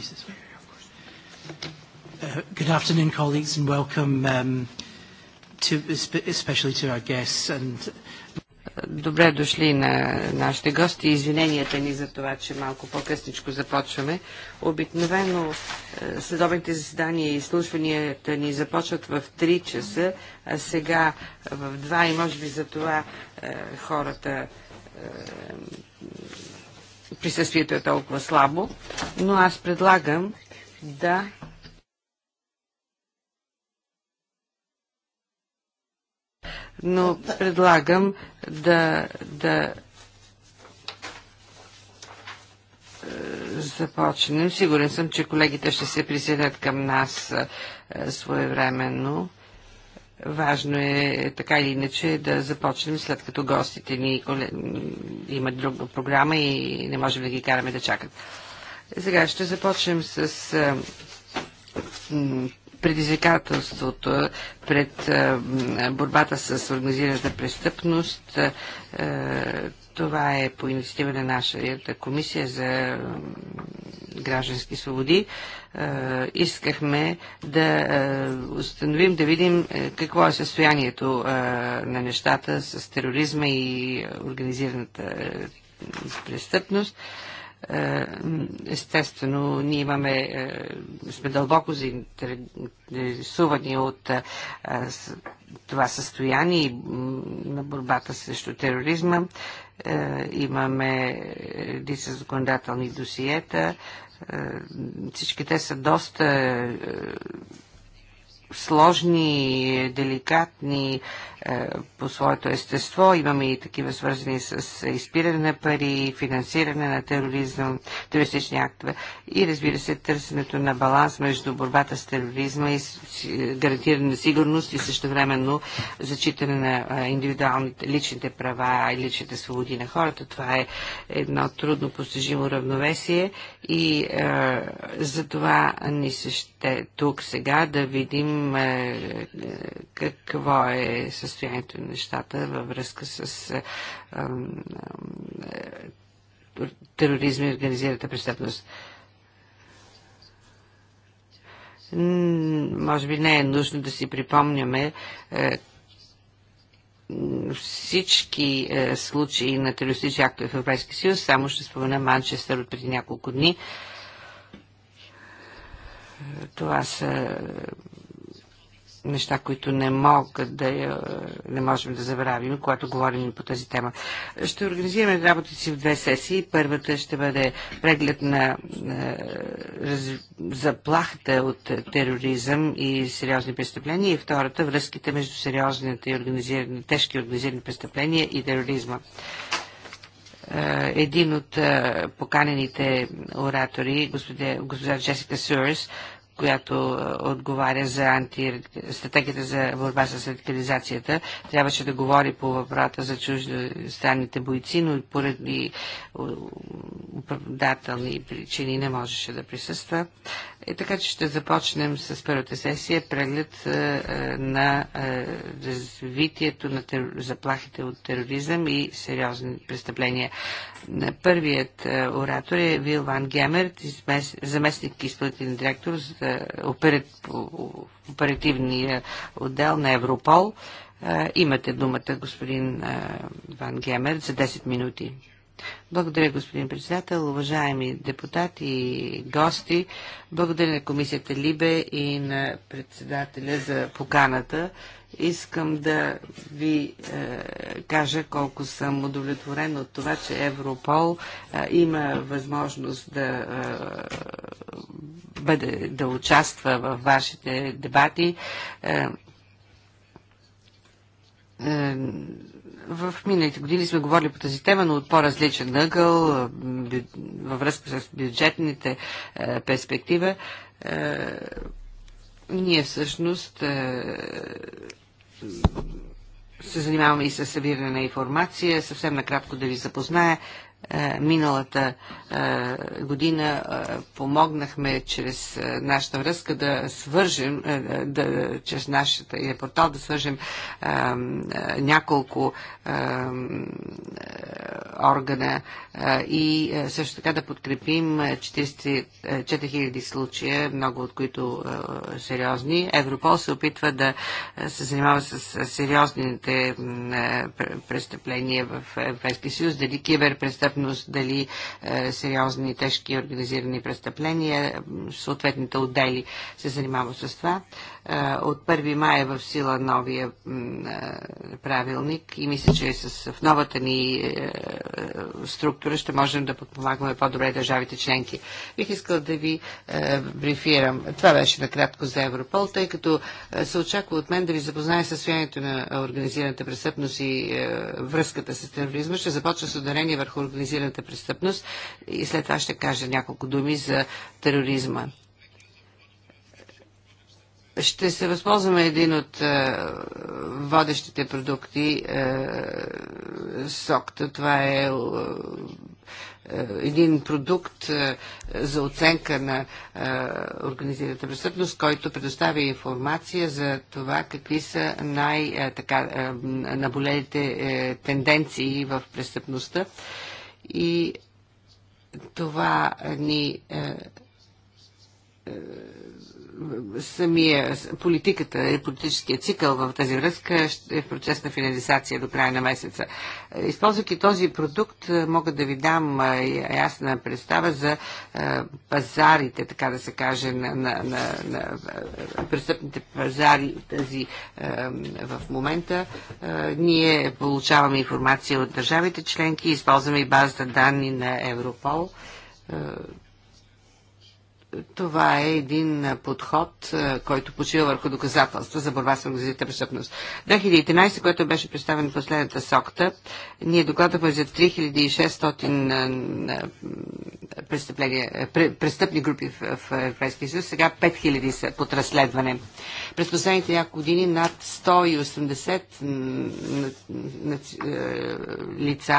Jesus. Uh, good afternoon, colleagues, and welcome, um, to, especially to our guests and Добре дошли на нашите гости. Извиненията ни за това, че малко по-късничко започваме. Обикновено е, следобните заседания и изслушванията ни започват в 3 часа, а сега в 2 и може би за това е, хората е, присъствието е толкова слабо, но аз предлагам да но предлагам да, да е, започнем. Сигурен съм, че колегите ще се присъединят към нас е, своевременно. Важно е така или иначе да започнем след като гостите ни имат друга програма и не можем да ги караме да чакат. Сега ще започнем с предизвикателството пред борбата с организираната престъпност. Това е по инициатива на нашата комисия за граждански свободи. Искахме да установим, да видим какво е състоянието на нещата с тероризма и организираната престъпност. Е, естествено, ние имаме, е, сме дълбоко заинтересувани от е, това състояние на борбата срещу тероризма. Имаме лица законодателни досиета. Всички те са доста сложни, деликатни, е, по своето естество. Имаме и такива свързани с изпиране на пари, финансиране на тероризъм, терористични актове и разбира се търсенето на баланс между борбата с тероризма и гарантиране на сигурност и същевременно зачитане на е, индивидуалните личните права и личните свободи на хората. Това е едно трудно постижимо равновесие и е, за това ни се ще тук сега да видим е, е какво е със състоянието на нещата във връзка с е, тероризма и организираната престъпност. Може би не е нужно да си припомняме е, всички е, случаи на терористични актове в Европейския съюз. Само ще спомена Манчестър от преди няколко дни. Това са неща, които не могат да е, не можем да забравим, когато говорим по тази тема. Ще организираме работа си в две сесии. Първата ще бъде преглед на е, раз, заплахата от тероризъм и сериозни престъпления и втората връзките между сериозните и организирани, тежки организирани престъпления и тероризма е, един от поканените оратори, госпожа Джесика Сюрс, която е, отговаря за анти... стратегията за борба с радикализацията. Трябваше да говори по въпроса за чуждестранните бойци, но поради оправдателни причини не можеше да присъства. Е, така че ще започнем с първата сесия преглед а, е, е, на а, е, развитието на тер... заплахите от тероризъм и сериозни престъпления. Първият а, оратор е Вил Ван Гемерт, заместник заместник изпълнителен директор за оперет... оперативния отдел на Европол. А, имате думата, господин а, Ван Гемерт, за 10 минути. Благодаря, господин председател, уважаеми депутати и гости. Благодаря на комисията Либе и на председателя за поканата. Искам да ви е, кажа колко съм удовлетворен от това, че Европол е, има възможност да, е, бъде, да участва в вашите дебати. Е, е в миналите години сме говорили по тази тема, но от по-различен ъгъл, във връзка с бюджетните перспектива. Ние всъщност се занимаваме и с събиране на информация. Съвсем накратко да ви запозная. Е, миналата е, година е, помогнахме чрез нашата връзка да свържем, да, чрез нашата и портал да свържем няколко органа и също така да подкрепим 4000 случая, много от които сериозни. Европол се опитва да се занимава с сериозните престъпления в Европейския съюз, дали киберпрестъпления престъпност, дали е, сериозни, тежки организирани престъпления. Съответните отдели се занимават с това. От 1 мая е в сила новия правилник и мисля, че с, новата ни е, е, структура ще можем да подпомагаме по-добре държавите членки. Бих искала да ви брифирам. Това беше накратко за Европол, тъй като се очаква от мен да ви запознае състоянието на организираната престъпност и връзката с тероризма. Ще започна с ударение върху организираната престъпност и след това ще кажа няколко думи за тероризма ще се възползваме един от е, водещите продукти, е, сокта. Това е, е един продукт е, за оценка на е, организираната престъпност, който предоставя информация за това какви са най-наболелите е, е, е, тенденции в престъпността. И това ни. Е, е самия политиката и политическия цикъл в тази връзка е в процес на финализация до края на месеца. Използвайки този продукт, е, мога да ви дам е, ясна представа за е, пазарите, така да се каже, на, на, на, на престъпните пазари тази в момента. Ние получаваме информация от държавите членки, използваме и базата данни на Европол това е един подход, който почива върху доказателства за борба с организираната престъпност. 2013, което беше представен последната сокта, ние докладахме за 3600 престъпни групи в Европейския съюз, сега 5000 са под разследване. През последните няколко години над 180 лица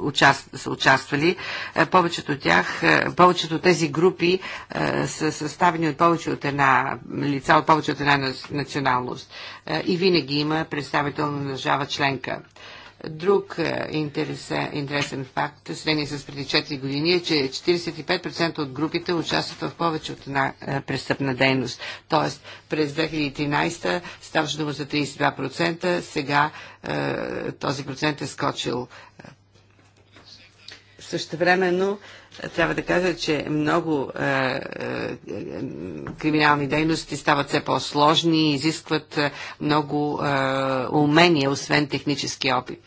участ, са участвали. Е, повечето от тях, е, повечето от тези групи е, са съставени от повече от една лица, от повече от една националност. И винаги има представител на държава членка. Друг интересен, интересен факт, сравнение с преди 4 години, е, че 45% от групите участват в повече от една престъпна дейност. Тоест, през 2013 ставаше дума за 32%, сега този процент е скочил Същевременно е, трябва да кажа, че много е, е, криминални дейности стават все по-сложни и изискват е, много е, умения, освен технически опит.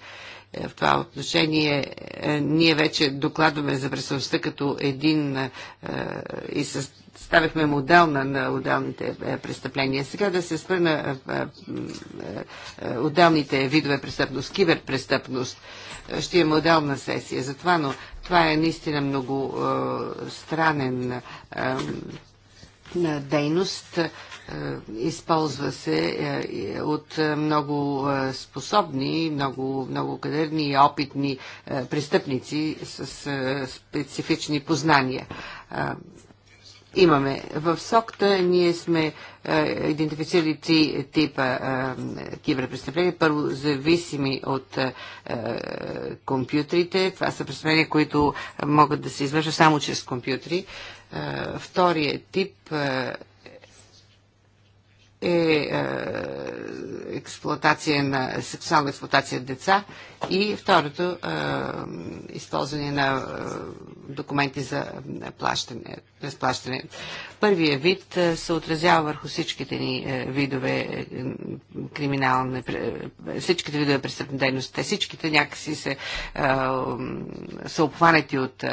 Е, в това отношение е, ние вече докладваме за престъпността като един е, и с ставихме модел на, на отделните престъпления. Сега да се спърна е, е, отделните видове престъпност, киберпрестъпност. Е, ще има отделна сесия за това, но това е наистина много е, странен е, дейност. Е, използва се е, от много е, способни, много, много кадърни и опитни е, престъпници с е, специфични познания. Е, имаме. В СОКТА ние сме е, идентифицирали три типа е, киберпрестъпления. Първо, зависими от е, компютрите. Това са престъпления, които могат да се извършат само чрез компютри. Е, вторият тип е, е, е експлуатация на, сексуална експлуатация на деца и второто е, използване на е, документи за плащане, разплащане. Първия вид е, се отразява върху всичките ни видове криминални, всичките видове престъпна дейност. Те всичките някакси се, са обхванати от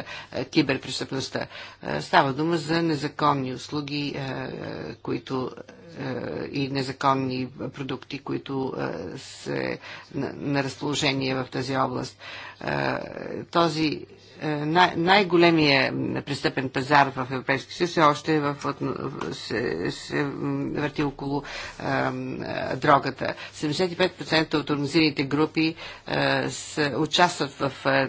киберпрестъпността. Става дума за незаконни услуги, които и незаконни продукти, които е, са на разположение в тази област. Е, този е, най- най-големия престъпен пазар в Европейския съюз все още е в, се, се върти около а, а, е, дрогата. 75% от организираните групи е, а, с, участват в а,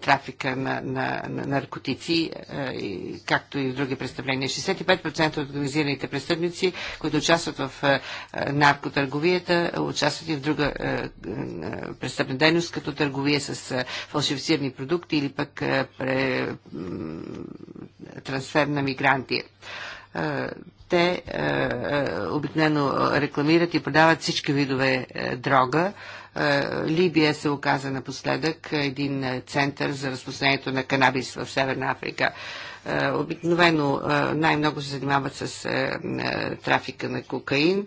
трафика на, на, на наркотици, и, както и в други престъпления. 65% от организираните престъпници, които участват в а, наркотърговията, участват и в друга а, а, престъпна дейност, като търговия с а, фалшифицирани продукти или пък е, пре, трансфер на мигранти. Е, те е, обикновено рекламират и продават всички видове дрога. Либия се оказа напоследък един център за разпространението на канабис в Северна Африка. Е, обикновено е, най-много се занимават с е, трафика на кокаин,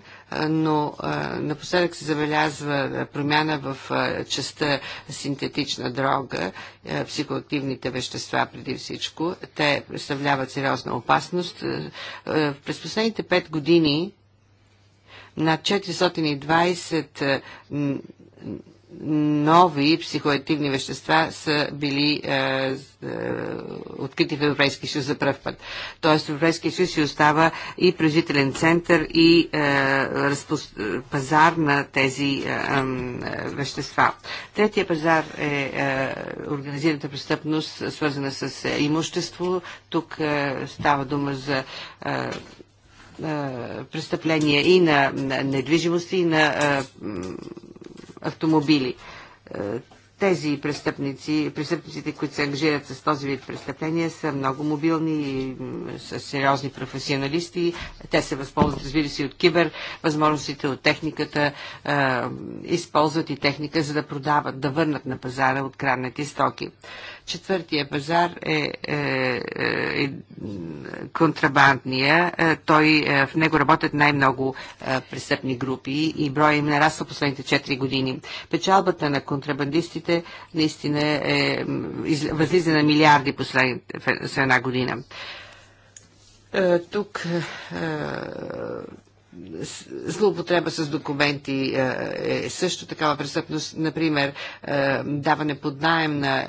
но напоследък се забелязва промяна в частта синтетична дрога, психоактивните вещества преди всичко. Те представляват сериозна опасност. През последните пет години над 420 нови психоактивни вещества са били е, е, открити в Европейския съюз за пръв път. Тоест Европейския съюз си остава и производителен център и е, разпос... пазар на тези е, е, вещества. Третия пазар е, е организираната престъпност, свързана с е, имущество. Тук е, става дума за е, е престъпления и на, на недвижимости, и на е, автомобили. Е, тези престъпници, престъпниците, които се ангажират с този вид престъпления, са много мобилни и са сериозни професионалисти. Те се възползват, разбира се, от кибер възможностите, от техниката, е, използват и техника, за да продават, да върнат на пазара откраднати стоки. Четвъртия пазар е, е, е контрабандния. Е, той, е, в него работят най-много е, престъпни групи и броя им нараства последните 4 години. Печалбата на контрабандистите наистина е, из, възлиза на милиарди последните една година. Е, тук е, злоупотреба с документи е, е също такава престъпност. Например, е, даване под найем на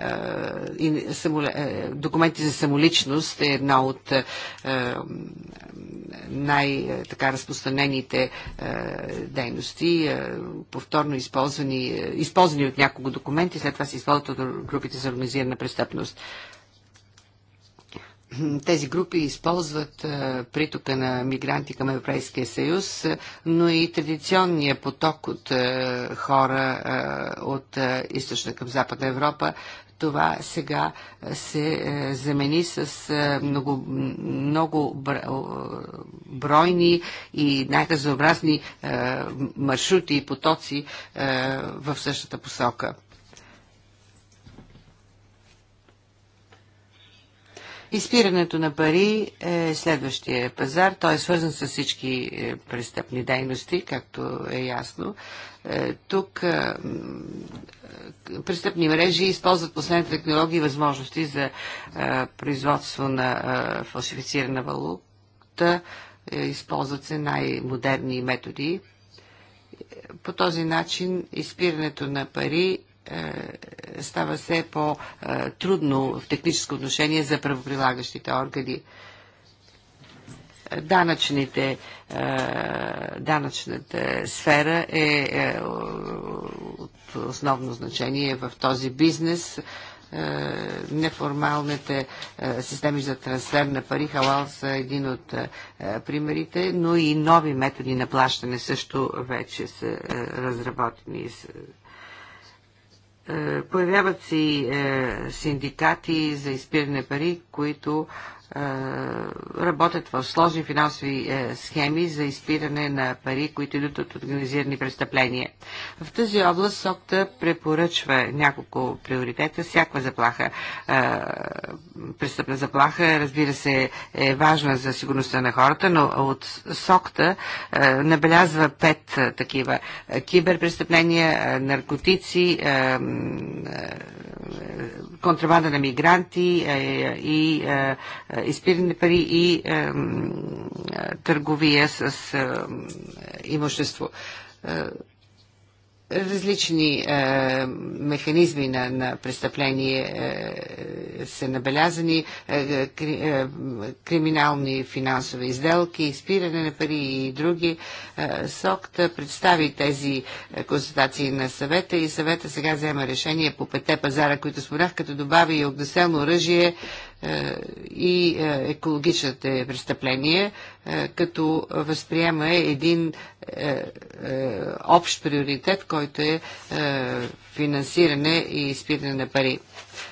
е, документи за самоличност е една от най-така разпространените дейности, повторно използвани, използвани от няколко документи, след това се използват от групите за организирана престъпност тези групи използват притока на мигранти към Европейския съюз, но и традиционния поток от хора от източна към западна Европа. Това сега се замени с много, много бройни и най-разнообразни маршрути и потоци в същата посока. Изпирането на пари е следващия пазар. Той е свързан с всички е, престъпни дейности, както е ясно. Е, тук е, престъпни мрежи използват последните технологии и възможности за производство на фалшифицирана валута. Използват се най-модерни методи. По този начин изпирането на пари е, става все по-трудно в техническо отношение за правоприлагащите органи. Данъчните, е, данъчната сфера е, е от основно значение в този бизнес неформалните системи за трансфер на пари. Халал са един от примерите, но и нови методи на плащане също вече са разработени и е, появяват се е, синдикати за изпиране пари, които работят в сложни финансови е, схеми за изпиране на пари, които идват от организирани престъпления. В тази област СОКТА препоръчва няколко приоритета. Всяка заплаха, престъпна заплаха, разбира се, е важна за сигурността на хората, но от СОКТА набелязва пет такива. Киберпрестъпления, наркотици, контрабанда на мигранти и изпиране пари и търговия с имущество. Е, различни е, механизми на, на престъпление е, са набелязани, кри, криминални финансови изделки, изпиране на пари и други. СОКТ представи тези констатации на съвета и съвета сега взема решение по пете пазара, които споменах, като добави и огнеселно оръжие, е, и е, екологичните престъпления, е, като възприема един общ приоритет, който е финансиране и изпитане на пари.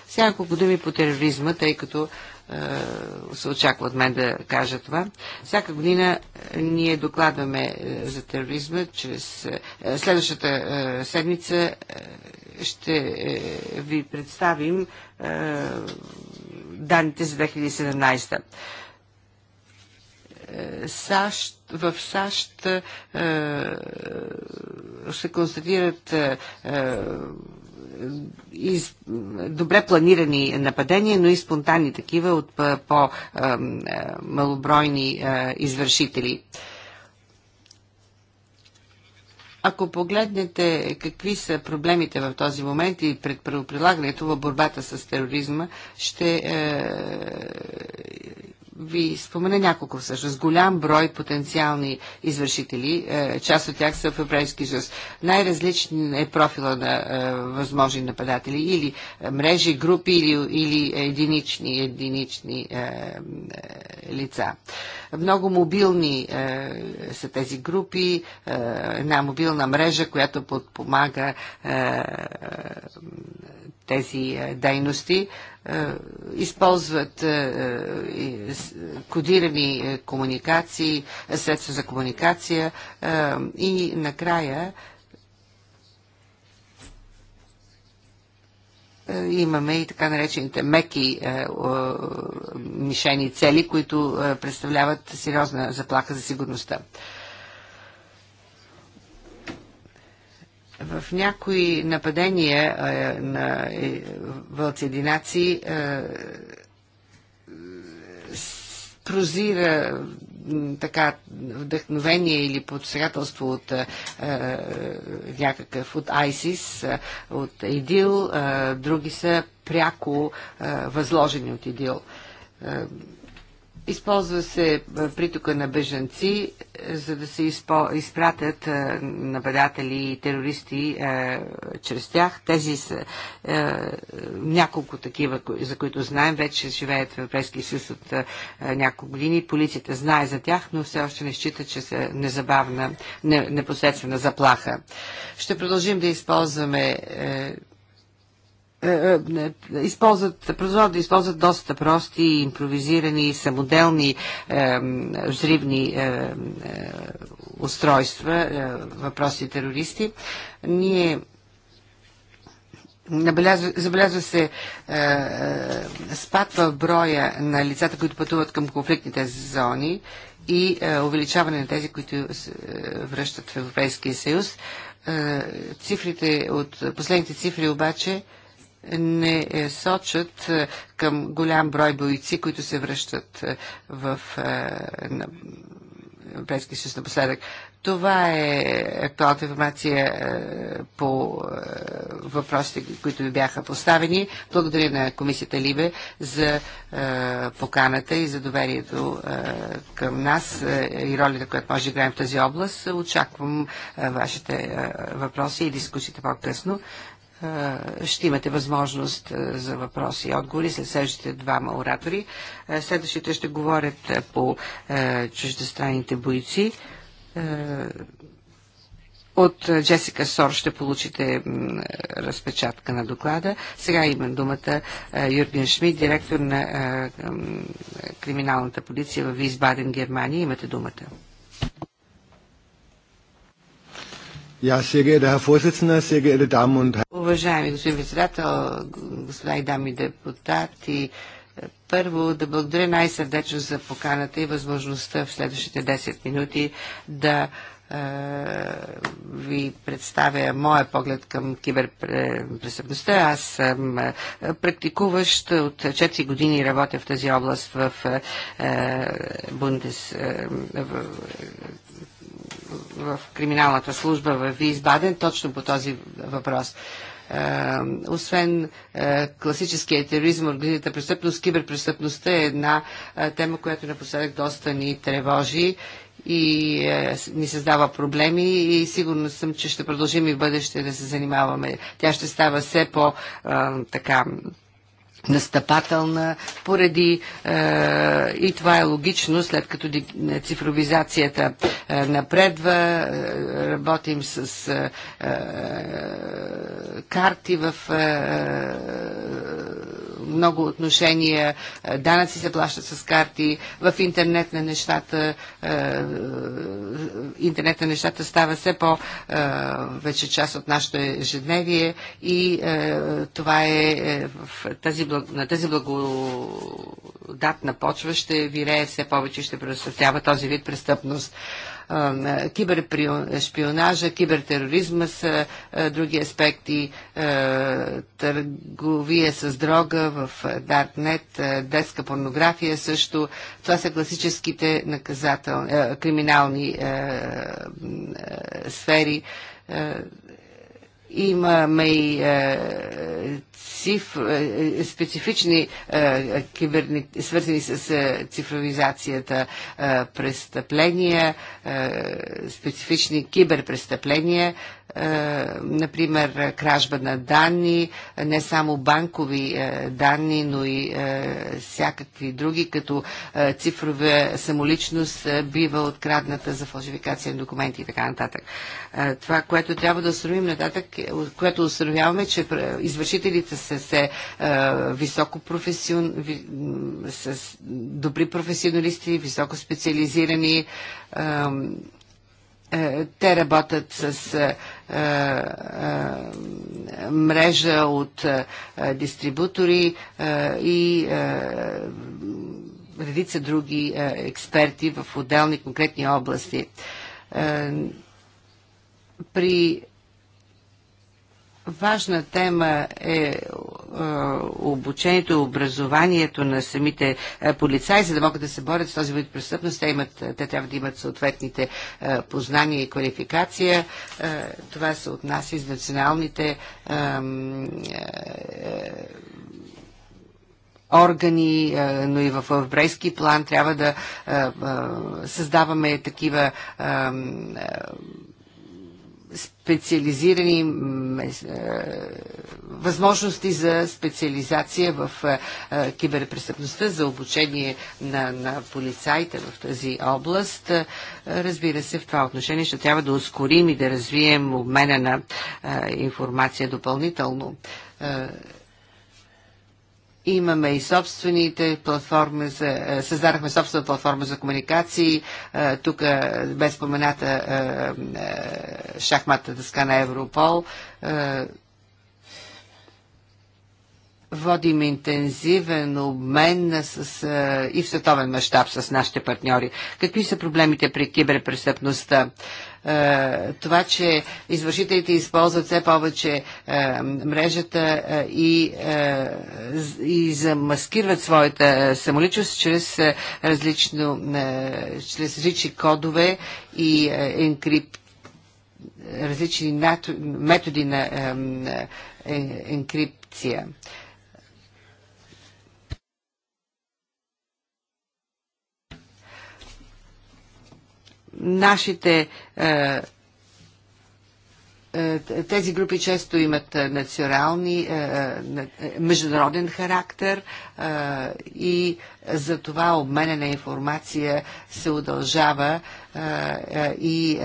Сега няколко думи по тероризма, тъй като се очаква от мен да кажа това. Всяка година ние докладваме за тероризма чрез следващата седмица ще ви представим данните за 2017. Е, САЩ, в САЩ е, се констатират е, е, из, добре планирани нападения, но и спонтанни такива от е, по-малобройни е, извършители. Е, ако погледнете какви са проблемите в този момент и пред правоприлагането в борбата с тероризма, ще е, ви спомена няколко всъщност. Голям брой потенциални извършители, е, част от тях са в Еврейски съюз. най различни е профила на е, възможни нападатели. Или е, мрежи, групи, или, или единични, единични е, е, лица. Много мобилни е, са тези групи. Една мобилна мрежа, която подпомага тези дейности. Е, използват е, е, кодирани комуникации, средства за комуникация и накрая имаме и така наречените меки мишени цели, които представляват сериозна заплаха за сигурността. В някои нападения е, на е, вълцединаци е, прозира така вдъхновение или подсегателство от е, някакъв, от ISIS, от ИДИЛ, е, други са пряко е, възложени от ИДИЛ. Използва се е, притока на бежанци, е, за да се изпо... изпратят е, нападатели и терористи е, чрез тях. Тези са е, няколко такива, за които знаем, вече живеят в Европейския съюз от е, няколко години. Полицията знае за тях, но все още не счита, че са незабавна, непосредствена заплаха. Ще продължим да използваме е, е, е, е, използват, продължават да използват доста прости, импровизирани, самоделни е, взривни е, устройства, е, въпроси терористи. Ние Набелязва, забелязва се е, е, спад в броя на лицата, които пътуват към конфликтните зони и е, увеличаване на тези, които връщат в Европейския съюз. Е, цифрите от последните цифри обаче е, не е, сочат е, към голям брой бойци, които се връщат е, в Европейския съюз напоследък. Това е актуалната информация по въпросите, които ви бяха поставени. Благодаря на комисията Либе за поканата и за доверието към нас и ролята, която може да играем в тази област. Очаквам вашите въпроси и дискусиите по-късно ще имате възможност за въпроси и отговори след следващите двама оратори. Следващите ще говорят по чуждестранните бойци. От Джесика Сор ще получите разпечатка на доклада. Сега има думата Юрген Шмид, директор на криминалната полиция в Висбаден, Германия. Имате думата. Уважаеми господин председател, господа и дами депутати, първо да благодаря най-сърдечно за поканата и възможността в следващите 10 минути да е, ви представя моя поглед към киберпрестъпността. Аз съм е, практикуващ от 4 години работя в тази област в е, Бундес в криминалната служба в Висбаден точно по този въпрос. Е, освен е, класическия тероризъм, организираната престъпност, киберпрестъпността е една е, тема, която напоследък доста ни тревожи и е, ни създава проблеми и сигурно съм, че ще продължим и в бъдеще да се занимаваме. Тя ще става все по е, така настъпателна, поради е, и това е логично, след като е, цифровизацията е, напредва, е, работим с е, е, карти в е, много отношения, данъци се плащат с карти, в интернет на нещата, интернет на нещата става все по вече част от нашето ежедневие и това е, е в тази, на тази благодатна почва ще вирее все повече, ще предотвратява този вид престъпност. Е, кибершпионажа, кибертероризма са е, други аспекти, е, търговия с дрога в Даркнет, детска порнография също. Това са класическите наказател, криминални сфери Имаме и е, циф, е, е, специфични киберни, свързани с цифровизацията престъпления, специфични киберпрестъпления, е, например, кражба на данни, не само банкови е, данни, но и е, всякакви други, като цифрова самоличност бива открадната за фалшификация на документи и така нататък. Това, което трябва да установим нататък, което установяваме, че извършителите са се високо професион... с добри професионалисти, високо специализирани, те работят с е, е, мрежа от е, дистрибутори и редица други експерти в отделни конкретни области. При Важна тема е, е обучението, образованието на самите е, полицаи, за да могат да се борят с този вид престъпност. Те, имат, те трябва да имат съответните е, познания и квалификация. Това се отнася и с националните органи, но и в еврейски план трябва да създаваме такива специализирани е, е, възможности за специализация в е, киберпрестъпността, за обучение на, на полицаите в тази област. Разбира се, в това отношение ще трябва да ускорим и да развием обмена на информация допълнително Имаме и собствените платформи за... Е, създадахме собствена платформа за комуникации. Е, тук е, бе спомената шахмата дъска на Европол. Водим интензивен обмен с, и в световен мащаб с нашите партньори. Какви са проблемите при киберпрестъпността? Е, това, че извършителите използват все повече е, мрежата е, и, и замаскират своята самоличност чрез различно, чрез различни кодове и енкрипт различни методи на енкрипция. Нашите е, е, тези групи често имат е, национални, международен характер и за това обмена на информация се удължава и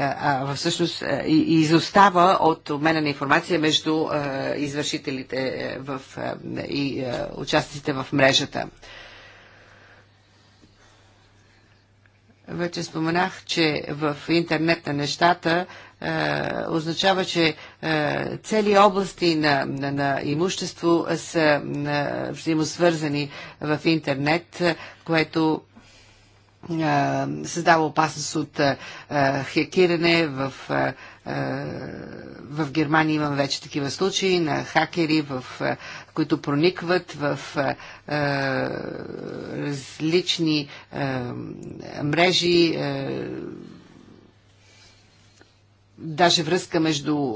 всъщност изостава от обмена на информация между извършителите в, и участниците в мрежата. Вече споменах, че в интернет на нещата е, означава, че е, цели области на, на, на имущество са на, е, взаимосвързани в интернет, което е, създава опасност от е, хакиране в. Е, е, в Германия имам вече такива случаи на хакери, в, е, които проникват в е, различни мрежи, даже връзка между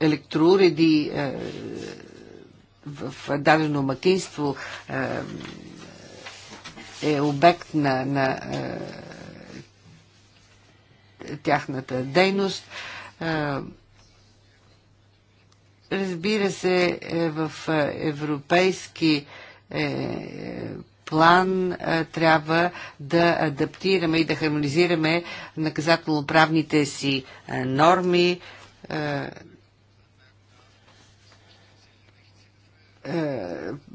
електроуреди в дадено макинство е обект на, на тяхната дейност. Разбира се, е, в европейски е, план е, трябва да адаптираме и да хармонизираме наказателно-правните си норми.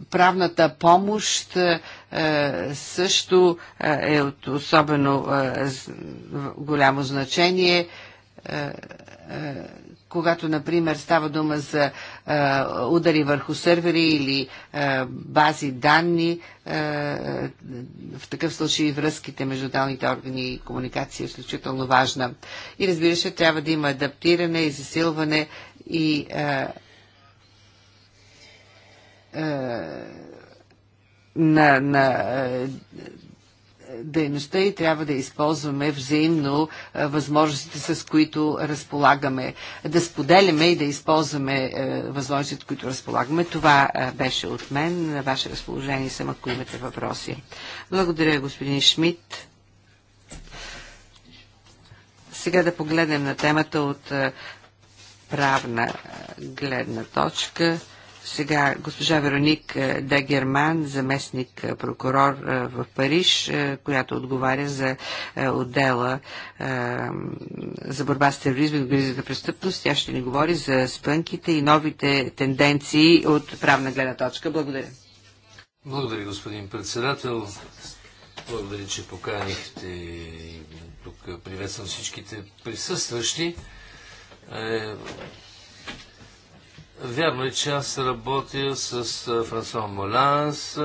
Правната помощ е, също е, е от особено е, голямо значение когато, например, става дума за е, удари върху сервери или е, бази данни, е, в такъв случай връзките между далните органи и комуникация е изключително важна. И разбира се, трябва да има адаптиране и засилване и на, на е, дейността и трябва да използваме взаимно е, възможностите, с които разполагаме, да споделяме и да използваме е, възможностите, които разполагаме. Това беше от мен. На ваше разположение съм, ако имате въпроси. Благодаря, господин Шмидт. Сега да погледнем на темата от правна гледна точка. Сега госпожа Вероник е, Дагерман, заместник е, прокурор е, в Париж, която отговаря за отдела за борба с тероризма и организираната престъпност. Тя ще ни говори за спънките и новите тенденции от правна гледна точка. Благодаря. Благодаря, господин председател. Благодаря, че поканихте и тук приветствам всичките присъстващи. Вярно е, че аз работя с Франсуа Моланс,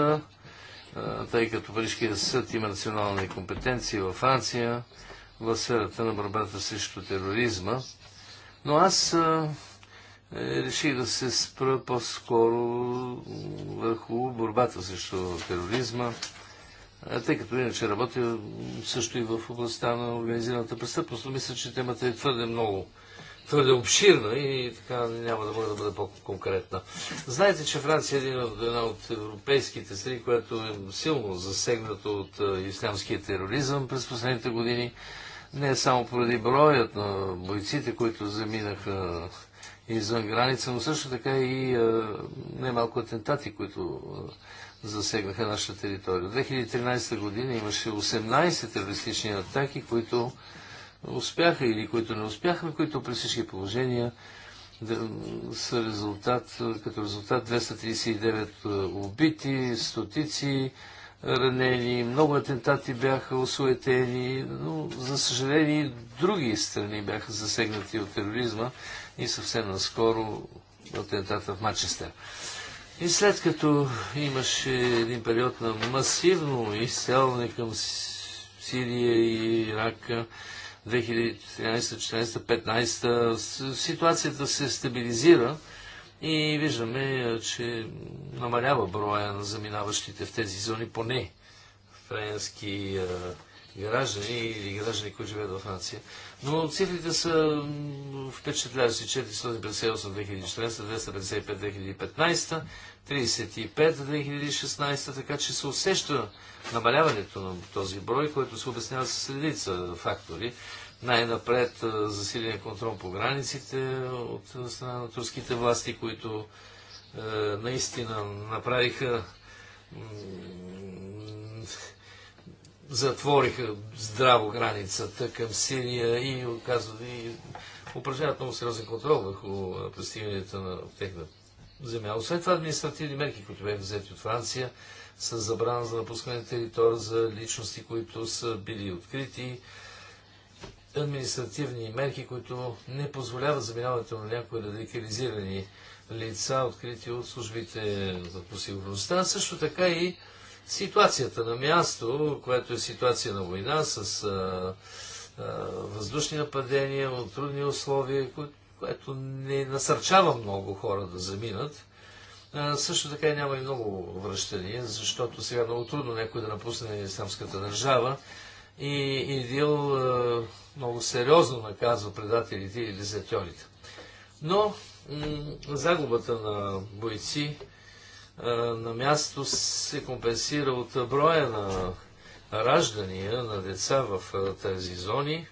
тъй като Парижкият съд има национални компетенции във Франция в сферата на борбата срещу тероризма. Но аз е, реших да се спра по-скоро върху борбата срещу тероризма, тъй като иначе работя също и в областта на организираната престъпност, мисля, че темата е твърде много твърде обширна и така няма да мога да бъда по-конкретна. Знаете, че Франция е една от, една от европейските страни, която е силно засегната от ислямския тероризъм през последните години. Не само поради броят на бойците, които заминаха извън граница, но също така и немалко атентати, които а, засегнаха нашата територия. От 2013 година имаше 18 терористични атаки, които успяха или които не успяха, които при всички положения да, са резултат, като резултат 239 е, убити, стотици ранени, много атентати бяха осуетени, но за съжаление други страни бяха засегнати от тероризма и съвсем наскоро атентата в Мачестер. И след като имаше един период на масивно изселване към Сирия и Ирака, 2014-2015 ситуацията се стабилизира и виждаме, че намалява броя на заминаващите в тези зони поне френски граждани или граждани, които живеят в Нация. Но цифрите са впечатляващи. 458 2014, 255 2015 35 за 2016, така че се усеща намаляването на този брой, който се обяснява с редица фактори. Най-напред засиления контрол по границите от страна на турските власти, които е, наистина направиха затвориха здраво границата към Сирия и, оказват и упражняват много сериозен контрол върху пристигането на техната земя. Освен това, административни мерки, които бяха взети от Франция, с забрана за напускане на територия за личности, които са били открити, административни мерки, които не позволяват заминаването на някои радикализирани лица, открити от службите за посигурността. Също така и ситуацията на място, което е ситуация на война с а, а, въздушни нападения, трудни условия, които което не насърчава много хора да заминат. също така и няма и много връщания, защото сега е много трудно някой да напусне исламската държава. И Идил много сериозно наказва предателите и дезертьорите. Но загубата на бойци на място се компенсира от броя на раждания на деца в тези зони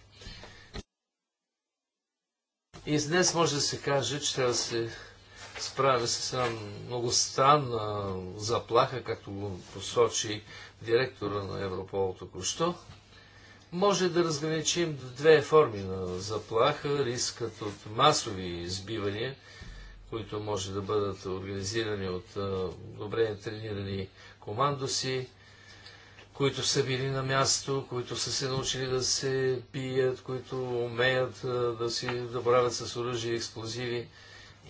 и днес може да се каже, че трябва да се справя с една много странна заплаха, както го посочи директора на Европол току-що. Може да разграничим две форми на заплаха. Рискът от масови избивания, които може да бъдат организирани от добре тренирани командоси, които са били на място, които са се научили да се бият, които умеят да си добравят с оръжие и експлозиви.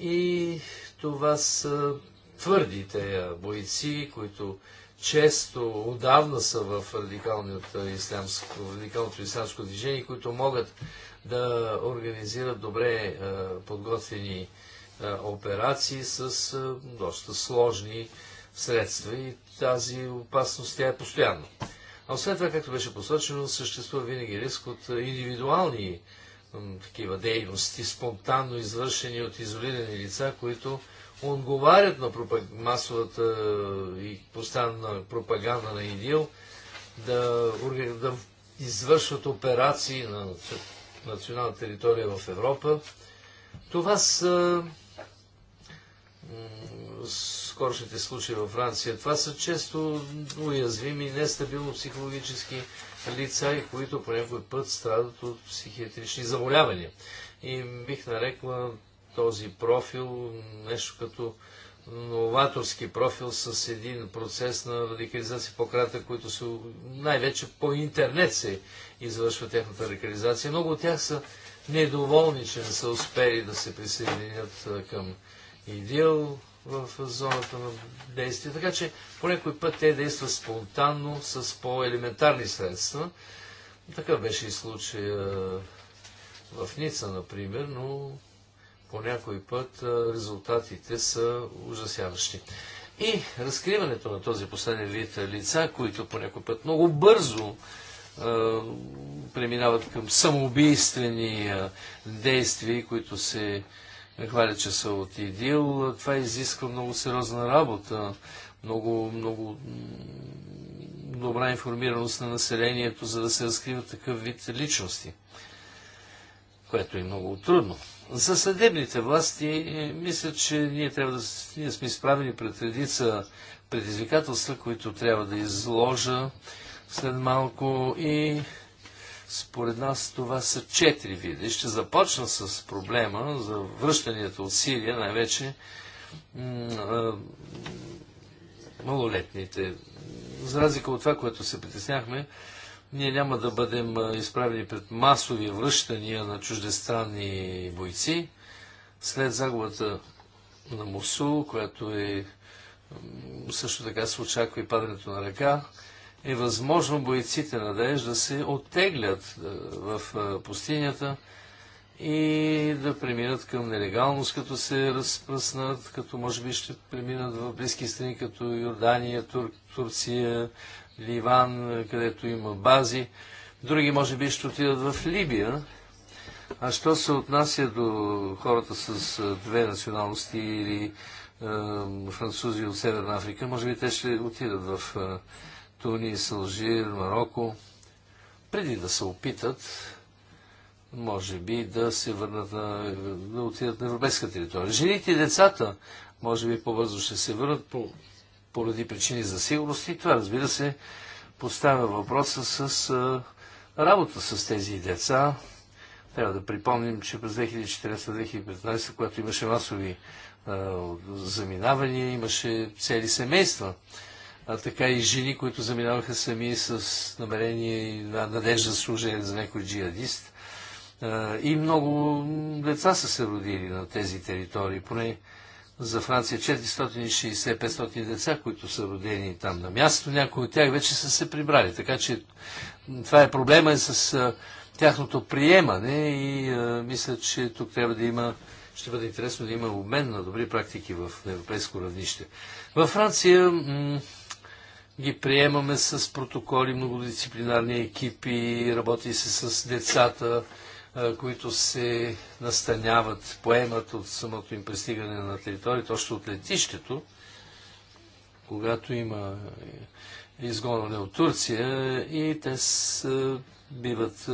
И това са твърдите бойци, които често отдавна са в радикалното ислямско, радикалното движение, които могат да организират добре подготвени операции с доста сложни средства и тази опасност, тя е постоянна. А освен това, както беше посочено, съществува винаги риск от индивидуални такива дейности, спонтанно извършени от изолирани лица, които отговарят на пропаг... масовата и постоянна пропаганда на ИДИЛ, да, да извършват операции на национална територия в Европа. Това са скорошните случаи във Франция. Това са често уязвими, нестабилно психологически лица, и които по някой път страдат от психиатрични заболявания. И бих нарекла този профил нещо като новаторски профил с един процес на радикализация по крата които са най-вече по интернет се извършва тяхната радикализация. Много от тях са недоволни, че не са успели да се присъединят към ИДИЛ, в зоната на действие. Така че по някой път те действат спонтанно, с по-елементарни средства. Така беше и случай в Ница, например, но по някой път резултатите са ужасяващи. И разкриването на този последен вид лица, които по някой път много бързо преминават към самоубийствени действия, които се хваля, че от отидил. Това изисква много сериозна работа, много, много добра информираност на населението, за да се разкрива такъв вид личности, което е много трудно. За съдебните власти, е, мисля, че ние, трябва да, ние сме изправени пред редица предизвикателства, които трябва да изложа след малко и според нас това са четири вида. Ще започна с проблема за връщането от Сирия, най-вече малолетните. За разлика от това, което се притесняхме, ние няма да бъдем изправени пред масови връщания на чуждестранни бойци. След загубата на Мусул, която е също така се очаква и падането на ръка, е възможно бойците на Даеш да се оттеглят е, в е, пустинята и да преминат към нелегалност, като се разпръснат, като може би ще преминат в близки страни, като Йордания, Тур, Турция, Ливан, е, където има бази. Други може би ще отидат в Либия. А що се отнася до хората с две националности или е, французи от Северна Африка, може би те ще отидат в е, Тунис, Алжир, Марокко, преди да се опитат, може би, да се върнат на, да отидат на европейска територия. Жените и децата, може би, по-бързо ще се върнат по, поради причини за сигурност и това, разбира се, поставя въпроса с а, работа с тези деца. Трябва да припомним, че през 2014-2015, когато имаше масови а, заминавания, имаше цели семейства а така и жени, които заминаваха сами с намерение и надежда да служение за някой джихадист. И много деца са се родили на тези територии, поне за Франция 460-500 деца, които са родени там на място. Някои от тях вече са се прибрали. Така че това е проблема е с тяхното приемане и а, мисля, че тук трябва да има, ще бъде интересно да има обмен на добри практики в европейско равнище. Във Франция ги приемаме с протоколи, многодисциплинарни екипи, работи се с децата, които се настаняват, поемат от самото им пристигане на територията, още от летището, когато има изгонване от Турция и те с, биват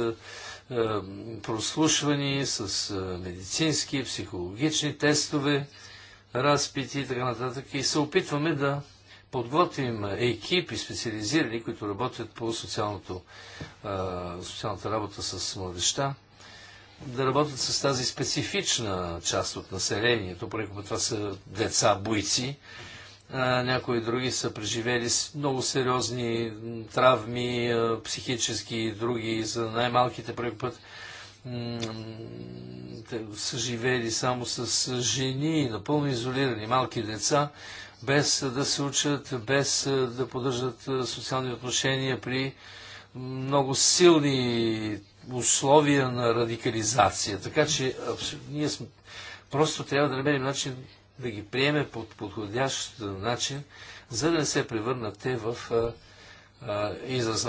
прослушвани с медицински, психологични тестове, разпити и така нататък. И се опитваме да подготвим екипи специализирани, които работят по социалната работа с младеща, да работят с тази специфична част от населението. Понякога това са деца, бойци. някои други са преживели с много сериозни травми, психически и други. За най-малките път са живели само с жени, напълно изолирани, малки деца, без да се учат, без да поддържат социални отношения при много силни условия на радикализация. Така че ние сме, просто трябва да намерим начин да ги приеме под подходящ начин, за да не се превърнат те в а, а, израз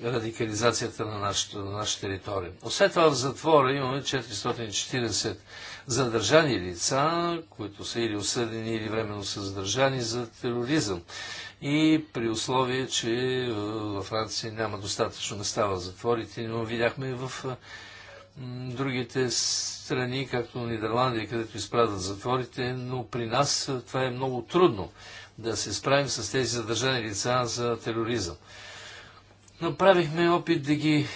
на радикализацията на нашата, на нашата територия. Освен това в затвора имаме 440 задържани лица, които са или осъдени, или временно са задържани за тероризъм. И при условие, че е, във Франция няма достатъчно места в затворите, но видяхме и в е, другите страни, както Нидерландия, където изпрадат затворите, но при нас е, това е много трудно да се справим с тези задържани лица за тероризъм. Направихме опит да ги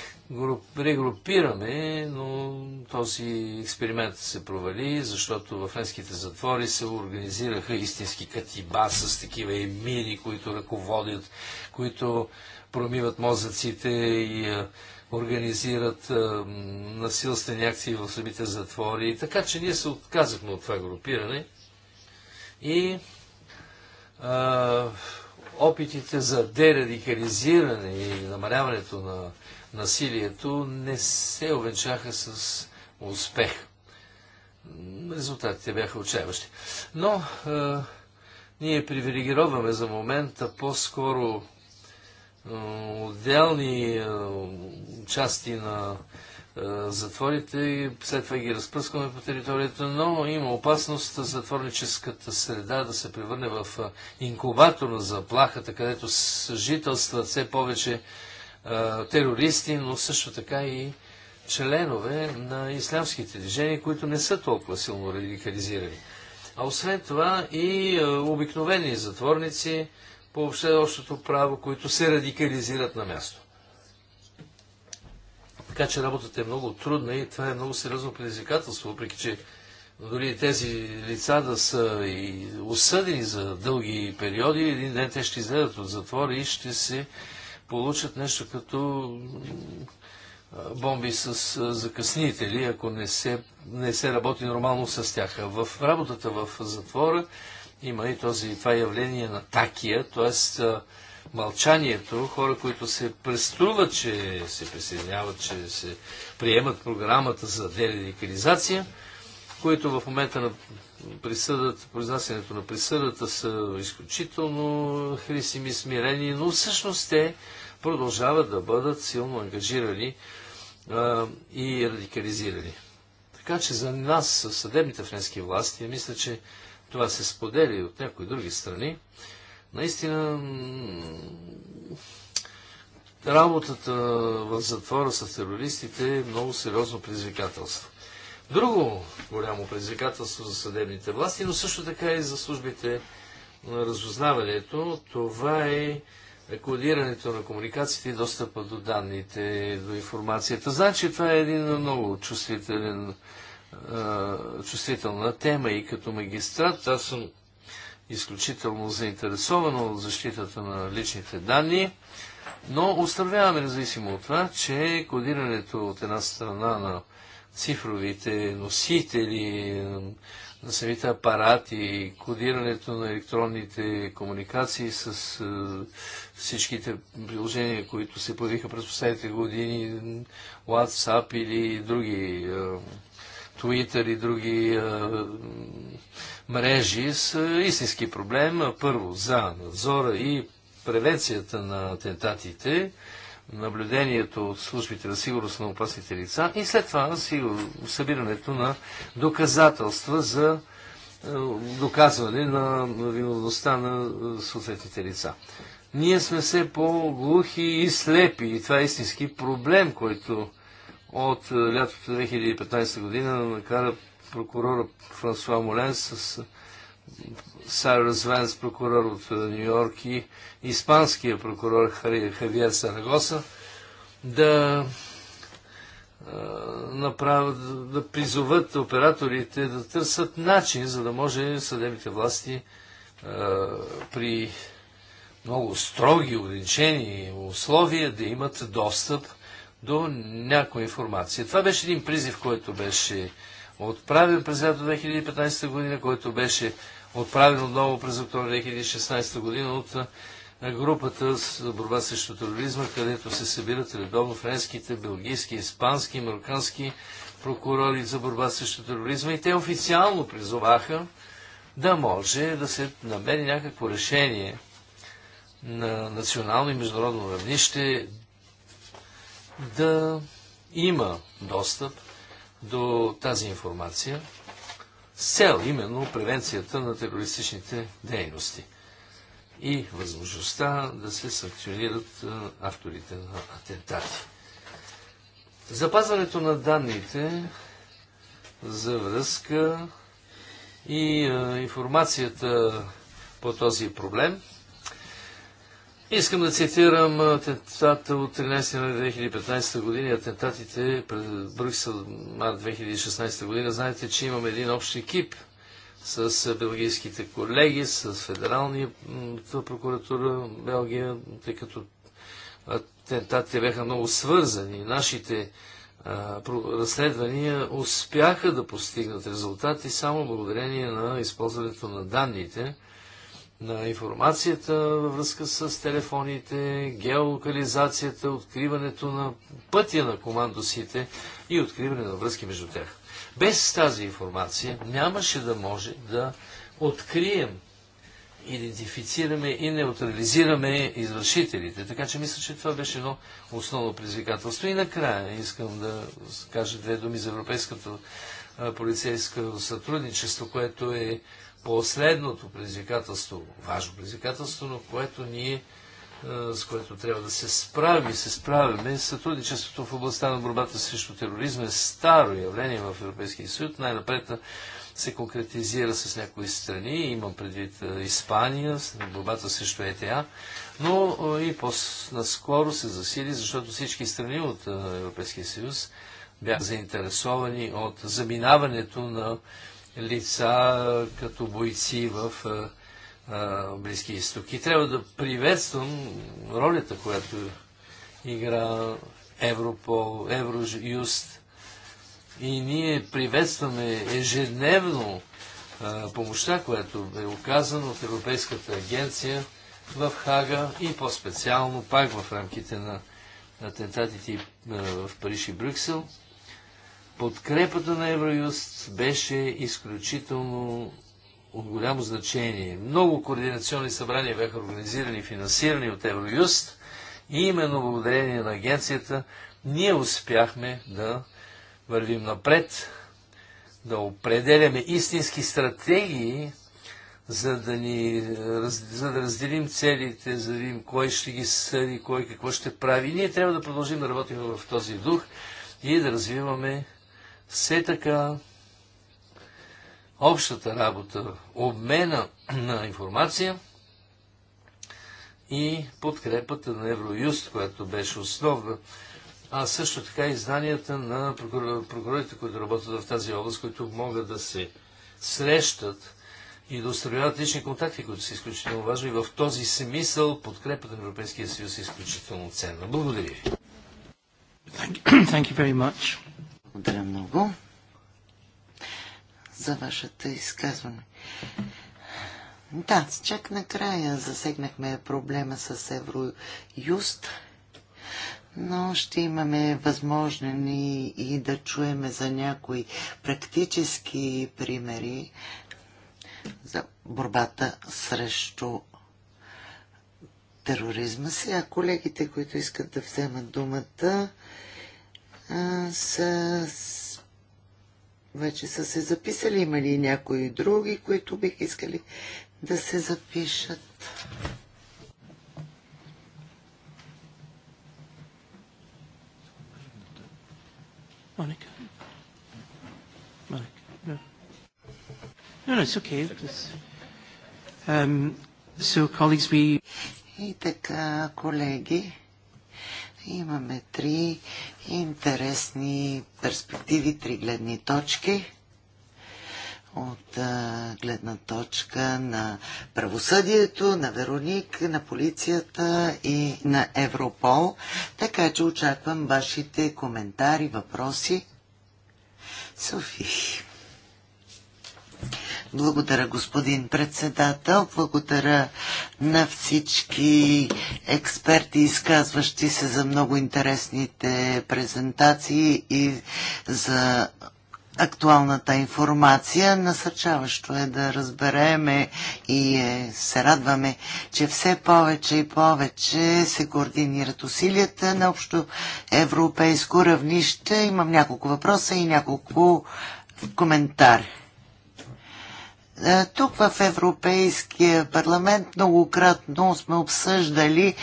регрупираме, но този експеримент се провали, защото във френските затвори се организираха истински катиба с такива емири, които ръководят, които промиват мозъците и организират насилствени акции в самите затвори. Така че ние се отказахме от това групиране и а, опитите за дерадикализиране и намаляването на насилието не се овенчаха с успех. Резултатите бяха отчаяващи. Но е, ние привилегироваме за момента по-скоро е, отделни е, части на затворите и след това ги разпръскваме по територията, но има опасност затворническата среда да се превърне в инкубатор на заплахата, където съжителстват все повече терористи, но също така и членове на ислямските движения, които не са толкова силно радикализирани. А освен това и обикновени затворници по общото право, които се радикализират на място. Така че работата е много трудна и това е много сериозно предизвикателство, въпреки че дори тези лица да са и осъдени за дълги периоди, един ден те ще излезат от затвора и ще се получат нещо като бомби с закъснители, ако не се, не се работи нормално с тях. В работата в затвора има и този, това явление на такия, т.е. мълчанието, хора, които се преструват, че се присъединяват, че се приемат програмата за дерадикализация, които в момента на присъдата, произнасянето на присъдата са изключително хрисими, смирени, но всъщност те продължават да бъдат силно ангажирани а, и радикализирани. Така че за нас, съдебните френски власти, мисля, че това се сподели от някои други страни, наистина работата в затвора с терористите е много сериозно предизвикателство друго голямо предизвикателство за съдебните власти, но също така и за службите на разузнаването. Това е кодирането на комуникациите и достъпа до данните, до информацията. Значи това е един много чувствителен, чувствителна тема и като магистрат аз съм изключително заинтересован от защитата на личните данни, но установяваме независимо от това, че кодирането от една страна на цифровите носители, на самите апарати, кодирането на електронните комуникации с е, всичките приложения, които се появиха през последните години, WhatsApp или други е, Twitter и други е, мрежи с истински проблем. Първо, за надзора и превенцията на атентатите, наблюдението от службите за сигурност на опасните лица и след това събирането на доказателства за е, доказване на виновността на е, съответните лица. Ние сме все по-глухи и слепи и това е истински проблем, който от е, лятото 2015 година накара прокурора Франсуа Молен с Сайрус Венс, прокурор от е, Нью Йорк и испанския прокурор Хавиер Сарагоса, да е, направят, да призоват операторите да търсят начин, за да може съдебните власти е, при много строги ограничени условия да имат достъп до някаква информация. Това беше един призив, който беше отправен през лято 2015 година, който беше отправен отново през октомври 2016 година от групата за борба срещу тероризма, където се събират редовно френските, белгийски, испански, марокански прокурори за борба срещу тероризма и те официално призоваха да може да се намери някакво решение на национално и международно равнище да има достъп до тази информация цел именно превенцията на терористичните дейности и възможността да се санкционират авторите на атентати. Запазването на данните за връзка и информацията по този проблем Искам да цитирам атентата от 13 на 2015 година и атентатите през Брюксел март 2016 година. Знаете, че имам един общ екип с белгийските колеги, с Федералния прокуратура Белгия, тъй като атентатите бяха много свързани. Нашите разследвания успяха да постигнат резултати само благодарение на използването на данните – на информацията във връзка с телефоните, геолокализацията, откриването на пътя на командосите и откриване на връзки между тях. Без тази информация нямаше да може да открием, идентифицираме и неутрализираме извършителите. Така че мисля, че това беше едно основно предизвикателство. И накрая искам да кажа две думи за Европейското полицейско сътрудничество, което е последното предизвикателство, важно предизвикателство, но което ние е, с което трябва да се справим и се справяме. Е сътрудничеството в областта на борбата срещу тероризма е старо явление в Европейския съюз. Най-напред се конкретизира с някои страни. Имам предвид е, Испания, борбата срещу ЕТА, но и по-наскоро се засили, защото всички страни от Европейския съюз бяха заинтересовани от заминаването на лица като бойци в Близки изток. И трябва да приветствам ролята, която игра Европол, Евроюст. И ние приветстваме ежедневно а, помощта, която е оказана от Европейската агенция в Хага и по-специално пак в рамките на атентатите в Париж и Брюксел подкрепата на Евроюст беше изключително от голямо значение. Много координационни събрания бяха организирани и финансирани от Евроюст и именно благодарение на агенцията ние успяхме да вървим напред, да определяме истински стратегии, за да, ни, за да разделим целите, за да видим кой ще ги съди, кой какво ще прави. Ние трябва да продължим да работим в този дух и да развиваме все така, общата работа, обмена на информация и подкрепата на Евроюст, която беше основна, а също така и знанията на прокурорите, които работят в тази област, които могат да се срещат и да устраняват лични контакти, които са изключително важни. И в този смисъл подкрепата на Европейския съюз е изключително ценна. Благодаря ви. Thank you. Thank you very much. Благодаря много за вашето изказване. Да, чак накрая засегнахме проблема с Евроюст, но ще имаме възможно и, и да чуеме за някои практически примери за борбата срещу тероризма. Сега колегите, които искат да вземат думата, са, вече са се записали. Има ли някои други, които бих искали да се запишат? No. No, no, it's okay. It's, um, so, colleagues, we... И така, колеги, Имаме три интересни перспективи, три гледни точки от а, гледна точка на правосъдието, на Вероник, на полицията и на Европол. Така че очаквам вашите коментари, въпроси. Софи. Благодаря, господин председател. Благодаря на всички експерти, изказващи се за много интересните презентации и за актуалната информация. Насърчаващо е да разбереме и е, се радваме, че все повече и повече се координират усилията на общо европейско равнище. Имам няколко въпроса и няколко коментари. Е, тук в Европейския парламент многократно сме обсъждали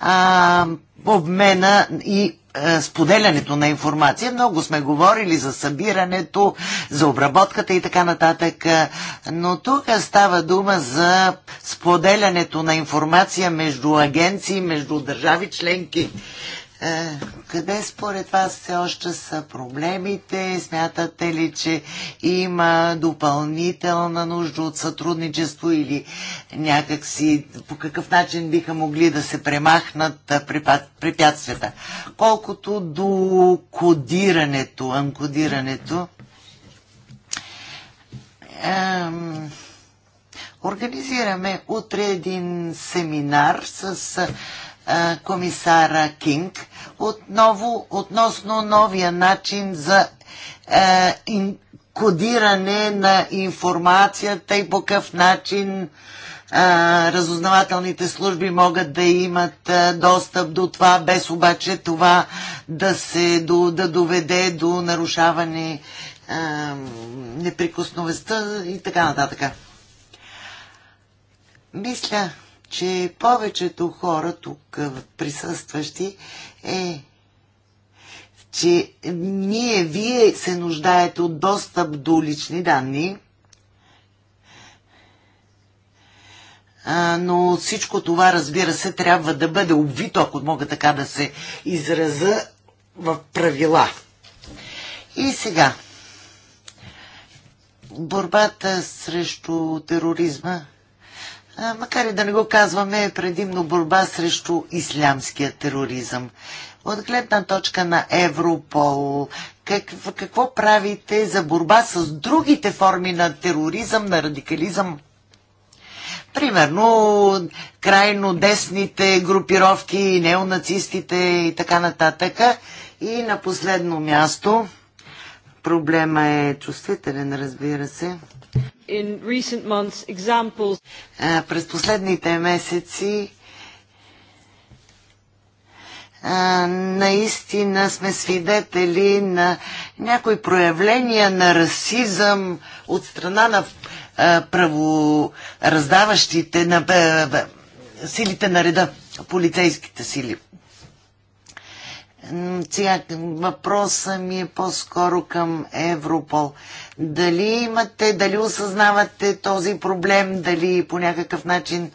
а, обмена и а, е, споделянето на информация. Много сме говорили за събирането, за обработката и така нататък, но тук става дума за споделянето на информация между агенции, между държави членки. Е, къде според вас все още са проблемите? Смятате ли, че има допълнителна нужда от сътрудничество или някакси по какъв начин биха могли да се премахнат е, препятствията? Колкото до кодирането, анкодирането, ем, организираме утре един семинар с е, комисара Кинг отново относно новия начин за е, кодиране на информацията и по какъв начин е, разузнавателните служби могат да имат е, достъп до това, без обаче това да се до, да доведе до нарушаване е, неприкосновестта и така нататък. Мисля, че повечето хора тук присъстващи е че ние, вие се нуждаете от достъп до лични данни, но всичко това, разбира се, трябва да бъде обвито, ако мога така да се израза, в правила. И сега, борбата срещу тероризма макар и да не го казваме, е предимно борба срещу ислямския тероризъм. От гледна точка на Европол, какво, какво правите за борба с другите форми на тероризъм, на радикализъм? Примерно, крайно десните групировки, неонацистите и така нататък. И на последно място, Проблема е чувствителен, разбира се. In recent months, examples... през последните месеци наистина сме свидетели на някои проявления на расизъм от страна на правораздаващите на силите на реда, полицейските сили. Въпросът ми е по-скоро към Европол. Дали имате, дали осъзнавате този проблем, дали по някакъв начин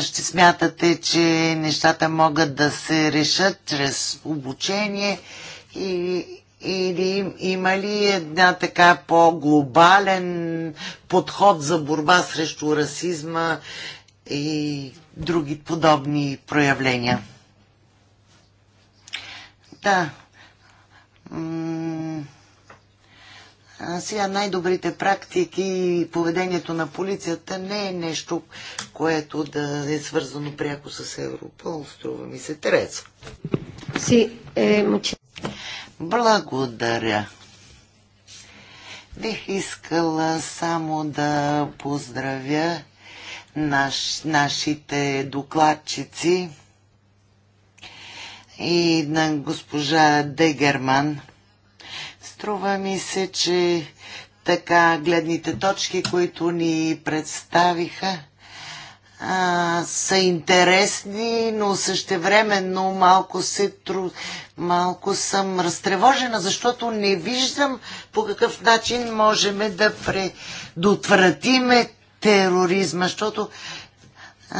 ще смятате, че нещата могат да се решат чрез обучение и, или има ли една така по-глобален подход за борба срещу расизма и други подобни проявления? Та. сега най-добрите практики и поведението на полицията не е нещо, което да е свързано пряко с Европол, струва ми се. Тереза. Си, е, мучи. Благодаря. Бих искала само да поздравя наш, нашите докладчици и на госпожа Дегерман. Струва ми се, че така гледните точки, които ни представиха, а, са интересни, но същевременно малко, се тру... малко съм разтревожена, защото не виждам по какъв начин можем да предотвратиме тероризма, защото,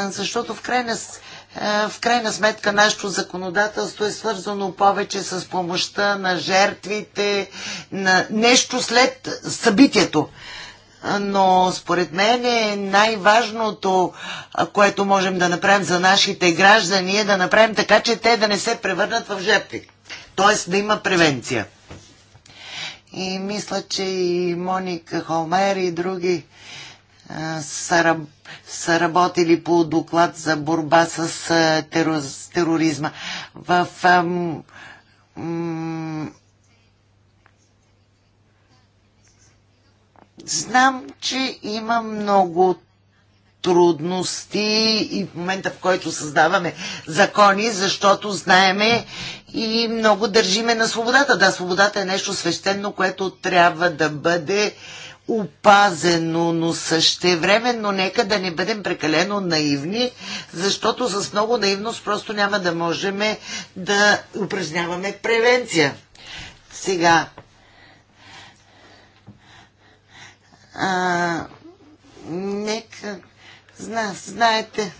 защото в крайна сметка е, в крайна сметка нашето законодателство е свързано повече с помощта на жертвите, на нещо след събитието. Но според мен е най-важното, което можем да направим за нашите граждани е да направим така, че те да не се превърнат в жертви. Тоест да има превенция. И мисля, че и Моника Холмер и други са работили по доклад за борба с тероризма. В Знам, че има много трудности и в момента, в който създаваме закони, защото знаеме и много държиме на свободата. Да, свободата е нещо свещено, което трябва да бъде опазено, но същевременно нека да не бъдем прекалено наивни, защото с много наивност просто няма да можем да упражняваме превенция. Сега, а, нека, зна, знаете,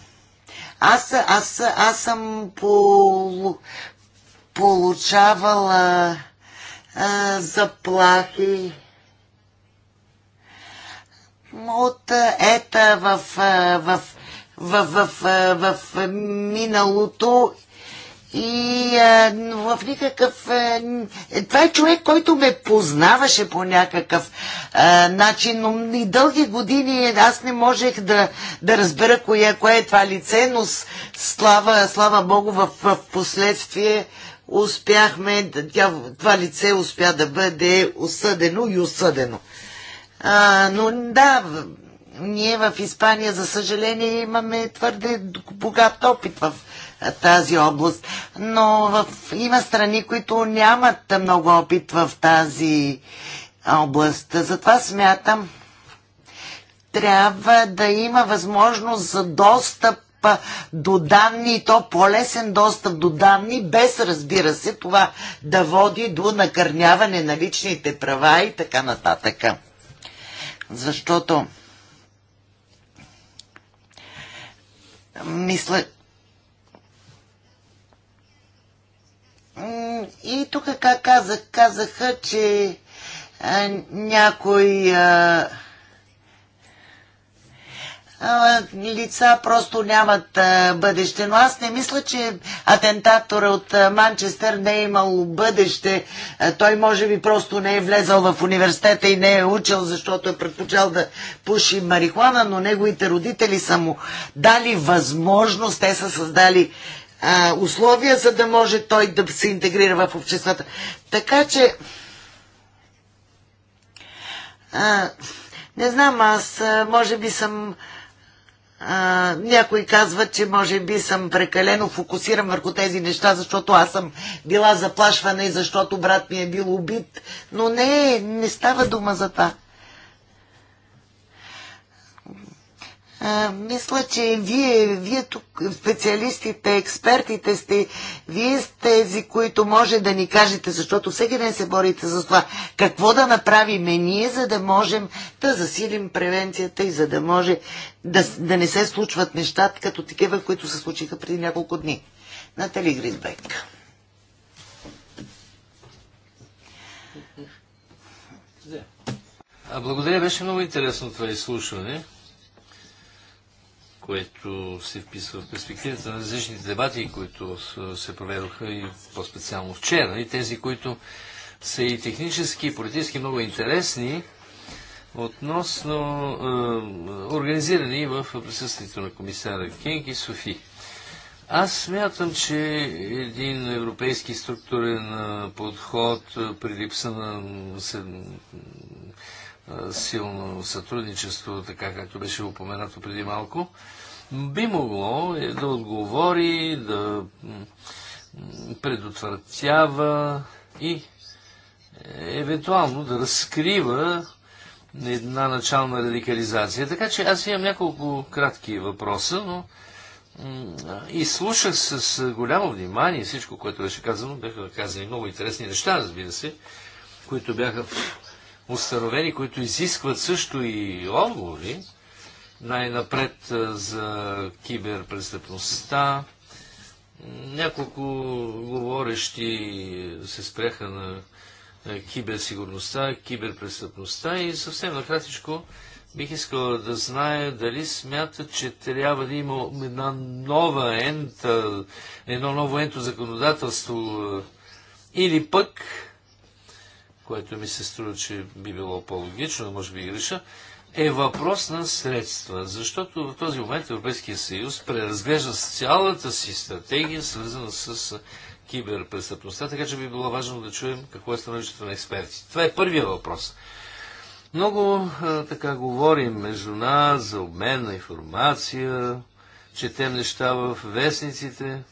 аз, аз, аз съм пол, получавала а, заплахи от е, ета е, в, в, в, в, в, в миналото и а, е, в никакъв... А, това е човек, който ме познаваше по някакъв а, начин, но и дълги години аз не можех да, да разбера кое, кое е това лице, но слава, слава Богу, в, в последствие успяхме, тя, това лице успя да бъде осъдено и осъдено. А, но да, ние в Испания, за съжаление, имаме твърде богат опит в тази област, но в, има страни, които нямат много опит в тази област. Затова смятам, трябва да има възможност за достъп до данни и то по-лесен достъп до данни, без разбира се това да води до накърняване на личните права и така нататък защото мисля, и тук казах, казаха, че някой. а, лица просто нямат бъдеще. Но аз не мисля, че атентатора от Манчестър не е имал бъдеще. Той може би просто не е влезал в университета и не е учил, защото е предпочел да пуши марихуана, но неговите родители са му дали възможност, те са създали условия, за да може той да се интегрира в обществата. Така че. А, не знам, аз може би съм а, някой казва, че може би съм прекалено фокусиран върху тези неща, защото аз съм била заплашвана и защото брат ми е бил убит. Но не, не става дума за това. А, мисля, че вие, вие тук, специалистите, експертите сте, вие сте тези, които може да ни кажете, защото всеки ден се борите за това, какво да направим ние, за да можем да засилим превенцията и за да може да, да не се случват нещата като такива, които се случиха преди няколко дни. Натали Гризбек. Благодаря, беше много интересно това изслушване което се вписва в перспективата на различните дебати, които се проведоха и по-специално вчера, и тези, които са и технически, и политически много интересни, относно е, организирани в присъствието на комисара Кенг и Софи. Аз смятам, че един европейски структурен е, подход е, при липса на силно сътрудничество, така както беше упоменато преди малко, би могло да отговори, да предотвратява и е, евентуално да разкрива една начална радикализация. Така че аз имам няколко кратки въпроса, но и слушах с голямо внимание всичко, което беше казано. Бяха казани много интересни неща, разбира се, които бяха установени, които изискват също и отговори, най-напред за киберпрестъпността. Няколко говорещи се спряха на киберсигурността, киберпрестъпността и съвсем накратичко бих искала да знае дали смятат, че трябва да има една нова ента, едно ново енто законодателство или пък което ми се струва, че би било по-логично, може би и греша, е въпрос на средства, защото в този момент Европейския съюз преразглежда цялата си стратегия, свързана с киберпрестъпността, така че би било важно да чуем какво е становището на експертите. Това е първия въпрос. Много така говорим между нас за обмен на информация, четем неща в вестниците,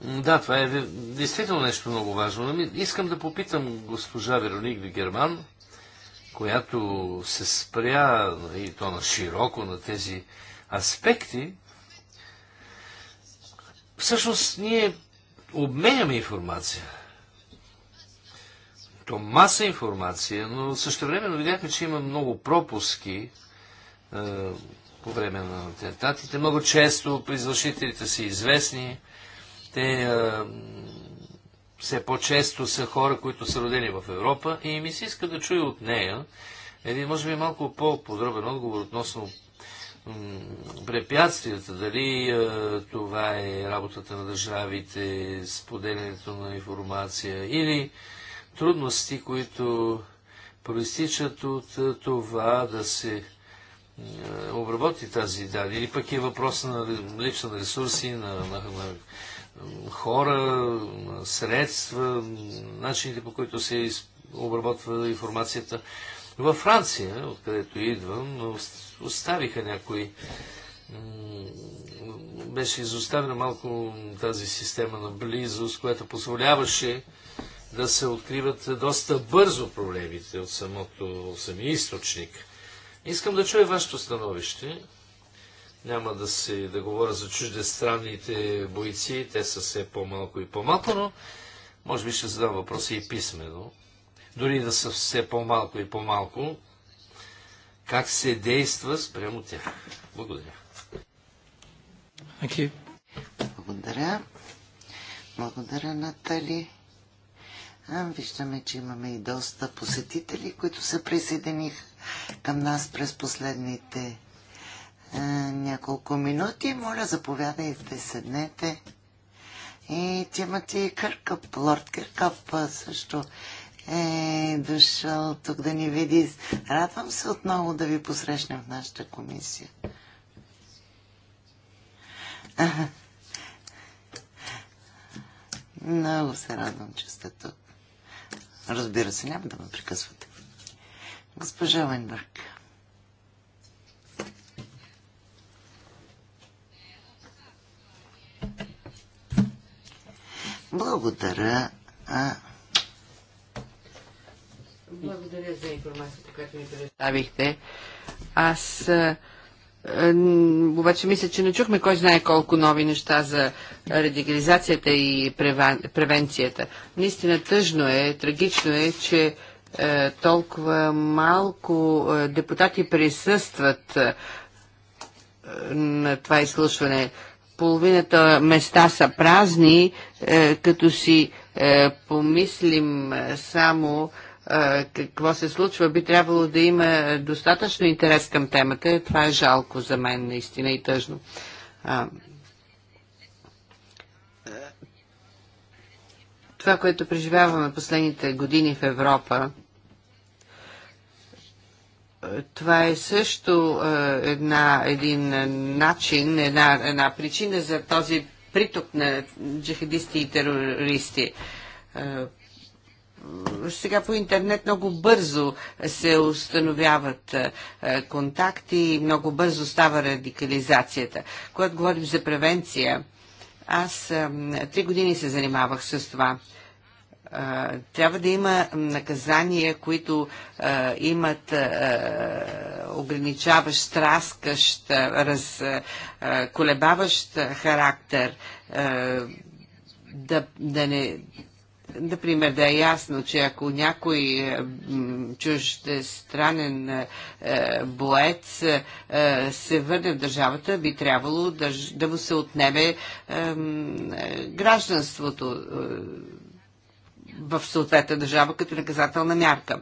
да, това е действително нещо много важно. Ами, искам да попитам госпожа Вероник Герман, която се спря и то на широко на тези аспекти. Всъщност ние обменяме информация. То маса информация, но времено видяхме, че има много пропуски е, по време на атентатите. Много често произвършителите са известни те а, все по-често са хора, които са родени в Европа и ми се иска да чуя от нея един, може би, малко по-подробен отговор относно препятствията, дали а, това е работата на държавите, споделянето на информация или трудности, които проистичат от а, това да се а, обработи тази дали, или пък е въпрос на липса на ресурси, на, на, на хора, средства, начините по които се обработва информацията. Във Франция, откъдето идвам, оставиха някои беше изоставена малко тази система на близост, която позволяваше да се откриват доста бързо проблемите от самото самия източник. Искам да чуя вашето становище няма да се да говоря за чуждестранните бойци, те са все по-малко и по-малко, но може би ще задам въпроси и писменно. Дори да са все по-малко и по-малко, как се действа спрямо тях? Благодаря. Okay. Благодаря. Благодаря, Натали. А, виждаме, че имаме и доста посетители, които се присъединиха към нас през последните е, няколко минути. Моля, заповядайте, седнете. И Тимати Къркъп, лорд Къркъп също е дошъл тук да ни види. Радвам се отново да ви посрещнем в нашата комисия. Много се радвам, че сте тук. Разбира се, няма да ме прекъсвате. Госпожа Вайнбърг. Благодаря. А... Благодаря за информацията, която ми предоставихте. Аз обаче мисля, че не чухме кой знае колко нови неща за радикализацията и превенцията. Наистина тъжно е, трагично е, че толкова малко депутати присъстват на това изслушване половината места са празни, е, като си е, помислим е, само какво се случва, би трябвало да има достатъчно интерес към темата. Това е жалко за мен, наистина и тъжно. Това, което преживяваме последните години в Европа, това е също е, една, един е, начин, една, една причина за този приток на джихадисти и терористи. Е, сега по интернет много бързо се установяват контакти и много бързо става радикализацията. Когато говорим за превенция, аз три години се занимавах с това трябва да има наказания, които а, имат а, ограничаващ, страскащ, раз, а, колебаващ характер. А, да, да не Например, да е ясно, че ако някой е, чуждестранен е, е, боец се върне в държавата, би трябвало да, да му се отнеме гражданството в съответна държава като наказателна мярка.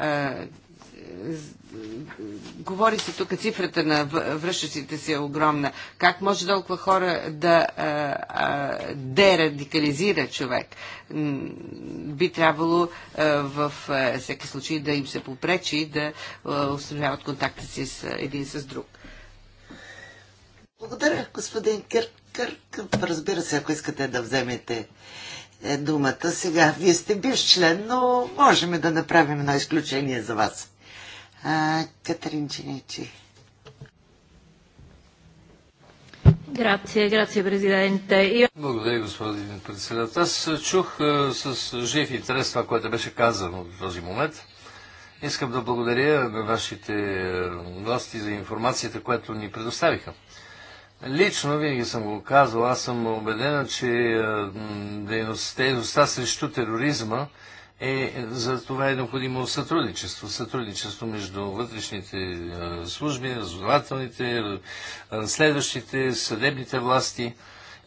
Е, говори се тук цифрата на връщащите се е огромна. Как може толкова хора да е, е, дерадикализира човек? Би трябвало в всеки случай да им се попречи да установяват контакта си с един с друг. Благодаря, господин Кърк. Кърк. Разбира се, ако искате да вземете е думата сега. Вие сте бивш член, но можем да направим едно изключение за вас. А, Катерин Чиничи. Грация, грация, президенте. Благодаря, господин председател. Аз чух а, с жив интерес това, което беше казано в този момент. Искам да благодаря на вашите власти за информацията, която ни предоставиха. Лично винаги съм го казал, аз съм убедена, че дейността срещу тероризма е, за това е необходимо сътрудничество. Сътрудничество между вътрешните служби, разузнавателните, следващите, съдебните власти.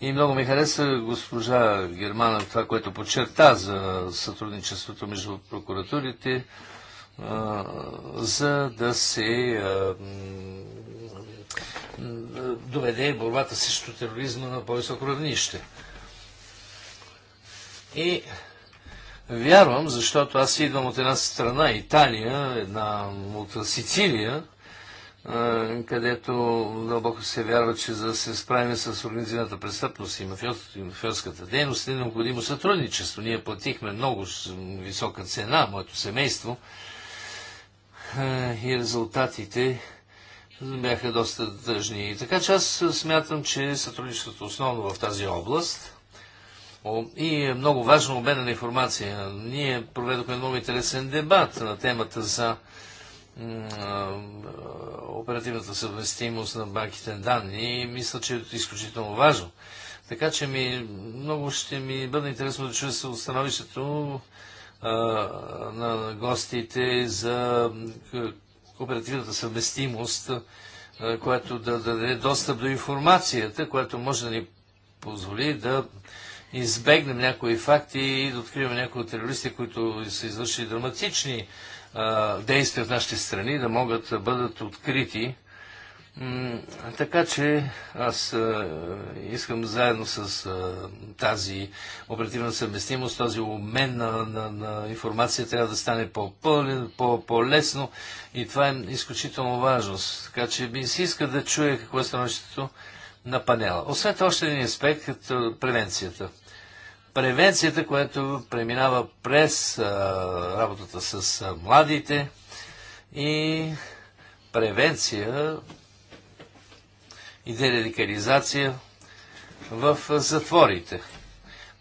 И много ми хареса госпожа Германа това, което подчерта за сътрудничеството между прокуратурите, за да се доведе борбата срещу тероризма на по-високо равнище. И вярвам, защото аз идвам от една страна, Италия, една от Сицилия, е, където дълбоко се вярва, че за да се справим с организираната престъпност и мафиотската дейност е необходимо сътрудничество. Ние платихме много висока цена, моето семейство, е, и резултатите бяха доста тъжни. Така че аз смятам, че сътрудничеството основно в тази област и е много важно обмена на информация. Ние проведохме много интересен дебат на темата за оперативната съвместимост на банките данни и мисля, че е изключително важно. Така че ми, много ще ми бъде интересно да чуя становището на гостите за оперативната съвместимост, която да даде достъп до информацията, която може да ни позволи да избегнем някои факти и да открием някои терористи, които са извършили драматични действия в нашите страни, да могат да бъдат открити така че аз искам заедно с тази оперативна съвместимост, този обмен на, на, на информация трябва да стане по-пълен, по-лесно -по и това е изключително важно. Така че ми се иска да чуя какво е становището на панела. Освен това, още един аспект превенцията. Превенцията, която преминава през а, работата с а, младите и превенция и дерадикализация в затворите.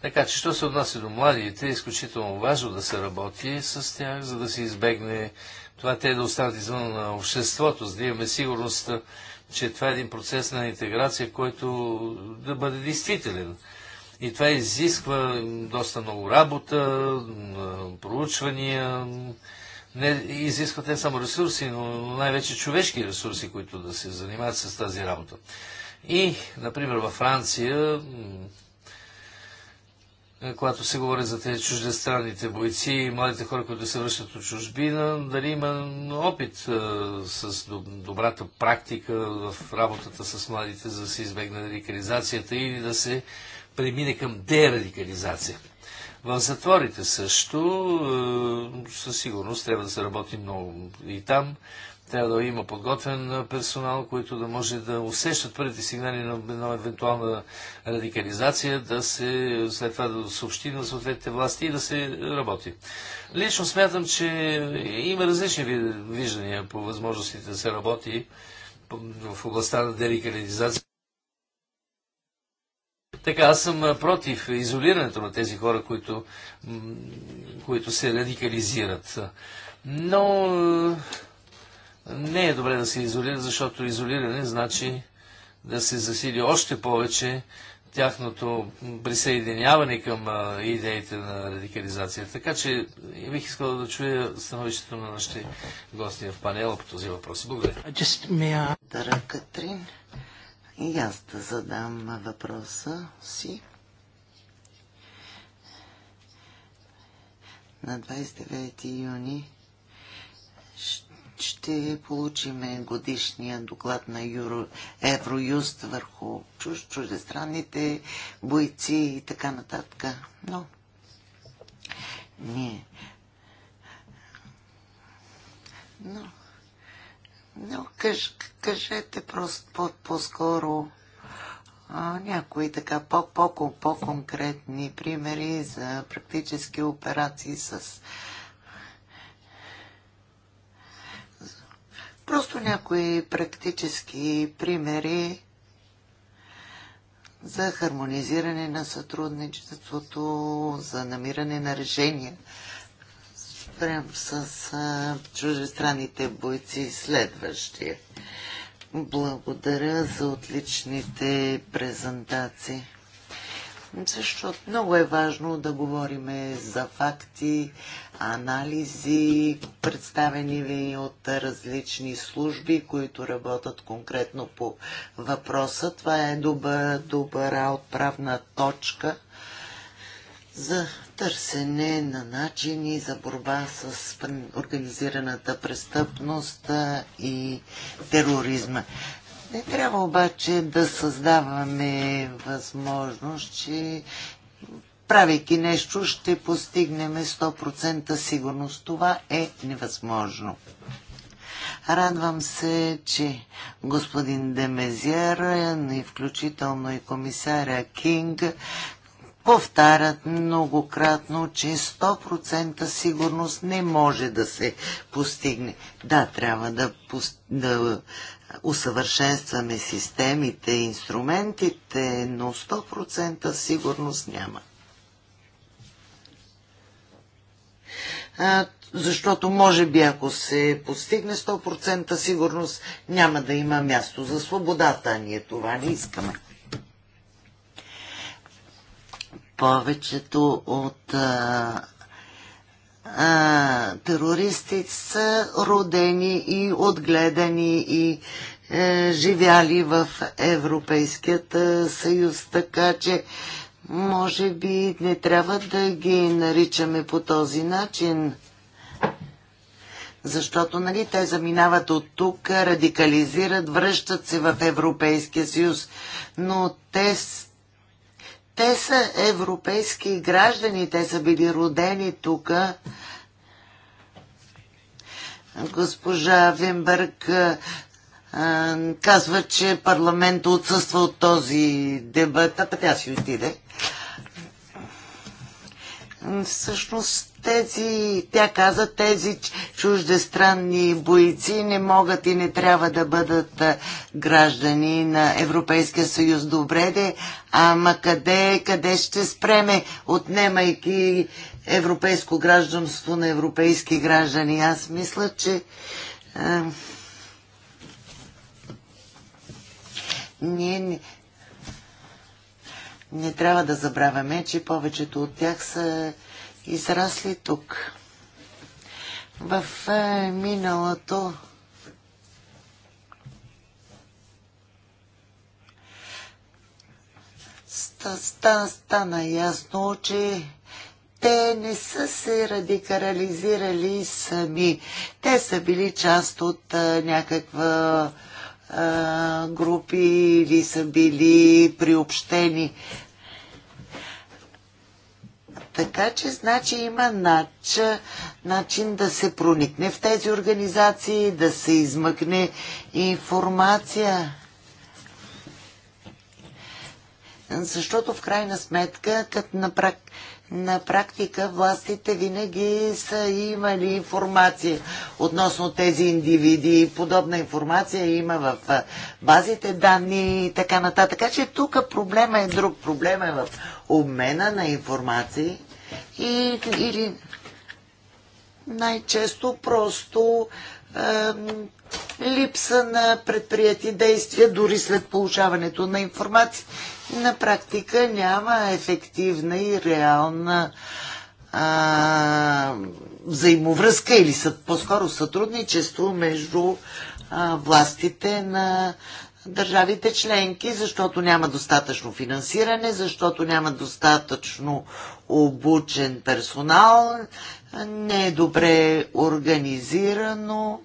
Така че, що се отнася до младите, е изключително важно да се работи с тях, за да се избегне това те да останат извън на обществото, за да имаме сигурност, че това е един процес на интеграция, който да бъде действителен. И това изисква доста много работа, проучвания, не изискват не само ресурси, но най-вече човешки ресурси, които да се занимават с тази работа. И, например, във Франция, когато се говори за тези чуждестранните бойци и младите хора, които се връщат от чужбина, дали има опит с добрата практика в работата с младите, за да се избегне радикализацията или да се премине към дерадикализация. В затворите също е, със сигурност трябва да се работи много и там. Трябва да има подготвен персонал, който да може да усещат първите сигнали на една евентуална радикализация, да се след това да съобщи на съответните власти и да се работи. Лично смятам, че има различни виждания по възможностите да се работи в областта на дерикализация. Така, аз съм против изолирането на тези хора, които, които се радикализират. Но не е добре да се изолират, защото изолиране значи да се засили още повече тяхното присъединяване към идеите на радикализация. Така че бих искал да чуя становището на нашите гости в панела по този въпрос. Благодаря. Just Дара Катрин. И аз да задам въпроса си. На 29 юни ще получим годишния доклад на Юро, Евроюст върху чуж, чуждестранните бойци и така нататък. Но ние. Но но къж, кажете просто по-скоро по някои така по-конкретни -по -по примери за практически операции с Просто някои практически примери за хармонизиране на сътрудничеството, за намиране на решения спрем с а, чужестранните бойци следващия. Благодаря за отличните презентации. Защото много е важно да говорим за факти, анализи, представени ви от различни служби, които работят конкретно по въпроса. Това е добра, добра отправна точка за търсене на начини за борба с организираната престъпност и тероризма. Не трябва обаче да създаваме възможност, че правейки нещо ще постигнем 100% сигурност. Това е невъзможно. Радвам се, че господин Демезиер, включително и комисаря Кинг, повтарят многократно, че 100% сигурност не може да се постигне. Да, трябва да, да усъвършенстваме системите, инструментите, но 100% сигурност няма. А, защото може би ако се постигне 100% сигурност, няма да има място за свободата, а ние това не искаме. повечето от а, а, терористи са родени и отгледани и е, живяли в Европейският съюз, така че може би не трябва да ги наричаме по този начин, защото нали, те заминават от тук, радикализират, връщат се в Европейския съюз, но те те са европейски граждани, те са били родени тук. Госпожа Винберг казва, че парламентът отсъства от този дебат, а тя си отиде. Всъщност тези, тя каза, тези чуждестранни бойци не могат и не трябва да бъдат граждани на Европейския съюз. Добре де, ама къде, къде ще спреме, отнемайки европейско гражданство на европейски граждани? Аз мисля, че а, ние не, не трябва да забравяме, че повечето от тях са израсли тук. В е, миналото стана, стана ясно, че те не са се радикализирали сами. Те са били част от е, някаква а, е, групи или са били приобщени така че, значи, има нач, начин да се проникне в тези организации, да се измъкне информация. Защото в крайна сметка, като на, прак, на практика властите винаги са имали информация относно тези индивиди. Подобна информация има в базите данни и така нататък. Така че тук проблема е друг. Проблема е в обмена на информации и, или най-често просто липса на предприяти действия, дори след получаването на информация. На практика няма ефективна и реална а, взаимовръзка или по-скоро сътрудничество между а, властите на държавите членки, защото няма достатъчно финансиране, защото няма достатъчно обучен персонал, не е добре организирано,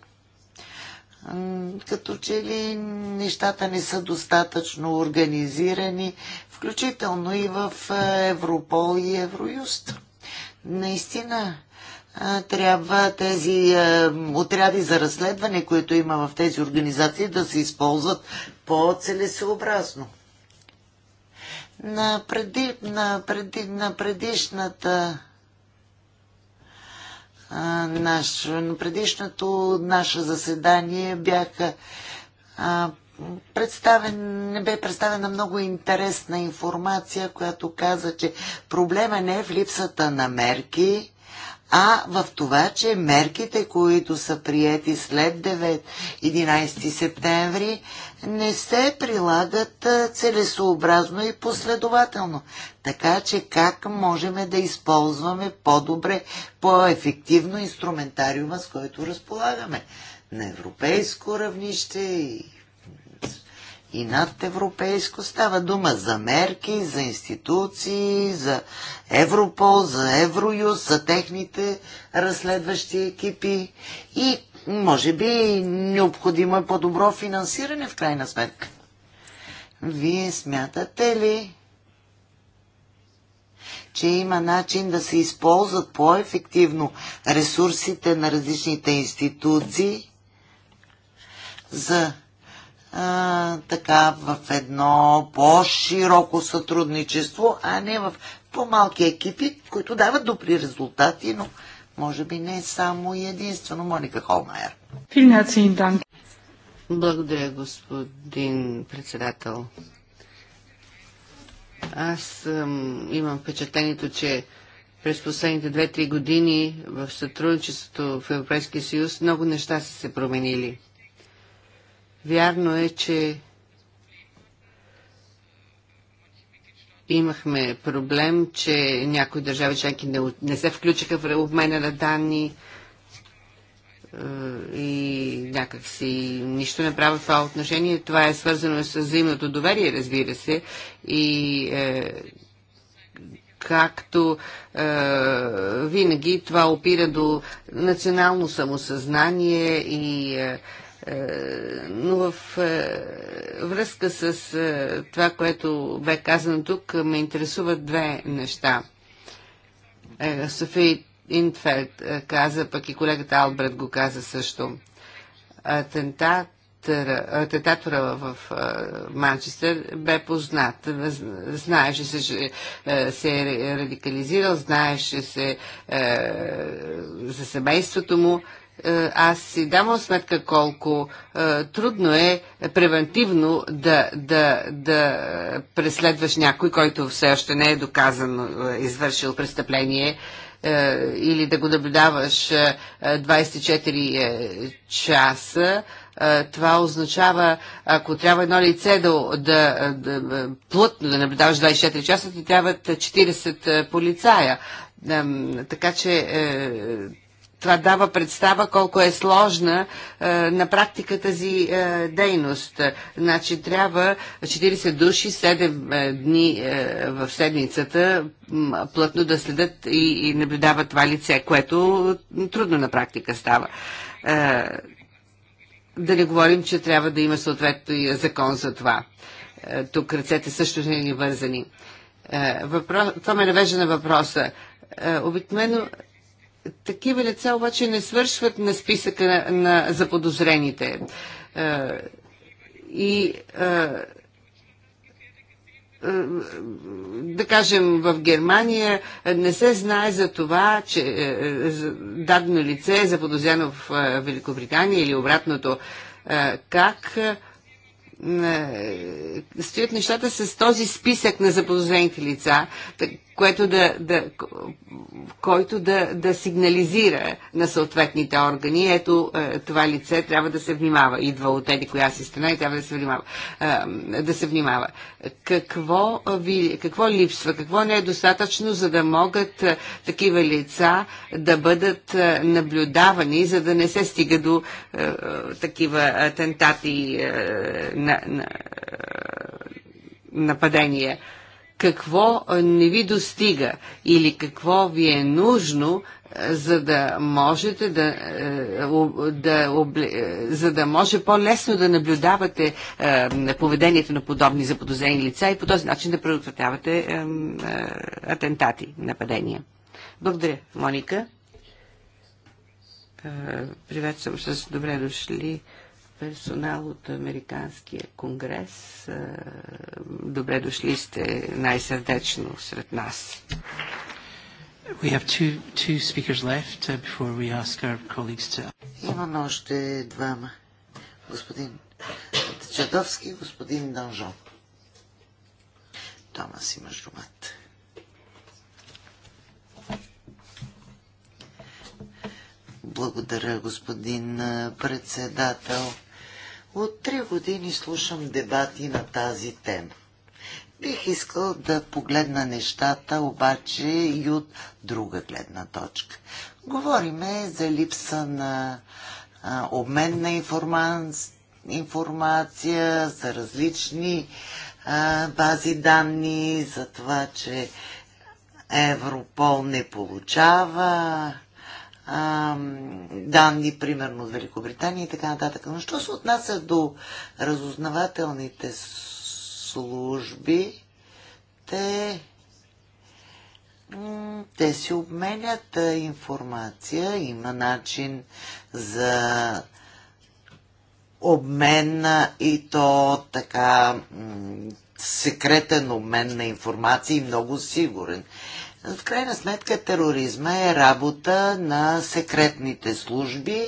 като че ли нещата не са достатъчно организирани, включително и в е, Европол и Евроюст. Наистина, трябва тези е, отряди за разследване, които има в тези организации, да се използват по-целесообразно на, преди, на, преди, на предишната нашо, на предишното наше заседание бяха а, представен, не бе представена много интересна информация, която каза, че проблема не е в липсата на мерки, а в това, че мерките, които са приети след 9, 11 септември, не се прилагат целесообразно и последователно. Така че как можем да използваме по-добре, по-ефективно инструментариума, с който разполагаме на европейско равнище и и надевропейско. Става дума за мерки, за институции, за Европол, за Евроюз, за техните разследващи екипи и може би необходимо е по-добро финансиране в крайна сметка. Вие смятате ли, че има начин да се използват по-ефективно ресурсите на различните институции за а, така в едно по-широко сътрудничество, а не в по-малки екипи, които дават добри резултати, но може би не само и единствено Моника Холмайер. Благодаря, господин председател. Аз ам, имам впечатлението, че през последните 2-3 години в сътрудничеството в Европейския съюз много неща са се променили. Вярно е, че имахме проблем, че някои държави членки не, не се включиха в обмена на данни е, и някакси нищо не прави това отношение. Това е свързано с взаимното доверие, разбира се, и е, както е, винаги това опира до национално самосъзнание и е, е, но в е, връзка с е, това, което бе казано тук, ме интересуват две неща. Софи Инфелд каза, пък и колегата Албрат го каза също. Атентат атентатора в Манчестър бе познат. Знаеше се, че се е радикализирал, знаеше се за семейството му е, аз си давам сметка колко е, трудно е превентивно да, да, да преследваш някой, който все още не е доказан, е, извършил престъпление или да го наблюдаваш 24 часа. това означава, ако трябва едно лице да, да, да плътно да наблюдаваш 24 часа, ти трябват 40 полицая. Така че това дава представа колко е сложна е, на практика тази е, дейност. Значи трябва 40 души 7 е, дни е, в седмицата плътно да следят и, и наблюдават това лице, което трудно на практика става. Е, да не говорим, че трябва да има съответно и закон за това. Е, тук ръцете също не ни вързани. Е, въпрос, това ме навежда на въпроса. Е, обикновено такива лица обаче не свършват на списъка на, на заподозрените. Е, и е, е, да кажем, в Германия не се знае за това, че дадено лице е заподозрено в Великобритания или обратното. Как стоят нещата с този списък на заподозрените лица? което да, да, който да, да сигнализира на съответните органи. Ето е, това лице трябва да се внимава. Идва от тези, коя си страна и трябва да се внимава. Е, да се внимава. Какво, ви, какво липсва, какво не е достатъчно, за да могат е, такива лица да бъдат наблюдавани, за да не се стига до такива атентати на, на нападения? какво не ви достига или какво ви е нужно, за да можете да, да за да може по-лесно да наблюдавате поведението на подобни заподозрени лица и по този начин да предотвратявате атентати, нападения. Благодаря, Моника. Приветствам с добре дошли персонал от Американския конгрес. Добре дошли сте най-сърдечно сред нас. We have two, two speakers left uh, before we ask our colleagues to... Имаме още двама. Господин Чадовски и господин Данжо. Томас, имаш думата. Благодаря, господин председател. От три години слушам дебати на тази тема. Бих искал да погледна нещата, обаче и от друга гледна точка. Говориме за липса на а, обмен на информация, информация за различни а, бази данни, за това, че Европол не получава а, данни, примерно от Великобритания и така нататък. Но що се отнася до разузнавателните служби, те, те си обменят информация, има начин за обмен и то така секретен обмен на информация и много сигурен. В крайна сметка тероризма е работа на секретните служби,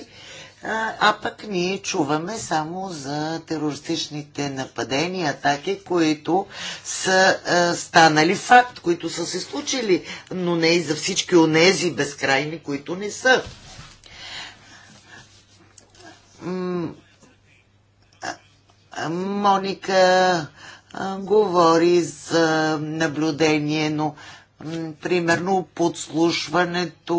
а пък ние чуваме само за терористичните нападения, атаки, които са станали факт, които са се случили, но не и за всички онези безкрайни, които не са. Моника говори за наблюдение, но примерно подслушването,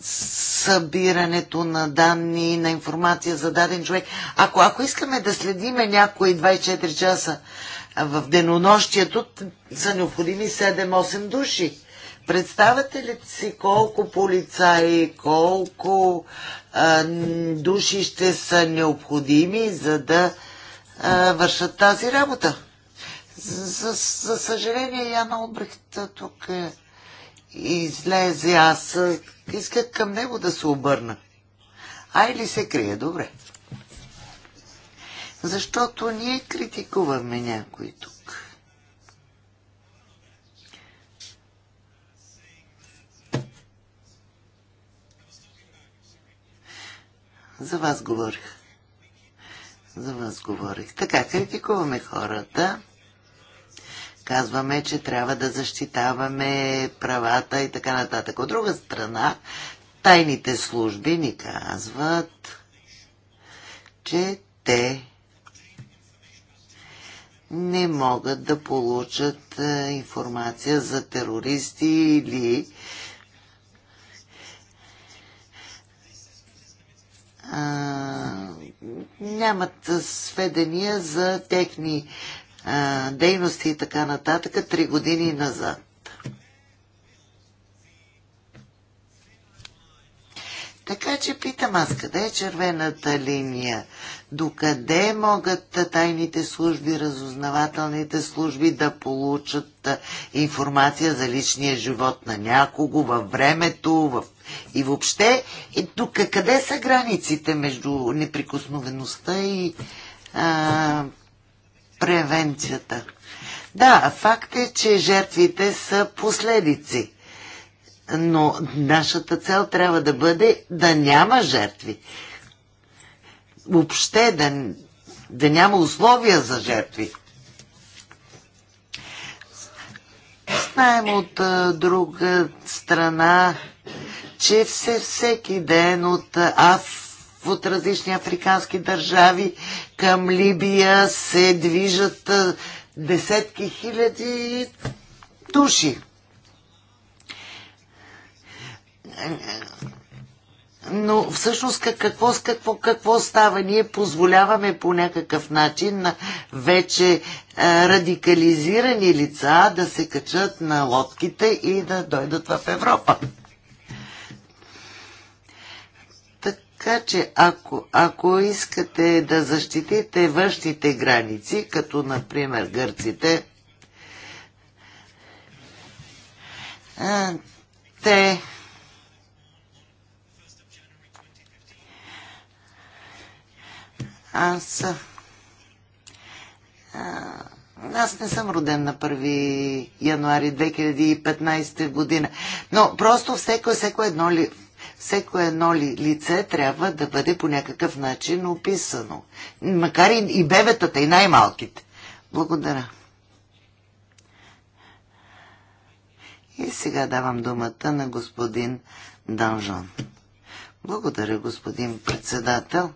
събирането на данни, на информация за даден човек. Ако, ако искаме да следиме някои 24 часа в денонощието, са необходими 7-8 души. Представете ли си колко полицаи, колко а, души ще са необходими, за да а, вършат тази работа? За, за съжаление, Яна Обрехт тук е, излезе. Аз е, исках към него да се обърна. А или се крие, добре. Защото ние критикуваме някой тук. За вас говорих. За вас говорих. Така, критикуваме хората казваме, че трябва да защитаваме правата и така нататък. От друга страна, тайните служби ни казват, че те не могат да получат е, информация за терористи или а, е, нямат сведения за техни дейности и така нататък, три години назад. Така че питам аз, къде е червената линия? Докъде могат тайните служби, разузнавателните служби да получат информация за личния живот на някого, във времето, в... и въобще? И тук къде са границите между неприкосновеността и а, превенцията. Да, факт е, че жертвите са последици. Но нашата цел трябва да бъде да няма жертви. Въобще да, да няма условия за жертви. Знаем от а, друга страна, че все, всеки ден от, аф, от различни африкански държави към Либия се движат десетки хиляди души. Но всъщност какво, какво, какво става? Ние позволяваме по някакъв начин на вече радикализирани лица да се качат на лодките и да дойдат в Европа. Така че ако, ако искате да защитите външните граници, като например гърците, те аз а, аз не съм роден на 1 януари 2015 година, но просто всеко, всеко едно ли, всеко едно ли, лице трябва да бъде по някакъв начин описано. Макар и, и бебетата, и най-малките. Благодаря. И сега давам думата на господин Данжон. Благодаря, господин председател.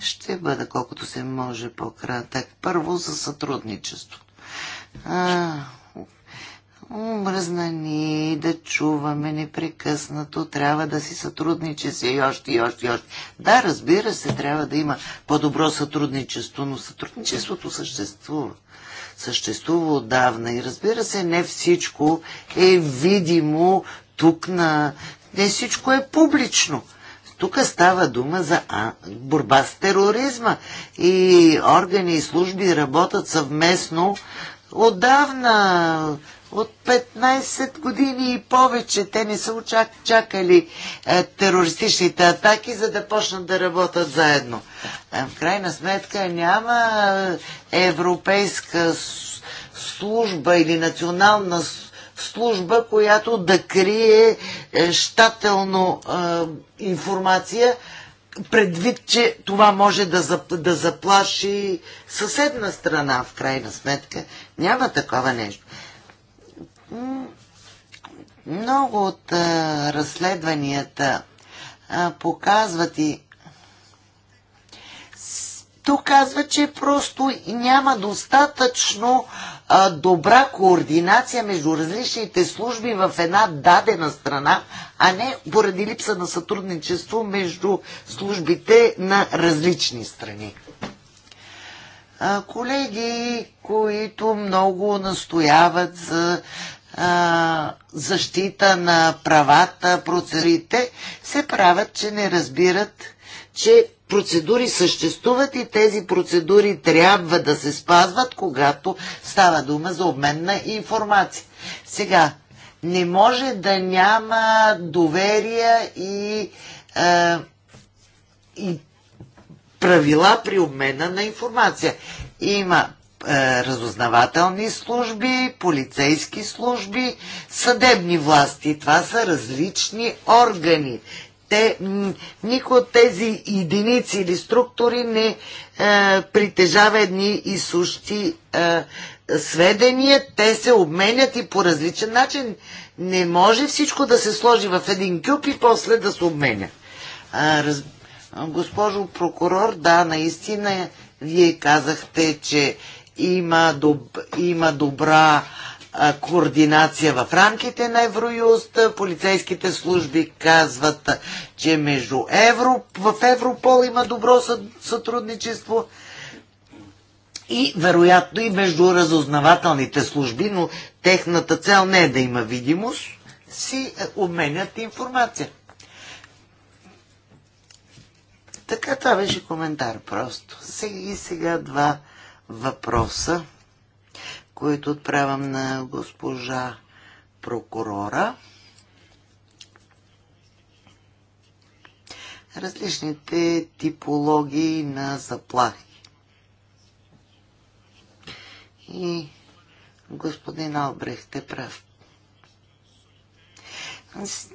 Ще бъда колкото се може по-кратък. Първо за сътрудничество умръзнани, да чуваме непрекъснато, трябва да си сътрудниче се и още, и още, и още. Да, разбира се, трябва да има по-добро сътрудничество, но сътрудничеството съществува. Съществува отдавна и разбира се, не всичко е видимо тук на... Не всичко е публично. Тук става дума за а, борба с тероризма и органи и служби работят съвместно отдавна от 15 години и повече. Те не са очак, чакали е, терористичните атаки, за да почнат да работят заедно. Е, в крайна сметка няма е, европейска служба или национална служба, която да крие е, щателно е, информация, предвид, че това може да, зап, да заплаши съседна страна, в крайна сметка. Няма такова нещо. Много от разследванията показват и тук казва, че просто няма достатъчно а, добра координация между различните служби в една дадена страна, а не поради липса на сътрудничество между службите на различни страни. А, колеги, които много настояват за а, защита на правата, процедурите, се правят, че не разбират, че процедури съществуват и тези процедури трябва да се спазват, когато става дума за обмен на информация. Сега, не може да няма доверие и, а, и правила при обмена на информация. Има е, разузнавателни служби, полицейски служби, съдебни власти. Това са различни органи. Те, никой от тези единици или структури не е, притежава едни и сущи е, сведения. Те се обменят и по различен начин. Не може всичко да се сложи в един кюб и после да се обменя. Е, раз... Госпожо прокурор, да, наистина вие казахте, че има, доб, има добра координация в рамките на Евроюст. Полицейските служби казват, че между Евро, в Европол има добро сътрудничество и вероятно и между разузнавателните служби, но техната цел не е да има видимост, си е, обменят информация. Така това беше коментар просто. Сега и сега два въпроса, които отправям на госпожа прокурора. Различните типологии на заплахи. И господин Албрехте прав. Аз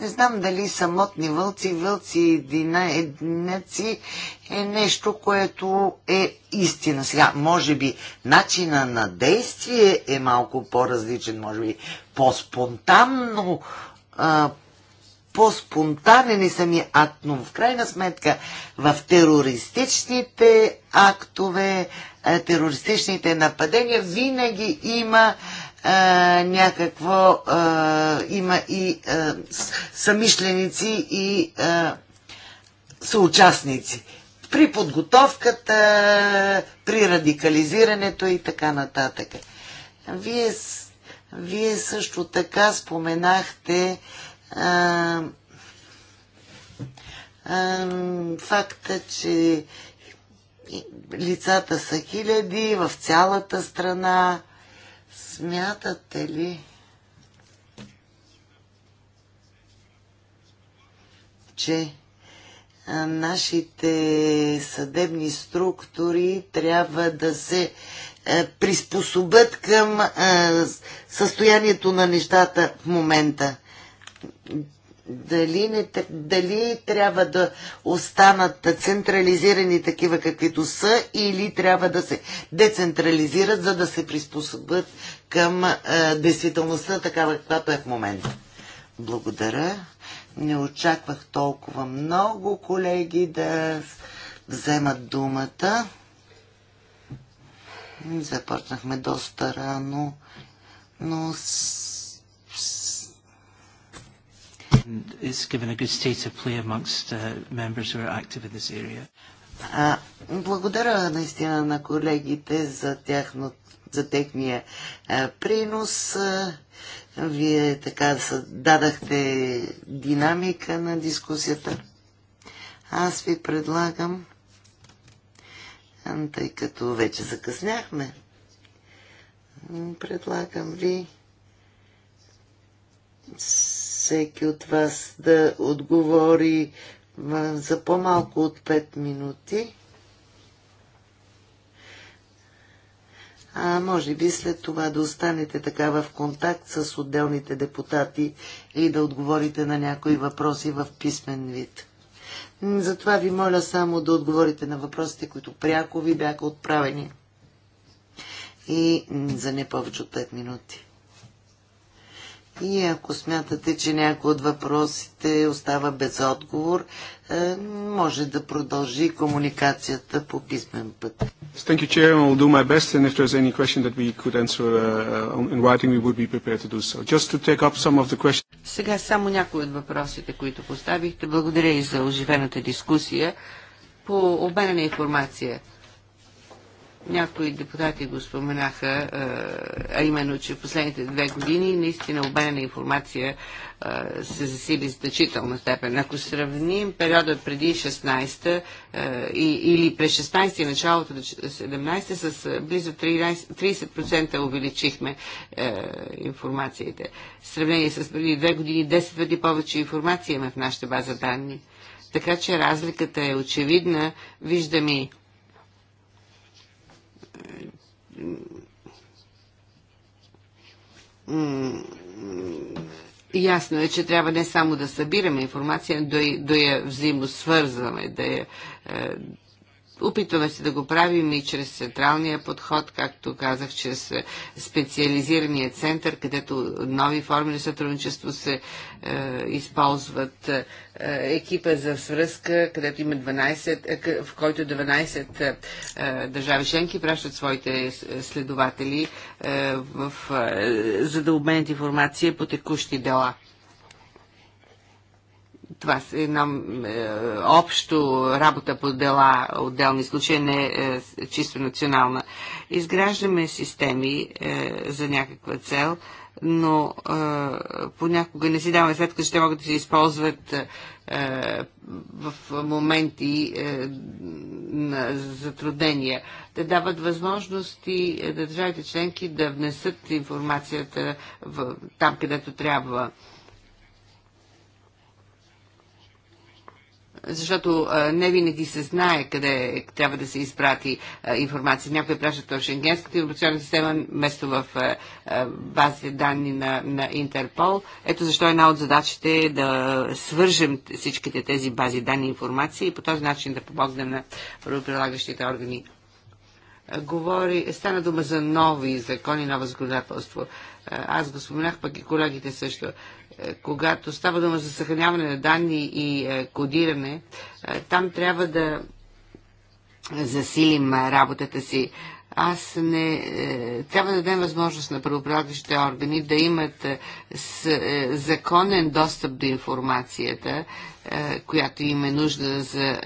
не знам дали самотни вълци, вълци едина, единаци е нещо, което е истина. Сега, може би, начина на действие е малко по-различен, може би по-спонтанно, по-спонтанен и самия акт, но в крайна сметка в терористичните актове, е, терористичните нападения винаги има а, някакво а, има и а, самишленици и а, съучастници при подготовката, при радикализирането и така нататък. Вие, вие също така споменахте а, а, факта, че лицата са хиляди в цялата страна Смятате ли, че нашите съдебни структури трябва да се приспособят към състоянието на нещата в момента дали, не, дали трябва да останат централизирани такива каквито са или трябва да се децентрализират, за да се приспособят към е, действителността такава каквато е в момента. Благодаря. Не очаквах толкова много колеги да вземат думата. Започнахме доста рано, но с and it's given a good state of play amongst uh, members who are active in this area. А, благодаря наистина на колегите за, тяхно, за техния а, принос. А, вие така дадахте динамика на дискусията. Аз ви предлагам, тъй като вече закъсняхме, предлагам ви всеки от вас да отговори за по-малко от 5 минути. А може би след това да останете така в контакт с отделните депутати и да отговорите на някои въпроси в писмен вид. Затова ви моля само да отговорите на въпросите, които пряко ви бяха отправени. И за не повече от 5 минути. И ако смятате, че някой от въпросите остава без отговор, е, може да продължи комуникацията по писмен път. Thank you, Chair. I'll do my best, and if there's any question that we could answer uh, uh, in writing, we would be prepared to do so. Just to take up some of the questions. Сега само някои от въпросите, които поставихте. Благодаря и за оживената дискусия по обмена на информация. Някои депутати го споменаха, е, а именно, че в последните две години наистина обмена на информация е, се засили значителна степен. Ако сравним периода преди 16-та е, или през 16 и началото на 17-та с близо 30% увеличихме информациите. В сравнение с преди две години 10 пъти повече информация имаме в нашата база данни. Така че разликата е очевидна. Виждаме Ясно е, че трябва не само да събираме информация, но да, да я взаимосвързваме, да я е, Опитваме се да го правим и чрез централния подход, както казах, чрез е, специализирания център, където нови форми на сътрудничество се е, използват. Е, е екипа за свръзка, където има 12, е, в който 12 е, държави членки пращат своите следователи, е, в, е, за да обменят информация по текущи дела това е една е, общо работа по дела, отделни случаи, не е, чисто национална. Изграждаме системи е, за някаква цел, но е, понякога не си даваме сметка, че те могат да се използват е, в моменти е, на затруднения. Да дават възможности да е, държавите членки да внесат информацията в, там, където трябва. Е, защото не винаги се знае къде трябва да се изпрати информация. Някои пращат в Шенгенската информационна система, вместо в базите данни на, на Интерпол. Ето защо една от задачите е да свържем всичките тези бази данни и информации и по този начин да помогнем на правоприлагащите органи. Говори, стана дума за нови закони, ново законодателство. Аз го споменах, пък и колегите също когато става дума за съхраняване на данни и е, кодиране, е, там трябва да засилим работата си. Аз не... Е, трябва да дадем възможност на правоправдащите органи да имат е, с, е, законен достъп до информацията, която им е нужда за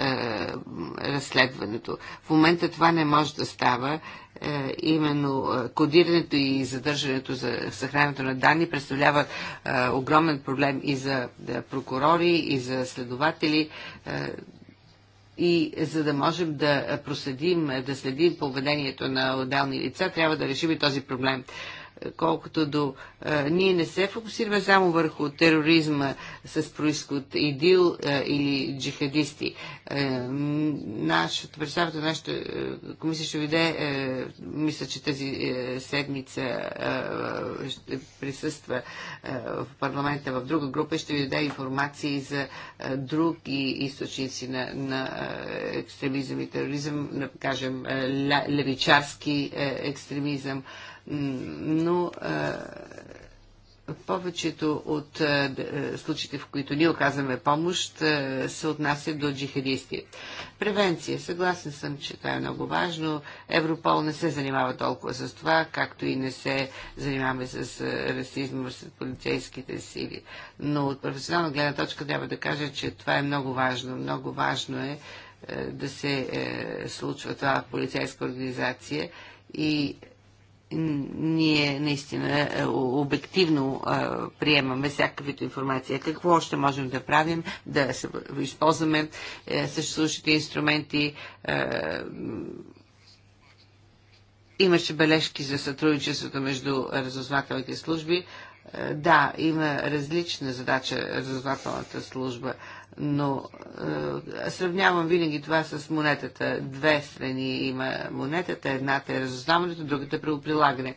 разследването. В момента това не може да става. Именно кодирането и задържането за съхранението на данни представлява огромен проблем и за прокурори, и за следователи и за да можем да проследим, да следим поведението на отделни лица, трябва да решим и този проблем колкото до... А, е, ние не се фокусираме само върху тероризма с происход ИДИЛ а, е, или джихадисти. А, е, нашата представата, нашата комисия ще виде, мисля, че тази седмица ще присъства в парламента в друга група и ще ви даде информации за други източници на, на екстремизъм и тероризъм, да кажем, левичарски екстремизъм. Но но повечето от а, случаите, в които ние оказваме помощ, а, се отнасят до джихадисти. Превенция. Съгласен съм, че това е много важно. Европол не се занимава толкова с това, както и не се занимаваме с расизма, с полицейските сили. Но от професионална гледна точка трябва да кажа, че това е много важно. Много важно е да се случва това в полицейска организация и ние наистина е, обективно е, приемаме всякаквито информация. Какво още можем да правим? Да използваме е, съществуващите инструменти. Имаше бележки за сътрудничеството между разузнавателните служби. Да, има различна задача разузнавателната служба но е, сравнявам винаги това с монетата. Две страни има монетата, едната е разузнаването, другата е правоприлагане.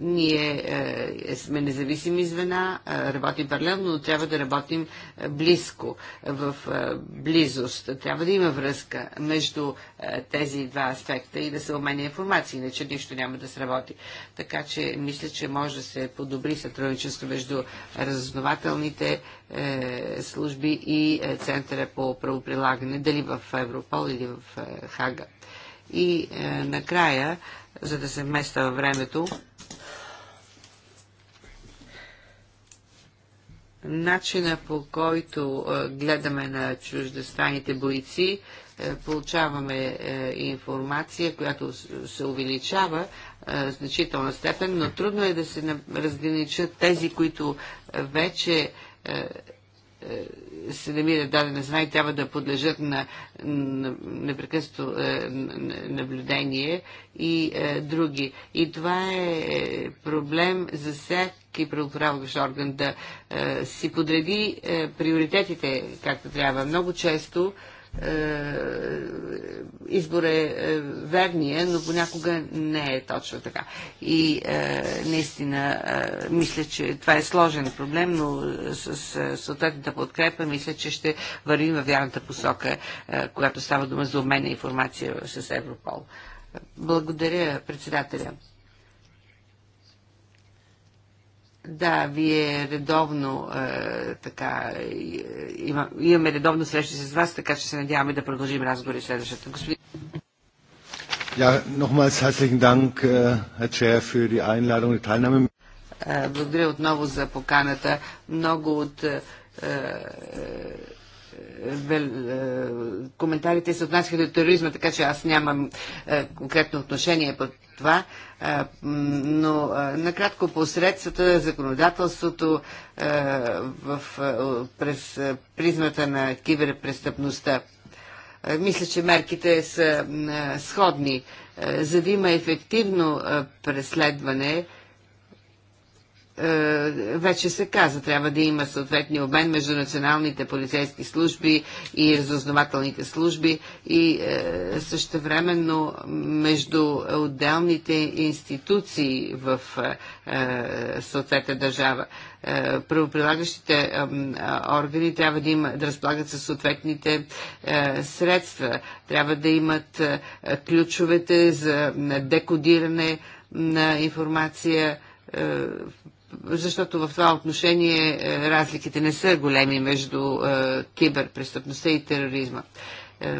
Ние е, е, сме независими звена, работим паралелно, но трябва да работим е, близко, в близост. Трябва да има връзка между тези два аспекта и да се обменя информация, иначе нищо няма да сработи. Така че мисля, че може да се подобри сътрудничество между разузнавателните служби и Центъра по правоприлагане, дали в Европол или в Хага. И е, накрая, за да се вместа във времето, начина по който е, гледаме на чуждестранните бойци, е, получаваме е, информация, която се увеличава е, значителна степен, но трудно е да се разграничат тези, които вече е, е, се намира дадена зна и трябва да подлежат на, на непрекъснато е, наблюдение и е, други. И това е, е проблем за всеки правоправващ орган да си подреди приоритетите както трябва. Много често е, избор е, е верния, но понякога не е точно така. И е, наистина мисля, че това е сложен проблем, но с съответната подкрепа мисля, че ще вървим във вярната посока, когато става дума за обмен на информация с Европол. Благодаря, председателя. Да, вие редовно е, така, е, има, имаме редовно срещи с вас, така че се надяваме да продължим разговори следващата. Господин... Ja, nochmals herzlichen Dank, äh, Herr Chair, für die Einladung, die Teilnahme. Е, благодаря отново за поканата. Много от е, коментарите се отнасяха до тероризма, така че аз нямам конкретно отношение по това, но накратко по средствата, законодателството в, през призмата на киберпрестъпността. Мисля, че мерките са сходни. За да има ефективно преследване, е, вече се каза, трябва да има съответния обмен между националните полицейски служби и разузнавателните служби и е, същевременно между отделните институции в е, съответната държава. Правоприлагащите органи трябва да, има, да разполагат със съответните средства, трябва да имат ключовете за декодиране на информация защото в това отношение е, разликите не са големи между е, киберпрестъпността и тероризма. Е,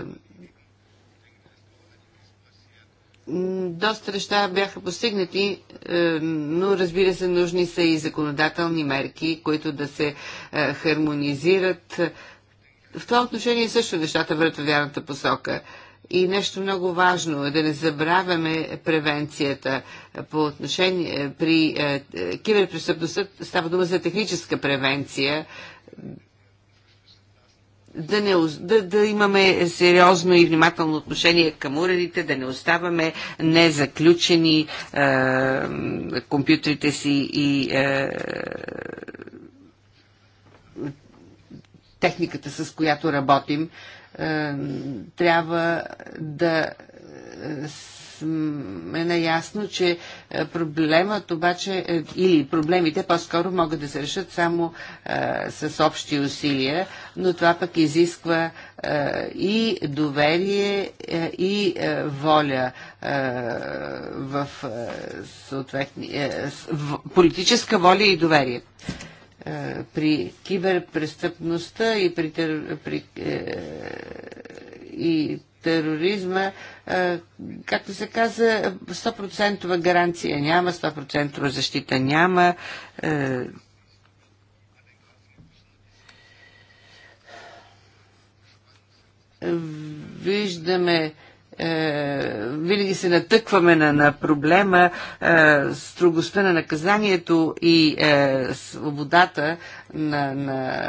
доста неща бяха постигнати, но разбира се, нужни са и законодателни мерки, които да се хармонизират. В това отношение също нещата върват в вярната посока. И нещо много важно е да не забравяме превенцията по отношение е, при е, е, киберпрестъпността става дума за техническа превенция. Да, не, да, да имаме сериозно и внимателно отношение към уредите, да не оставаме незаключени е, компютрите си и е, техниката, с която работим. Е, трябва да е, сме наясно, че е, проблемът обаче е, или проблемите по-скоро могат да се решат само а, с общи усилия, но това пък изисква а, и доверие а, и а, воля а, в а, а, в, политическа воля и доверие. Е, при киберпрестъпността и при, тер... при е, и тероризма, е, както се каза, 100% гаранция няма, 100% защита няма. Виждаме е, винаги се натъкваме на, на проблема е, строгостта на наказанието и е, свободата на, на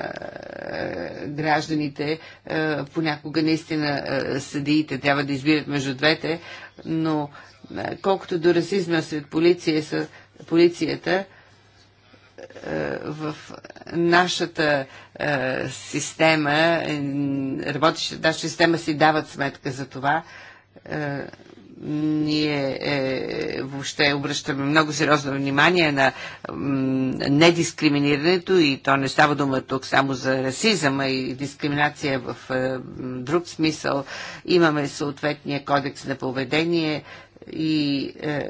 е, гражданите. Е, понякога наистина е, съдиите трябва да избират между двете, но е, колкото до расизма сред полиция, са, полицията, е, в нашата е, система, работещата наша система си дават сметка за това. Е, ние е, въобще обръщаме много сериозно внимание на недискриминирането и то не става дума тук само за расизъм, а и дискриминация в е, друг смисъл. Имаме съответния кодекс на поведение и е,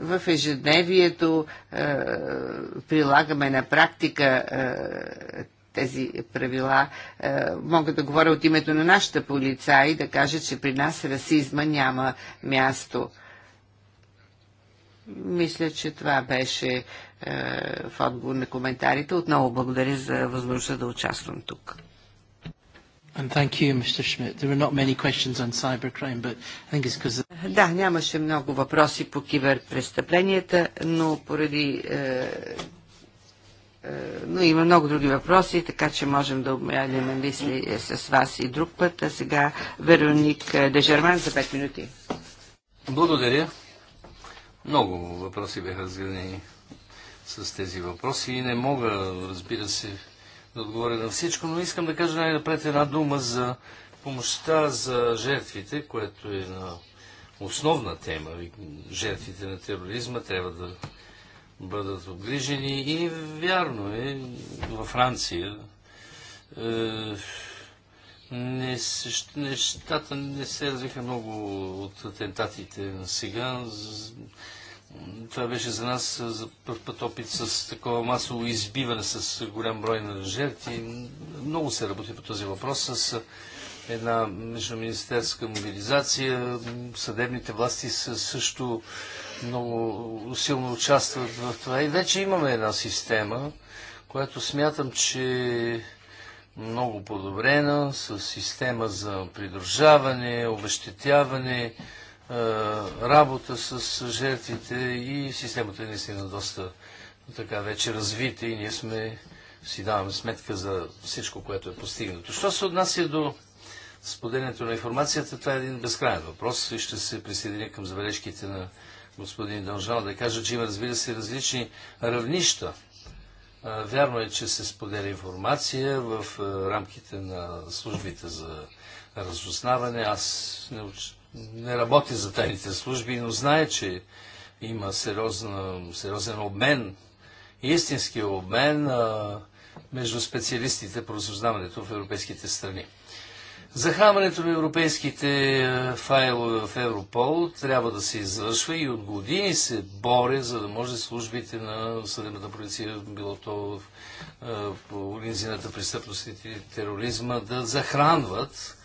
в ежедневието е, прилагаме на практика е, тези правила. Е, мога да говоря от името на нашата полица и да кажа, че при нас расизма няма място. Мисля, че това беше е, в отговор на коментарите. Отново благодаря за възможността да участвам тук. да, нямаше много въпроси по киберпрестъпленията, но поради е, е, но има много други въпроси, така че можем да обмяляме мисли е, с вас и друг път. А сега Вероник Дежерман за 5 минути. Благодаря. Много въпроси бяха разгледани с тези въпроси и не мога, разбира се, да отговоря на всичко, но искам да кажа най-напред една дума за помощта за жертвите, което е на основна тема. Жертвите на тероризма трябва да бъдат обгрижени. И вярно е, във Франция е, не, нещата не се развиха много от атентатите на сега. Това беше за нас за първ път опит с такова масово избиване с голям брой на жертви. Много се работи по този въпрос с една междуминистерска мобилизация. Съдебните власти са също много силно участват в това. И вече имаме една система, която смятам, че е много подобрена, с система за придружаване, обещетяване, е, работа с жертвите и системата е наистина доста така вече развита и ние сме си даваме сметка за всичко, което е постигнато. Що се отнася до споделянето на информацията, това е един безкрайен въпрос и ще се присъединя към забележките на господин Дължал да кажа, че има, разбира се, различни равнища. Вярно е, че се споделя информация в рамките на службите за разузнаване. Аз не, уч... не работя за тайните служби, но знае, че има сериозна, сериозен обмен, истински обмен между специалистите по разузнаването в европейските страни. Захранването на европейските е, файлове в Европол трябва да се извършва и от години се боря, за да може службите на съдебната полиция, било то в е, организираната престъпност и тероризма, да захранват,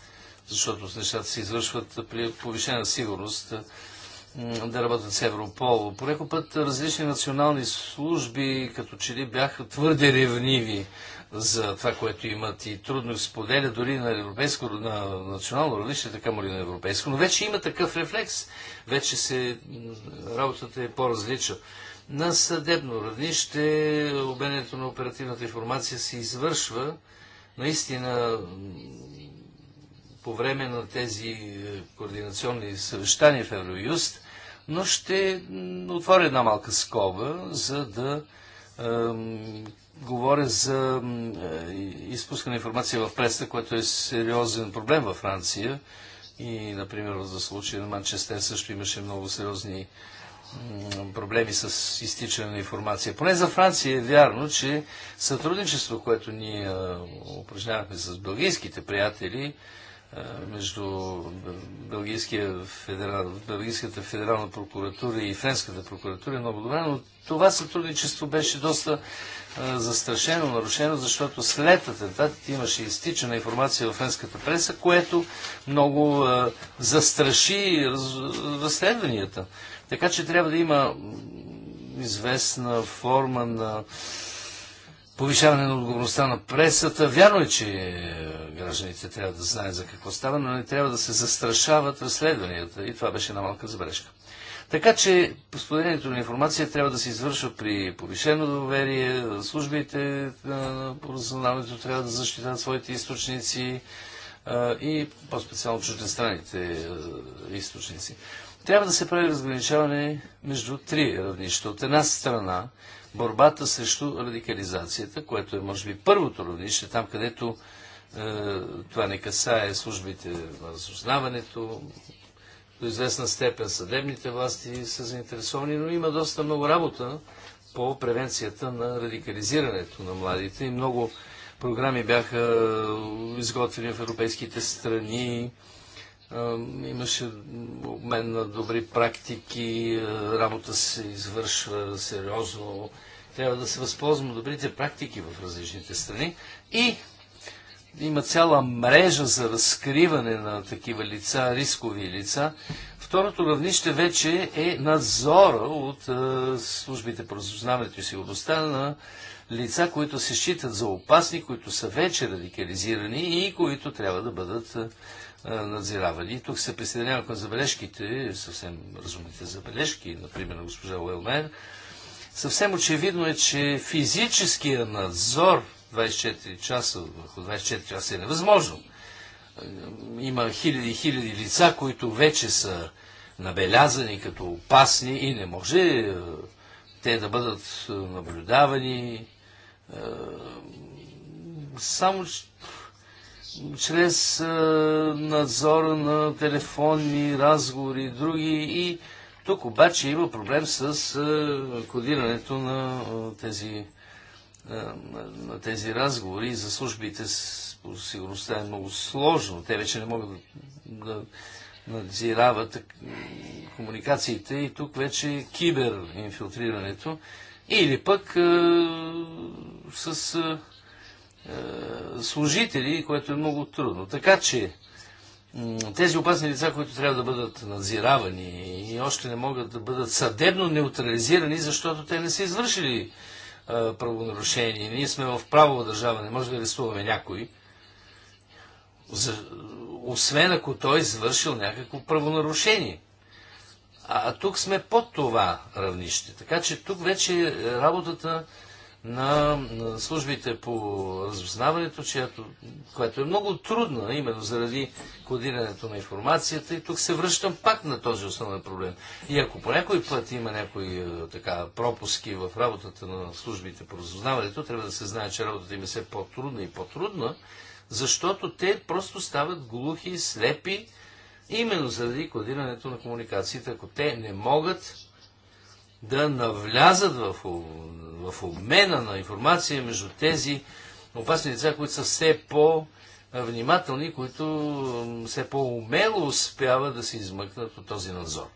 защото нещата се извършват при повишена сигурност да работят с Европол. някой път различни национални служби като че ли бяха твърде ревниви за това, което имат и трудно споделя дори на европейско, на национално равнище, така му ли на европейско. Но вече има такъв рефлекс. Вече се, работата е по-различна. На съдебно равнище обменето на оперативната информация се извършва наистина по време на тези е, координационни съвещания в Евроюст, но ще отворя една малка скоба, за да е, говоря за е, изпускане информация в преста, което е сериозен проблем във Франция. И, например, за случая на Манчестер също имаше много сериозни проблеми с изтичане на информация. Поне за Франция е вярно, че сътрудничество, което ние упражнявахме с бългийските приятели, е, между федерал, Белгийската федерална прокуратура и Френската прокуратура е много добре, но това сътрудничество беше доста а, е, застрашено, нарушено, защото след атентат имаше изтичана информация в френската преса, което много а, е, застраши раз, разследванията. Така че трябва да има известна форма на повишаване на отговорността на пресата. Вярно е, че е, гражданите трябва да знаят за какво става, но не трябва да се застрашават разследванията. И това беше една малка забележка. Така че споделението на информация трябва да се извършва при повишено доверие, службите на е, разузнаването трябва да защитават своите източници е, и по-специално чуждестранните източници. Трябва да се прави разграничаване между три равнища. От една страна борбата срещу радикализацията, което е, може би, първото равнище, там където е, това не касае службите на разузнаването, до известна степен съдебните власти са заинтересовани, но има доста много работа по превенцията на радикализирането на младите и много програми бяха изготвени в европейските страни, Имаше обмен на добри практики, работа се извършва сериозно. Трябва да се възползваме добрите практики в различните страни. И има цяла мрежа за разкриване на такива лица, рискови лица. Второто равнище вече е надзора от службите по разузнаването и сигурността на лица, които се считат за опасни, които са вече радикализирани и които трябва да бъдат надзиравани. тук се присъединявам към забележките, съвсем разумните забележки, например на госпожа Уелмен. Съвсем очевидно е, че физическия надзор 24 часа, върху 24 часа е невъзможно. Има хиляди и хиляди лица, които вече са набелязани като опасни и не може те да бъдат наблюдавани. Само, чрез е, надзора на телефонни разговори и други. И тук обаче има проблем с е, кодирането на е, тези, на тези разговори за службите по сигурността е много сложно. Те вече не могат да надзирават комуникациите и тук вече киберинфилтрирането или пък с е, служители, което е много трудно. Така че тези опасни лица, които трябва да бъдат надзиравани и още не могат да бъдат съдебно неутрализирани, защото те не са извършили е, правонарушение. Ние сме в правова държава, не може да арестуваме някой, освен ако той е извършил някакво правонарушение. А, а тук сме под това равнище. Така че тук вече работата на службите по разузнаването, което е много трудно именно заради кодирането на информацията. И тук се връщам пак на този основен проблем. И ако по някой път има някои е, така, пропуски в работата на службите по разузнаването, трябва да се знае, че работата им е все по-трудна и по-трудна, защото те просто стават глухи, слепи, именно заради кодирането на комуникацията. Ако те не могат да навлязат в в обмена на информация между тези опасни деца, които са все по- внимателни, които все по-умело успяват да се измъкнат от този надзор.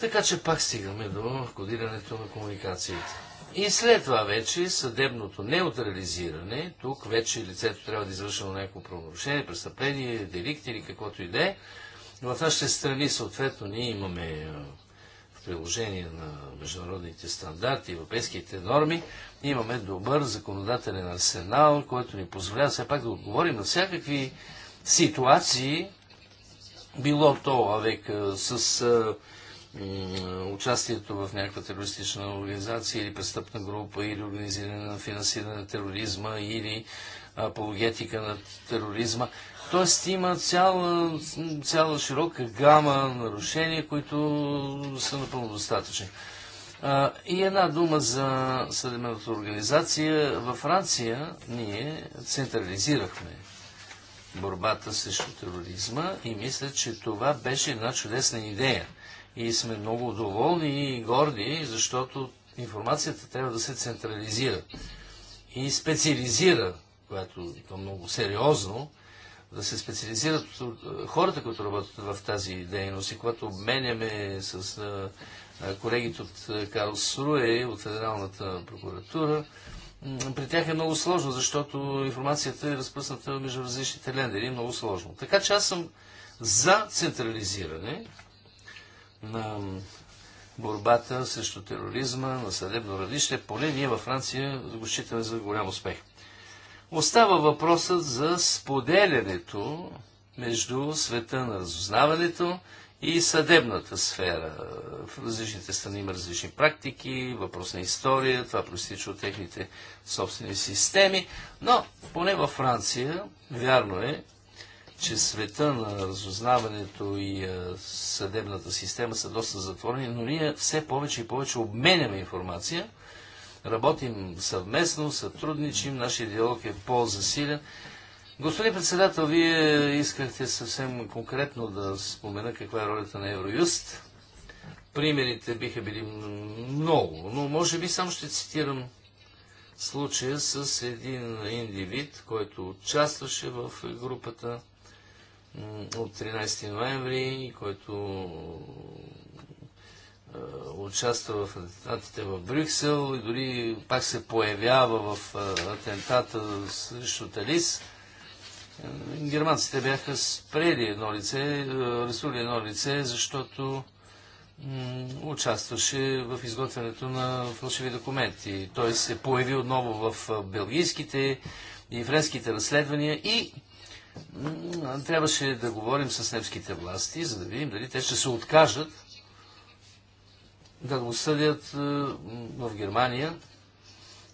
Така че пак стигаме до кодирането на комуникациите. И след това вече съдебното неутрализиране, тук вече лицето трябва да извършило някакво правонарушение, престъпление, деликт или каквото и да е, в нашите страни съответно ние имаме приложение на международните стандарти, европейските норми, имаме добър законодателен арсенал, който ни позволява все пак да отговорим на всякакви ситуации, било то авек с а, участието в някаква терористична организация или престъпна група, или организиране на финансиране на тероризма, или апологетика на тероризма. Тоест има цяла, цяла широка гама нарушения, които са напълно достатъчни. и една дума за съдебната организация. Във Франция ние централизирахме борбата срещу тероризма и мисля, че това беше една чудесна идея. И сме много доволни и горди, защото информацията трябва да се централизира и специализира, което е много сериозно, да се специализират е, хората, които работят в тази дейност. И когато обменяме с е, е, колегите от Карл Сруе, от Федералната прокуратура, при тях е много сложно, защото информацията е разпръсната между различните лендери. Е много сложно. Така че аз съм за централизиране на борбата срещу тероризма на съдебно равнище. Поне ние във Франция го считаме за голям успех. Остава въпросът за споделянето между света на разузнаването и съдебната сфера. В различните страни има различни практики, въпрос на история, това проистича от техните собствени системи, но поне във Франция, вярно е, че света на разузнаването и съдебната система са доста затворени, но ние все повече и повече обменяме информация Работим съвместно, сътрудничим, нашия диалог е по-засилен. Господин председател, вие искахте съвсем конкретно да спомена каква е ролята на Евроюст. Примерите биха били много, но може би само ще цитирам случая с един индивид, който участваше в групата от 13 ноември, който е, участва в атентатите в Брюксел и дори пак се появява в е, атентата срещу Талис. Е, германците бяха спрели едно лице, арестували едно лице, защото участваше в изготвянето на фалшиви документи. Той се появи отново в белгийските и френските разследвания и трябваше да говорим с немските власти, за да видим дали те ще се откажат да го съдят е, в Германия.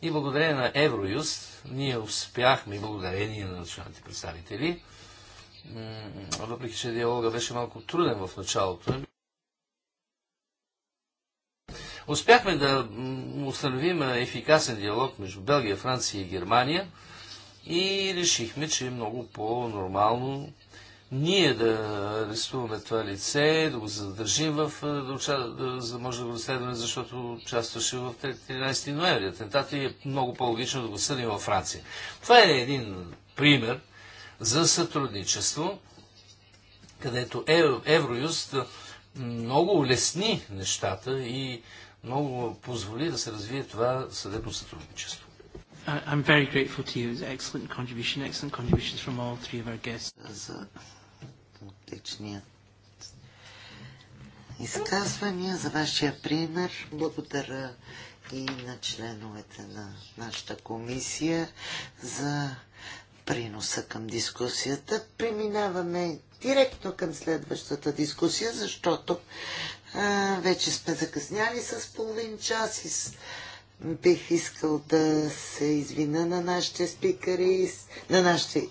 И благодарение на Евроюст ние успяхме, благодарение на националните представители, въпреки че диалога беше малко труден в началото, успяхме да установим ефикасен диалог между Белгия, Франция и Германия и решихме, че е много по-нормално ние да арестуваме това лице, да го задържим, в, е, да, да, за да може да го разследваме, защото участваше в 13 ноември атентат и е много по-логично да го съдим във Франция. Това е един пример за сътрудничество, където Евроюст е, много улесни нещата и много позволи да се развие това съдебно сътрудничество. I'm very grateful to you. It's excellent contribution, excellent contributions from all three of our guests отличният изказвания, за вашия пример. Благодаря и на членовете на нашата комисия за приноса към дискусията. Преминаваме директно към следващата дискусия, защото а, вече сме закъсняли с половин час и с... бих искал да се извина на нашите спикари, на нашите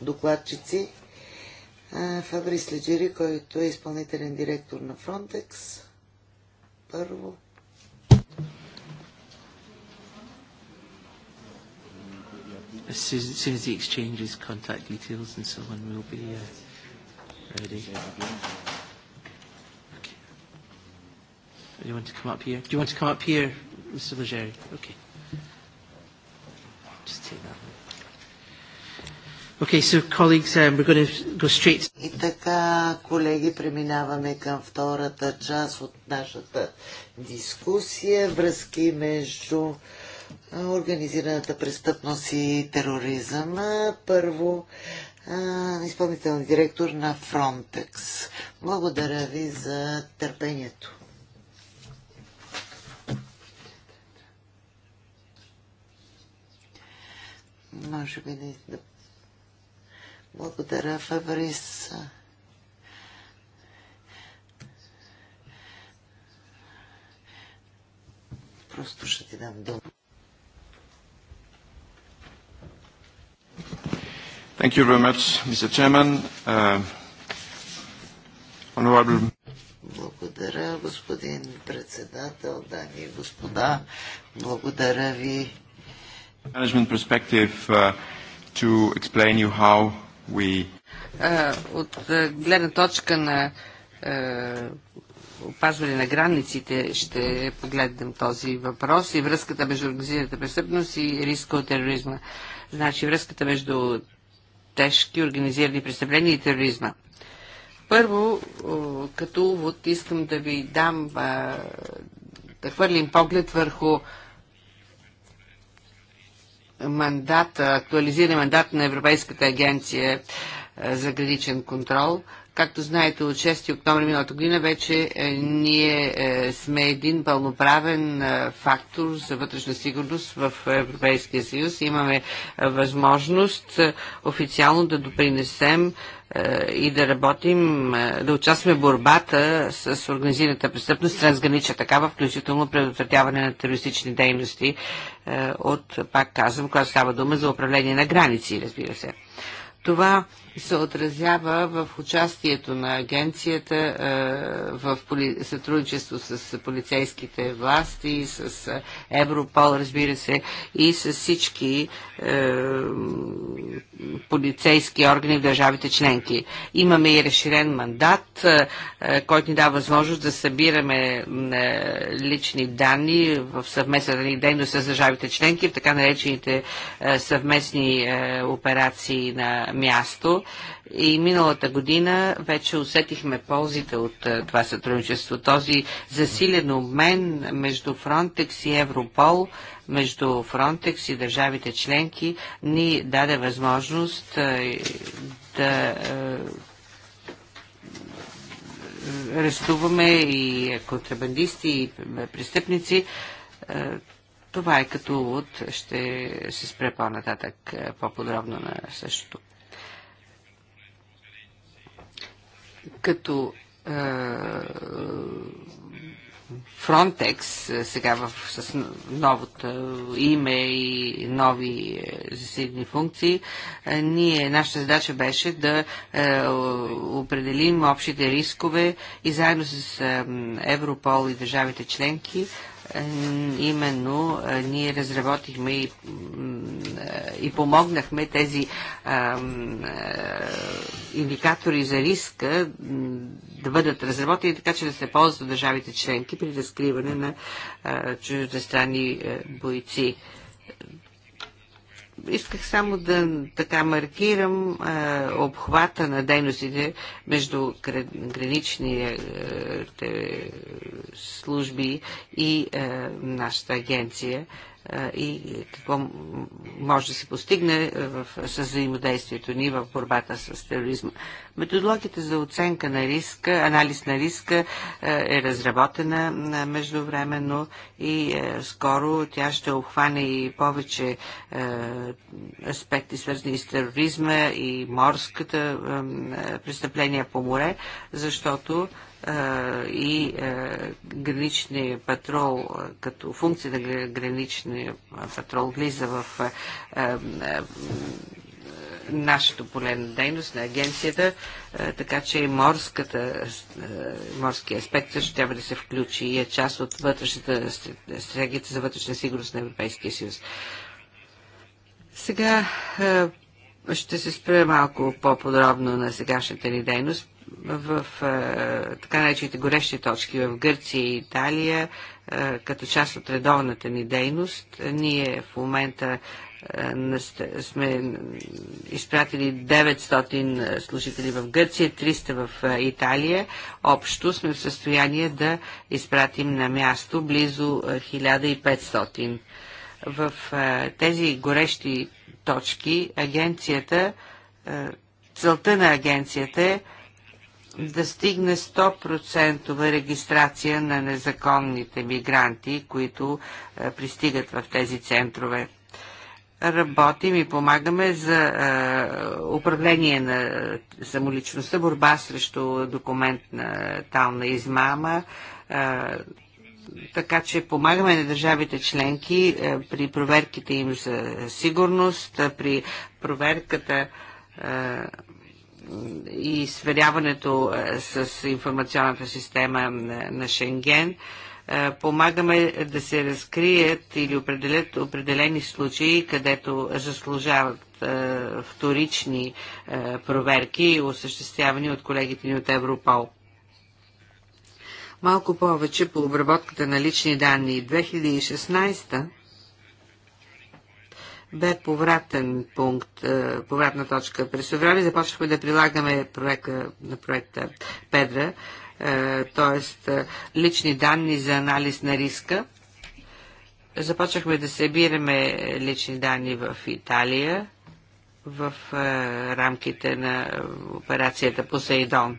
докладчици Фабрис Леджери, който е изпълнителен директор на Фронтекс. Първо. As soon, as soon as the exchanges contact details and so on will be uh, ready. Okay. Do you want to come up here? Do you want to come up here, Mr. Legere? Okay. Just take that one. Okay, so colleagues, um, we're going to go straight. И така, колеги, преминаваме към втората част от нашата дискусия. Връзки между организираната престъпност и тероризъм. Първо, изпълнителен директор на Frontex. Благодаря ви за търпението. Може би да благодаря, Фабрис. Просто ще ти дам дом. Thank you very much, Mr. Chairman. Uh, honorable... Благодаря, господин председател, дами и господа. Благодаря ви. Management perspective uh, to explain you how We... От гледна точка на опазване на границите ще погледнем този въпрос и връзката между организираната престъпност и риска от тероризма. Значи връзката между тежки организирани престъпления и тероризма. Първо, като вот искам да ви дам да хвърлим поглед върху мандата, актуализира мандат на Европейската агенция е, за граничен контрол. Както знаете, от 6 октомври миналата година вече е, ние е, сме един пълноправен фактор за вътрешна сигурност в Европейския съюз. Имаме възможност официално да допринесем е, и да работим, е, да участваме в борбата с организираната престъпност, трансгранична такава, включително предотвратяване на терористични дейности е, от, пак казвам, когато става дума за управление на граници, разбира се. Това се отразява в участието на агенцията е, в сътрудничество с полицейските власти, с е, Европол, разбира се, и с всички е, полицейски органи в държавите членки. Имаме и разширен мандат, който ни дава възможност да събираме лични данни в съвместната ни дейност с държавите членки, в така наречените съвместни операции на място и миналата година вече усетихме ползите от е, това сътрудничество. Този засилен обмен между Фронтекс и Европол, между Фронтекс и държавите членки ни даде възможност е, да е, арестуваме и контрабандисти и престъпници. Това е като от. Ще се спре по-нататък по-подробно на същото. като Фронтекс сега в, с новото име и нови е, засилени функции, ние, нашата задача беше да е, определим общите рискове и заедно с е, Европол и държавите членки е, именно е, ние разработихме и, е, и помогнахме тези а, индикатори за риска да бъдат разработени така, че да се ползват държавите членки при разкриване на чуждестранни бойци Исках само да така маркирам а, обхвата на дейностите между граничните служби и а, нашата агенция и какво може да се постигне в, с взаимодействието ни в борбата с тероризма. Методологията за оценка на риска, анализ на риска е разработена междувременно и скоро тя ще обхване и повече аспекти свързани с тероризма и морската престъпления по море, защото и граничния патрол, като функция на граничния патрол влиза в нашето поле на дейност на агенцията, така че и морската, морския аспект също трябва да се включи и е част от вътрешната стратегията за вътрешна сигурност на Европейския съюз. Сега ще се спра малко по-подробно на сегашната ни дейност в е, така наречените горещи точки в Гърция и Италия, е, като част от редовната ни дейност. Ние в момента е, сме изпратили 900 служители в Гърция, 300 в Италия. Общо сме в състояние да изпратим на място близо 1500. В тези горещи точки агенцията, целта на агенцията е да стигне 100% регистрация на незаконните мигранти, които е, пристигат в тези центрове. Работим и помагаме за е, управление на е, самоличността, борба срещу документ на тална измама, така че помагаме на държавите членки при проверките им за сигурност, при проверката и сверяването е, с информационната система на Шенген е, помагаме да се разкрият или определят определени случаи, където заслужават е, вторични проверки, осъществявани от колегите ни от Европол. Малко повече по обработката на лични данни 2016 бе повратен пункт, е, повратна точка. През феврали започнахме да прилагаме проекта, на проекта Педра, т.е. Е, лични данни за анализ на риска. Започнахме да събираме лични данни в Италия в е, рамките на операцията Посейдон.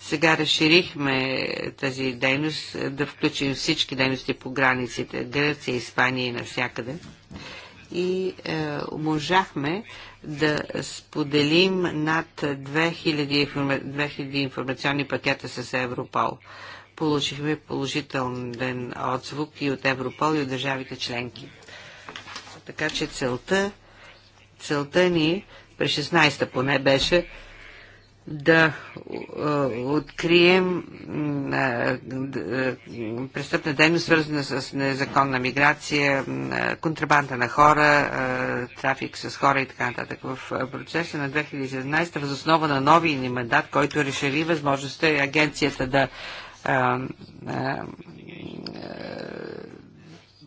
Сега разширихме тази дейност да включим всички дейности по границите Гърция, Испания и навсякъде и е, можахме да споделим над 2000, 2000 информационни пакета с Европол. Получихме положителен отзвук и от Европол и от държавите членки. Така че целта, целта ни през 16-та поне беше да открием престъпна дейност, свързана с незаконна миграция, контрабанда на хора, трафик с хора и така нататък. В процеса на 2017 възоснова на нови ни мандат, който решили възможността агенцията да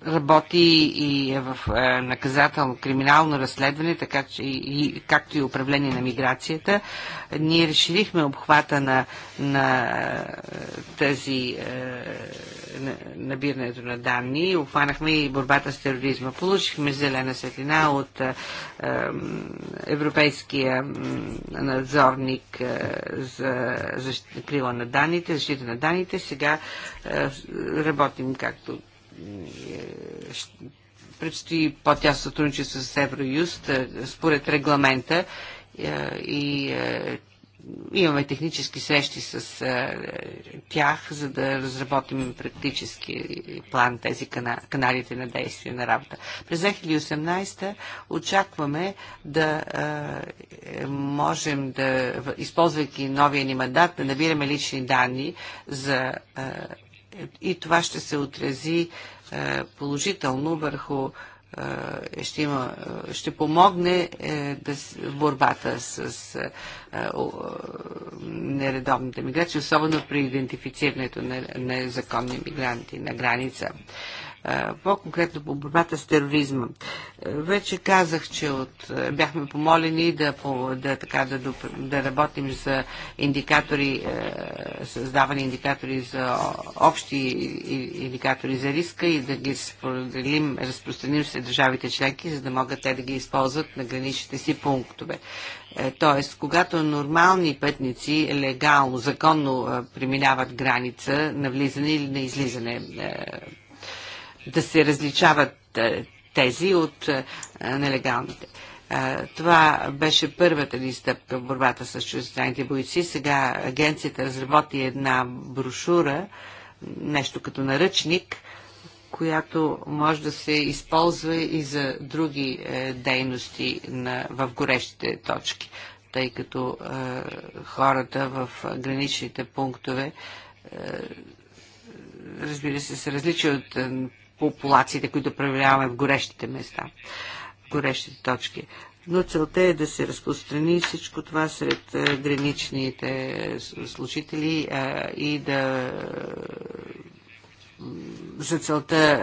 работи и е в е, наказателно криминално разследване, така че и, както и управление на миграцията. Ние разширихме обхвата на, на е, тази е, на, набирането на данни, обхванахме и борбата с тероризма. Получихме зелена светлина от е, Европейския надзорник за крила на данните, защита на данните. Сега е, работим както е, е, предстои по-тясно сътрудничество с Евроюст е, според регламента и имаме технически срещи с тях, за да разработим практически план тези каналите на действие на работа. През 2018 очакваме да можем да, използвайки новия ни мандат, да набираме лични данни за и това ще се отрази е, положително върху е, ще, има, е, ще помогне да, в борбата с, с нередовната миграция, особено при идентифицирането на незаконни мигранти на граница по-конкретно по борбата с тероризма. Вече казах, че от, бяхме помолени да, по, да, така, да, да работим за индикатори, създаване индикатори за общи индикатори за риска и да ги споделим, разпространим се държавите членки, за да могат те да ги използват на граничните си пунктове. Е, тоест, когато нормални пътници легално, законно преминават граница на влизане или на излизане е, да се различават е, тези от е, нелегалните. Е, това беше първата ни стъпка в борбата с чуждестранните бойци. Сега агенцията разработи една брошура, нещо като наръчник, която може да се използва и за други дейности на, в горещите точки, тъй като е, хората в граничните пунктове, е, разбира се, са различни от популациите, които проявяваме в горещите места, в горещите точки. Но целта е да се разпространи всичко това сред е, граничните е, служители е, и да за целта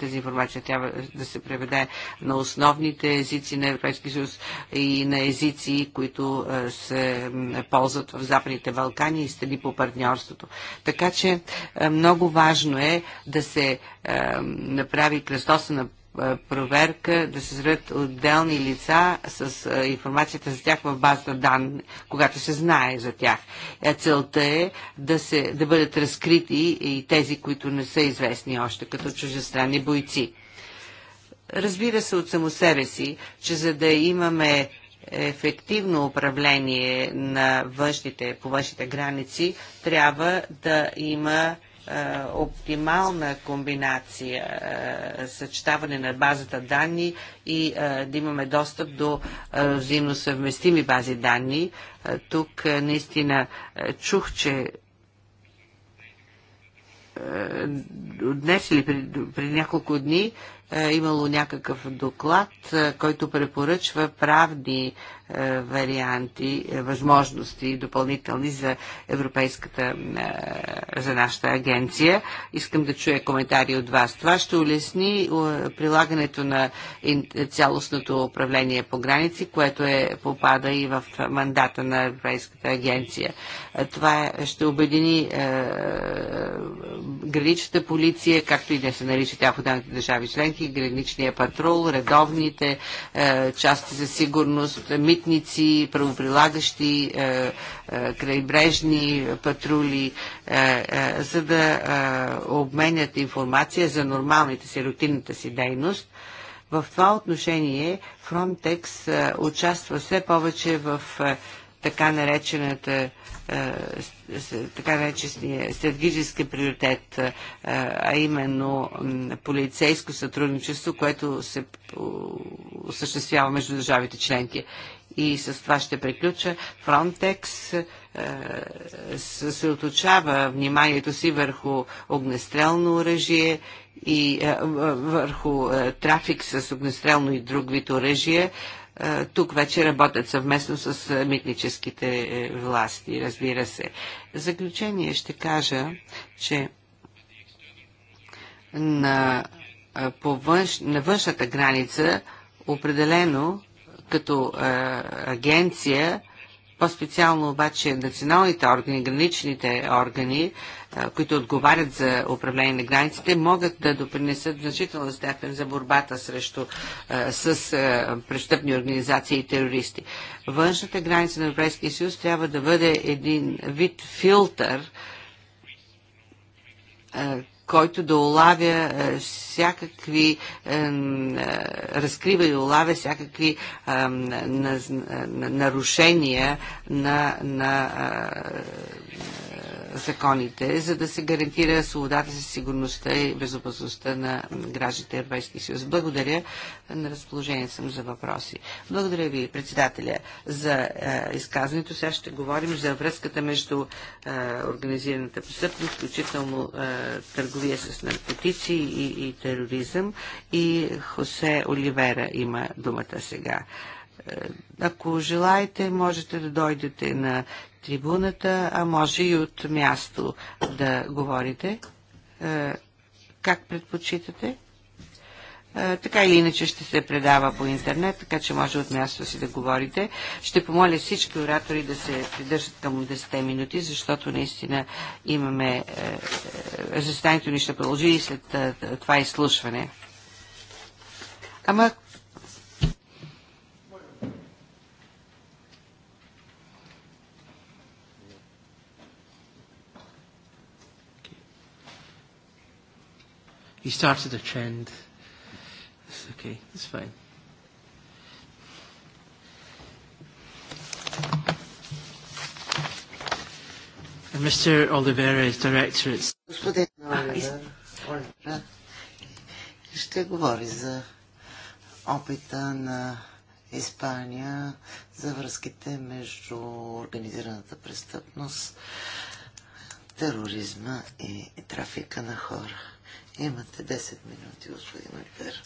тази информация трябва да се преведе на основните езици на Европейския съюз и на езици, които е, се ползват в Западните Балкани и стани по партньорството. Така че е, много важно е да се е, направи кръстосана е, проверка, да се създадат отделни лица с е, информацията за тях в базата данни, когато се знае за тях. Е, целта е да, се, да бъдат разкрити и тези, които не са известни още като чужестранни бойци. Разбира се от само себе си, че за да имаме ефективно управление на външните, по външните граници, трябва да има е, оптимална комбинация, е, съчетаване на базата данни и е, да имаме достъп до взаимно съвместими бази данни. Тук наистина чух, че днес или преди няколко дни имало някакъв доклад, който препоръчва правни е, варианти, е, възможности допълнителни за Европейската, е, за нашата агенция. Искам да чуя коментари от вас. Това ще улесни прилагането на цялостното управление по граници, което е попада и в мандата на Европейската агенция. Това ще обедини граничната полиция, както и да се нарича тя в отделните държави членки, граничния патрул, редовните части за сигурност, митници, правоприлагащи, е, е, крайбрежни патрули, е, е за да е, обменят информация за нормалните си, рутинната си дейност. В това отношение Frontex е, участва все повече в така наречената така наречения стратегически приоритет, а именно полицейско сътрудничество, което се осъществява между държавите членки и с това ще приключа, Фронтекс съсредоточава вниманието си върху огнестрелно оръжие и е, върху е, трафик с огнестрелно и друг вид оръжие. Е, тук вече работят съвместно с митническите власти, разбира се. заключение ще кажа, че на, по външ, на външната граница определено като е, агенция, по-специално обаче националните органи, граничните органи, е, които отговарят за управление на границите, могат да допринесат значителна степен за борбата срещу, е, с престъпни организации и терористи. Външната граница на Европейския съюз трябва да бъде един вид филтър, който да улавя е, всякакви, е, разкрива и улавя всякакви е, нарушения на, на законите, за да се гарантира свободата за сигурността и безопасността на гражданите Европейски съюз. Благодаря. На разположение съм за въпроси. Благодаря ви, председателя, за е, изказването. Сега ще говорим за връзката между е, организираната престъпност, включително е, търговия с наркотици и, и тероризъм. И Хосе Оливера има думата сега. Е, ако желаете, можете да дойдете на трибуната, а може и от място да говорите. Е, как предпочитате? Е, така или иначе ще се предава по интернет, така че може от място си да говорите. Ще помоля всички оратори да се придържат към 10 минути, защото наистина имаме... Е, заседанието ни ще продължи и след това изслушване. Ама You started a trend. It's okay. It's fine. And Mr. Oliveira is director at... ще говори за опита на Испания за връзките между организираната престъпност, тероризма и трафика на хора. Имате 10 минути, господин Альпер.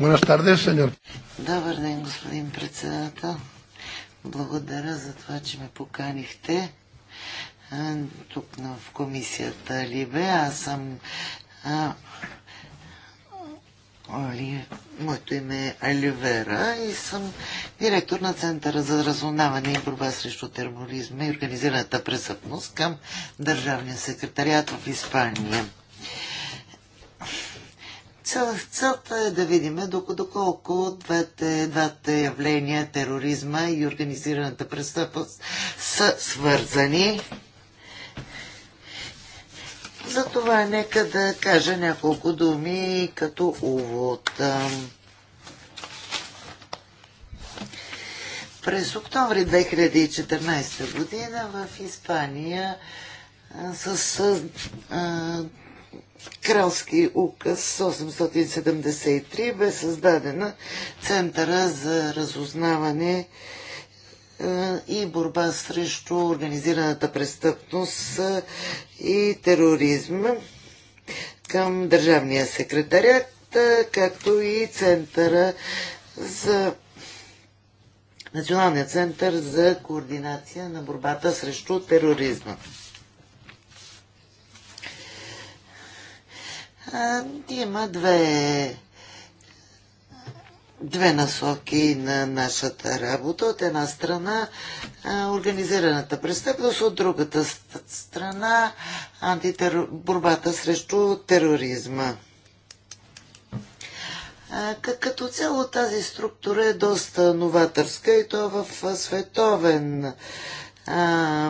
Buenas tardes, señor. Добър ден, господин председател. Благодаря за това, че ме поканихте тук в комисията Либе. Аз съм Оли. Моето име е Аливера и съм директор на Центъра за разузнаване и борба срещу тероризма и организираната престъпност към Държавния секретариат в Испания. Цел, целта е да видим доколко двете, двете явления, тероризма и организираната престъпност, са свързани затова нека да кажа няколко думи като увод. През октомври 2014 година в Испания с а, кралски указ 873 бе създадена Центъра за разузнаване а, е, и борба срещу организираната престъпност е, и тероризма към Държавния секретарят, е, както и Центъра за Националния център за координация на борбата срещу тероризма. Има две две насоки на нашата работа. От една страна организираната престъпност, от другата страна антитер... борбата срещу тероризма. Като цяло тази структура е доста новаторска и то в световен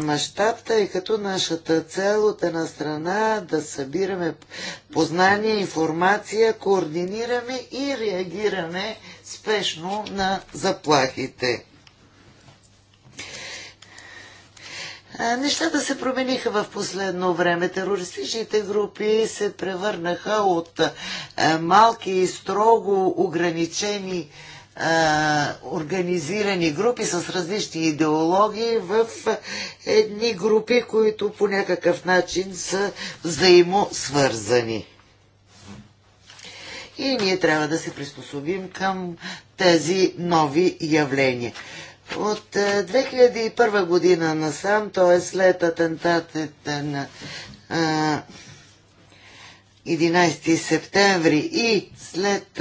мащаб, тъй като нашата цел от една страна е да събираме познания, информация, координираме и реагираме спешно на заплахите. Нещата се промениха в последно време. Терористичните групи се превърнаха от малки и строго ограничени а, организирани групи с различни идеологии в едни групи, които по някакъв начин са взаимосвързани. И ние трябва да се приспособим към тези нови явления. От 2001 година насам, т.е. след атентатите на а, 11 септември и след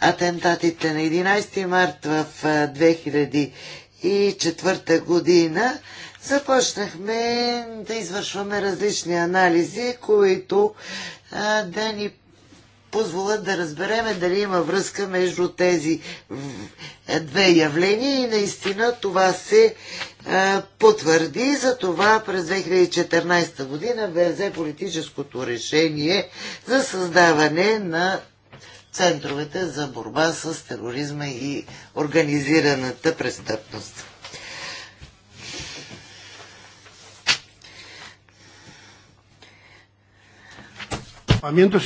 атентатите на 11 март в 2004 година започнахме да извършваме различни анализи, които да ни позволят да разбереме дали има връзка между тези две явления и наистина това се е, потвърди. За това през 2014 година бе взе политическото решение за създаване на центровете за борба с тероризма и организираната престъпност. В...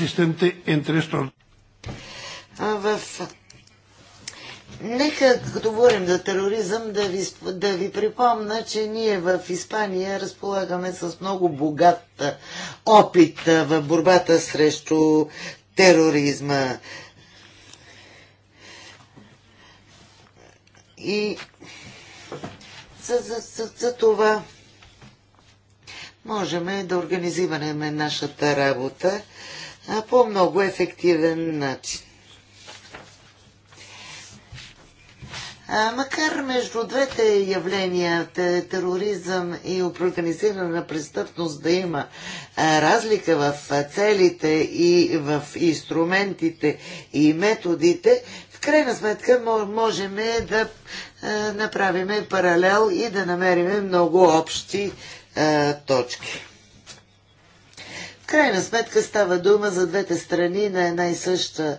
Нека, като говорим за тероризъм, да ви, да ви припомна, че ние в Испания разполагаме с много богат опит в борбата срещу тероризма. И за, за, за, за това можем да организираме нашата работа по много ефективен начин. А, макар между двете явления, тероризъм и организирана престъпност да има а, разлика в целите и в инструментите и методите, в крайна сметка можем да направим паралел и да намерим много общи а, точки. В крайна сметка става дума за двете страни на една и съща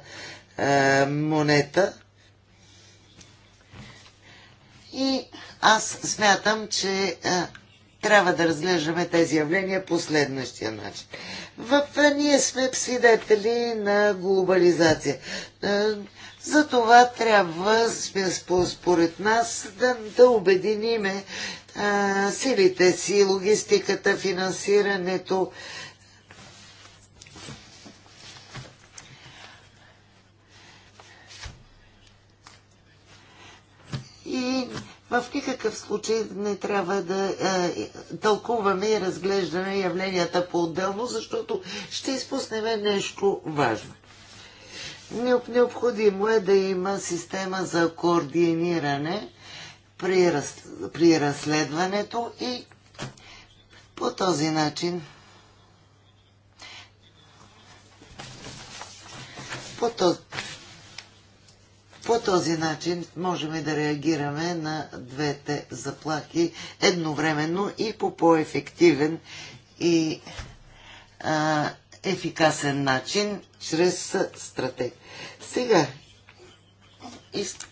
а, монета. И аз смятам, че а, трябва да разглеждаме тези явления по следващия начин. В ние сме свидетели на глобализация. За това трябва, според нас, да, да обединиме силите си, логистиката, финансирането. И в никакъв случай не трябва да а, тълкуваме и разглеждаме явленията по-отделно, защото ще изпуснем нещо важно. Необходимо е да има система за координиране при, раз, при разследването и по този начин по този, по този начин можем да реагираме на двете заплахи едновременно и по по-ефективен и а, ефикасен начин чрез стратегия. Сега, искам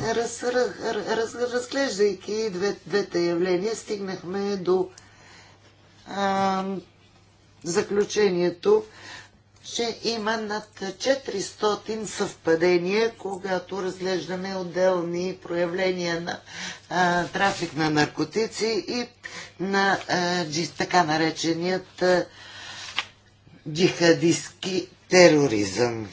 раз, раз, разглеждайки две, двете явления, стигнахме до а, заключението, че има над 400 съвпадения, когато разглеждаме отделни проявления на а, трафик на наркотици и на а, така нареченият а, джихадистски тероризъм.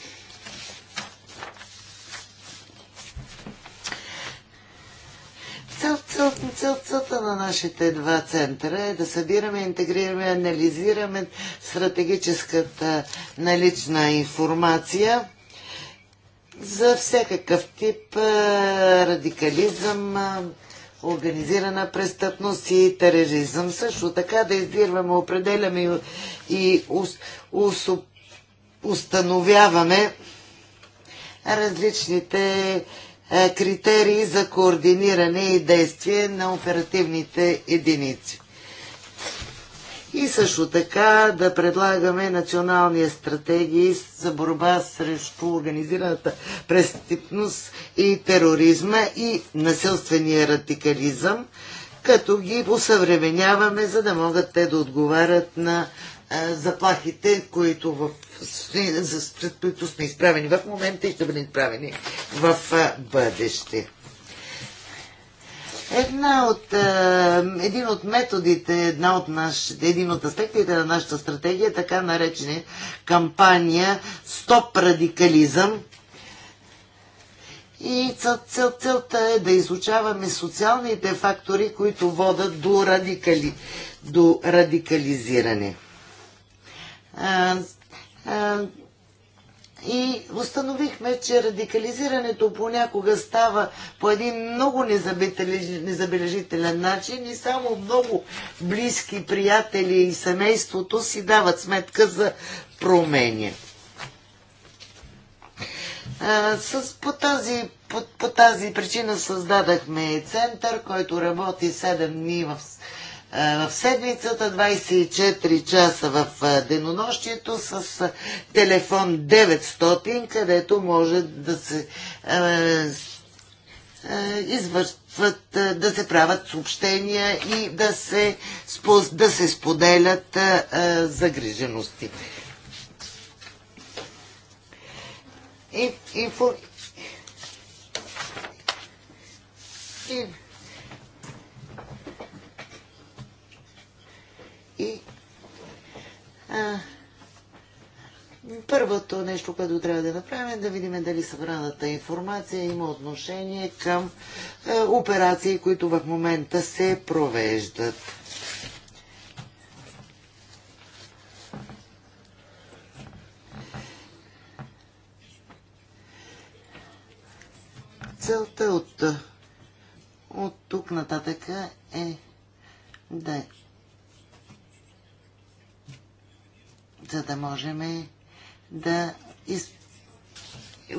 цел, целта на нашите два центъра е да събираме, интегрираме, анализираме стратегическата налична информация за всякакъв тип радикализъм, организирана престъпност и тероризъм. Също така да издирваме, определяме и установяваме различните е, критерии за координиране и действие на оперативните единици. И също така да предлагаме национални стратегии за борба срещу организираната престъпност и тероризма и насилствения радикализъм, като ги усъвременяваме, за да могат те да отговарят на заплахите, които в, пред които сме изправени в момента и ще бъдем изправени в бъдеще. Една от, един от методите, една от наш, един от аспектите на нашата стратегия е така наречена кампания Стоп радикализъм. И цел, цел, целта е да изучаваме социалните фактори, които водат до, радикали, до радикализиране и установихме, че радикализирането понякога става по един много незабележителен начин и само много близки приятели и семейството си дават сметка за промени. с, по, тази, по, по тази причина създадахме център, който работи 7 дни в е, в седмицата, 24 часа в е, денонощието с е, телефон 900, където може да се извършват, да се правят съобщения и да се, да се споделят загрижености. Инфо... И... И а, първото нещо, което трябва да направим е да видим дали събраната информация има отношение към а, е, операции, които в момента се провеждат. Целта от, от тук нататък е да за да можем да из...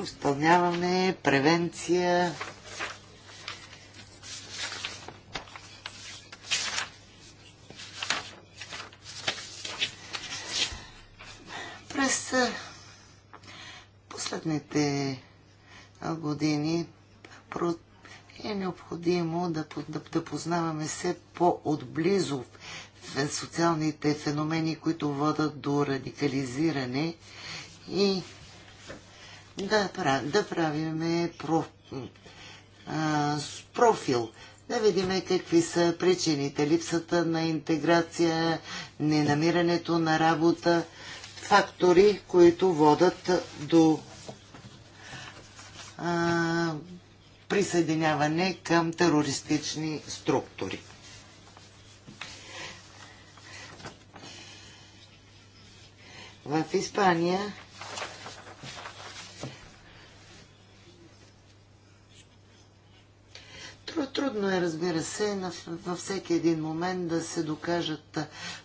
изпълняваме превенция през последните години е необходимо да, да, да познаваме все по-отблизо социалните феномени, които водат до радикализиране и да, да правим проф, а, профил, да видим какви са причините. Липсата на интеграция, ненамирането на работа, фактори, които водат до а, присъединяване към терористични структури. В Испания Трудно е, разбира се, на, на всеки един момент да се докажат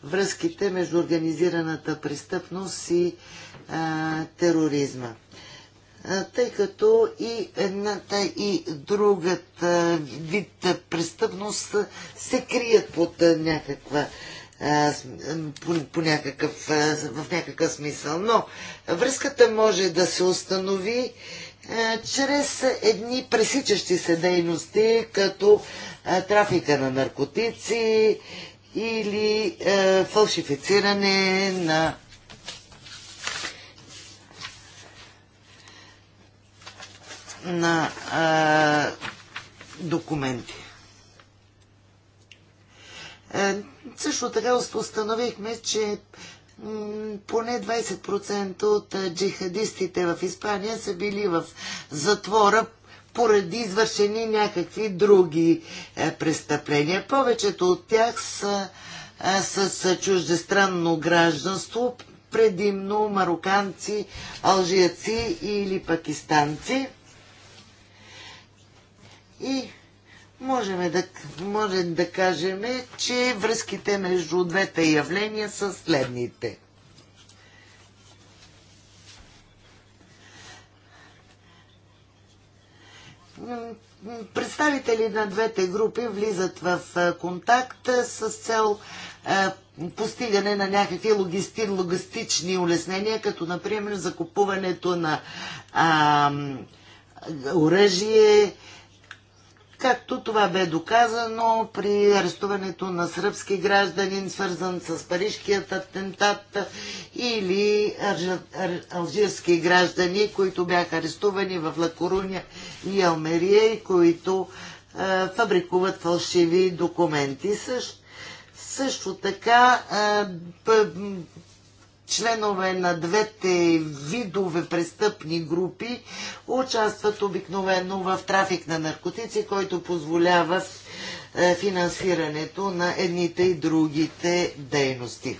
връзките между организираната престъпност и а, тероризма. А, тъй като и едната и другата вид престъпност се крият под някаква по, по някакъв, в някакъв смисъл. Но връзката може да се установи чрез едни пресичащи се дейности, като трафика на наркотици или фалшифициране на на а, документи. Също така установихме, че поне 20% от джихадистите в Испания са били в затвора поради извършени някакви други е, престъпления. Повечето от тях са с чуждестранно гражданство, предимно мароканци, алжияци или пакистанци. И можем да, можем да кажем, че връзките между двете явления са следните. Представители на двете групи влизат в контакт с цел постигане на някакви логисти, логистични улеснения, като например закупуването на оръжие, както това бе доказано при арестуването на сръбски гражданин, свързан с парижкият атентат или алжирски граждани, които бяха арестувани в Лакоруня и Алмерия и които а, фабрикуват фалшиви документи. Също, също така а, членове на двете видове престъпни групи участват обикновено в трафик на наркотици, който позволява е, финансирането на едните и другите дейности.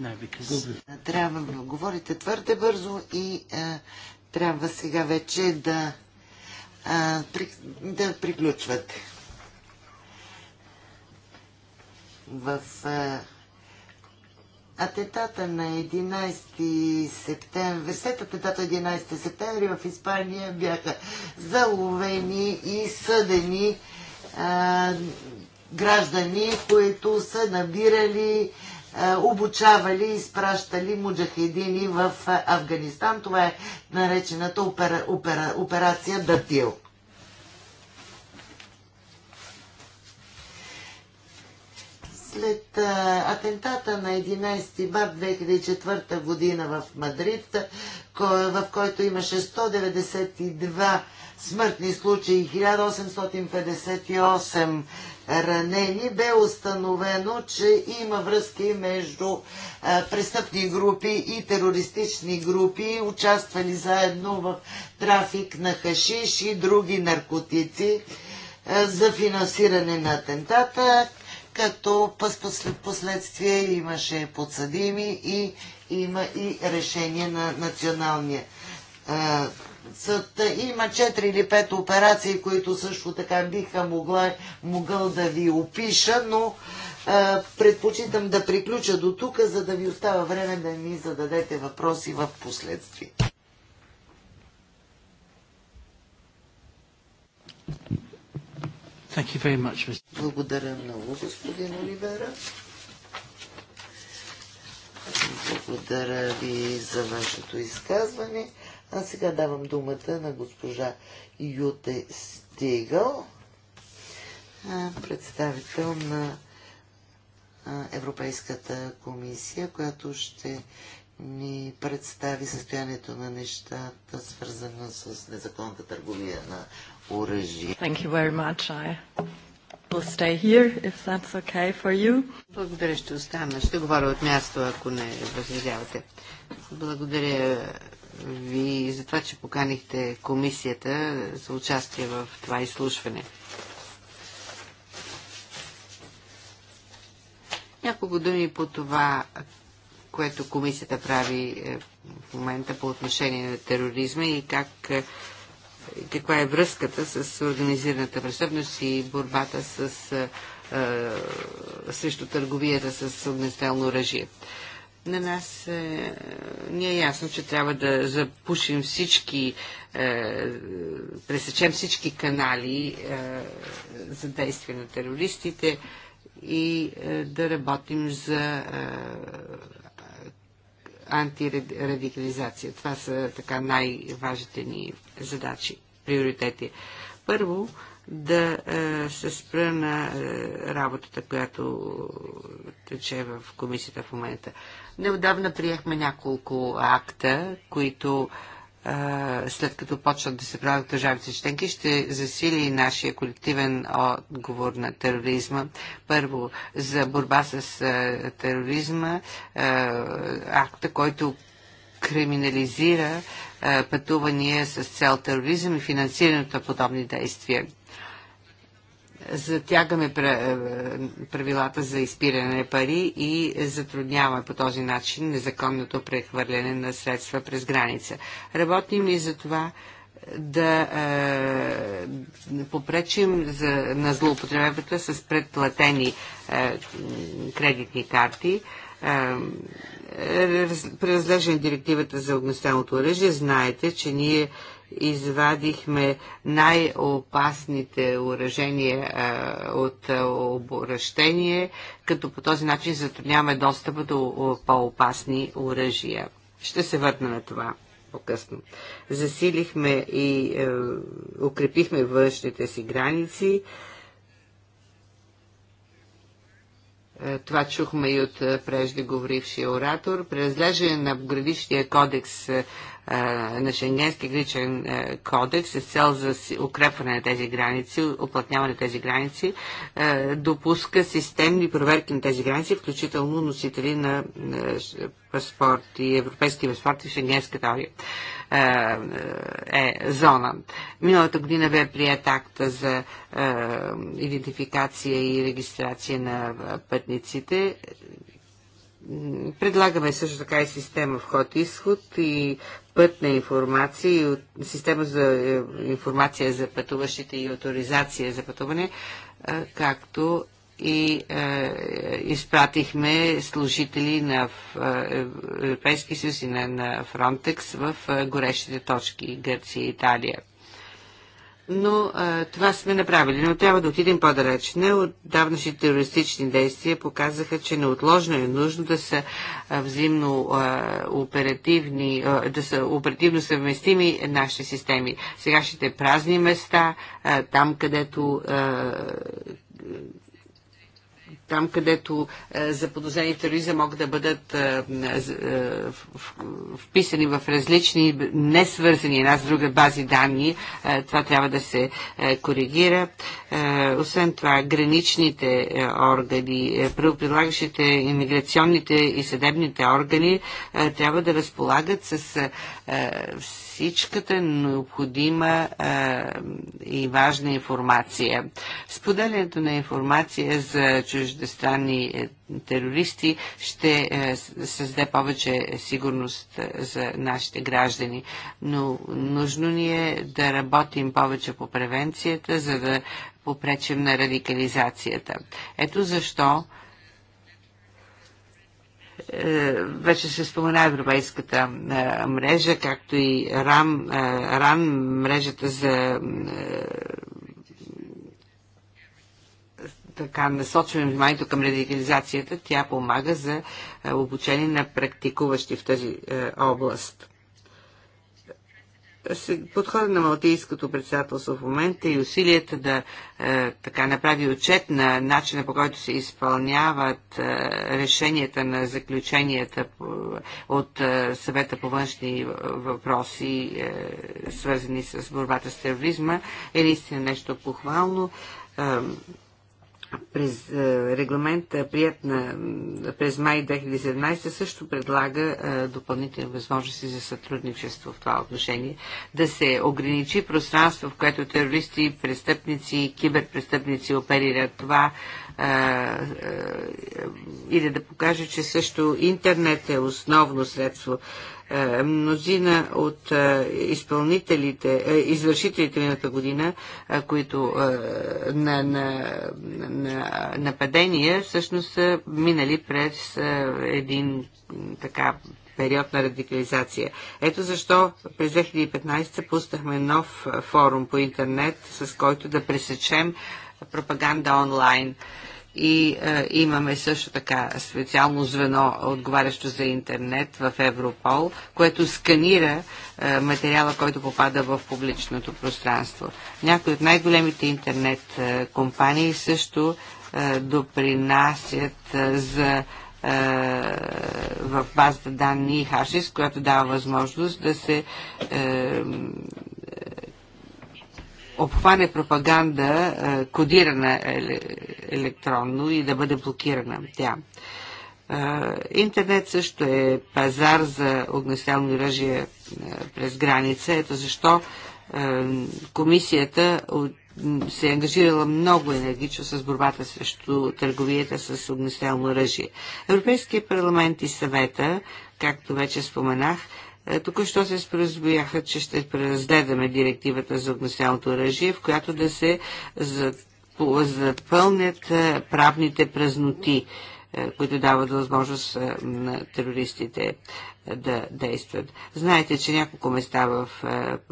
Now, because... Трябва да говорите твърде бързо и е, трябва сега вече да, а, при, да приключвате. В а, атетата на 11 септември, след атетата 11 септември в Испания бяха заловени и съдени а, граждани, които са набирали е, обучавали и изпращали муджахедини в е, Афганистан. Това е наречената опера, опера, операция Датил. след а, е, атентата на 11 март 2004 година в Мадрид, в който имаше 192 смъртни случаи, 1858 ранени, бе установено, че има връзки между престъпни групи и терористични групи, участвали заедно в трафик на хашиш и други наркотици за финансиране на атентата, като последствие имаше подсъдими и има и решение на националния съд е, има 4 или 5 операции, които също така биха могла, могъл да ви опиша, но а, е, предпочитам да приключа до тук, за да ви остава време да ми зададете въпроси в последствие. Much, Благодаря много, господин Оливера. Благодаря ви за вашето изказване. А сега давам думата на госпожа Юте Стигъл, представител на Европейската комисия, която ще ни представи състоянието на нещата, свързано с незаконната търговия на оръжие. Here, okay Благодаря, ще остана. Ще говоря от място, ако не възразявате. Благодаря ви за това, че поканихте комисията за участие в това изслушване. Няколко думи по това, което комисията прави е, в момента по отношение на тероризма и как, е, каква е връзката с организираната престъпност и борбата с, е, срещу търговията с огнестрелно оръжие. На нас е, ни е ясно, че трябва да запушим всички, е, пресечем всички канали е, за действие на терористите и е, да работим за е, антирадикализация. Това са така най-важните ни задачи, приоритети. Първо, да е, се спра на е, работата, която тече в комисията в момента. Неодавна приехме няколко акта, които след като почнат да се правят държавите членки, ще засили нашия колективен отговор на тероризма. Първо, за борба с тероризма, акта, който криминализира пътувания с цел тероризъм и финансирането на подобни действия затягаме е, правилата за изпиране на пари и затрудняваме по този начин незаконното прехвърляне на средства през граница. Работим и за това е, да е, попречим за, на злоупотребата с предплатени е, кредитни карти. Е, е Преразглеждане директивата за огнестрелното оръжие, знаете, че ние извадихме най-опасните уражения е, от е, оборъщение, като по този начин затрудняваме достъпа до е, по-опасни оръжия. Ще се върна на това по-късно. Засилихме и е, укрепихме външните си граници. това чухме и от преждеговорившия оратор. Преразглеждане на градичния кодекс на Шенгенски граничен кодекс с цел за укрепване на тези граници, оплътняване на тези граници, допуска системни проверки на тези граници, включително носители на паспорт и европейски паспорт в Шенгенската е, зона. Миналата година бе прият акта за е, идентификация и регистрация на пътниците, Предлагаме също така и система вход-изход и път на информация и от, система за е, информация за пътуващите и авторизация за пътуване, е, както и е, изпратихме служители на е, Европейския съюз и на, на Фронтекс в горещите точки Гърция и Италия но а, това сме направили. Но трябва да отидем по-далеч. Неотдавнашни терористични действия показаха, че неотложно е нужно да са а, взаимно а, оперативни, а, да са оперативно съвместими нашите системи. Сегашните празни места, а, там където а, там, където е, заподозрени тероризъм могат да бъдат е, е, вписани в различни, несвързани една с друга бази данни. Това трябва да се коригира. Освен това, граничните органи, правоприлагащите иммиграционните и съдебните органи трябва да разполагат с е, всичката необходима е, и важна информация. Споделянето на информация за чуждестранни е, терористи ще създаде повече сигурност за нашите граждани. Но нужно ни е да работим повече по превенцията, за да попречим на радикализацията. Ето защо е, вече се спомена европейската е, мрежа, както и РАН, е, РАН мрежата за така насочваме вниманието към радикализацията, тя помага за обучение на практикуващи в тази област подхода на Малтийското председателство в момента и усилията да е, така направи отчет на начина по който се изпълняват е, решенията на заключенията от е, съвета по външни въпроси, е, свързани с борбата с тероризма, е наистина нещо похвално. Е, през е, регламент, е, прият на, през май 2017, също предлага е, допълнителни възможности за сътрудничество в това отношение. Да се ограничи пространство, в което терористи, престъпници, киберпрестъпници оперират това или да покаже, че също интернет е основно средство е, мнозина от е, изпълнителите, е, извършителите миналата година, които на, на, на нападения, всъщност са минали през един така период на радикализация. Ето защо през 2015 пуснахме нов форум по интернет, с който да пресечем пропаганда онлайн и а, е, имаме също така специално звено, отговарящо за интернет в Европол, което сканира а, е, материала, който попада в публичното пространство. Някои от най-големите интернет а, е, компании също а, допринасят а, за в базата данни и хашис, която дава възможност да се обхване пропаганда, е, кодирана електронно и да бъде блокирана тя. Е, интернет също е пазар за огнестрелни оръжия е, през граница. Ето защо комисията се е ангажирала много енергично с борбата срещу търговията с огнестрелно оръжие. Европейския парламент и съвета, както вече споменах, е, тук що се спрозбояха, че ще преразгледаме директивата за огнестрелното оръжие, в която да се запълнят е, правните празноти, е, които дават възможност на терористите да действат. Знаете, че няколко места в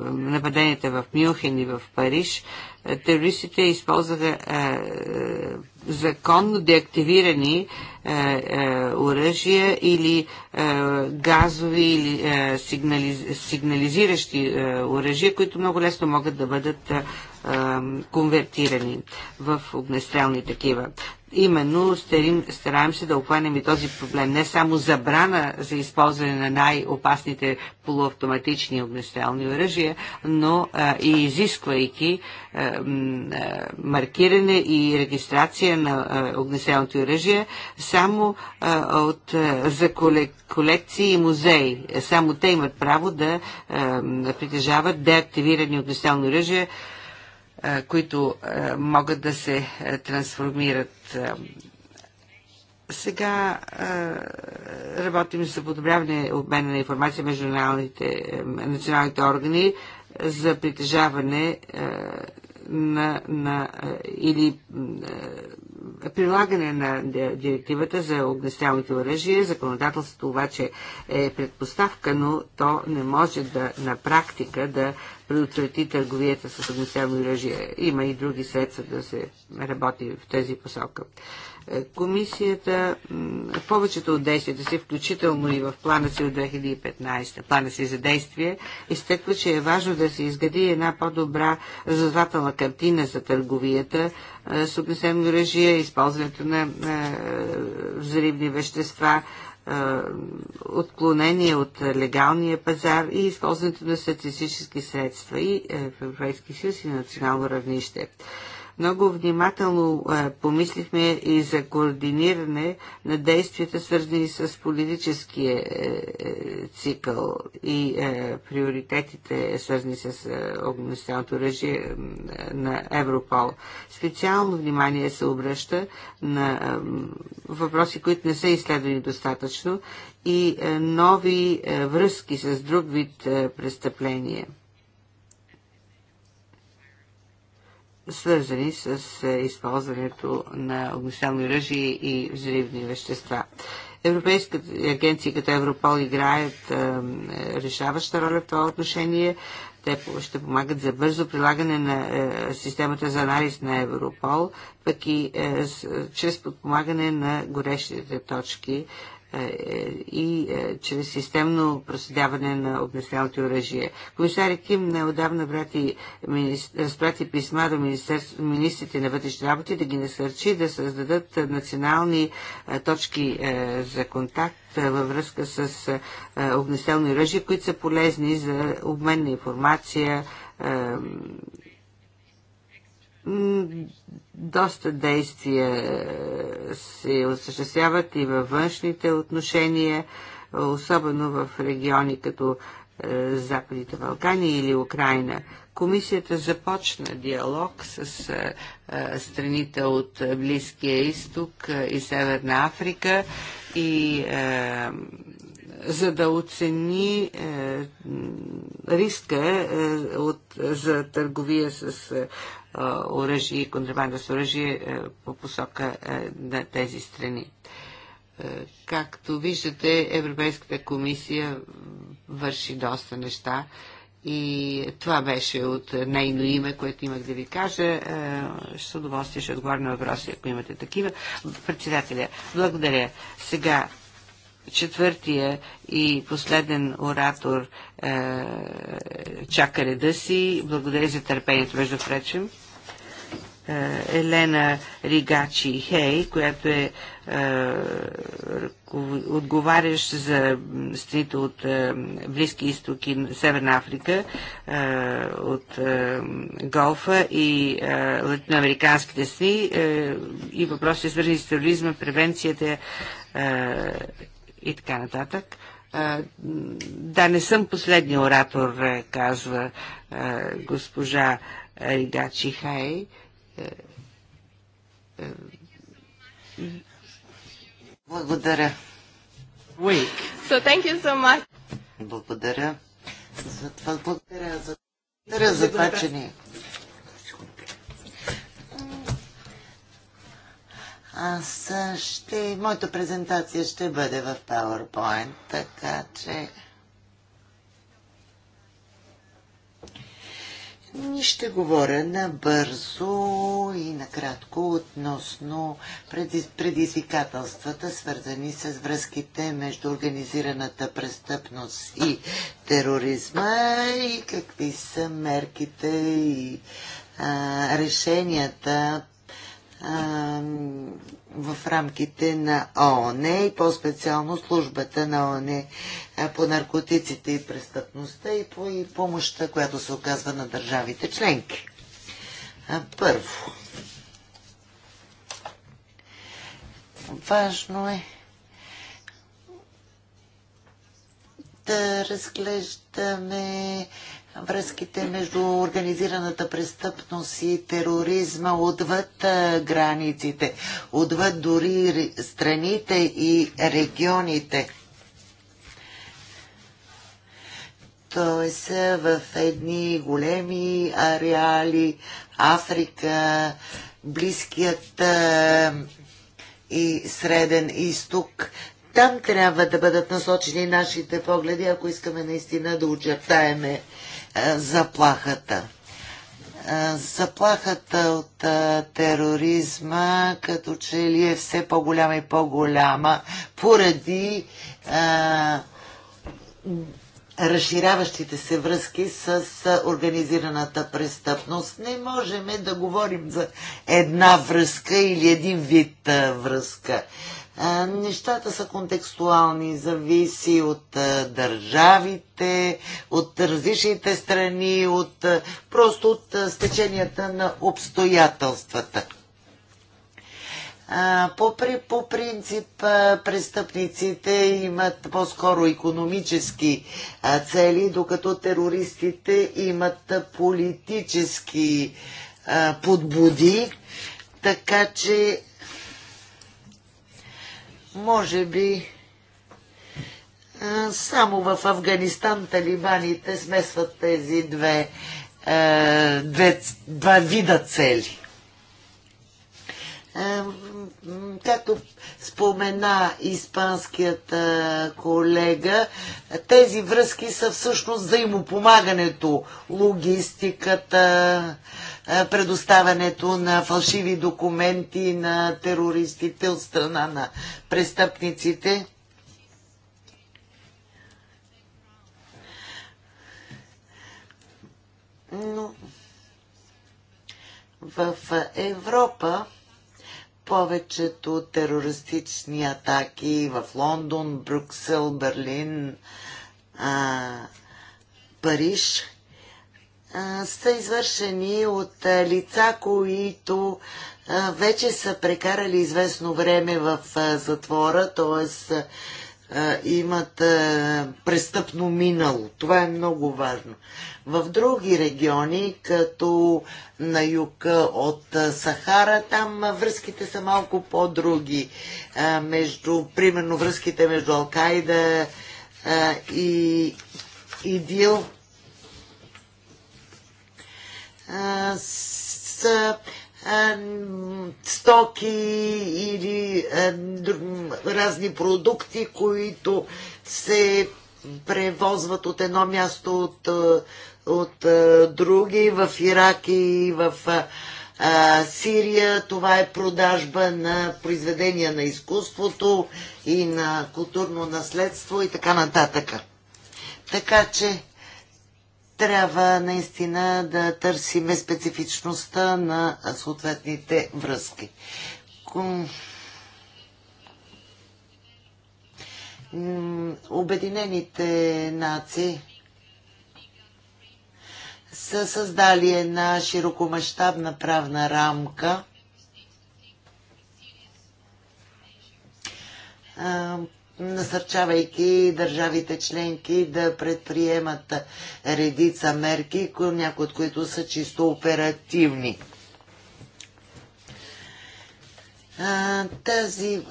нападенията в Мюнхен и в Париж терористите използваха законно деактивирани е, е, оръжия или е, газови или е, сигнализиращи е, оръжия, които много лесно могат да бъдат е, конвертирани в огнестрелни такива. Именно стараем се да обхванем и този проблем. Не само забрана за използване на най-опасните полуавтоматични огнестрелни оръжия, но а, и изисквайки а, маркиране и регистрация на а, огнестрелното оръжие само а, от, а, за колекции и музеи. Само те имат право да а, притежават деактивирани огнестрелни оръжия които могат да се трансформират. Сега работим за подобряване обмена на информация между националните органи за притежаване на, на или прилагане на директивата за огнестрелните оръжия. Законодателството обаче е предпоставка, но то не може да на практика да предотврати търговията с огнестрелно оръжие. Има и други средства да се работи в тази посока. Е, комисията повечето от действията си, включително и в плана си от 2015, плана си за действие, изтъква, че е важно да се изгради една по-добра разузнавателна картина за търговията е, с огнестрелно оръжие, използването на е, взривни вещества, отклонение от легалния пазар и използването на статистически средства и в Европейски съюз и на национално равнище. Много внимателно е, помислихме и за координиране на действията, свързани с политическия е, е, цикъл и приоритетите, свързани с огнестрелното оръжие на Европол. Специално внимание се обръща на въпроси, които не са изследвани достатъчно и нови връзки с друг вид престъпления. свързани с е, използването на огнестрелни оръжия и взривни вещества. Европейската агенция като Европол играят е, е решаваща роля в това отношение. Те ще помагат за бързо прилагане на е, системата за анализ на Европол, пък и е, с, чрез подпомагане на горещите точки е, и е, чрез системно проследяване на огнестрелните оръжия. Комисаря Ким неодавна брати, разпрати писма до министрите на вътрешни работи да ги насърчи да създадат национални е, точки за контакт във връзка с огнестрелни оръжия, които са полезни за обмен на информация, доста действия се осъществяват и във външните отношения, особено в региони като е, Западните Балкани или Украина. Комисията започна диалог с е, е, страните от Близкия изток и Северна Африка и за да оцени риска от, за търговия с оръжие и контрабанда с оръжие по посока на тези страни. Както виждате, Европейската комисия върши доста неща и това беше от нейно име, което имах да ви кажа. С удоволствие ще отговоря на въпроси, ако имате такива. Председателя, благодаря. Сега четвъртия и последен оратор чака реда си. Благодаря за търпението, между прочим. Е, Елена Ригачи Хей, която е, е отговарящ за страните от е, Близки изток и Северна Африка, от Голфа и латиноамериканските страни и въпроси свързани с тероризма, превенцията и така нататък. Да, не съм последния оратор, казва госпожа Ригачи Хей благодаря. So thank you so much. Благодаря. За това, благодаря за, благодаря за това, че ни... Аз ще... Моята презентация ще бъде в PowerPoint, така че... Ни ще говоря набързо и накратко относно предизвикателствата, свързани с връзките между организираната престъпност и тероризма и какви са мерките и а, решенията а, в рамките на ООН и по-специално службата на ООН по наркотиците и престъпността и по и помощта, която се оказва на държавите членки. Първо, важно е да разглеждаме връзките между организираната престъпност и тероризма отвъд границите, отвъд дори страните и регионите. Тоест в едни големи ареали Африка, Близкият и Среден изток, там трябва да бъдат насочени нашите погледи, ако искаме наистина да очертаеме заплахата. Заплахата от тероризма като че ли е все по-голяма и по-голяма поради а, разширяващите се връзки с организираната престъпност. Не можем да говорим за една връзка или един вид връзка. Нещата са контекстуални, зависи от държавите, от различните страни, от, просто от стеченията на обстоятелствата. По, по принцип престъпниците имат по-скоро економически цели, докато терористите имат политически подбуди, така че може би само в Афганистан талибаните смесват тези две, две, два вида цели. Както спомена испанският колега, тези връзки са всъщност взаимопомагането, логистиката, е, предоставянето на фалшиви документи на терористите от страна на престъпниците. Но в Европа повечето терористични атаки в Лондон, Брюксел, Берлин, а, Париж – са извършени от лица, които вече са прекарали известно време в затвора, т.е. имат престъпно минало. Това е много важно. В други региони, като на юг от Сахара, там връзките са малко по-други. Между, примерно връзките между Алкайда и Идил с а, стоки или а, разни продукти, които се превозват от едно място от, от други в Ирак и в а, Сирия. Това е продажба на произведения на изкуството и на културно наследство и така нататък. Така че трябва наистина да търсиме специфичността на съответните връзки. Обединените нации са създали една широкомащабна правна рамка, насърчавайки държавите членки да предприемат редица мерки, някои от които са чисто оперативни. Тази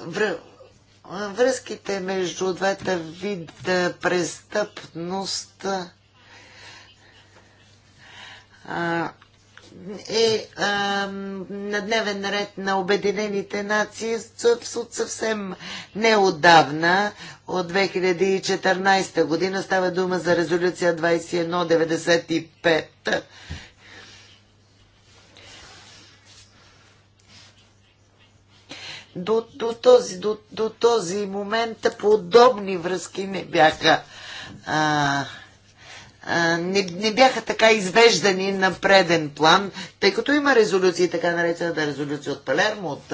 връзките между двата вида престъпност е а, на дневен ред на Обединените нации от съвсем неодавна, от 2014 година. Става дума за резолюция 2195. До, до, този, до, до този момент подобни връзки не бяха а, не, не бяха така извеждани на преден план, тъй като има резолюции, така наречената резолюция от Палермо от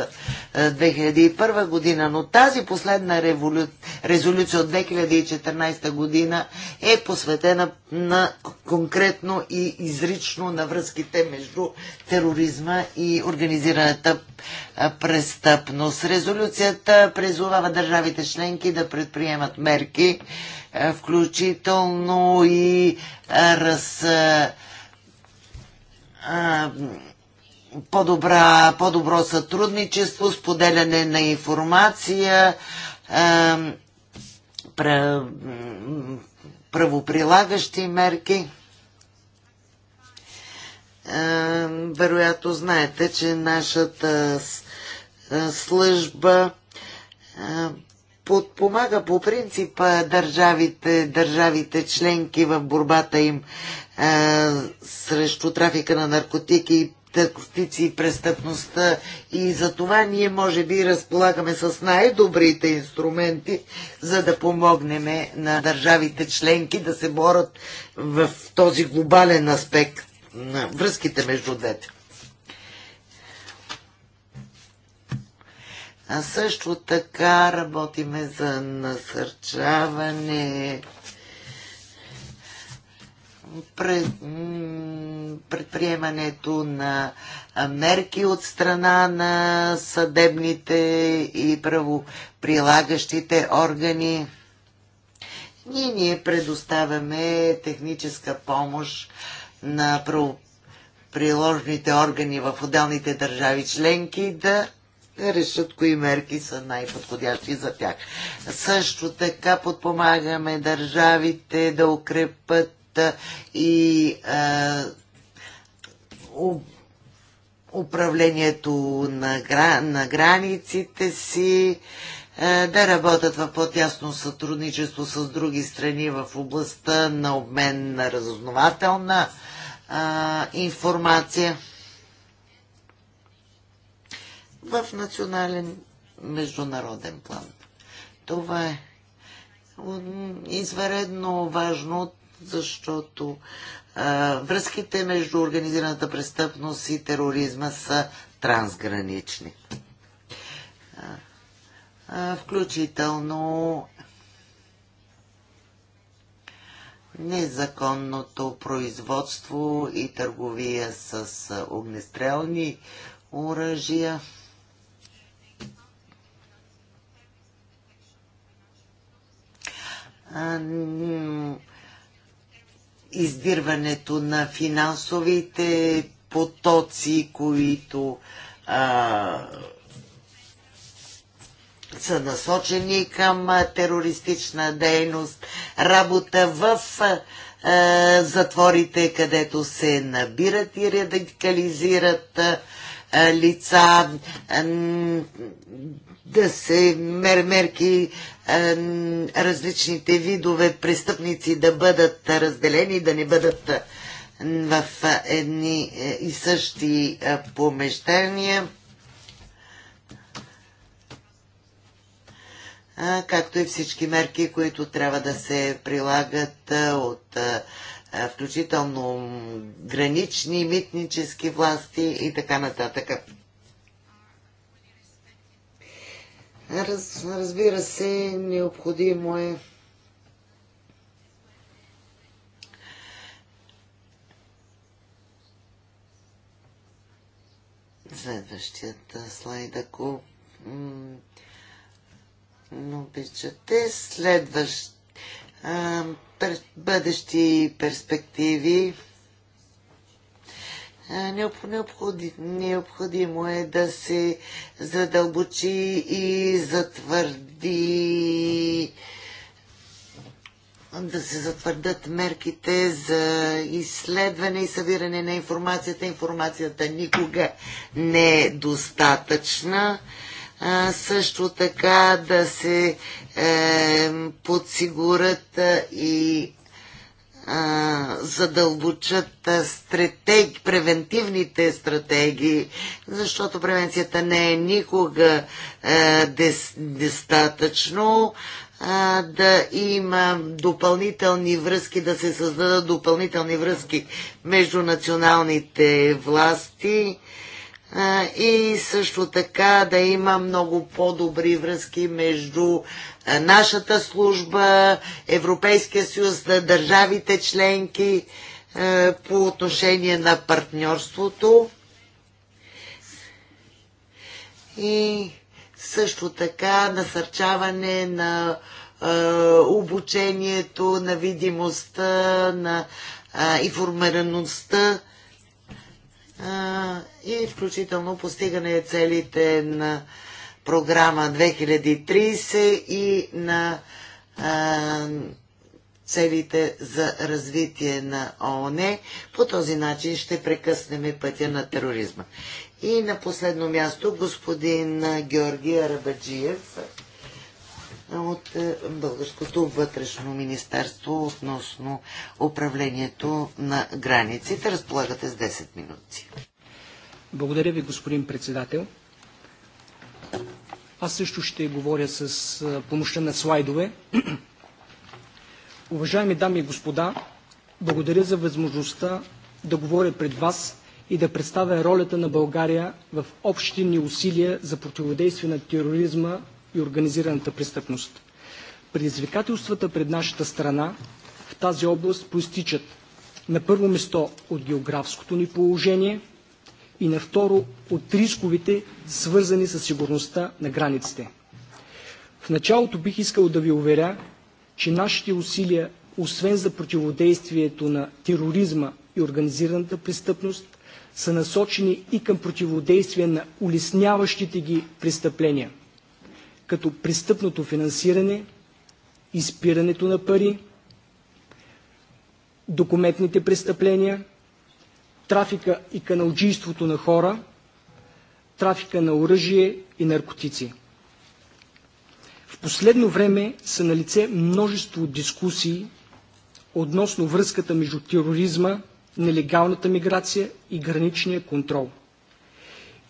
2001 година, но тази последна револю... резолюция от 2014 година е посветена на конкретно и изрично на връзките между тероризма и организираната престъпност. Резолюцията призовава държавите членки да предприемат мерки е, включително и е, раз е, по-добра, по-добро сътрудничество, споделяне на информация, правоприлагащи мерки. Вероятно знаете, че нашата служба подпомага по принцип държавите, държавите членки в борбата им а, е, срещу трафика на наркотики и наркотици и престъпността и за това ние може би разполагаме с най-добрите инструменти, за да помогнем на държавите членки да се борят в този глобален аспект на връзките между двете. А също така работиме за насърчаване предприемането на мерки от страна на съдебните и правоприлагащите органи. Ние ние предоставяме техническа помощ на правоприложните органи в отделните държави членки да решат кои мерки са най-подходящи за тях. Също така подпомагаме държавите да укрепат и а, у, управлението на, гра, на границите си, а, да работят в по-тясно сътрудничество с други страни в областта на обмен на разузнавателна информация в национален международен план. Това е изваредно важно, защото а, връзките между организираната престъпност и тероризма са трансгранични. А, а, включително незаконното производство и търговия с огнестрелни оръжия. издирването на финансовите потоци, които а, са насочени към терористична дейност, работа в а, затворите, където се набират и радикализират а, лица, а, да се мермерки мерки различните видове престъпници да бъдат разделени, да не бъдат в едни е, и същи помещения. както и всички мерки, които трябва да се прилагат от включително гранични, митнически власти и така нататък. Раз, разбира се, необходимо е следващият слайд, ако обичате, следващ а, пер, бъдещи перспективи Необходимо, е да се задълбочи и затвърди да се затвърдат мерките за изследване и събиране на информацията. Информацията никога не е достатъчна. А, също така да се е, подсигурат и задълбочат стратег... превентивните стратегии, защото превенцията не е никога дес, достатъчно да има допълнителни връзки, да се създадат допълнителни връзки между националните власти и също така да има много по-добри връзки между нашата служба, Европейския съюз, държавите членки по отношение на партньорството. И също така насърчаване на обучението, на видимостта, на информираността и включително постигане целите на програма 2030 и на целите за развитие на ООН. По този начин ще прекъснем пътя на тероризма. И на последно място господин Георги Арабаджиев от е, Българското вътрешно министерство относно управлението на границите. Разполагате с 10 минути. Благодаря ви, господин председател. Аз също ще говоря с е, помощта на слайдове. Уважаеми дами и господа, благодаря за възможността да говоря пред вас и да представя ролята на България в общите ни усилия за противодействие на тероризма и организираната престъпност. Предизвикателствата пред нашата страна в тази област проистичат на първо место от географското ни положение и на второ от рисковите, свързани с сигурността на границите. В началото бих искал да ви уверя, че нашите усилия, освен за противодействието на тероризма и организираната престъпност, са насочени и към противодействие на улесняващите ги престъпления – като престъпното финансиране, изпирането на пари, документните престъпления, трафика и каналджийството на хора, трафика на оръжие и наркотици. В последно време са налице множество дискусии относно връзката между тероризма, нелегалната миграция и граничния контрол.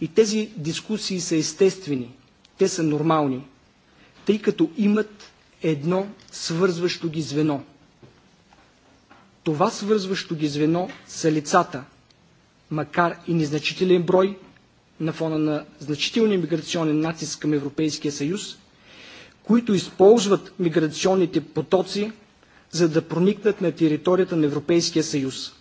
И тези дискусии са естествени – те са нормални, тъй като имат едно свързващо ги звено. Това свързващо ги звено са лицата, макар и незначителен брой, на фона на значителния миграционен натиск към Европейския съюз, които използват миграционните потоци, за да проникнат на територията на Европейския съюз.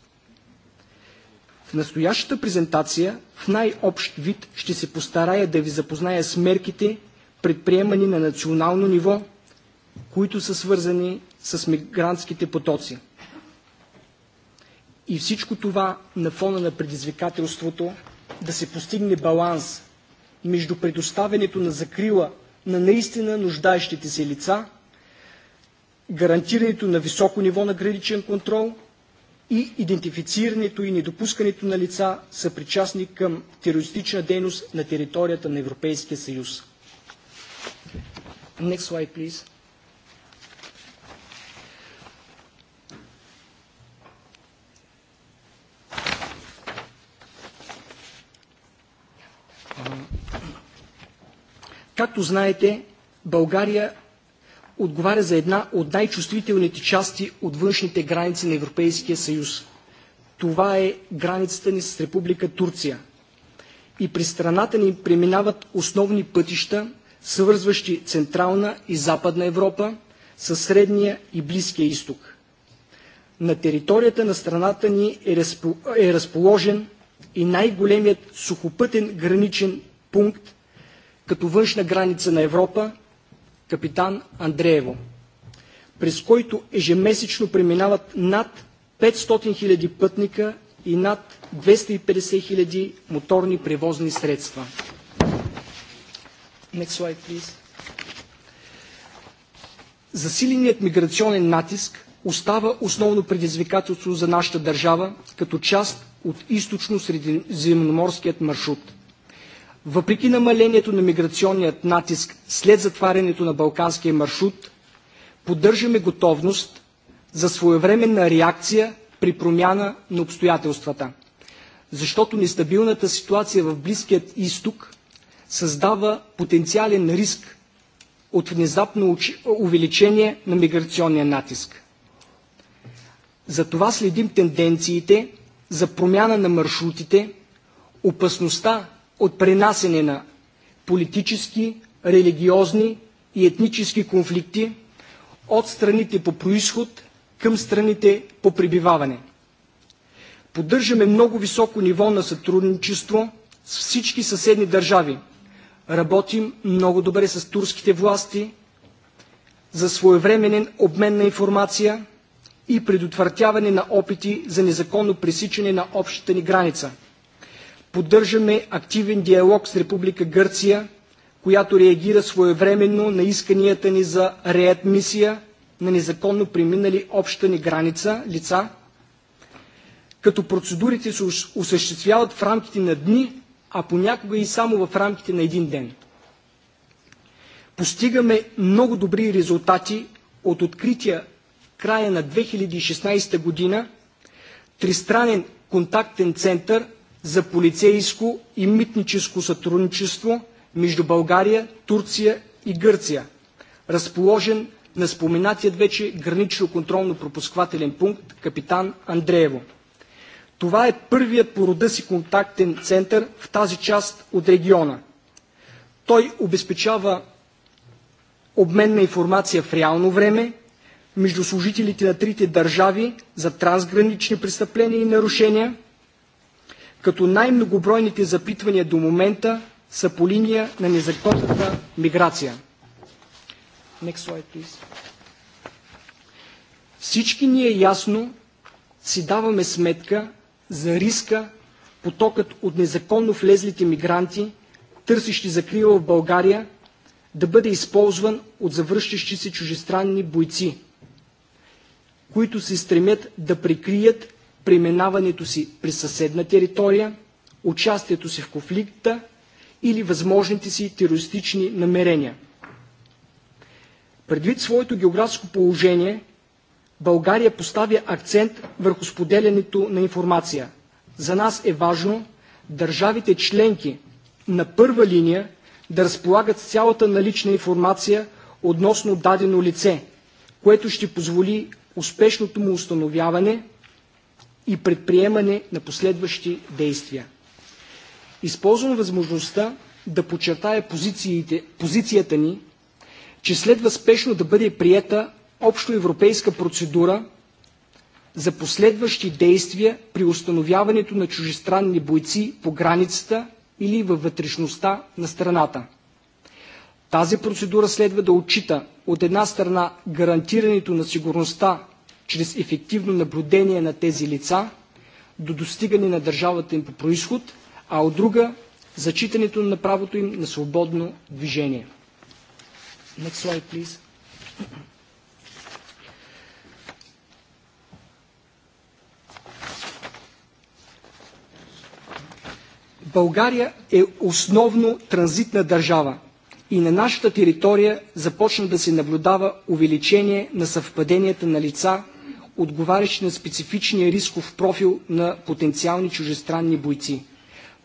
В настоящата презентация в най-общ вид ще се постарая да ви запозная с мерките, предприемани на национално ниво, които са свързани с мигрантските потоци. И всичко това на фона на предизвикателството да се постигне баланс между предоставянето на закрила на наистина нуждаещите се лица, гарантирането на високо ниво на граничен контрол – и идентифицирането и недопускането на лица съпричастни към терористична дейност на територията на Европейския съюз. Next slide, please. Както знаете, България отговаря за една от най-чувствителните части от външните граници на Европейския съюз. Това е границата ни с Република Турция. И през страната ни преминават основни пътища, свързващи Централна и Западна Европа с Средния и Близкия изток. На територията на страната ни е, е разположен и най-големият сухопътен граничен пункт като външна граница на Европа капитан Андреево, през който ежемесечно преминават над 500 000 пътника и над 250 000 моторни превозни средства. Next slide, please. Засиленият миграционен натиск остава основно предизвикателство за нашата държава като част от източно-средиземноморският маршрут – въпреки намалението на миграционният натиск след затварянето на Балканския маршрут, поддържаме готовност за своевременна реакция при промяна на обстоятелствата, защото нестабилната ситуация в Близкият изток създава потенциален риск от внезапно увеличение на миграционния натиск. Затова следим тенденциите за промяна на маршрутите, опасността от пренасене на политически, религиозни и етнически конфликти от страните по происход към страните по пребиваване. Поддържаме много високо ниво на сътрудничество с всички съседни държави. Работим много добре с турските власти за своевременен обмен на информация и предотвратяване на опити за незаконно пресичане на общата ни граница – Поддържаме активен диалог с Република Гърция, която реагира своевременно на исканията ни за реадмисия на незаконно преминали общата ни граница лица, като процедурите се осъществяват в рамките на дни, а понякога и само в рамките на един ден. Постигаме много добри резултати от открития края на 2016 година тристранен контактен център за полицейско и митническо сътрудничество между България, Турция и Гърция, разположен на споменатият вече гранично контролно-пропусквателен пункт Капитан Андреево. Това е първият по рода си контактен център в тази част от региона. Той обезпечава обмен на информация в реално време между служителите на трите държави за трансгранични престъпления и нарушения – като най-многобройните запитвания до момента са по линия на незаконната миграция. Next slide, please. Всички ние ясно си даваме сметка за риска потокът от незаконно влезлите мигранти, търсещи закрила в България, да бъде използван от завръщащи се чужестранни бойци, които се стремят да прикрият преминаването си при съседна територия, участието си в конфликта или възможните си терористични намерения. Предвид своето географско положение, България поставя акцент върху споделянето на информация. За нас е важно държавите членки на първа линия да разполагат с цялата налична информация относно дадено лице, което ще позволи успешното му установяване и предприемане на последващи действия. Използвам възможността да подчертая позициите, позицията ни, че следва спешно да бъде приета общоевропейска процедура за последващи действия при установяването на чужестранни бойци по границата или във вътрешността на страната. Тази процедура следва да отчита от една страна гарантирането на сигурността чрез ефективно наблюдение на тези лица до достигане на държавата им по происход, а от друга – зачитането на правото им на свободно движение. Next slide, please. България е основно транзитна държава и на нашата територия започна да се наблюдава увеличение на съвпаденията на лица, отговарящи на специфичния рисков профил на потенциални чужестранни бойци.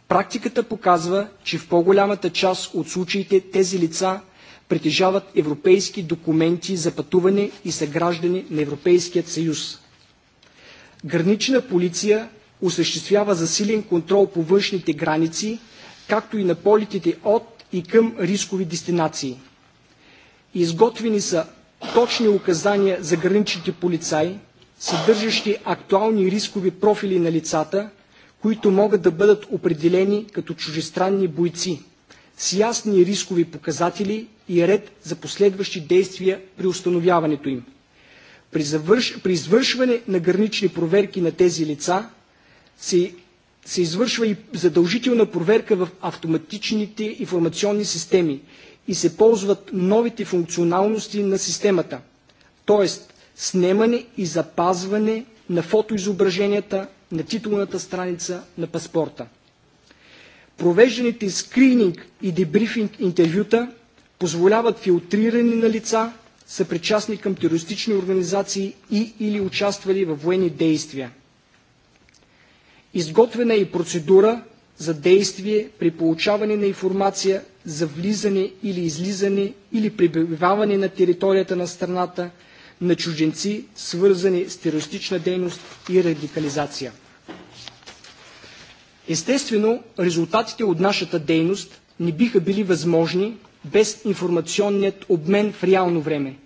Практиката показва, че в по-голямата част от случаите тези лица притежават европейски документи за пътуване и са граждани на Европейския съюз. Гранична полиция осъществява засилен контрол по външните граници, както и на полетите от и към рискови дестинации. Изготвени са точни указания за граничните полицаи, съдържащи актуални рискови профили на лицата, които могат да бъдат определени като чужестранни бойци, с ясни рискови показатели и ред за последващи действия при установяването им. При, завърш... при извършване на гранични проверки на тези лица се... се извършва и задължителна проверка в автоматичните информационни системи и се ползват новите функционалности на системата, т.е снемане и запазване на фотоизображенията на титулната страница на паспорта. Провежданите скрининг и дебрифинг интервюта позволяват филтриране на лица, съпричастни към терористични организации и или участвали в военни действия. Изготвена е и процедура за действие при получаване на информация за влизане или излизане или пребиваване на територията на страната на чужденци, свързани с терористична дейност и радикализация. Естествено, резултатите от нашата дейност не биха били възможни без информационният обмен в реално време.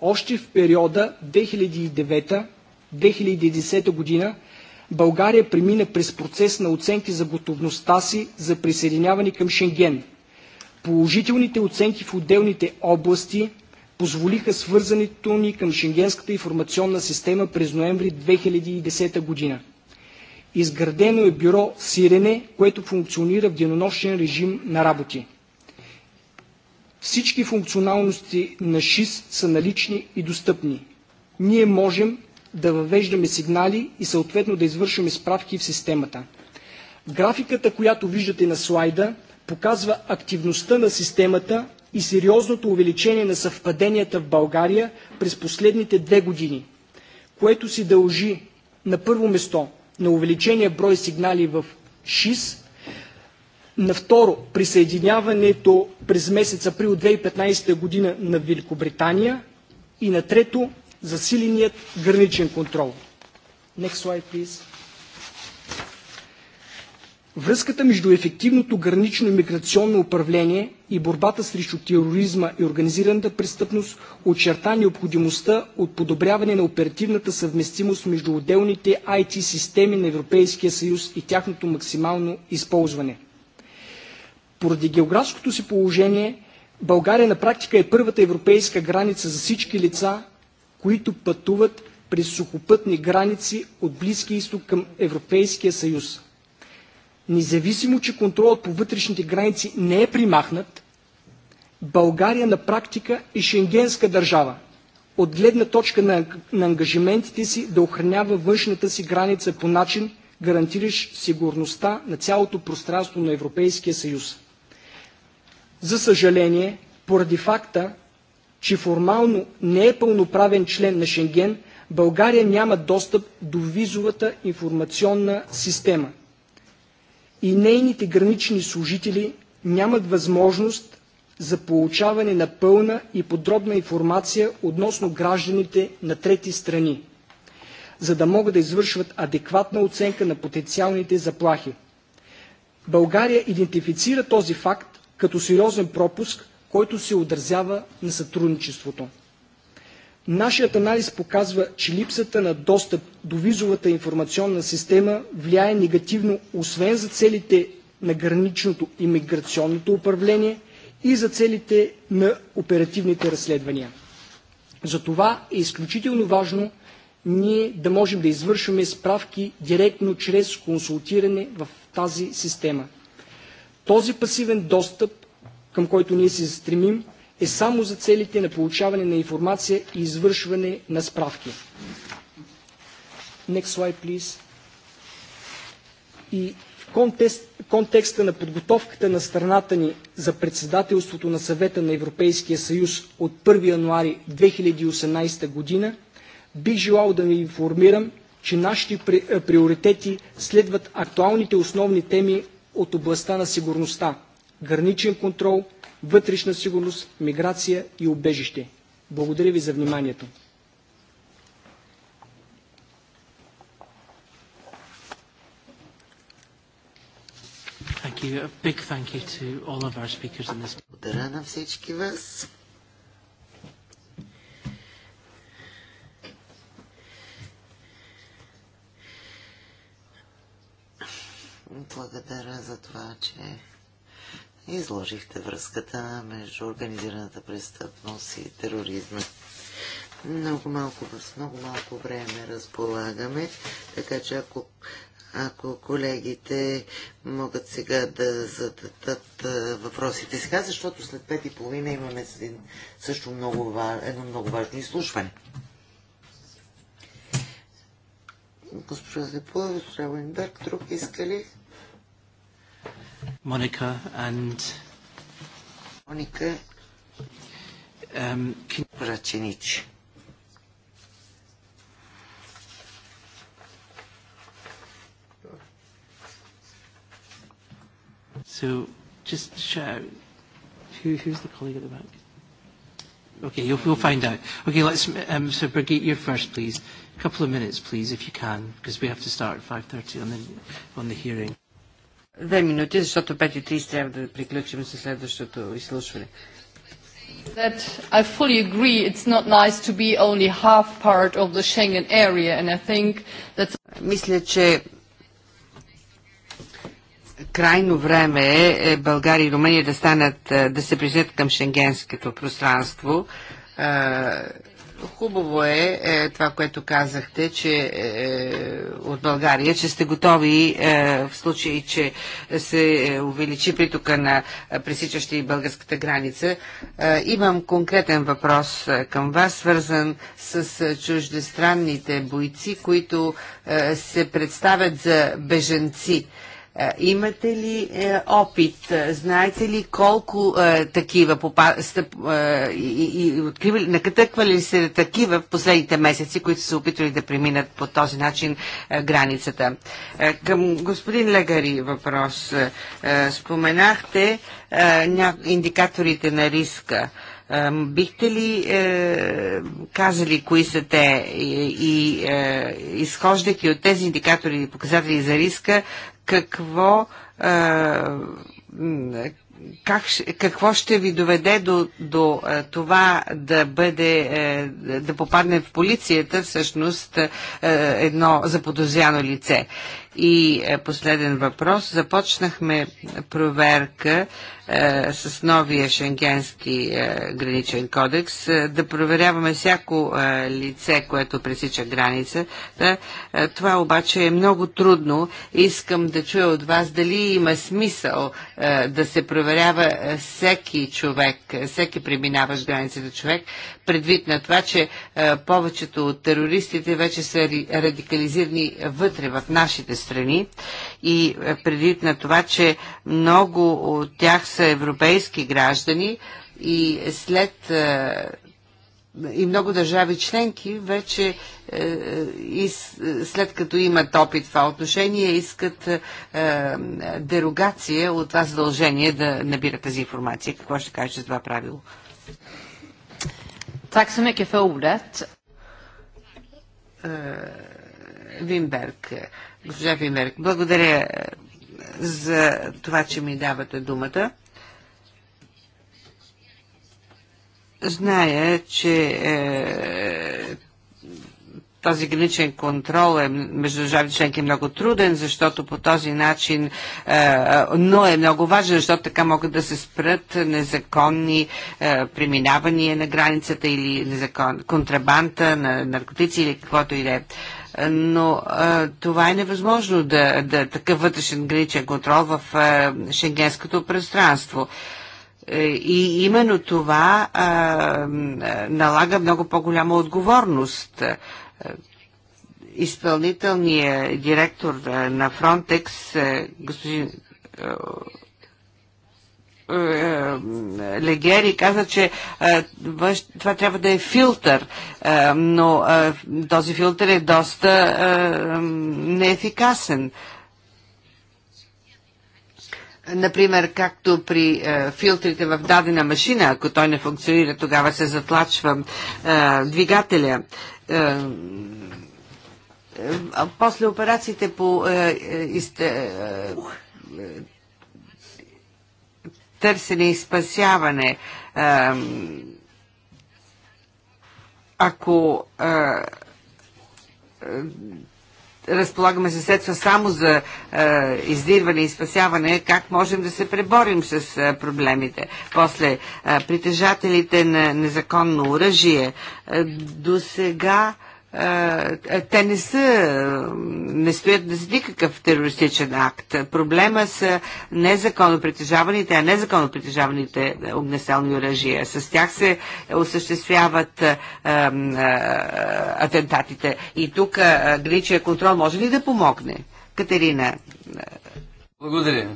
Още в периода 2009-2010 година България премина през процес на оценки за готовността си за присъединяване към Шенген. Положителните оценки в отделните области позволиха свързането ни към Шенгенската информационна система през ноември 2010 година. Изградено е бюро Сирене, което функционира в денонощен режим на работи. Всички функционалности на ШИС са налични и достъпни. Ние можем да въвеждаме сигнали и съответно да извършваме справки в системата. Графиката, която виждате на слайда, показва активността на системата и сериозното увеличение на съвпаденията в България през последните две години, което се дължи на първо место на увеличение брой сигнали в ШИС, на второ присъединяването през месец април 2015 година на Великобритания и на трето засиленият граничен контрол. Next slide, please. Връзката между ефективното гранично и миграционно управление и борбата срещу тероризма и организираната престъпност очерта необходимостта от подобряване на оперативната съвместимост между отделните IT системи на Европейския съюз и тяхното максимално използване. Поради географското си положение, България на практика е първата европейска граница за всички лица, които пътуват през сухопътни граници от Близкия изток към Европейския съюз. Независимо, че контролът по вътрешните граници не е примахнат, България на практика е шенгенска държава от гледна точка на, на ангажиментите си да охранява външната си граница по начин, гарантиращ сигурността на цялото пространство на Европейския съюз. За съжаление, поради факта, че формално не е пълноправен член на Шенген, България няма достъп до визовата информационна система. И нейните гранични служители нямат възможност за получаване на пълна и подробна информация относно гражданите на трети страни, за да могат да извършват адекватна оценка на потенциалните заплахи. България идентифицира този факт като сериозен пропуск, който се отразява на сътрудничеството. Нашият анализ показва, че липсата на достъп до визовата информационна система влияе негативно освен за целите на граничното и миграционното управление – и за целите на оперативните разследвания. Затова е изключително важно ние да можем да извършваме справки директно чрез консултиране в тази система. Този пасивен достъп, към който ние се стремим, е само за целите на получаване на информация и извършване на справки. Next slide, please. И в контекст контекста на подготовката на страната ни за председателството на Съвета на Европейския съюз от 1 януари 2018 година, бих желал да ви информирам, че нашите приоритети следват актуалните основни теми от областта на сигурността – граничен контрол, вътрешна сигурност, миграция и убежище. Благодаря ви за вниманието. you. A big thank you to all of our speakers in this. Благодаря на всички вас. Благодаря за това, че изложихте връзката между организираната престъпност и тероризма. Много малко, с много малко време разполагаме, така че ако ако колегите могат сега да зададат въпросите сега, защото след пет и половина имаме също много, едно много важно изслушване. Госпожа Зепова, госпожа Уинберг, друг иска ли? Моника and... Моника um, Госпожа Чиничи. So just shout. Who, who's the colleague at the back? Okay, you'll, we'll find out. Okay, let's. Um, so Brigitte, you're first, please. A couple of minutes, please, if you can, because we have to start at 5:30 on the on the hearing. Две минути, защото 5.30 трябва да приключим със следващото изслушване. That I fully agree it's not nice to be only half part of the Schengen area and I think Мисля, че крайно време е, е България и Румъния да станат, е, да се признат към шенгенското пространство. Е, хубаво е, това, което казахте, че от България, че сте готови в случай, че се увеличи притока на пресичащи българската граница. имам конкретен въпрос към вас, свързан с чуждестранните бойци, които се представят за беженци. Е, имате ли е, опит? Е, знаете ли колко такива попа, стъп, и, и откривали, накътъквали ли се такива в последните месеци, които са опитвали да преминат по този начин границата? към господин Легари въпрос. споменахте ня... индикаторите на риска. бихте ли е, казали кои са те и, и е, изхождайки от тези индикатори и показатели за риска, какво е, как, какво ще ви доведе до, до е, това да бъде, е, да попадне в полицията всъщност е, едно заподозряно лице? И последен въпрос. Започнахме проверка е, с новия Шенгенски е, граничен кодекс, е, да проверяваме всяко е, лице, което пресича граница. Да, е, това обаче е много трудно. Искам да чуя от вас дали има смисъл е, да се проверя проверява е, всеки човек, е, всеки преминаващ границата човек, предвид на това, че е, повечето от терористите вече са радикализирани вътре в нашите страни и предвид на това, че много от тях са европейски граждани и след и много държави членки вече е, е, и след като имат опит в това отношение, искат е, дерогация от това задължение да набира тази информация. Какво ще кажеш за това правило? Так så mycket för Вимберг, госпожа Вимберг, благодаря за това, че ми давате думата. Зная, че е, този граничен контрол е между държавни членки е много труден, защото по този начин, е, е, но е много важен, защото така могат да се спрат незаконни е, преминавания на границата или незакон, контрабанта на наркотици или каквото и да е но а, е, това е невъзможно да, да такъв вътрешен граничен контрол в а, е, шенгенското пространство. А, е, и именно това а, налага много по-голяма отговорност. Е, изпълнителният директор е, на Фронтекс, господин Легери каза, че това трябва да е филтър, но този филтър е доста неефикасен. Например, както при е, филтрите в дадена машина, ако той не функционира, тогава се затлачва е, двигателя. Е, е после операциите по е, е, търсене и спасяване, ако разполагаме със средства само за е, издирване и спасяване, как можем да се преборим с е, проблемите. После, е, притежателите на незаконно оръжие. Е, до сега те не са, не стоят за никакъв терористичен акт. Проблема са незаконно притежаваните, а незаконно притежаваните огнеселни оръжия. С тях се осъществяват а, а, атентатите. И тук граничия контрол може ли да помогне? Катерина. Благодаря.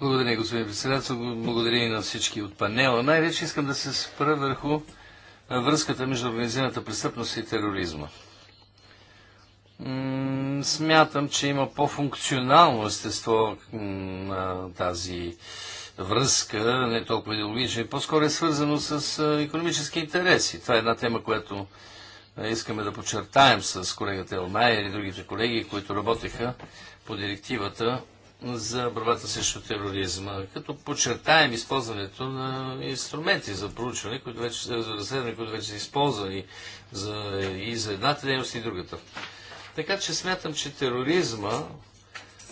Благодаря, господин председател. Благодаря и на всички от панела. Най-вече искам да се спра върху връзката между организираната престъпност и тероризма. Смятам, че има по-функционално естество на тази връзка, не толкова идеологична, и по-скоро е свързано с економически интереси. Това е една тема, която искаме да подчертаем с колегата Елмайер и другите колеги, които работеха по директивата за борбата срещу тероризма, като подчертаем използването на инструменти за проучване, които вече, за разследване, които вече са използвани за, и за едната дейност и другата. Така че смятам, че тероризма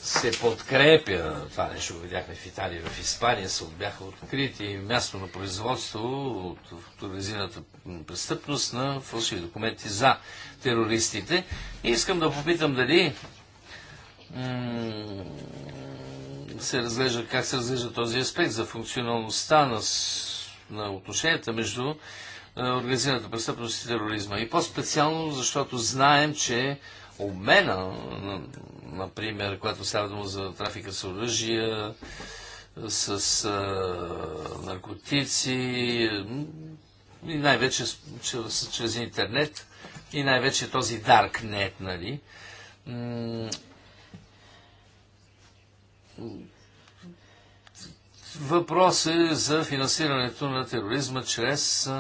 се подкрепя. Това нещо го видяхме в Италия в Испания, се бяха открити място на производство от туризираната престъпност на фалшиви документи за терористите. И искам да попитам дали се разглежда, как се разглежда този аспект за функционалността на, на отношенията между е, организираната престъпност и тероризма. И по-специално, защото знаем, че обмена, например, когато става дума за трафика с оръжия, с а, е, наркотици и най-вече чрез интернет и най-вече този даркнет, нали? въпрос е за финансирането на тероризма чрез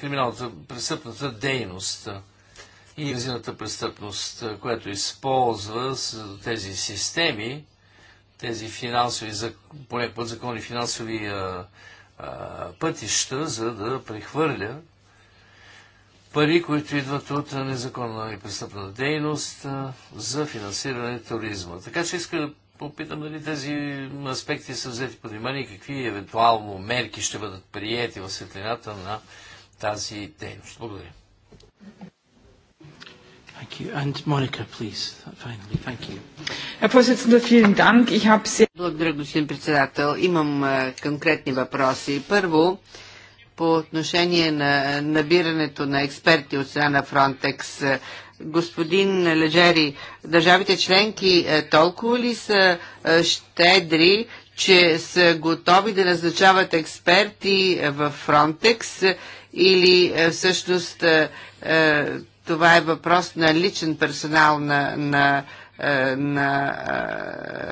криминалната престъпната дейност и резината престъпност, която използва тези системи, тези финансови, поне подзаконни финансови а, а, пътища, за да прехвърля пари, които идват от незаконна и престъпна дейност а, за финансиране на туризма. Така че иска да попитам дали тези аспекти са взети под внимание и какви евентуално мерки ще бъдат приети в светлината на тази дейност. Благодаря. Monica, Благодаря, господин председател. Имам конкретни въпроси. Първо, по отношение на набирането на експерти от страна Фронтекс, господин Леджери, държавите членки е, толкова ли са е, щедри, че са готови да назначават експерти е, в Фронтекс или всъщност това е въпрос на личен персонал на, на е, на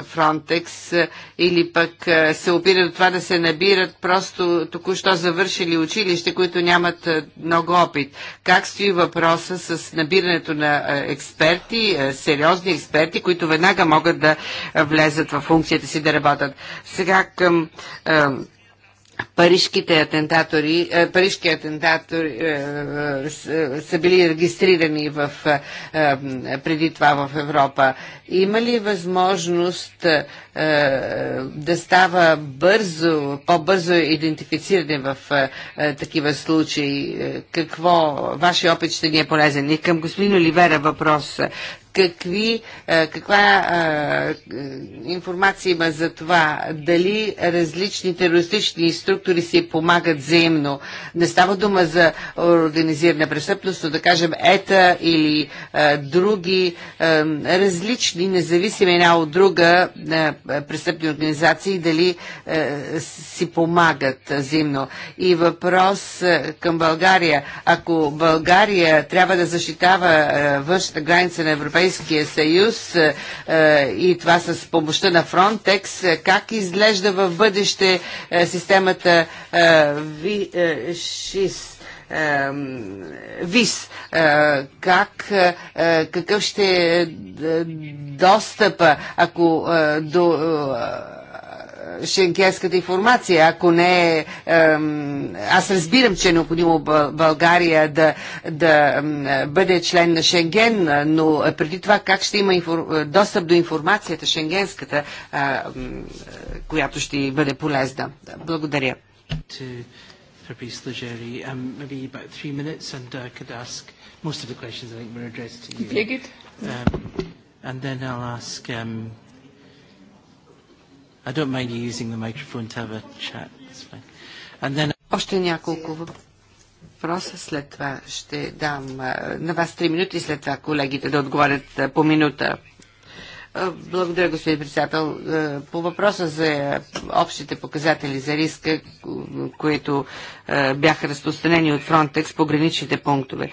Фронтекс е, или пък е, се опира до това да се набират просто току-що завършили училище, които нямат много опит. Как стои въпроса с набирането на експерти, сериозни експерти, които веднага могат да влезат в функцията си да работят? Сега към парижките атентатори, е, парижки атентатори е, е, са били регистрирани в, преди това в Европа. Има ли възможност да става бързо, по-бързо идентифициране в такива случаи? Какво вашия опит ще ни е полезен? И към господин Оливера въпрос какви, каква а, информация има за това, дали различни терористични структури си помагат взаимно. Не става дума за организирана престъпност, но да кажем ета или а, други а, различни, независими една от друга престъпни организации, дали си помагат взаимно. И въпрос към България. Ако България трябва да защитава външната граница на Европейския Европейския съюз е, е, и това с помощта на Frontex, е, как изглежда в бъдеще системата ВИШИС? ВИС, как, какъв ще достъпа ако, до шенгенската информация, ако не е, аз разбирам, че е необходимо България да, да бъде член на Шенген, но преди това как ще има инфор... достъп до информацията шенгенската, която ще бъде полезна. Благодаря. Fabrice um, uh, most of the questions I think were addressed to you. Um, and then I'll ask um, I don't mind you using the microphone to have a chat. fine. And then... Още няколко въпроса, след това ще дам на вас три минути, след това колегите да отговорят по минута. Благодаря, господин председател. По въпроса за общите показатели за риска, които бяха разпространени от Фронтекс по граничните пунктове.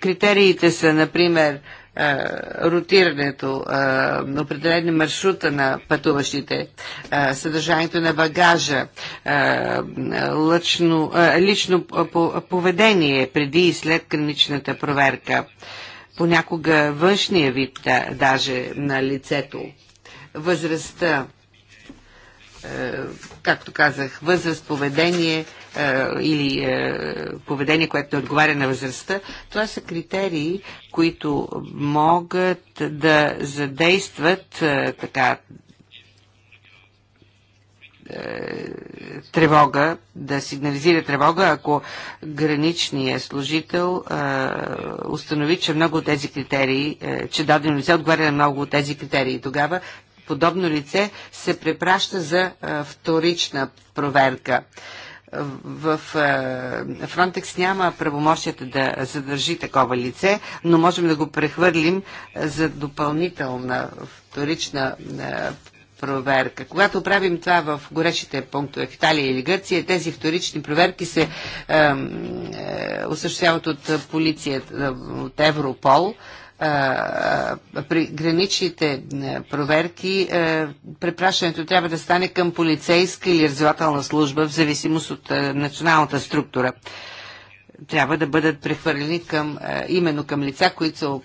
Критериите са, например, е, ротирането, е, определени маршрута на пътуващите, е, съдържанието на багажа, лъчно, лично поведение преди и след клиничната проверка, понякога външния вид даже на лицето, възрастта, както казах, възраст, поведение – е, или е, поведение, което не отговаря на възрастта. Това са критерии, които могат да задействат е, така тревога, да сигнализира тревога, ако граничният служител е, установи, че много от тези критерии, е, че дадено лице отговаря на много от тези критерии. Тогава подобно лице се препраща за е, вторична проверка в е, Фронтекс няма правомощията да задържи такова лице, но можем да го прехвърлим за допълнителна вторична е, проверка. Когато правим това в горещите пунктове в Италия или Гърция, тези вторични проверки се е, осъществяват от полицията, от Европол при граничните проверки препращането трябва да стане към полицейска или развивателна служба в зависимост от националната структура. Трябва да бъдат прехвърлени към, именно към лица, които са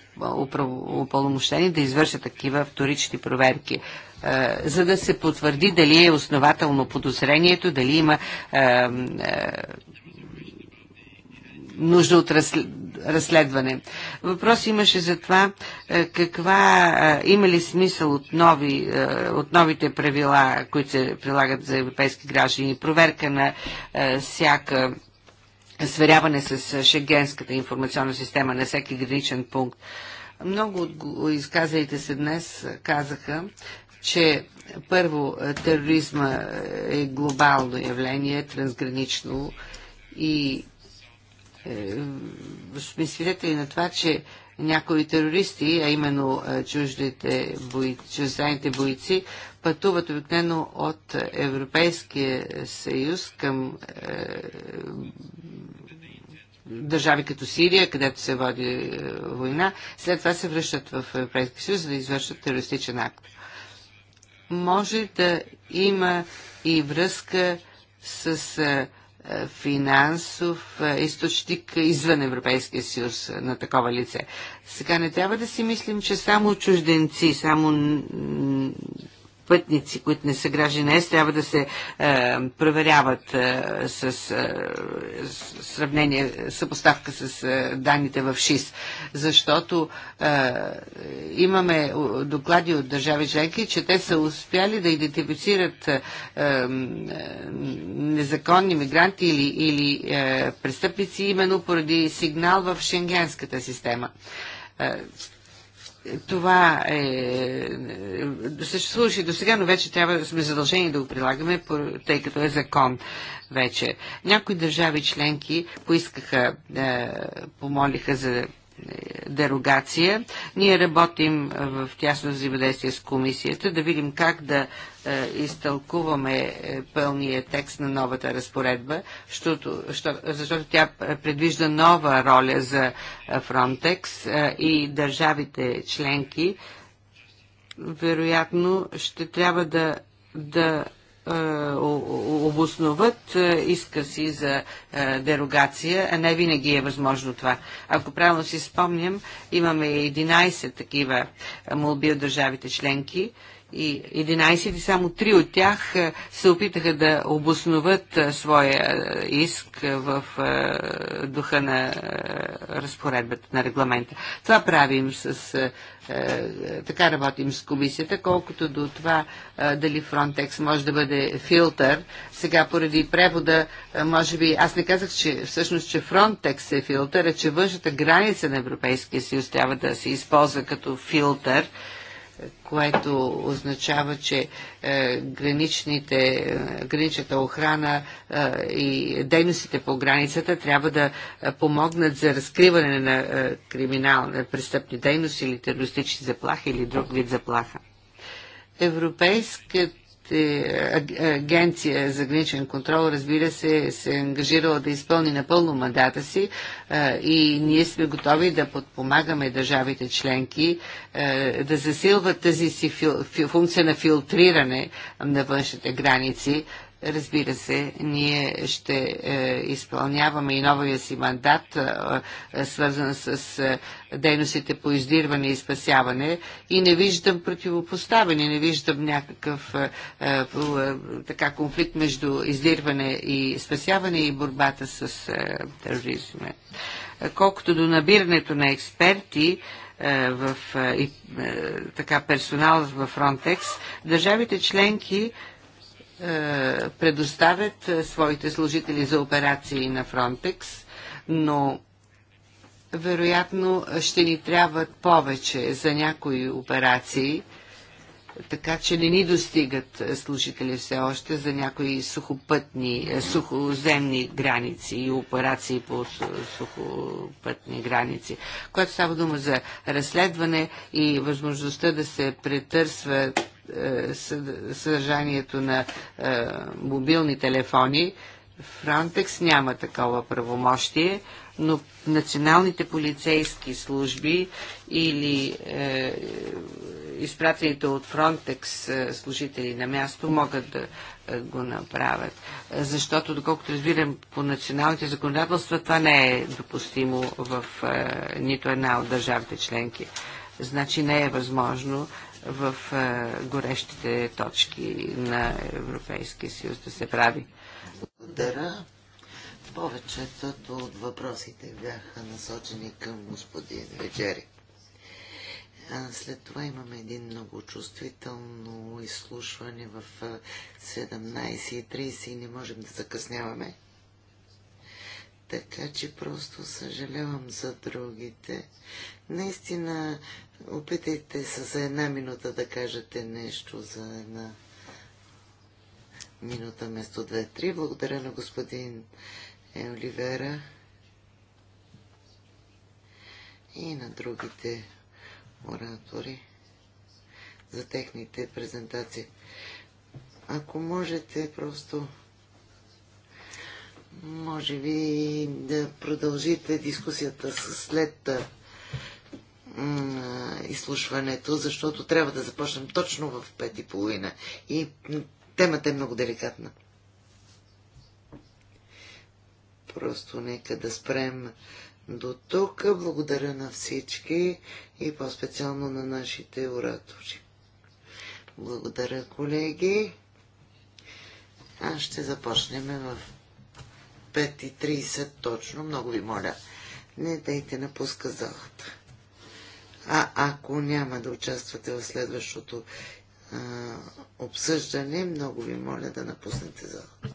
упълномощени да извършат такива вторични проверки за да се потвърди дали е основателно подозрението, дали има нужда от разследване. Въпрос имаше за това е, каква, е, има ли смисъл от, нови, е, от новите правила, които се прилагат за европейски граждани, проверка на всяка сверяване с шегенската информационна система на всеки граничен пункт. Много от изказалите се днес казаха, че първо тероризма е глобално явление, трансгранично и е, сме свидетели на това, че някои терористи, а именно е, чуждите бои, чуждените бойци, пътуват обикновено от Европейския съюз към е, държави като Сирия, където се води е, война, след това се връщат в Европейския съюз, за да извършат терористичен акт. Може да има и връзка с е, е, финансов е, източник извън Европейския съюз е, на такова лице. Сега не трябва да си мислим, че само чужденци, само пътници, които не са граждани ЕС, трябва да се е, проверяват е, с е, сравнение, съпоставка с е, данните в ШИС. Защото е, имаме доклади от държави членки, че те са успяли да идентифицират е, е, незаконни мигранти или, или е, престъпници именно поради сигнал в шенгенската система. Е, това е, съществуваше до сега, но вече трябва да сме задължени да го прилагаме, тъй като е закон вече. Някои държави членки поискаха, е, помолиха за дерогация. Ние работим в тясно взаимодействие с комисията да видим как да изтълкуваме е, пълния текст на новата разпоредба, защото, защото тя предвижда нова роля за Фронтекс и държавите членки вероятно ще трябва да, да е, обосноват е, иска си за е, дерогация, а не винаги е възможно това. Ако правилно си спомням, имаме 11 такива молби от държавите членки и 11 и само 3 от тях е, се опитаха да обосноват е, своя е, иск в духа на разпоредбата на регламента. Това правим с така работим с комисията, колкото до това дали Frontex може да бъде филтър. Сега поради превода, може би, аз не казах, че всъщност, че Frontex е филтър, а че външната граница на Европейския съюз трябва да се използва като филтър което означава, че е, граничните, е, граничната охрана е, и дейностите по границата трябва да помогнат за разкриване на е, криминална престъпни дейности или терористични заплахи или друг вид заплаха. Европейската Българската Агенция за граничен контрол, разбира се, се е ангажирала да изпълни напълно мандата си и ние сме готови да подпомагаме държавите членки да засилват тази си функция на филтриране на външните граници, Разбира се, ние ще е, изпълняваме и новия си мандат, е, е, свързан с е, дейностите по издирване и спасяване и не виждам противопоставяне, не виждам някакъв е, е, е така конфликт между издирване и спасяване и борбата с е, тероризма. Е, колкото до набирането на експерти, е, в, и, така персонал в Frontex, държавите членки е, предоставят е, своите служители за операции на Фронтекс, но вероятно ще ни трябват повече за някои операции, така че не ни достигат е, служители все още за някои сухопътни, сухоземни граници и операции по сухопътни граници, което става дума за разследване и възможността да се претърсват съдържанието на е, мобилни телефони. Фронтекс няма такова правомощие, но националните полицейски служби или е, изпратените от Фронтекс е, служители на място могат да е, го направят. Защото, доколкото разбирам, по националните законодателства това не е допустимо в е, нито една от държавите членки. Значи не е възможно в е, горещите точки на Европейския съюз да се прави. Благодаря. Повечето от въпросите бяха насочени към господин Вечери. След това имаме един много чувствително изслушване в 17.30 е, и не можем да закъсняваме. Така че просто съжалявам за другите. Наистина Опитайте се за една минута да кажете нещо за една минута вместо 2-3. Благодаря на господин е, Оливера и на другите оратори за техните презентации. Ако можете просто може би да продължите дискусията след на изслушването, защото трябва да започнем точно в пет и половина. И темата е много деликатна. Просто нека да спрем до тук. Благодаря на всички и по-специално на нашите оратори. Благодаря, колеги. Аз ще започнем в 5.30 точно. Много ви моля, не дайте напуска залата. А ако няма да участвате в следващото а, обсъждане, много ви моля да напуснете зала.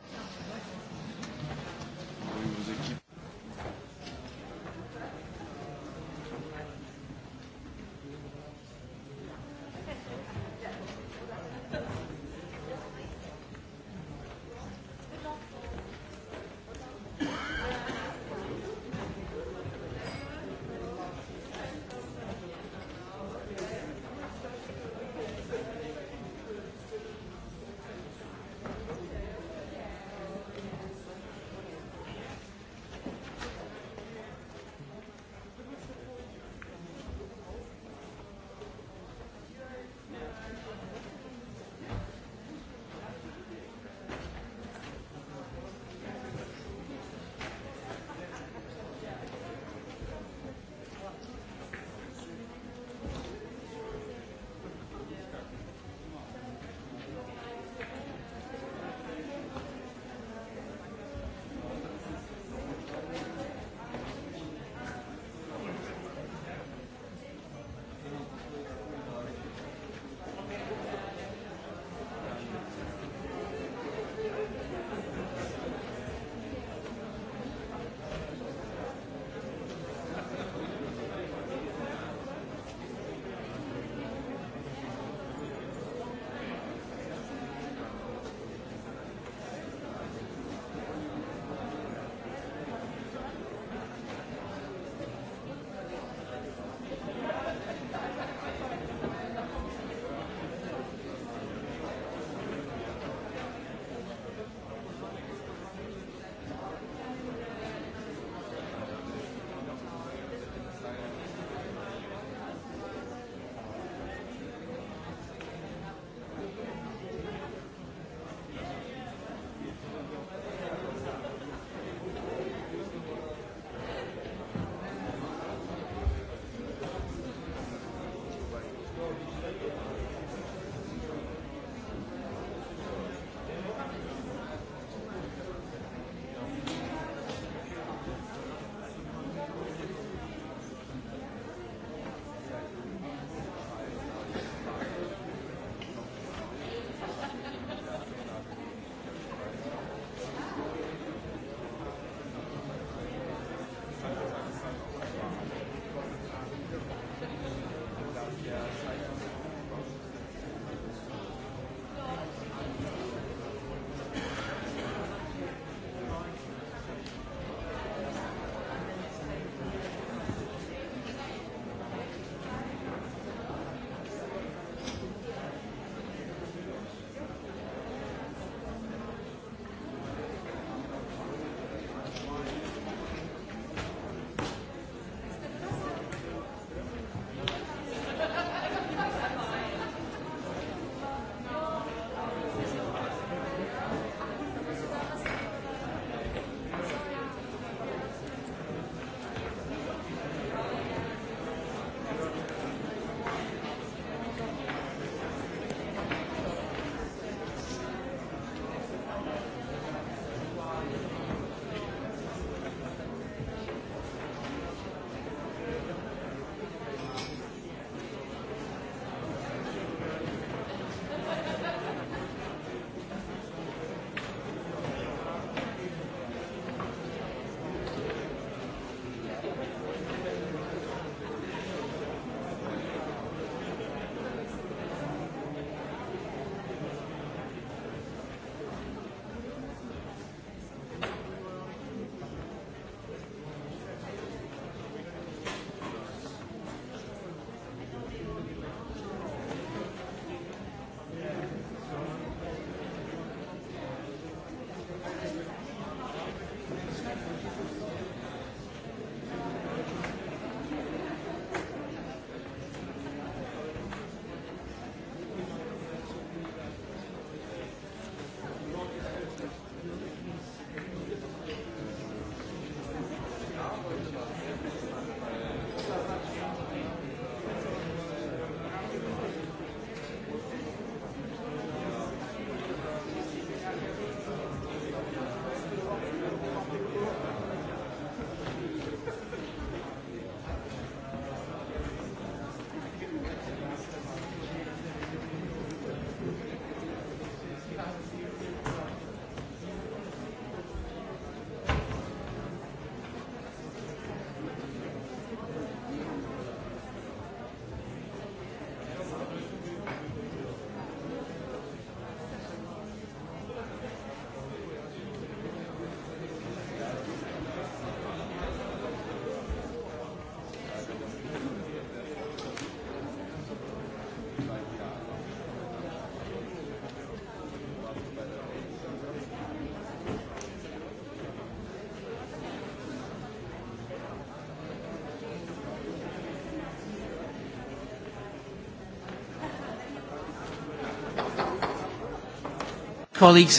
Колеги,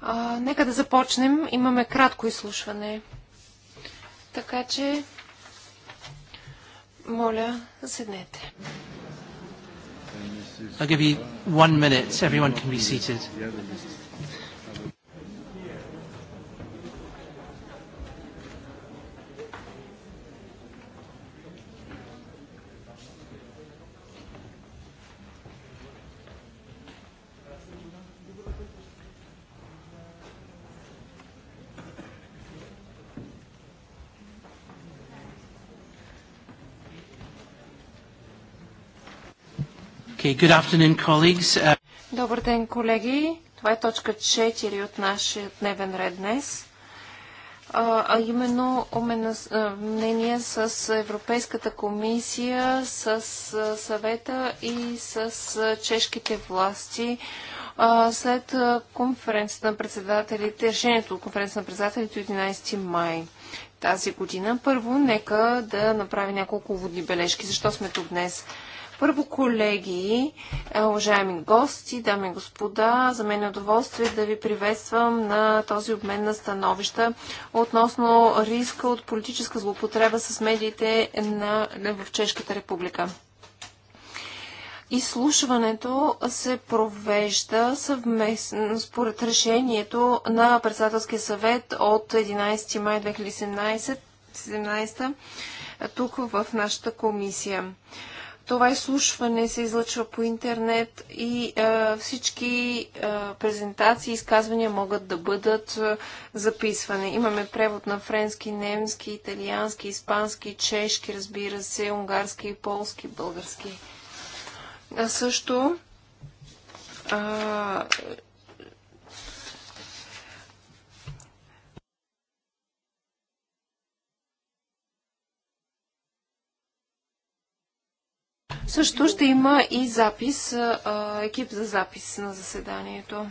а, нека да започнем. Имаме кратко изслушване. Така че, моля, седнете. I'll give you one minute. Everyone can be seated. Okay, good afternoon, colleagues. Uh, Добър ден, колеги. Това е точка 4 от нашия дневен ред днес. А, именно мнение с Европейската комисия, с съвета и с чешките власти след конференцията на председателите, решението от конференцията на председателите 11 май тази година. Първо, нека да направя няколко водни бележки. Защо сме тук днес? Първо, колеги, е, уважаеми гости, дами и господа, за мен е удоволствие да ви приветствам на този обмен на становища относно риска от политическа злоупотреба с медиите на, в Чешката република. Изслушването се провежда съвместно според решението на Председателския съвет от 11 май 2017 тук в нашата комисия. Това изслушване се излъчва по интернет и а, е, всички а, е, презентации и изказвания могат да бъдат а, е, записвани. Имаме превод на френски, немски, италиански, испански, чешки, разбира се, унгарски, полски, български. А също а, Също ще има и запис, екип за запис на заседанието.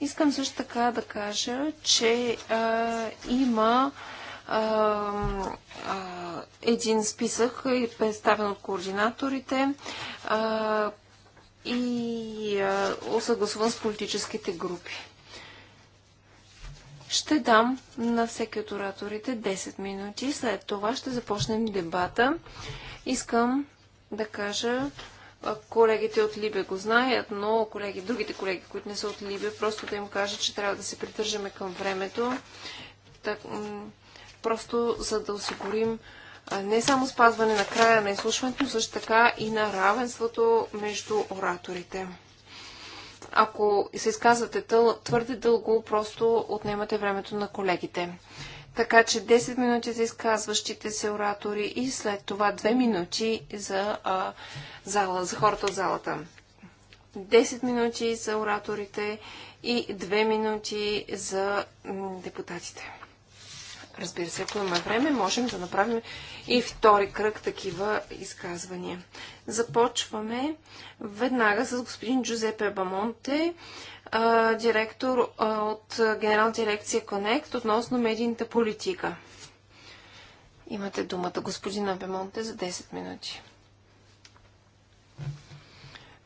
Искам също така да кажа, че а, има а, а, един списък, е представен от координаторите а, и а, осъгласуван с политическите групи. Ще дам на всеки от ораторите 10 минути. След това ще започнем дебата. Искам да кажа, колегите от Либе го знаят, но колеги, другите колеги, които не са от Либе, просто да им кажа, че трябва да се придържаме към времето, так, просто за да осигурим не само спазване на края на изслушването, но също така и на равенството между ораторите. Ако се изказвате твърде дълго, просто отнемате времето на колегите. Така че 10 минути за изказващите се оратори и след това 2 минути за, а, зала, за хората от залата. 10 минути за ораторите и 2 минути за депутатите. Разбира се, ако има време, можем да направим и втори кръг такива изказвания. Започваме веднага с господин Джузепе Бамонте, директор от Генерална дирекция Connect относно медийната политика. Имате думата, господин Абемонте, за 10 минути.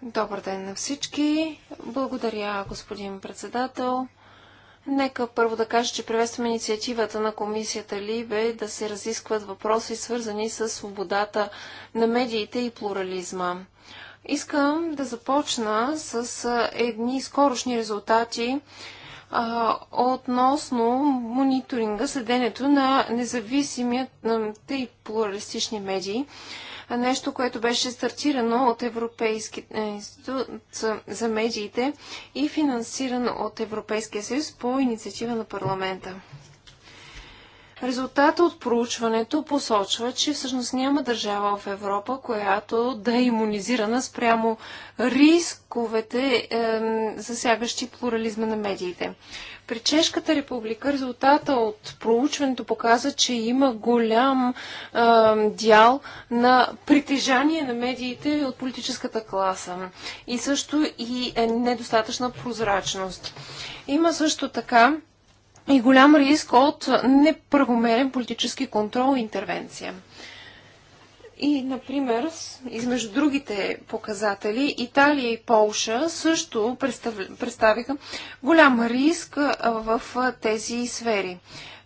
Добър ден на всички. Благодаря, господин председател. Нека първо да кажа, че приветствам инициативата на комисията Либе да се разискват въпроси, свързани с свободата на медиите и плурализма. Искам да започна с едни скорошни резултати а, относно мониторинга, следенето на на и плуралистични медии. Нещо, което беше стартирано от Европейски е, институт за медиите и финансирано от Европейския съюз по инициатива на парламента. Резултата от проучването посочва, че всъщност няма държава в Европа, която да е иммунизирана спрямо рисковете, е, засягащи плурализма на медиите. При Чешката република резултата от проучването показа, че има голям е, дял на притежание на медиите от политическата класа и също и е недостатъчна прозрачност. Има също така и голям риск от неправомерен политически контрол и интервенция. И, например, измежду другите показатели, Италия и Полша също представ... представиха голям риск в тези сфери.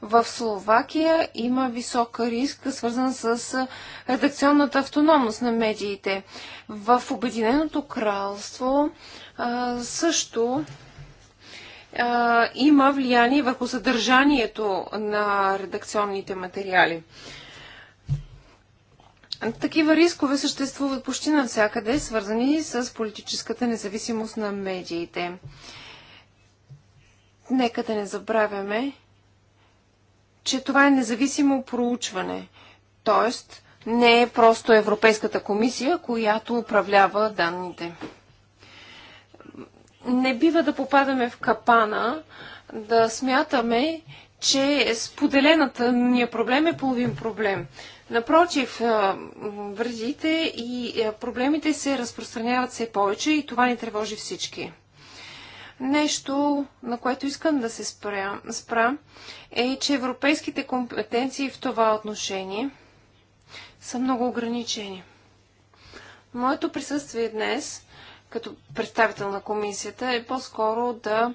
В Словакия има висок риск, свързан с редакционната автономност на медиите. В Обединеното кралство също а, има влияние върху съдържанието на редакционните материали. Такива рискове съществуват почти навсякъде, свързани с политическата независимост на медиите. Нека да не забравяме, че това е независимо проучване. Тоест, не е просто Европейската комисия, която управлява данните не бива да попадаме в капана, да смятаме, че споделената ни проблем е половин проблем. Напротив, вредите и проблемите се разпространяват все повече и това ни тревожи всички. Нещо, на което искам да се спра, спра е, че европейските компетенции в това отношение са много ограничени. Моето присъствие днес като представител на комисията е по-скоро да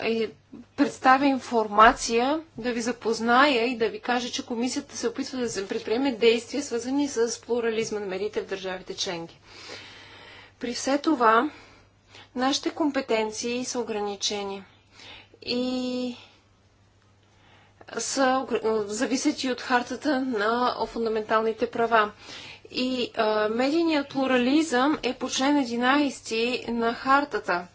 е, представя информация, да ви запозная и да ви кажа, че комисията се опитва да се предприеме действия, свързани с плурализма на медиите в държавите членки. При все това, нашите компетенции са ограничени и са, зависят и от хартата на фундаменталните права. И а, медийният плурализъм е по член 11 на хартата.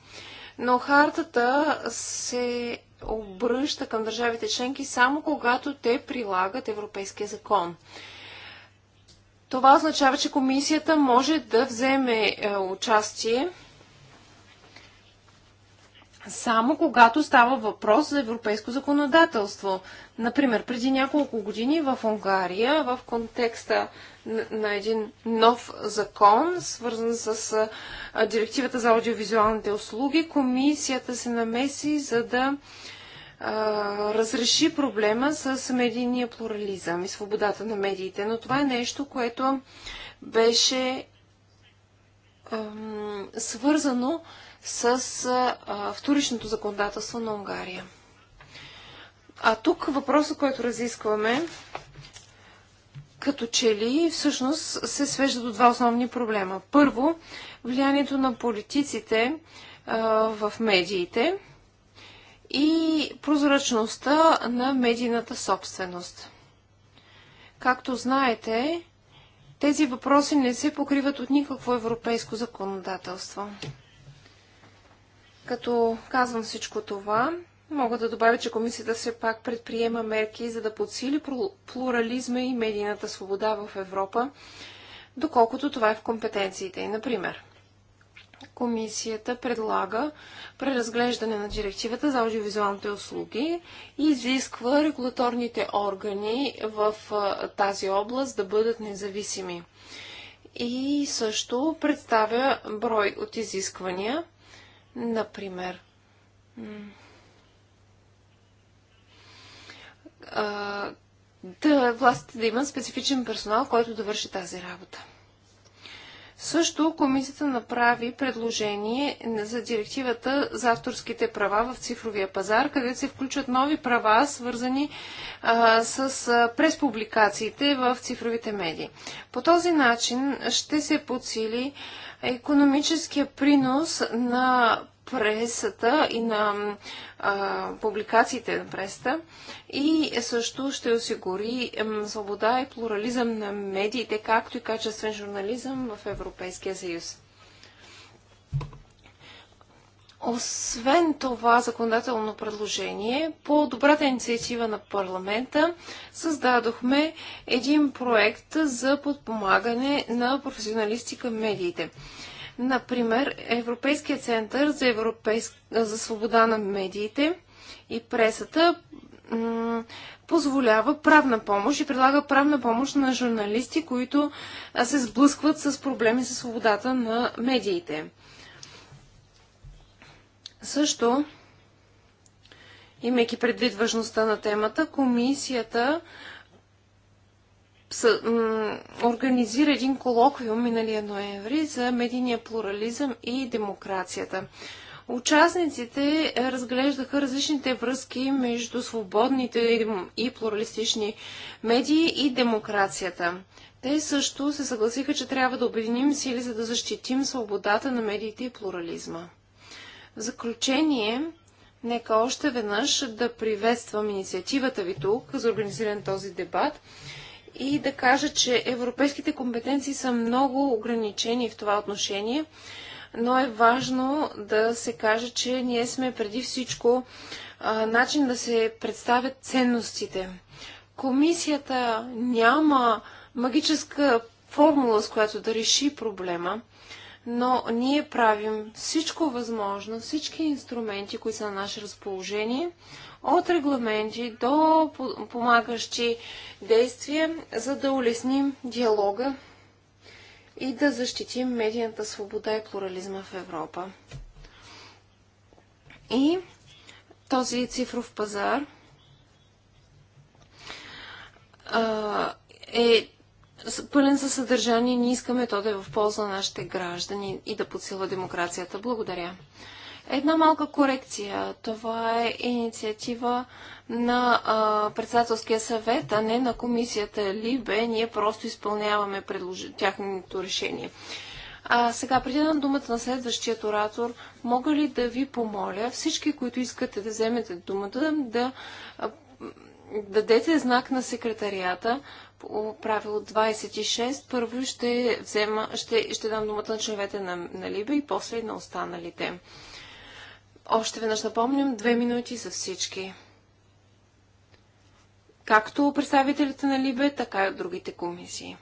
Но хартата се обръща към държавите членки само когато те прилагат европейския закон. Това означава, че комисията може да вземе е, участие само когато става въпрос за европейско законодателство. Например, преди няколко години в Унгария, в контекста на един нов закон, свързан с директивата за аудиовизуалните услуги. Комисията се намеси, за да разреши проблема с медийния плурализъм и свободата на медиите. Но това е нещо, което беше свързано с вторичното законодателство на Унгария. А тук въпросът, който разискваме, като че ли всъщност се свежда до два основни проблема. Първо, влиянието на политиците в медиите и прозрачността на медийната собственост. Както знаете, тези въпроси не се покриват от никакво европейско законодателство. Като казвам всичко това, Мога да добавя, че комисията все пак предприема мерки, за да подсили плурализма и медийната свобода в Европа, доколкото това е в компетенциите И, Например, комисията предлага преразглеждане на директивата за аудиовизуалните услуги и изисква регулаторните органи в тази област да бъдат независими. И също представя брой от изисквания, например, да, властите да имат специфичен персонал, който да върши тази работа. Също комисията направи предложение за директивата за авторските права в цифровия пазар, където се включват нови права, свързани а, с преспубликациите в цифровите медии. По този начин ще се подсили економическия принос на пресата и на а, публикациите на пресата и също ще осигури ем, свобода и плурализъм на медиите, както и качествен журнализъм в Европейския съюз. Освен това законодателно предложение, по добрата инициатива на парламента създадохме един проект за подпомагане на професионалисти към медиите. Например, Европейския център за, европейск... за свобода на медиите и пресата позволява правна помощ и предлага правна помощ на журналисти, които се сблъскват с проблеми със свободата на медиите. Също, имайки предвид важността на темата, комисията организира един колоквиум миналия ноември за медийния плурализъм и демокрацията. Участниците разглеждаха различните връзки между свободните и плуралистични медии и демокрацията. Те също се съгласиха, че трябва да обединим сили, за да защитим свободата на медиите и плурализма. В заключение, нека още веднъж да приветствам инициативата ви тук за организиран този дебат и да кажа, че европейските компетенции са много ограничени в това отношение, но е важно да се каже, че ние сме преди всичко а, начин да се представят ценностите. Комисията няма магическа формула, с която да реши проблема, но ние правим всичко възможно, всички инструменти, които са на наше разположение, от регламенти до помагащи действия, за да улесним диалога и да защитим медийната свобода и плурализма в Европа. И този цифров пазар а, е пълен със съдържание. Ние искаме то да е в полза на нашите граждани и да подсила демокрацията. Благодаря. Една малка корекция. Това е инициатива на а, председателския съвет, а не на комисията Либе. Ние просто изпълняваме предлож... тяхното решение. А сега, преди да дам думата на следващият оратор, мога ли да ви помоля всички, които искате да вземете думата, да дадете знак на секретарията по правило 26. Първо ще, взема, ще, ще дам думата на членовете на, на Либе и после на останалите. Още веднъж напомням, две минути за всички. Както представителите на Либе, така и от другите комисии.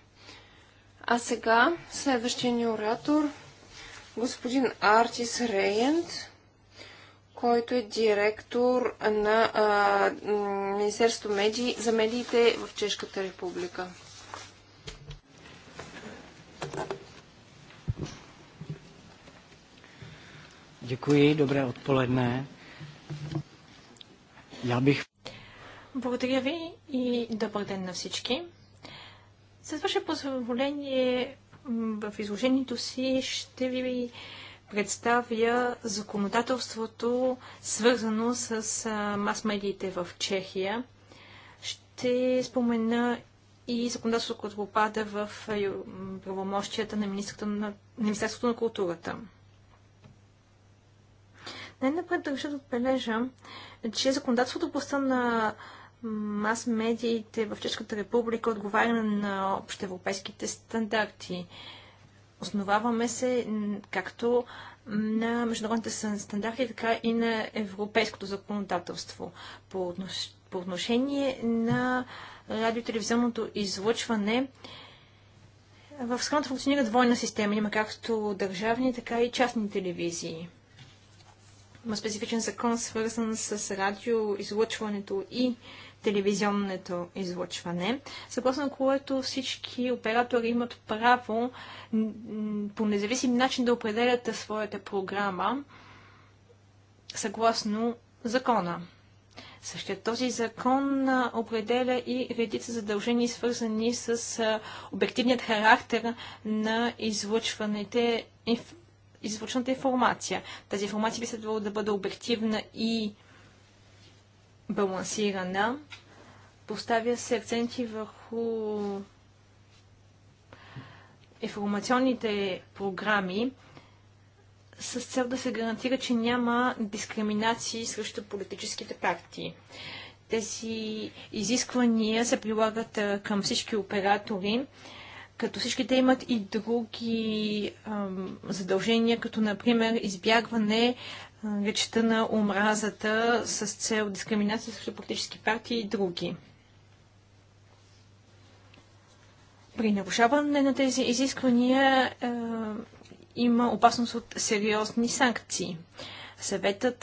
А сега следващия ни оратор, господин Артис Рейент, който е директор на а, Министерство медии, за медиите в Чешката република. Děkuji, dobré odpoledne. Я бих... Благодаря ви и добър ден на всички. С ваше позволение в изложението си ще ви представя законодателството, свързано с мас-медиите в Чехия. Ще спомена и законодателството, което попада в правомощията на, Министерството на културата. Най-напред държа да отбележа, че законодателството в областта на мас-медиите в Чешката република отговаря на общоевропейските стандарти. Основаваме се както на международните стандарти, така и на европейското законодателство. По, отнош... по отношение на радио и телевизионното излъчване, в страната функционира двойна система. Има както държавни, така и частни телевизии. Има специфичен закон, свързан с радиоизлъчването и телевизионното излъчване, съгласно което всички оператори имат право по независим начин да определят своята програма съгласно закона. Същия този закон определя и редица задължения, свързани с обективният характер на излъчваните инф извършната информация. Тази информация би следвало да бъде обективна и балансирана. Поставя се акценти върху информационните програми с цел да се гарантира, че няма дискриминации срещу политическите партии. Тези изисквания се прилагат към всички оператори като всички те имат и други ам, задължения, като например избягване речета на омразата с цел дискриминация срещу политически партии и други. При нарушаване на тези изисквания е, има опасност от сериозни санкции. Съветът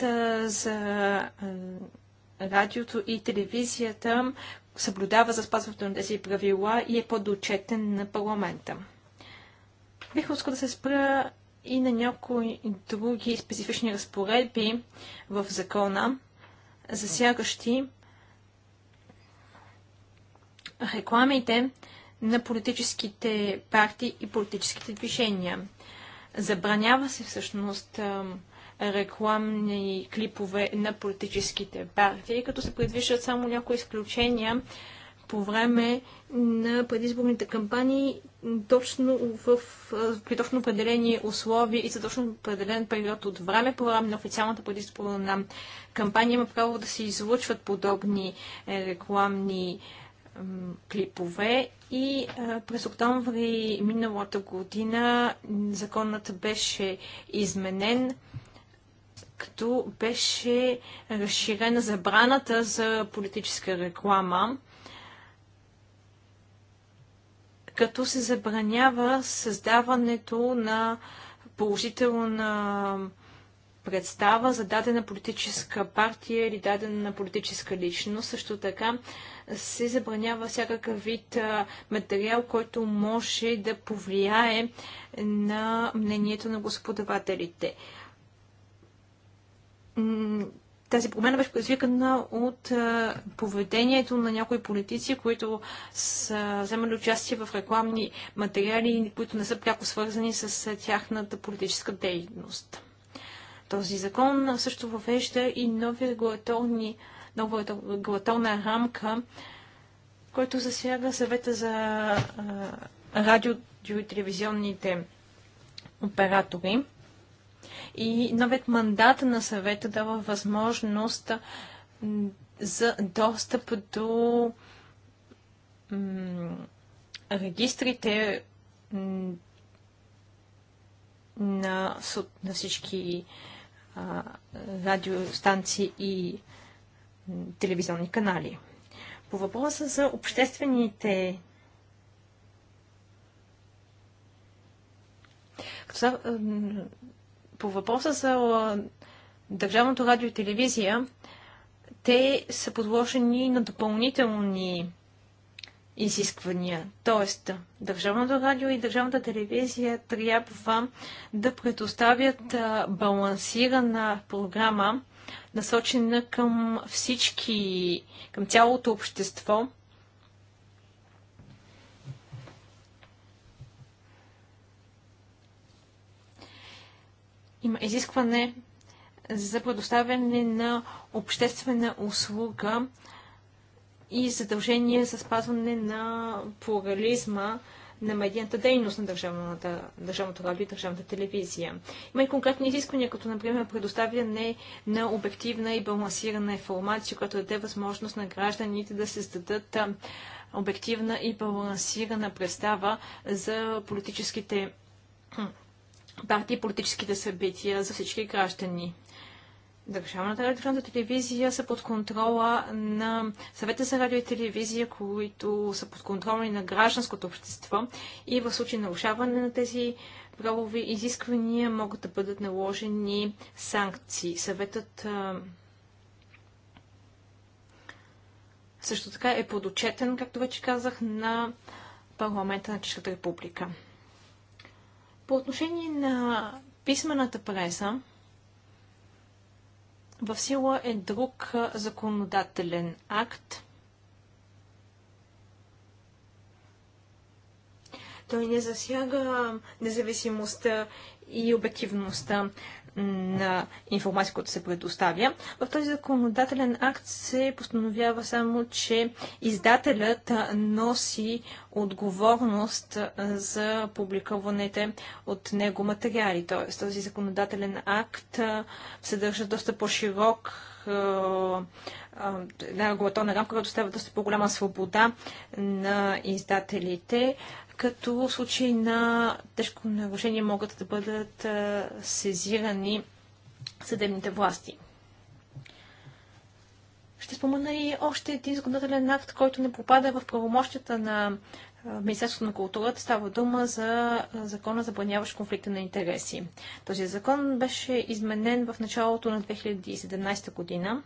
за е, радиото и телевизията съблюдава за спазването на тези правила и е подотчетен на парламента. Бих искал да се спра и на някои други специфични разпоредби в закона, засягащи рекламите на политическите партии и политическите движения. Забранява се всъщност рекламни клипове на политическите партии, като се предвиждат само някои изключения по време на предизборните кампании точно в, при точно определени условия и за точно определен период от време по време на официалната предизборна кампания има право да се излъчват подобни е, рекламни клипове и а, през октомври миналата година законът беше изменен като беше разширена забраната за политическа реклама, като се забранява създаването на положителна представа за дадена политическа партия или дадена политическа личност. Също така се забранява всякакъв вид материал, който може да повлияе на мнението на господавателите тази промена беше предизвикана от поведението на някои политици, които са вземали участие в рекламни материали, които не са пряко свързани с тяхната политическа дейност. Този закон също въвежда и нови регулаторни, нова регулаторна рамка, който засяга съвета за а, радио и телевизионните оператори и новият мандат на съвета дава възможност за достъп до регистрите на, на всички а, радиостанции и телевизионни канали. По въпроса за обществените като по въпроса за Държавното радио и телевизия, те са подложени на допълнителни изисквания. Тоест, Държавното радио и Държавната телевизия трябва да предоставят балансирана програма, насочена към всички, към цялото общество, има изискване за предоставяне на обществена услуга и задължение за спазване на плурализма на медийната дейност на държавната, държавното радио и държавната телевизия. Има и конкретни изисквания, като например предоставяне на обективна и балансирана информация, която даде възможност на гражданите да се създадат обективна и балансирана представа за политическите партии и политическите събития за всички граждани. Държавната радиофронта телевизия са под контрола на съвета за радио и телевизия, които са под контрола на гражданското общество и в случай нарушаване на тези правови изисквания могат да бъдат наложени санкции. Съветът също така е подочетен, както вече казах, на парламента на Чешката република. По отношение на писмената преса, в сила е друг законодателен акт. Той не засяга независимостта и обективността на информация, която се предоставя. В този законодателен акт се постановява само, че издателят носи отговорност за публикуваните от него материали. Т.е. този законодателен акт съдържа доста по-широк една регулаторна рамка, която става доста по-голяма свобода на издателите като в случай на тежко нарушение могат да бъдат сезирани съдебните власти. Ще спомена и още един законодателен акт, който не попада в правомощията на Министерството на културата става дума за закона за планяващ конфликта на интереси. Този закон беше изменен в началото на 2017 година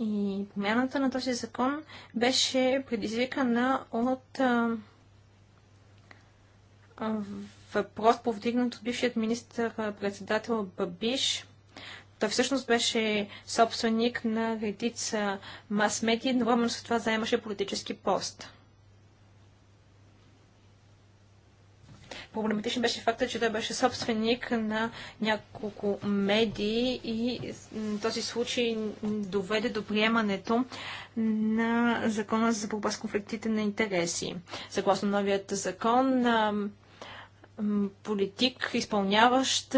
И промяната на този закон беше предизвикана от а, а, въпрос, повдигнат от бившият министр-председател Бабиш. Той всъщност беше собственик на редица мас-медии, но с това заемаше политически пост. Проблематичен беше факта, че той беше собственик на няколко медии и този случай доведе до приемането на закона за борба с конфликтите на интереси. Съгласно новият закон, политик, изпълняващ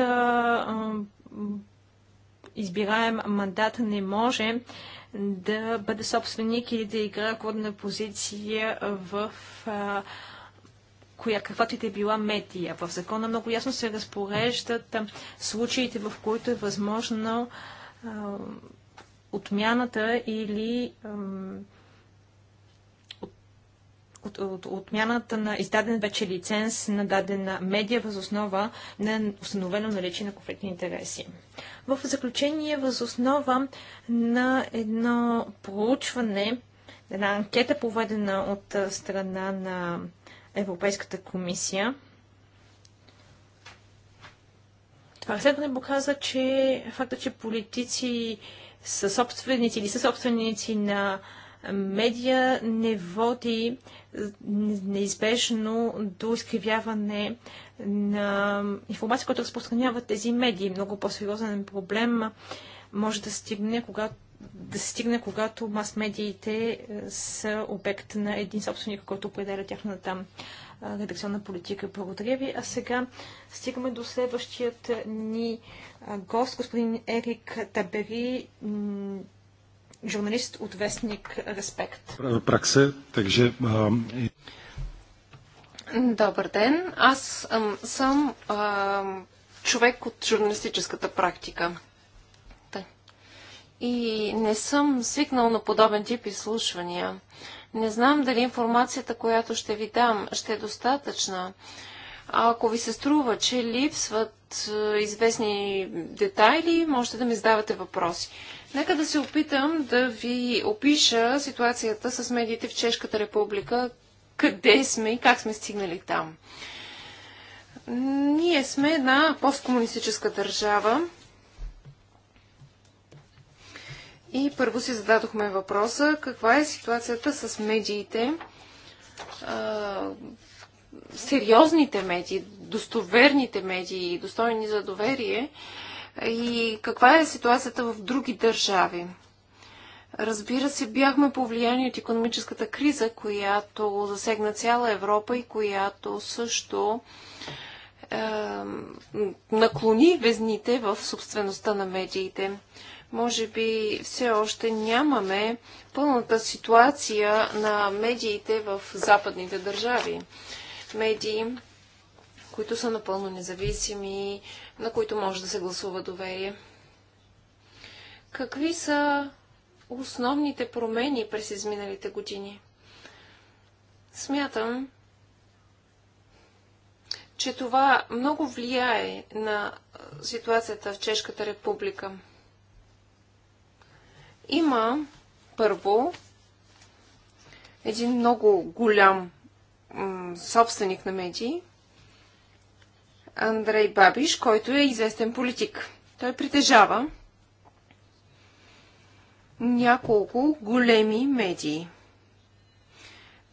избираем мандат не може да бъде собственик или да играе кодна позиция в а, коя, каквато и да е била медия. В закона много ясно се разпореждат случаите, в които е възможно отмяната или от, от, отмяната на издаден вече лиценз на дадена медия основа на установено наличие на конфликтни интереси. В заключение, въз основа на едно проучване, една анкета, поведена от страна на Европейската комисия. Това разследване показа, че факта, че политици са собственици или са собственици на медия не води неизбежно до изкривяване на информация, която разпространяват тези медии. Много по-сериозен проблем може да стигне, когато да се стигне, когато мас-медиите е, са обект на един собственик, който определя тяхната там е, редакционна политика. Благодаря ви. А сега стигаме до следващият ни е, гост, господин Ерик Табери, журналист от Вестник Респект. Пракса, takže... Добър ден. Аз съм, съм човек от журналистическата практика и не съм свикнал на подобен тип изслушвания. Не знам дали информацията, която ще ви дам, ще е достатъчна. А ако ви се струва, че липсват е, известни детайли, можете да ми задавате въпроси. Нека да се опитам да ви опиша ситуацията с медиите в Чешката република, къде сме и как сме стигнали там. Ние сме една посткомунистическа държава, И първо си зададохме въпроса каква е ситуацията с медиите, а, сериозните медии, достоверните медии, достойни за доверие и каква е ситуацията в други държави. Разбира се, бяхме повлияни от економическата криза, която засегна цяла Европа и която също е, наклони везните в собствеността на медиите. Може би все още нямаме пълната ситуация на медиите в западните държави. Медии, които са напълно независими, на които може да се гласува доверие. Какви са основните промени през изминалите години? Смятам, че това много влияе на ситуацията в Чешката република. Има първо един много голям собственик на медии, Андрей Бабиш, който е известен политик. Той притежава няколко големи медии.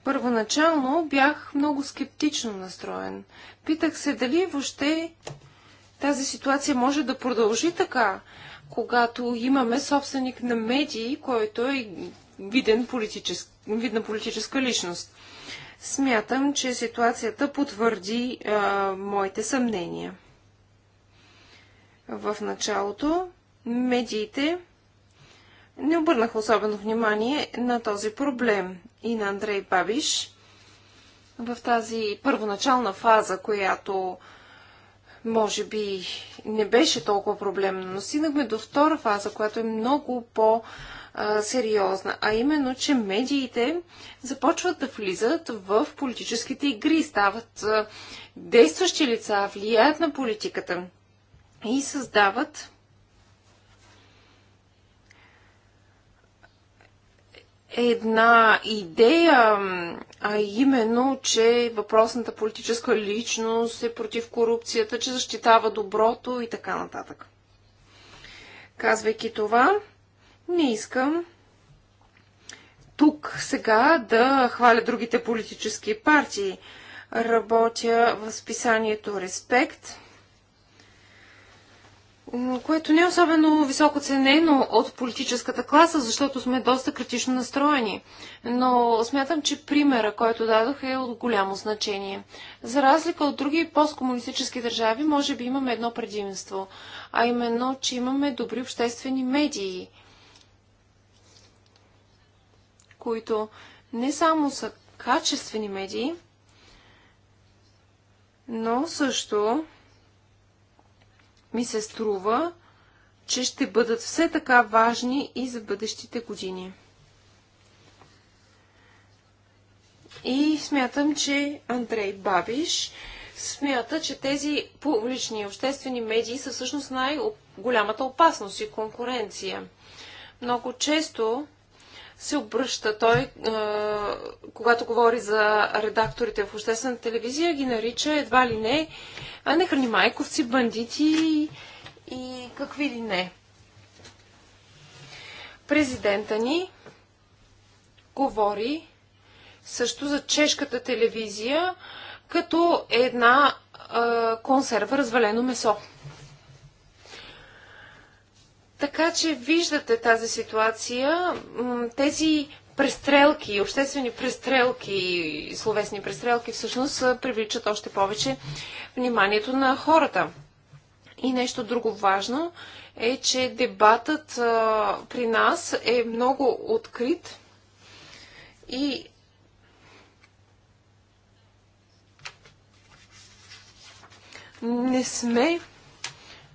Първоначално бях много скептично настроен. Питах се дали въобще тази ситуация може да продължи така, когато имаме собственик на медии, който е виден политически, видна политическа личност. Смятам, че ситуацията потвърди а, моите съмнения. В началото медиите не обърнаха особено внимание на този проблем и на Андрей Бабиш в тази първоначална фаза, която може би не беше толкова проблемно, но стигнахме до втора фаза, която е много по-сериозна, а именно, че медиите започват да влизат в политическите игри, стават действащи лица, влияят на политиката и създават една идея, а именно, че въпросната политическа личност е против корупцията, че защитава доброто и така нататък. Казвайки това, не искам тук сега да хваля другите политически партии. Работя в списанието Респект – което не е особено високо ценено от политическата класа, защото сме доста критично настроени. Но смятам, че примера, който дадох, е от голямо значение. За разлика от други посткомунистически държави, може би имаме едно предимство, а именно, че имаме добри обществени медии, които не само са качествени медии, но също ми се струва, че ще бъдат все така важни и за бъдещите години. И смятам, че Андрей Бабиш смята, че тези публични обществени медии са всъщност най-голямата опасност и конкуренция. Много често се обръща той, когато говори за редакторите в обществената телевизия, ги нарича едва ли не а не храни майковци, бандити и какви ли не. Президента ни говори също за чешката телевизия като една консерва развалено месо. Така че виждате тази ситуация. Тези престрелки, обществени престрелки, словесни престрелки всъщност привличат още повече вниманието на хората. И нещо друго важно е, че дебатът а, при нас е много открит и не сме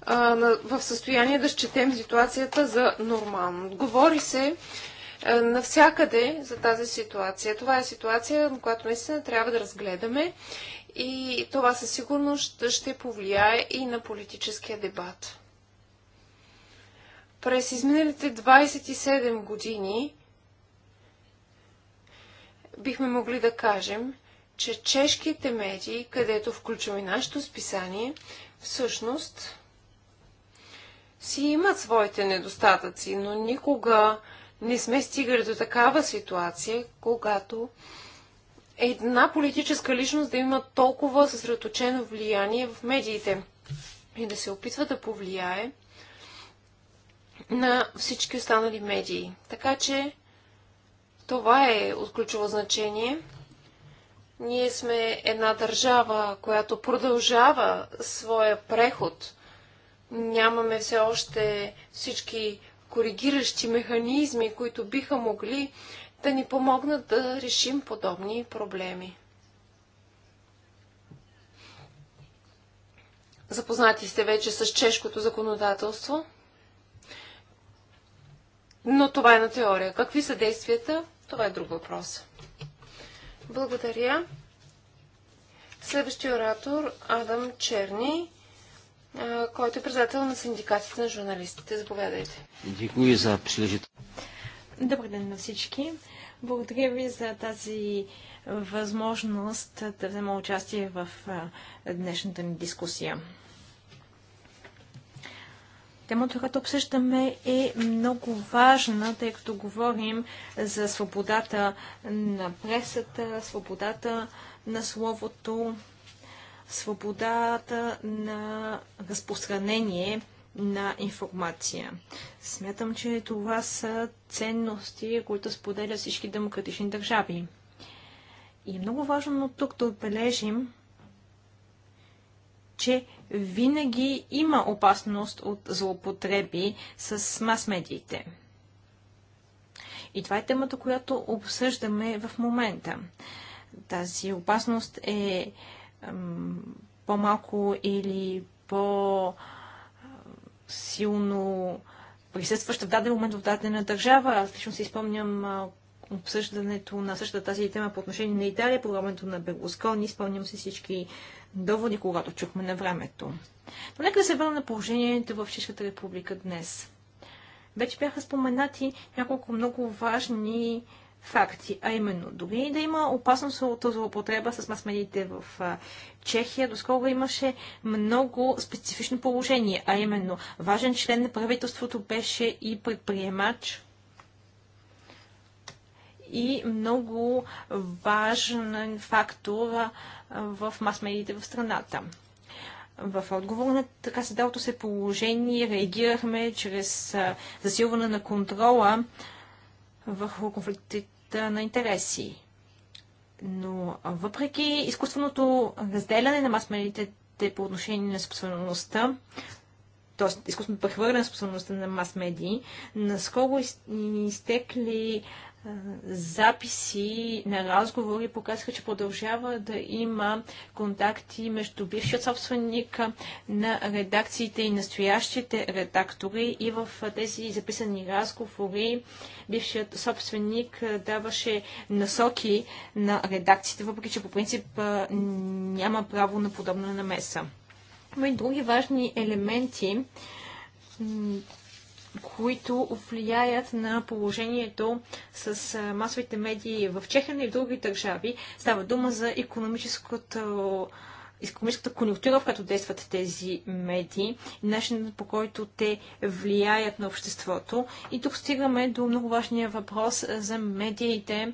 а, в състояние да счетем ситуацията за нормално. Говори се е, навсякъде за тази ситуация. Това е ситуация, която наистина трябва да разгледаме и това със сигурност ще повлияе и на политическия дебат. През изминалите 27 години бихме могли да кажем, че чешките медии, където включваме нашето списание, всъщност си имат своите недостатъци, но никога не сме стигали до такава ситуация, когато една политическа личност да има толкова съсредоточено влияние в медиите и да се опитва да повлияе на всички останали медии. Така че това е от ключово значение. Ние сме една държава, която продължава своя преход. Нямаме все още всички коригиращи механизми, които биха могли да ни помогнат да решим подобни проблеми. Запознати сте вече с чешкото законодателство, но това е на теория. Какви са действията? Това е друг въпрос. Благодаря. Следващия оратор Адам Черни който е председател на синдикатите на журналистите. Заповядайте. Дякую за Добър ден на всички. Благодаря ви за тази възможност да взема участие в днешната ни дискусия. Темата, която обсъждаме, е много важна, тъй като говорим за свободата на пресата, свободата на словото, свободата на разпространение на информация. Смятам, че това са ценности, които споделят всички демократични държави. И е много важно тук да отбележим, че винаги има опасност от злоупотреби с мас-медиите. И това е темата, която обсъждаме в момента. Тази опасност е по-малко или по-силно присъстваща в даден момент в дадена държава. Аз лично си спомням обсъждането на същата тази тема по отношение на Италия, по времето на Берлускони. Спомням си всички доводи, когато чухме на времето. Но нека да се върна на положението в Чешката република днес. Вече бяха споменати няколко много важни факти, а именно дори и да има опасност от злоупотреба с масмедиите в Чехия, доскоро имаше много специфично положение, а именно важен член на правителството беше и предприемач и много важен фактор в масмедиите в страната. В отговор на така създалото се положение реагирахме чрез засилване на контрола върху конфликтите на интереси. Но въпреки изкуственото разделяне на масмедиите по отношение на собствеността, т.е. изкуствено прехвърляне на собствеността на мас-медии, наскоро изтекли записи на разговори показаха, че продължава да има контакти между бившият собственик на редакциите и настоящите редактори и в тези записани разговори бившият собственик даваше насоки на редакциите, въпреки че по принцип няма право на подобна намеса. Има и други важни елементи които влияят на положението с масовите медии в Чехия и в други държави. Става дума за економическото економическата конъюнктура, в която действат тези медии, начинът по който те влияят на обществото. И тук стигаме до много важния въпрос за медиите,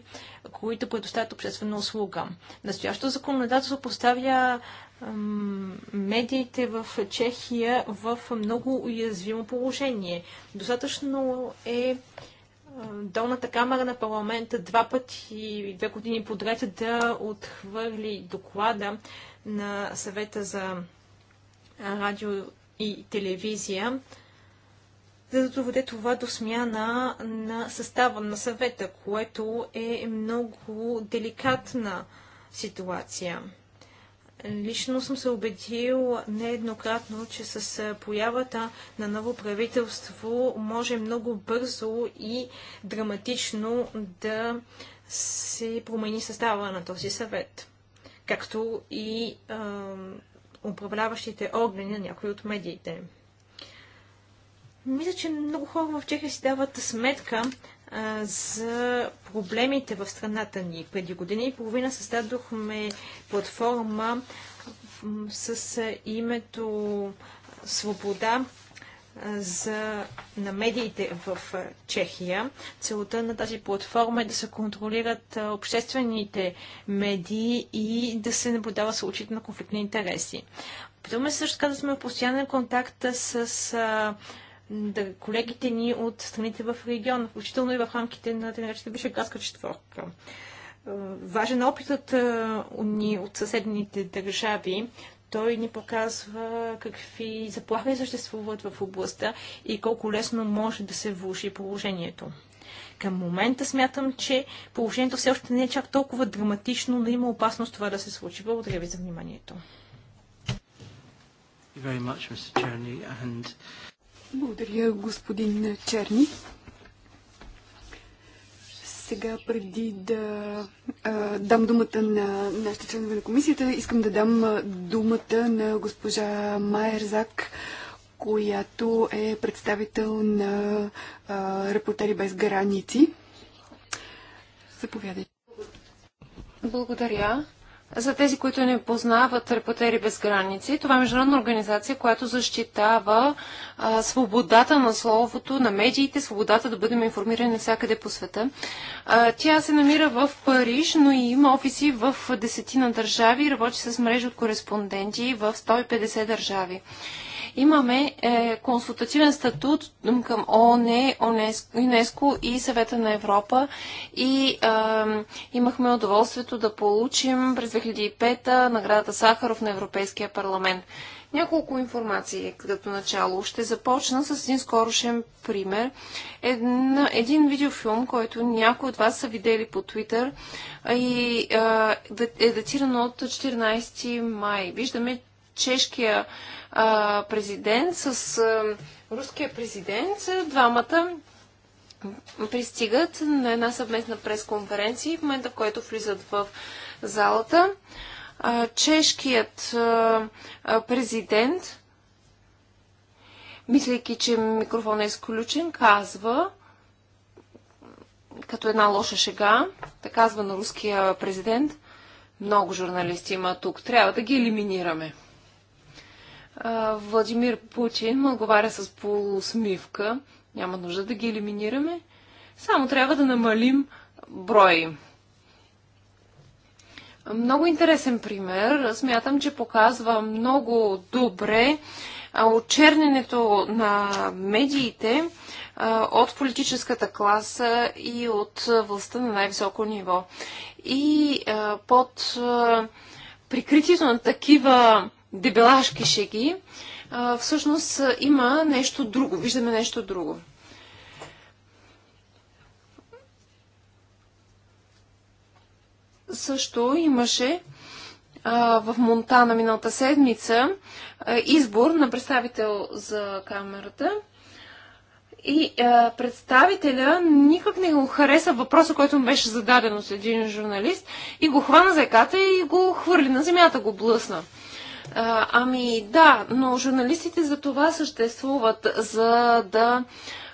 които предоставят обществена услуга. Настоящото законодателство поставя медиите в Чехия в много уязвимо положение. Достатъчно е долната камера на парламента два пъти, две години подред да отхвърли доклада на съвета за радио и телевизия, за да доведе това до смяна на състава на съвета, което е много деликатна ситуация. Лично съм се убедил нееднократно, че с появата на ново правителство може много бързо и драматично да се промени състава на този съвет, както и е, управляващите органи на някои от медиите. Мисля, че много хора в Чехия си дават сметка за проблемите в страната ни. Преди година и половина създадохме платформа с името Свобода за, на медиите в Чехия. Целта на тази платформа е да се контролират обществените медии и да се наблюдава случаите на конфликтни интереси. интереси. Опитваме също така да сме в постоянен контакт с а, да, колегите ни от страните в региона, включително и в рамките на тъй наречената Вишеградска четворка. Е, важен опитът е, ни от съседните държави, той ни показва какви заплахи съществуват в областта и колко лесно може да се влуши положението. Към момента смятам, че положението все още не е чак толкова драматично, но има опасност това да се случи. Благодаря ви за вниманието. Much, And... Благодаря, господин Черни. Сега, преди да а, дам думата на нашите членове на комисията, искам да дам думата на госпожа Майерзак, която е представител на а, Репортери без граници. Заповядайте. Благодаря. За тези, които не познават Репотери без граници, това е международна организация, която защитава а, свободата на словото, на медиите, свободата да бъдем информирани навсякъде по света. А, тя се намира в Париж, но и има офиси в десетина държави и работи с мрежи от кореспонденти в 150 държави. Имаме е, консултативен статут към ООН, ЮНЕСКО и Съвета на Европа и е, имахме удоволствието да получим през 2005 наградата Сахаров на Европейския парламент. Няколко информации като начало. Ще започна с един скорошен пример. Един, един видеофилм, който някои от вас са видели по Твитър, и е, е датиран от 14 май. Виждаме чешкия а, президент с а, руския президент, двамата пристигат на една съвместна пресконференция в момента, в който влизат в залата. А, чешкият а, президент, мислейки, че микрофонът е изключен, казва като една лоша шега, да казва на руския президент, много журналисти има тук, трябва да ги елиминираме. Владимир Путин отговаря с полусмивка. Няма нужда да ги елиминираме. Само трябва да намалим брои. Много интересен пример. Смятам, че показва много добре очерненето на медиите от политическата класа и от властта на най-високо ниво. И под прикритието на такива дебелашки шеги, всъщност има нещо друго, виждаме нещо друго. Също имаше в Монтана миналата седмица избор на представител за камерата. И а, представителя никак не го хареса въпроса, който му беше зададен от един журналист и го хвана за еката и го хвърли на земята, го блъсна. А, ами да, но журналистите за това съществуват, за да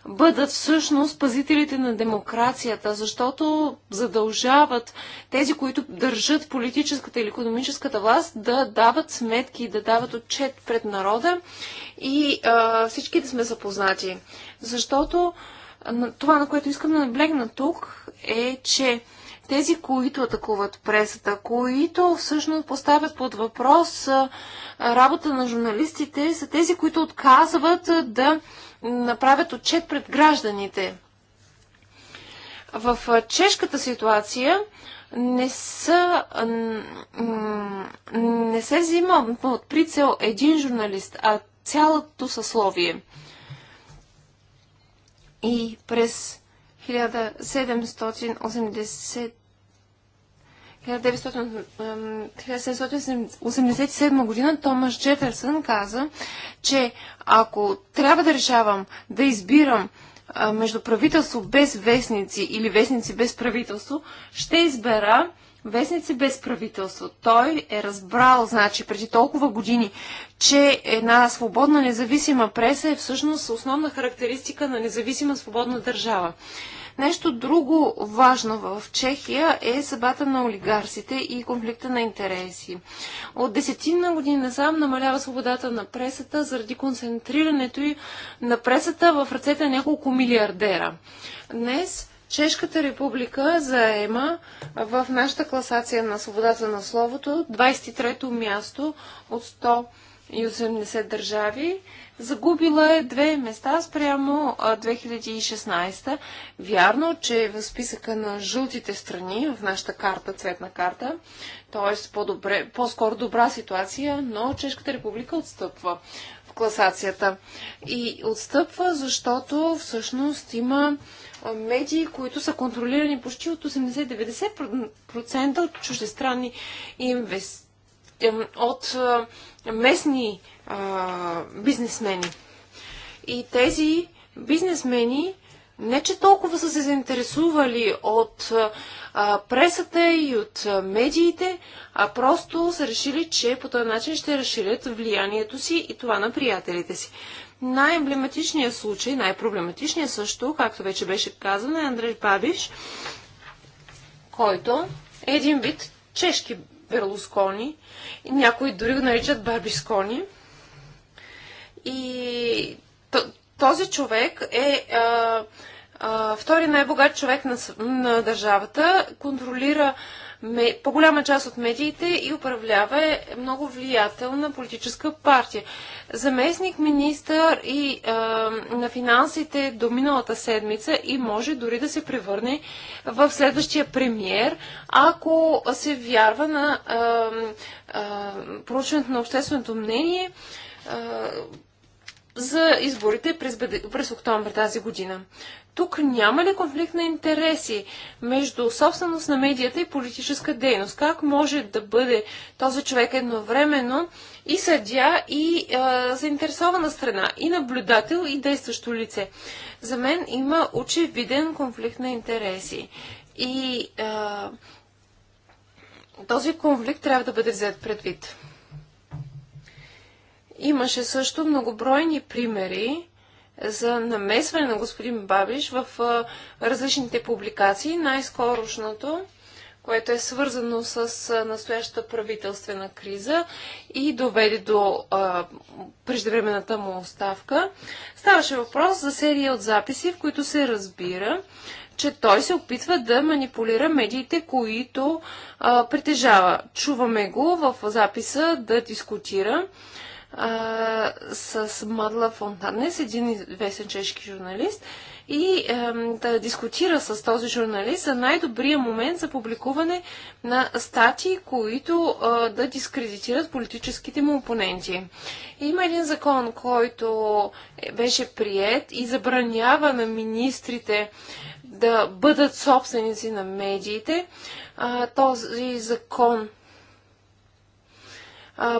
бъдат всъщност пазителите на демокрацията, защото задължават тези, които държат политическата или економическата власт, да дават сметки, да дават отчет пред народа и а, всички да сме запознати. Защото това, на което искам да наблегна тук, е, че тези, които атакуват пресата, които всъщност поставят под въпрос работа на журналистите, са тези, които отказват да направят отчет пред гражданите. В чешката ситуация не, са, не се взима от прицел един журналист, а цялото съсловие. И през 1787 година Томас Джеферсън каза, че ако трябва да решавам да избирам между правителство без вестници или вестници без правителство, ще избера Вестници без правителство. Той е разбрал, значи, преди толкова години, че една свободна независима преса е всъщност основна характеристика на независима свободна държава. Нещо друго важно в Чехия е събата на олигарсите и конфликта на интереси. От десетина години насам намалява свободата на пресата заради концентрирането и на пресата в ръцете на няколко милиардера. Днес Чешката република заема в нашата класация на свободата на словото 23-то място от 180 държави. Загубила е две места спрямо 2016. Вярно, че е в списъка на жълтите страни в нашата карта, цветна карта, т.е. по-добре, по-скоро добра ситуация, но Чешката република отстъпва в класацията. И отстъпва, защото всъщност има медии, които са контролирани почти от 80-90% от чуждестранни инвестиции от местни а, бизнесмени. И тези бизнесмени не че толкова са се заинтересували от а, пресата и от а, медиите, а просто са решили, че по този начин ще разширят влиянието си и това на приятелите си. Най-емблематичният случай, най-проблематичният също, както вече беше казано, е Андрей Бабиш, който е един вид чешки Берлускони. Някои дори го наричат Барбискони. И този човек е а, а, втори най-богат човек на, на държавата, контролира по-голяма част от медиите и управлява е много влиятелна политическа партия. Заместник министър и а, на финансите до миналата седмица и може дори да се превърне в следващия премьер, ако се вярва на проучването на общественото мнение а, за изборите през, през октомври тази година. Тук няма ли конфликт на интереси между собственост на медията и политическа дейност? Как може да бъде този човек едновременно и съдя, и а, заинтересована страна, и наблюдател, и действащо лице? За мен има очевиден конфликт на интереси. И а, този конфликт трябва да бъде взет предвид. Имаше също многобройни примери за намесване на господин Бабиш в различните публикации. Най-скорошното, което е свързано с настоящата правителствена криза и доведе до а, преждевременната му оставка. Ставаше въпрос за серия от записи, в които се разбира, че той се опитва да манипулира медиите, които а, притежава. Чуваме го в записа да дискутира а, с Мадла Фонтанес, един известен чешки журналист, и а, да дискутира с този журналист за най-добрия момент за публикуване на статии, които а, да дискредитират политическите му опоненти. Има един закон, който е, беше прият и забранява на министрите да бъдат собственици на медиите. А, този закон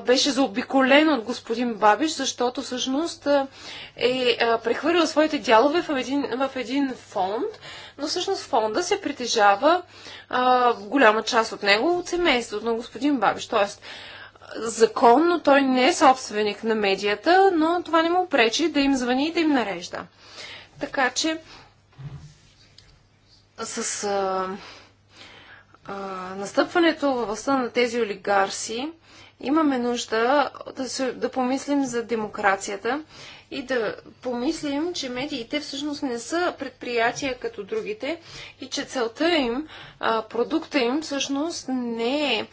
беше заобиколен от господин Бабиш, защото всъщност е прехвърлил своите дялове в един, в един фонд, но всъщност фонда се притежава а, голяма част от него от семейството на господин Бабиш. Тоест, законно той не е собственик на медията, но това не му пречи да им звъни и да им нарежда. Така че с а, а, настъпването във властта на тези олигарси, Имаме нужда да, се, да помислим за демокрацията и да помислим, че медиите всъщност не са предприятия като другите и че целта им, продукта им всъщност не е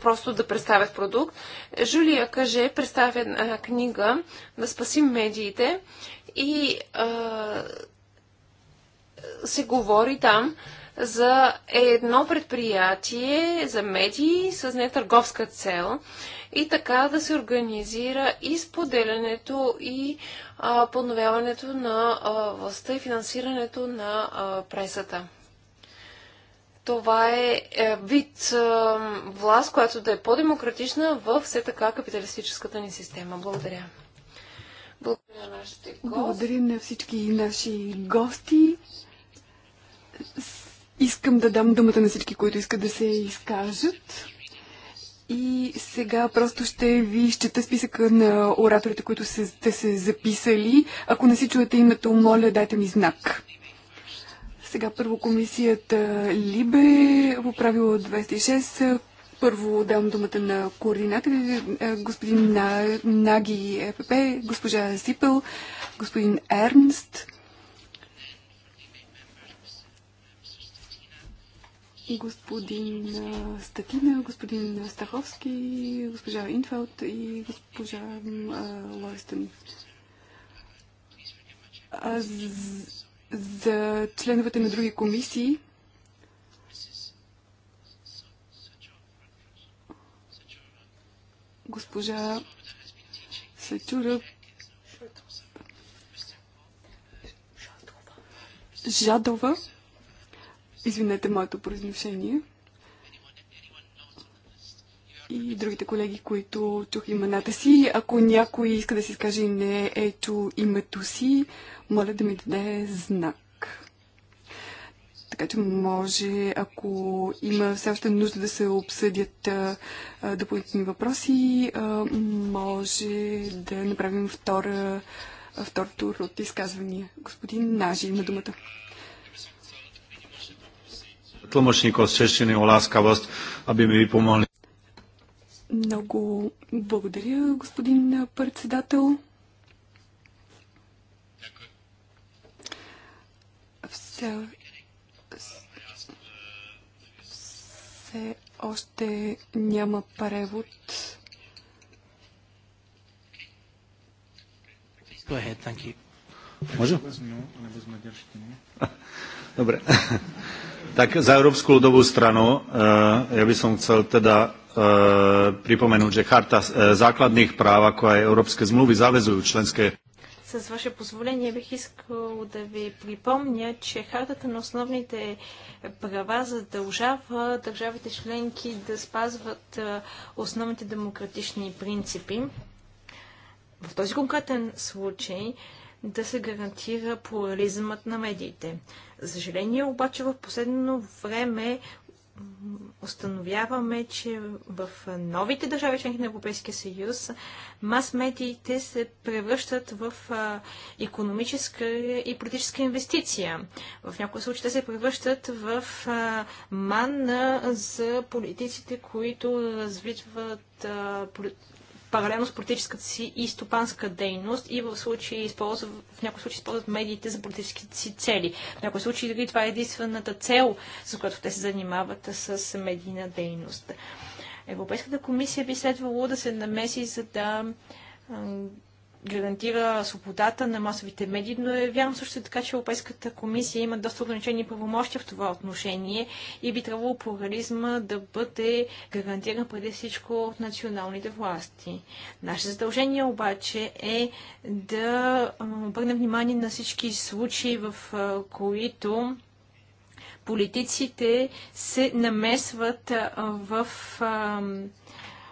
просто да представят продукт. Жулия Каже представя книга да спасим медиите и се говори там за едно предприятие за медии с нетърговска цел и така да се организира и споделянето и а, подновяването на а, властта и финансирането на а, пресата. Това е, е вид а, власт, която да е по-демократична в все така капиталистическата ни система. Благодаря. Благодаря на нашите гости. Благодаря на всички наши гости. Искам да дам думата на всички, които искат да се изкажат. И сега просто ще ви изчета списъка на ораторите, които се, сте се записали. Ако не си чуете името, моля, дайте ми знак. Сега първо комисията Либе по правило 26. Първо дам думата на координатори, е, господин Наги ЕПП, госпожа Сипел, господин Ернст, господин Статина, господин Стаховски, госпожа Инфелд и госпожа Лойстън. За членовете на други комисии госпожа Сачура Жадова Извинете моето произношение. И другите колеги, които чух имената си. Ако някой иска да си скаже не е чул името си, моля да ми даде знак. Така че може, ако има все още нужда да се обсъдят допълнителни въпроси, а, може да направим втора, втор тур от изказвания. Господин Нажи има думата тлмъчников с чещина и ласкавост, аби ми ви помогли. Много благодаря, господин председател. Все, все още няма превод. Go ahead, thank you. Може? Dobre. Tak za Európsku ľudovú stranu eh, ja by som chcel teda eh, pripomenúť, že charta eh, základných práv, ako aj európske zmluvy, zavezujú členské с ваше позволение бих искал да ви припомня, че хартата на основните права задължава държавите членки да спазват основните демократични принципи. В този конкретен случай да се гарантира плурализмът на медиите. За съжаление, обаче в последно време установяваме, че в новите държави, членки на Европейския съюз, мас-медиите се превръщат в економическа и политическа инвестиция. В някои случаи те се превръщат в манна за политиците, които развитват паралелно с политическата си и стопанска дейност и в, случай в някои случаи използват медиите за политическите си цели. В някои случаи дори това е единствената цел, с която те се занимават с медийна дейност. Европейската комисия би следвало да се намеси, за да гарантира свободата на масовите медии, но е вярно също така, че Европейската комисия има доста ограничени правомощия в това отношение и би трябвало плурализма да бъде гарантиран преди всичко от националните власти. Наше задължение обаче е да обърнем внимание на всички случаи, в които политиците се намесват в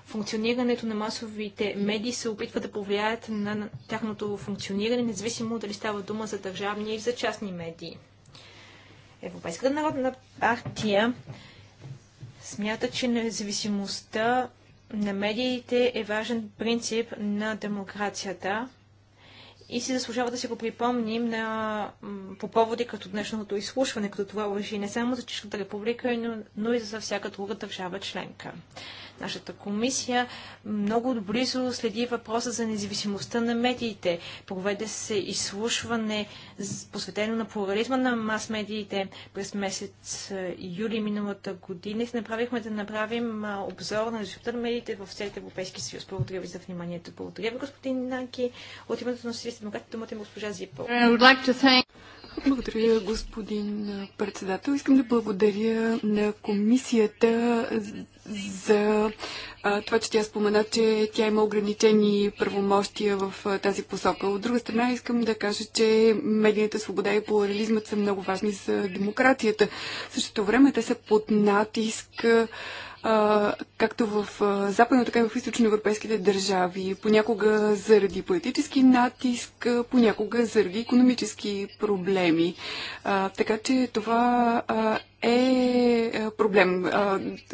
функционирането на масовите медии се опитва да повлияят на тяхното функциониране, независимо дали става дума за държавни или за частни медии. Европейската народна партия смята, че независимостта на медиите е важен принцип на демокрацията и си заслужава да си го припомним на, по поводи като днешното изслушване, като това лъжи не само за Чешката република, но, но и за всяка друга държава членка. Нашата комисия много отблизо следи въпроса за независимостта на медиите. Проведе се изслушване посветено на плурализма на мас-медиите през месец е, юли миналата година и се направихме да направим обзор на защита на медиите в целите Европейски съюз. Благодаря ви за вниманието. Благодаря ви, господин Нанки. От името на Сирийски демократи думата има госпожа Зипо. Благодаря, господин председател. Искам да благодаря на комисията за а, това, че тя спомена, че тя има ограничени правомощия в а, тази посока. От друга страна искам да кажа, че медийната свобода и плурализмът са много важни за демокрацията. В същото време те са под натиск а, както в западно, така и в източноевропейските държави. Понякога заради политически натиск, понякога заради економически проблеми. А, така че това а, е, е проблем.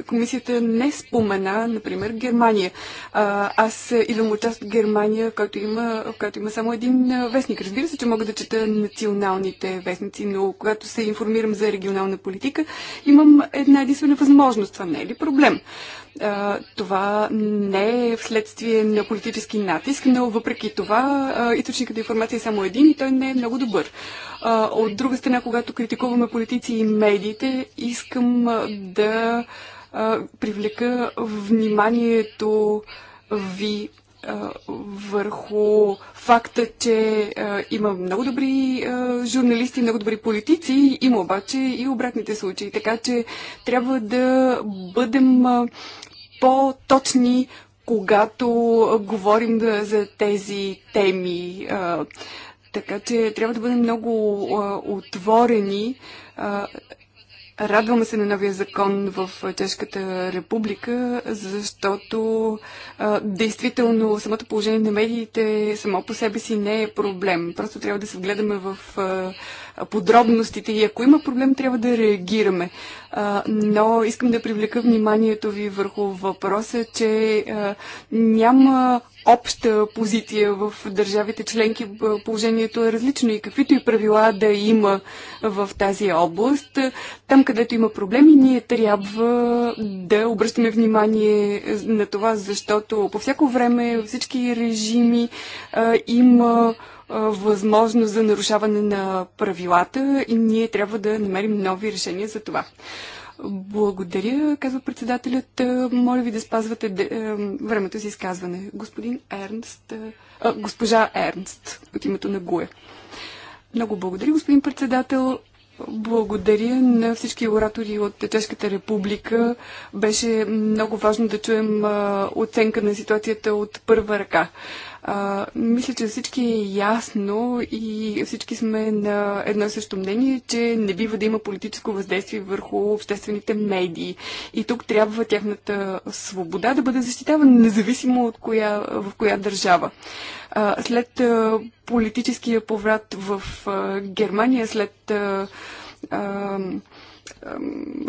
Комисията не спомена, например, Германия. Аз идвам от част от Германия, която има, която има само един вестник. Разбира се, че мога да чета националните вестници, но когато се информирам за регионална политика, имам една единствена възможност. Това не е ли проблем? това не е вследствие на политически натиск, но въпреки това източникът на информация е само един и той не е много добър. От друга страна, когато критикуваме политици и медиите, искам да привлека вниманието ви върху факта, че а, има много добри а, журналисти, много добри политици, има обаче и обратните случаи. Така че трябва да бъдем по-точни, когато а, говорим да, за тези теми. А, така че трябва да бъдем много а, отворени. А, Радваме се на новия закон в Чешката република, защото а, действително самото положение на медиите само по себе си не е проблем. Просто трябва да се вгледаме в а, подробностите и ако има проблем, трябва да реагираме. Но искам да привлека вниманието ви върху въпроса, че няма обща позиция в държавите членки. Положението е различно и каквито и правила да има в тази област. Там, където има проблеми, ние трябва да обръщаме внимание на това, защото по всяко време всички режими има възможност за нарушаване на правилата и ние трябва да намерим нови решения за това. Благодаря, казва председателят. Моля ви да спазвате времето за изказване. Господин Ернст, а, госпожа Ернст от името на ГУЕ. Много благодаря, господин председател. Благодаря на всички оратори от Чешката република. Беше много важно да чуем оценка на ситуацията от първа ръка. А, мисля, че всички е ясно и всички сме на едно и също мнение, че не бива да има политическо въздействие върху обществените медии. И тук трябва тяхната свобода да бъде защитавана, независимо от коя, в коя държава. А, след а, политическия поврат в а, Германия, след. А, а,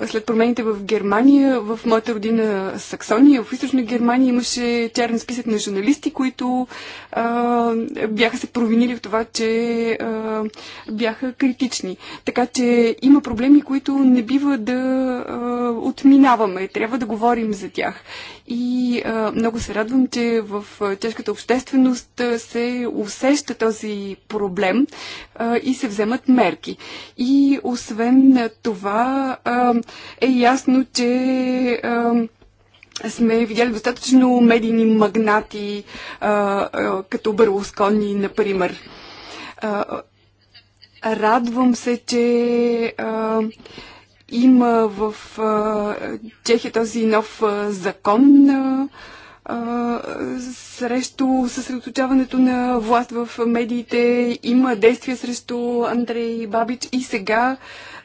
след промените в Германия, в моята родина Саксония, в източна Германия имаше черен списък на журналисти, които а, бяха се провинили в това, че а, бяха критични. Така че има проблеми, които не бива да а, отминаваме. Трябва да говорим за тях и а, много се радвам, че в чешката общественост се усеща този проблем а, и се вземат мерки. И освен това а, е ясно, че а, сме видяли достатъчно медийни магнати, а, а, като Берлускони, например. А, радвам се, че а, има в Чехия този нов закон срещу съсредоточаването на власт в медиите. Има действия срещу Андрей Бабич и сега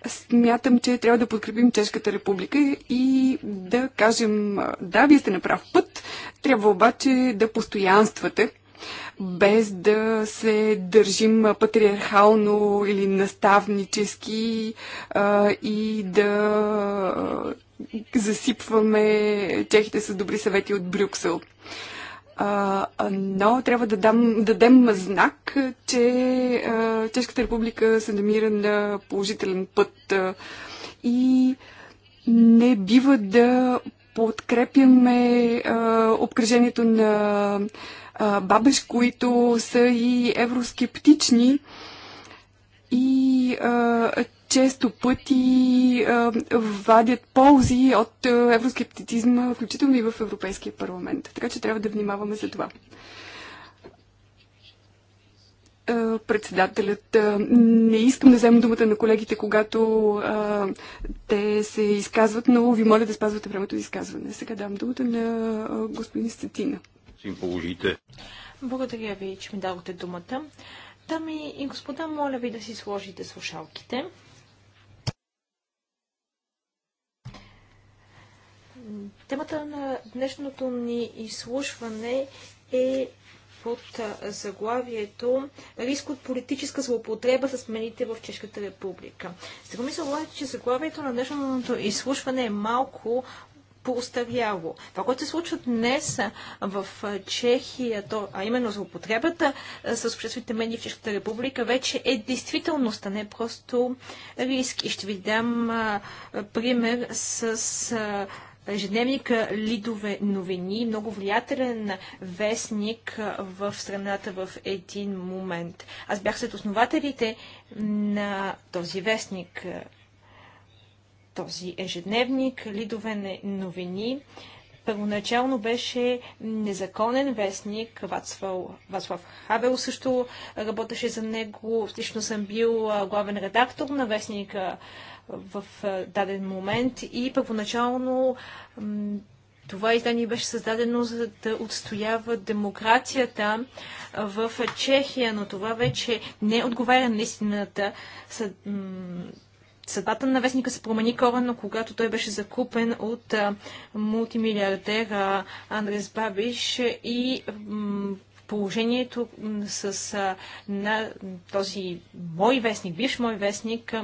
смятам, че трябва да подкрепим Чешката република и да кажем, да, вие сте на прав път, трябва обаче да постоянствате без да се държим патриархално или наставнически а, и да а, засипваме чехите с добри съвети от Брюксел. А, но трябва да дам, дадем знак, че а, Чешката република се намира на положителен път а, и не бива да подкрепяме а, обкръжението на а, бабеш, които са и евроскептични и а, често пъти а, вадят ползи от евроскептицизма, включително и в Европейския парламент. Така че трябва да внимаваме за това председателят. Не искам да взема думата на колегите, когато а, те се изказват, но ви моля да спазвате времето за изказване. Сега дам думата на господин Стетина им положите. Благодаря ви, че ми дадохте думата. Дами и господа, моля ви да си сложите слушалките. Темата на днешното ни изслушване е под заглавието Риск от политическа злоупотреба с мените в Чешката република. Сега мисля обаче, че заглавието на днешното изслушване е малко поуставяло. Това, което се случва днес в Чехия, то, а именно злоупотребата с обществените медии в Чешката република, вече е действителност, а не просто риск. И ще ви дам а, пример с а, ежедневника Лидове новини, много влиятелен вестник в страната в един момент. Аз бях след основателите на този вестник този ежедневник, лидове новини. Първоначално беше незаконен вестник, Вацлав, Вацлав Хабел също работеше за него. Лично съм бил главен редактор на вестника в даден момент и първоначално това издание беше създадено за да отстоява демокрацията в Чехия, но това вече не отговаря на истината. Съдбата на вестника се промени коренно, когато той беше закупен от мултимилиардера Андрес Бабиш и положението с а, на, този мой вестник, бивш мой вестник,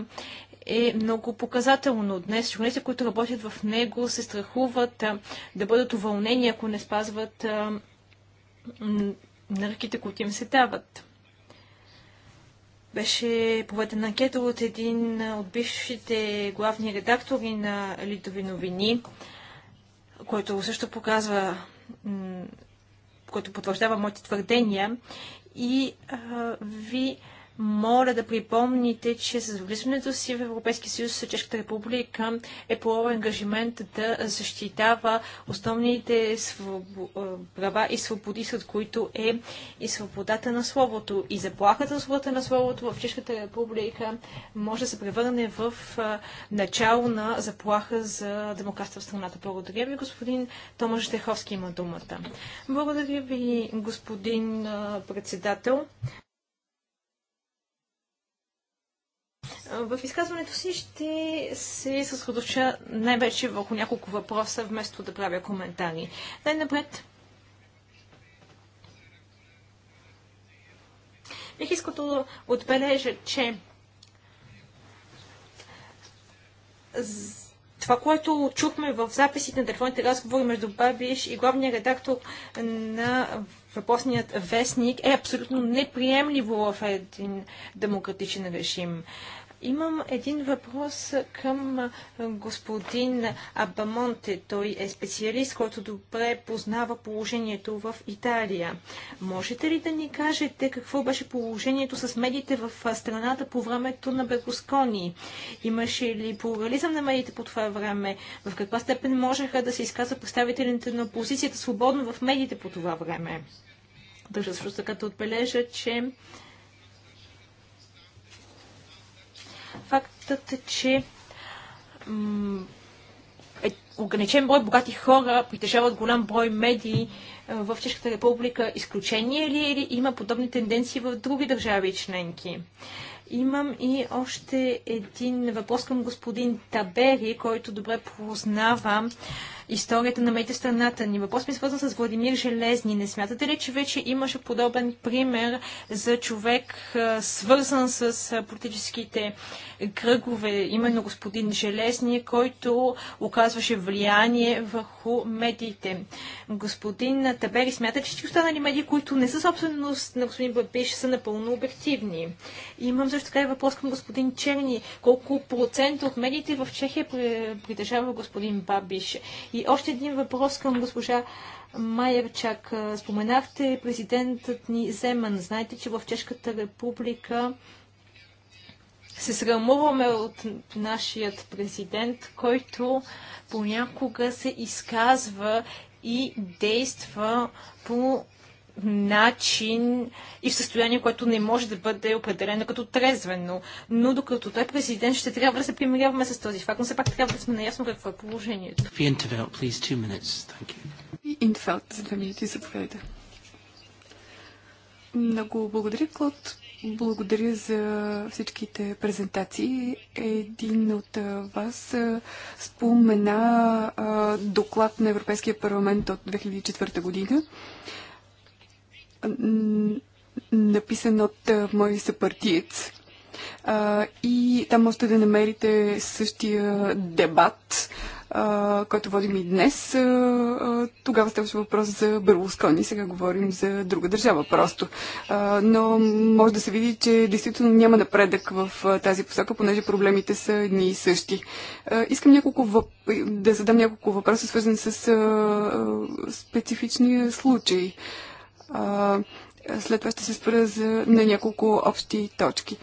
е много показателно. Днес журналистите, които работят в него, се страхуват а, да бъдат уволнени, ако не спазват а, наръките, които им се дават. Беше поведен анкета от един от бившите главни редактори на Литови новини, който също показва, който потвърждава моите твърдения и а, ви моля да припомните, че с влизането си в Европейския съюз Чешката република е поел ангажимент да защитава основните своб... права и свободи, сред които е и свободата на словото. И заплахата на свободата на словото в Чешката република може да се превърне в начало на заплаха за демократство в страната. Благодаря ви, господин Томаш Ждеховски има думата. Благодаря ви, господин председател. В изказването си ще се съсредоча най-вече върху няколко въпроса, вместо да правя коментари. Най-напред, бих искал да отбележа, че това, което чухме в записите на телефонните разговори между Бабиш и главния редактор на въпросният вестник е абсолютно неприемливо в един демократичен режим. Имам един въпрос към господин Абамонте. Той е специалист, който добре познава положението в Италия. Можете ли да ни кажете какво беше положението с медиите в страната по времето на Бергоскони? Имаше ли плурализъм на медиите по това време? В каква степен можеха да се изказват представителите на опозицията свободно в медиите по това време? Държа също така да отбележа, че фактът, е, че е ограничен брой богати хора притежават голям брой медии е, в Чешката република. Изключение ли е или има подобни тенденции в други държави членки? Имам и още един въпрос към господин Табери, който добре познавам историята на мете страната ни. Въпрос ми е свързан с Владимир Железни. Не смятате ли, че вече имаше подобен пример за човек, свързан с политическите кръгове, именно господин Железни, който оказваше влияние върху медиите? Господин Табери, ли, че всички останали медии, които не са собственост на господин Бабиш, са напълно обективни. Имам също така и въпрос към господин Черни. Колко процент от медиите в Чехия притежава господин Бабиш? И още един въпрос към госпожа Майерчак. Споменахте президентът ни Земан. Знаете, че в Чешката република се срамуваме от нашият президент, който понякога се изказва и действа по начин и в състояние, което не може да бъде определено като трезвено. Но докато той е президент, ще трябва да се примиряваме с този факт, но все пак трябва да сме наясно какво е положението. Интервел, за две минути, заповядайте. Много благодаря, Клод. Благодаря за всичките презентации. Един от вас спомена доклад на Европейския парламент от 2004 година написан от мой съпартиец. А, и там можете да намерите същия дебат, а, който водим и днес. А, а, тогава ставаше въпрос за Берлускони, сега говорим за друга държава просто. А, но може да се види, че действително няма напредък в а, тази посока, понеже проблемите са едни и същи. А, искам няколко въп... да задам няколко въпроса, свързани с а, а, специфичния случай. А, а, след това ще се спра за, на няколко общи точки.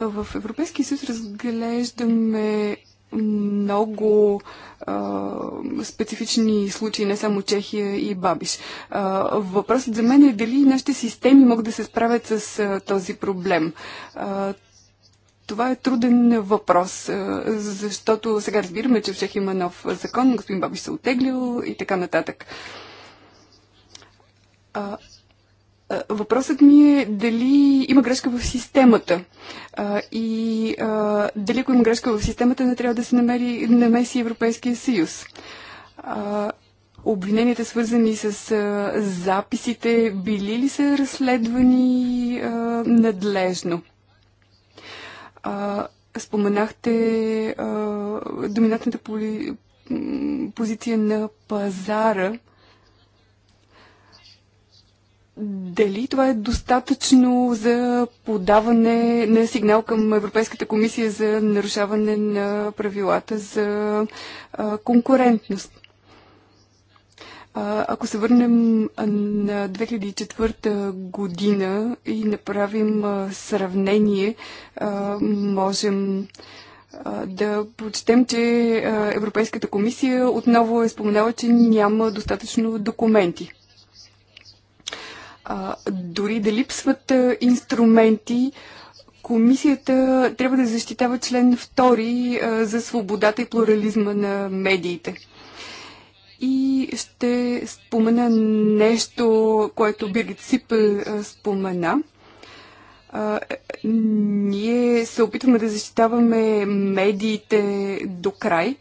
В Европейския съюз разглеждаме много а, специфични случаи, не само Чехия и Бабиш. А, въпросът за мен е дали нашите системи могат да се справят с а, този проблем. А, това е труден въпрос, а, защото сега разбираме, че в Чехия има нов закон, господин Бабиш се отеглил и така нататък. А, Въпросът ми е дали има грешка в системата и дали ако има грешка в системата, не трябва да се намери, намеси Европейския съюз. обвиненията, свързани с а, записите, били ли са разследвани а, надлежно? А, споменахте а, доминантната поли, позиция на пазара. А, дали това е достатъчно за подаване на сигнал към Европейската комисия за нарушаване на правилата за конкурентност? Ако се върнем на 2004 година и направим сравнение, можем да прочетем, че Европейската комисия отново е споменала, че няма достатъчно документи. А, дори да липсват а, инструменти, комисията трябва да защитава член 2 а, за свободата и плурализма на медиите. И ще спомена нещо, което Биргит Сипъл спомена. А, ние се опитваме да защитаваме медиите до край,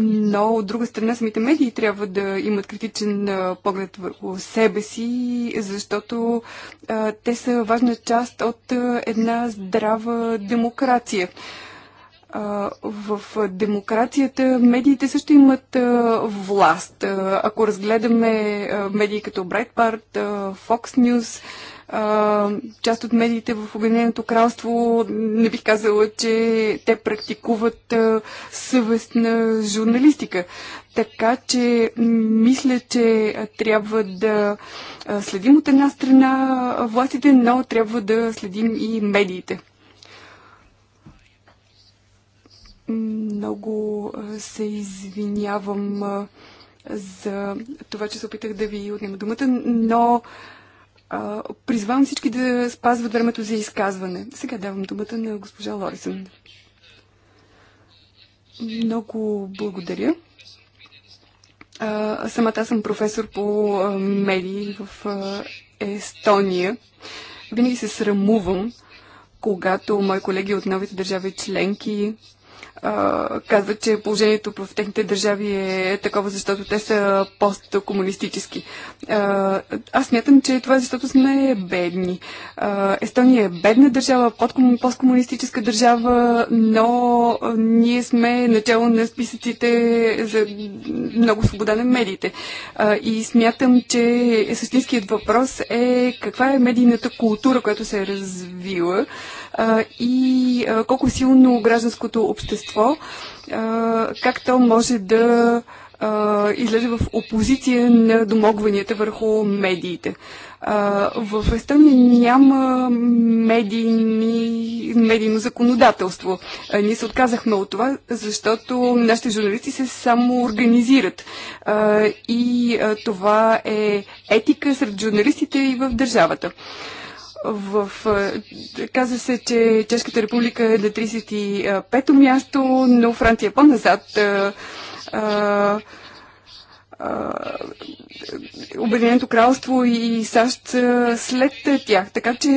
но от друга страна самите медии трябва да имат критичен поглед върху себе си, защото те са важна част от една здрава демокрация. В демокрацията медиите също имат власт. Ако разгледаме медии като Breitbart, Fox News, а, част от медиите в Обединеното кралство не бих казала, че те практикуват а, съвестна журналистика. Така че мисля, че трябва да следим от една страна властите, но трябва да следим и медиите. Много се извинявам за това, че се опитах да ви отнема думата, но а, всички да спазват времето за изказване. Сега давам думата на госпожа Лорисън. Много благодаря. А, самата аз съм професор по медии в а, Естония. Винаги се срамувам, когато мои колеги от новите държави членки казват, че положението в техните държави е такова, защото те са посткомунистически. Аз смятам, че това е защото сме бедни. Естония е бедна държава, посткомунистическа държава, но ние сме начало на списъците за много свобода на медиите. И смятам, че същинският въпрос е каква е медийната култура, която се е развила и колко силно гражданското общество, как то може да излезе в опозиция на домогванията върху медиите. В Естония няма медийни, медийно законодателство. Ние се отказахме от това, защото нашите журналисти се само организират. И това е етика сред журналистите и в държавата. В, казва се, че Чешката република е на 35-то място, но Франция е по-назад. Обединеното кралство и САЩ след тях. Така че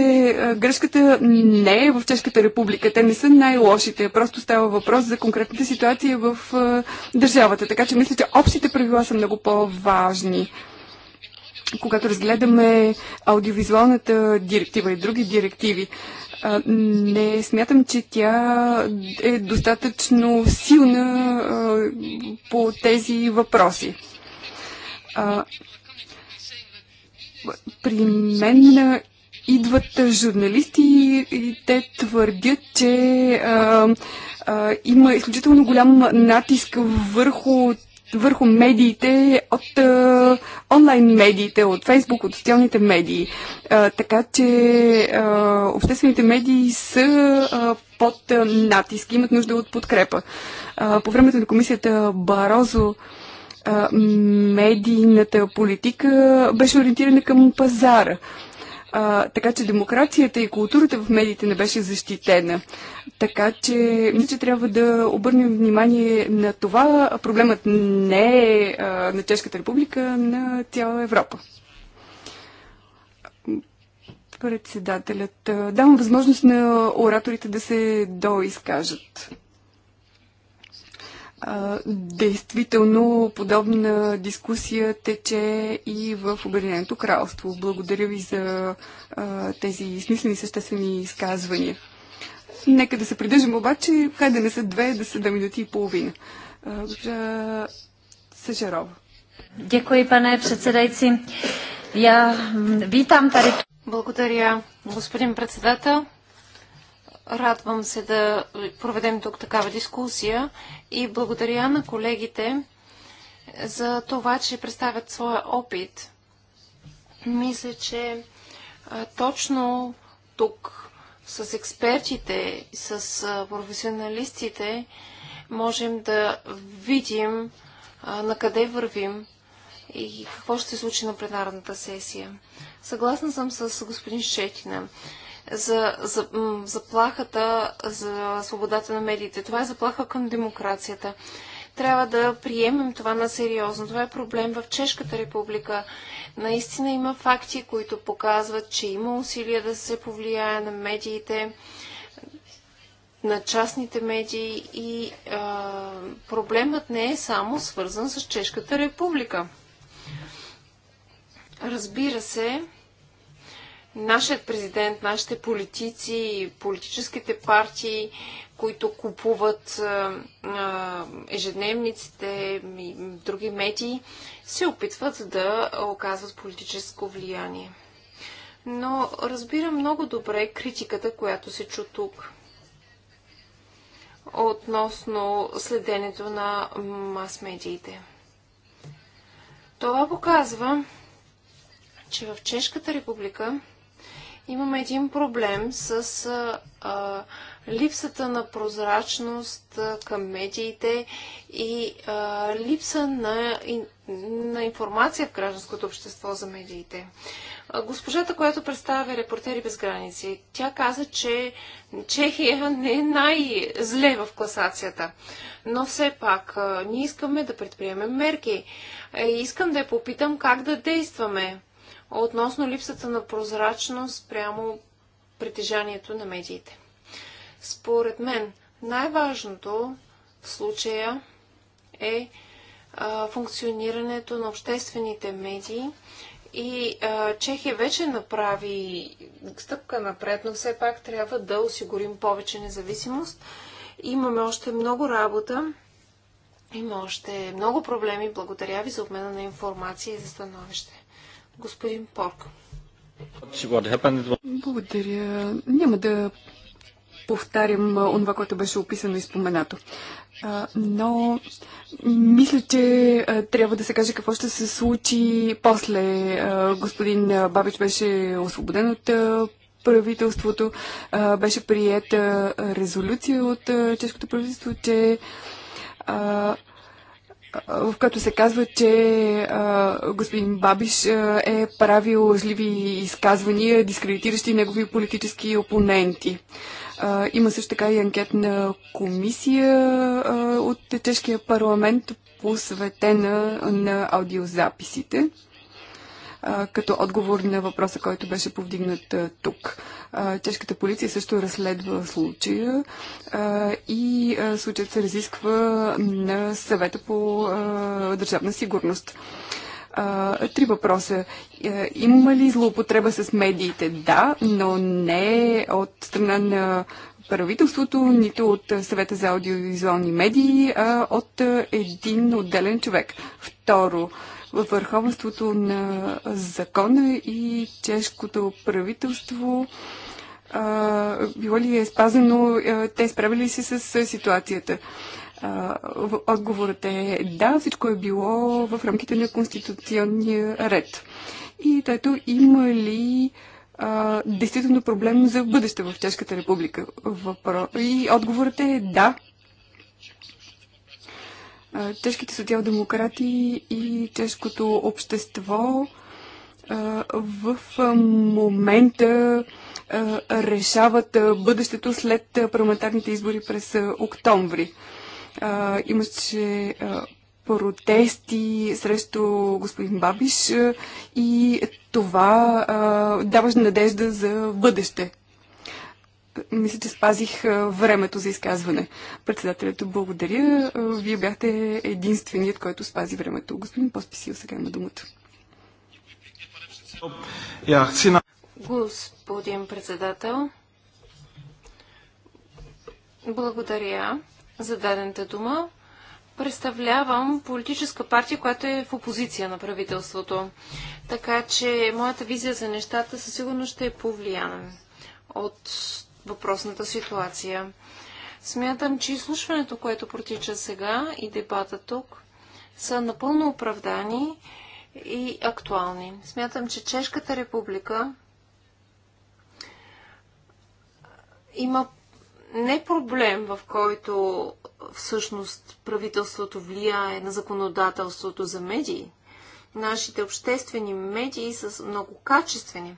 грешката не е в Чешката република. Те не са най-лошите. Просто става въпрос за конкретната ситуация в държавата. Така че мисля, че общите правила са много по-важни когато разгледаме аудиовизуалната директива и други директиви. Не смятам, че тя е достатъчно силна по тези въпроси. При мен идват журналисти и те твърдят, че а, а, има изключително голям натиск върху върху медиите от а, онлайн медиите, от Фейсбук, от социалните медии. А, така че а, обществените медии са а, под натиск, имат нужда от подкрепа. А, по времето на комисията Барозо а, медийната политика беше ориентирана към пазара. А, така че демокрацията и културата в медиите не беше защитена. Така че мисля, че трябва да обърнем внимание на това. Проблемът не е а, на Чешката република, на цяла Европа. Председателят. Давам възможност на ораторите да се доизкажат. А, действително, подобна дискусия тече и в Обединеното кралство. Благодаря ви за а, тези смислени съществени изказвания. Нека да се придържам обаче, хай да не са две, да са две минути и половина. Госпожа Сежарова. Дякую, пане председайци. Я витам тари. Благодаря, господин председател. Радвам се да проведем тук такава дискусия и благодаря на колегите за това, че представят своя опит. Мисля, че точно тук с експертите, с професионалистите можем да видим на къде вървим и какво ще се случи на пленарната сесия. Съгласна съм с господин Шетина за, за заплахата за свободата на медиите. Това е заплаха към демокрацията. Трябва да приемем това на сериозно. Това е проблем в Чешката република. Наистина има факти, които показват, че има усилия да се повлияе на медиите на частните медии и а, проблемът не е само свързан с Чешката република. Разбира се, нашият президент, нашите политици, политическите партии, които купуват ежедневниците и други медии, се опитват да оказват политическо влияние. Но разбирам много добре критиката, която се чу тук относно следенето на мас-медиите. Това показва, че в Чешката република имаме един проблем с а, а, липсата на прозрачност а, към медиите и а, липса на, и, на информация в гражданското общество за медиите. А, госпожата, която представя Репортери без граници, тя каза, че Чехия не е най-зле в класацията. Но все пак, а, ние искаме да предприемем мерки. А, е, искам да я попитам как да действаме относно липсата на прозрачност прямо притежанието на медиите. Според мен, най-важното в случая е а, функционирането на обществените медии. И а, Чехия вече направи стъпка напред, но все пак трябва да осигурим повече независимост. Имаме още много работа, има още много проблеми. Благодаря ви за обмена на информация и за становище. Господин Порк. Благодаря. Няма да повтарям онова, което беше описано и споменато. Но мисля, че трябва да се каже какво ще се случи после. Господин Бабич беше освободен от правителството. Беше приета резолюция от чешкото правителство, че в който се казва, че а, господин Бабиш а, е правил зливи изказвания, дискредитиращи негови политически опоненти. А, има също така и анкетна комисия а, от Чешкия парламент, посветена на аудиозаписите като отговор на въпроса, който беше повдигнат тук. Чешката полиция също разследва случая и случаят се разисква на съвета по държавна сигурност три въпроса. Има ли злоупотреба с медиите? Да, но не от страна на правителството, нито от съвета за аудиовизуални медии, а от един отделен човек. Второ, във върховенството на закона и чешкото правителство а, било ли е спазено, те справили се с ситуацията. А, отговорът е да, всичко е било в рамките на конституционния ред. И тъйто има ли а, действително проблем за бъдеще в Чешката република? Въпро... И отговорът е да, Чешките социал-демократи и чешкото общество в момента решават бъдещето след парламентарните избори през октомври. Имаше протести срещу господин Бабиш и това даваше надежда за бъдеще. Мисля, че спазих времето за изказване. Председателят, благодаря. Вие бяхте единственият, който спази времето. Господин Посписил сега има думата. Господин председател, благодаря за дадената дума. Представлявам политическа партия, която е в опозиция на правителството. Така че моята визия за нещата със сигурност ще е повлияна от въпросната ситуация. Смятам, че изслушването, което протича сега и дебата тук са напълно оправдани и актуални. Смятам, че Чешката република има не проблем, в който всъщност правителството влияе на законодателството за медии. Нашите обществени медии са много качествени.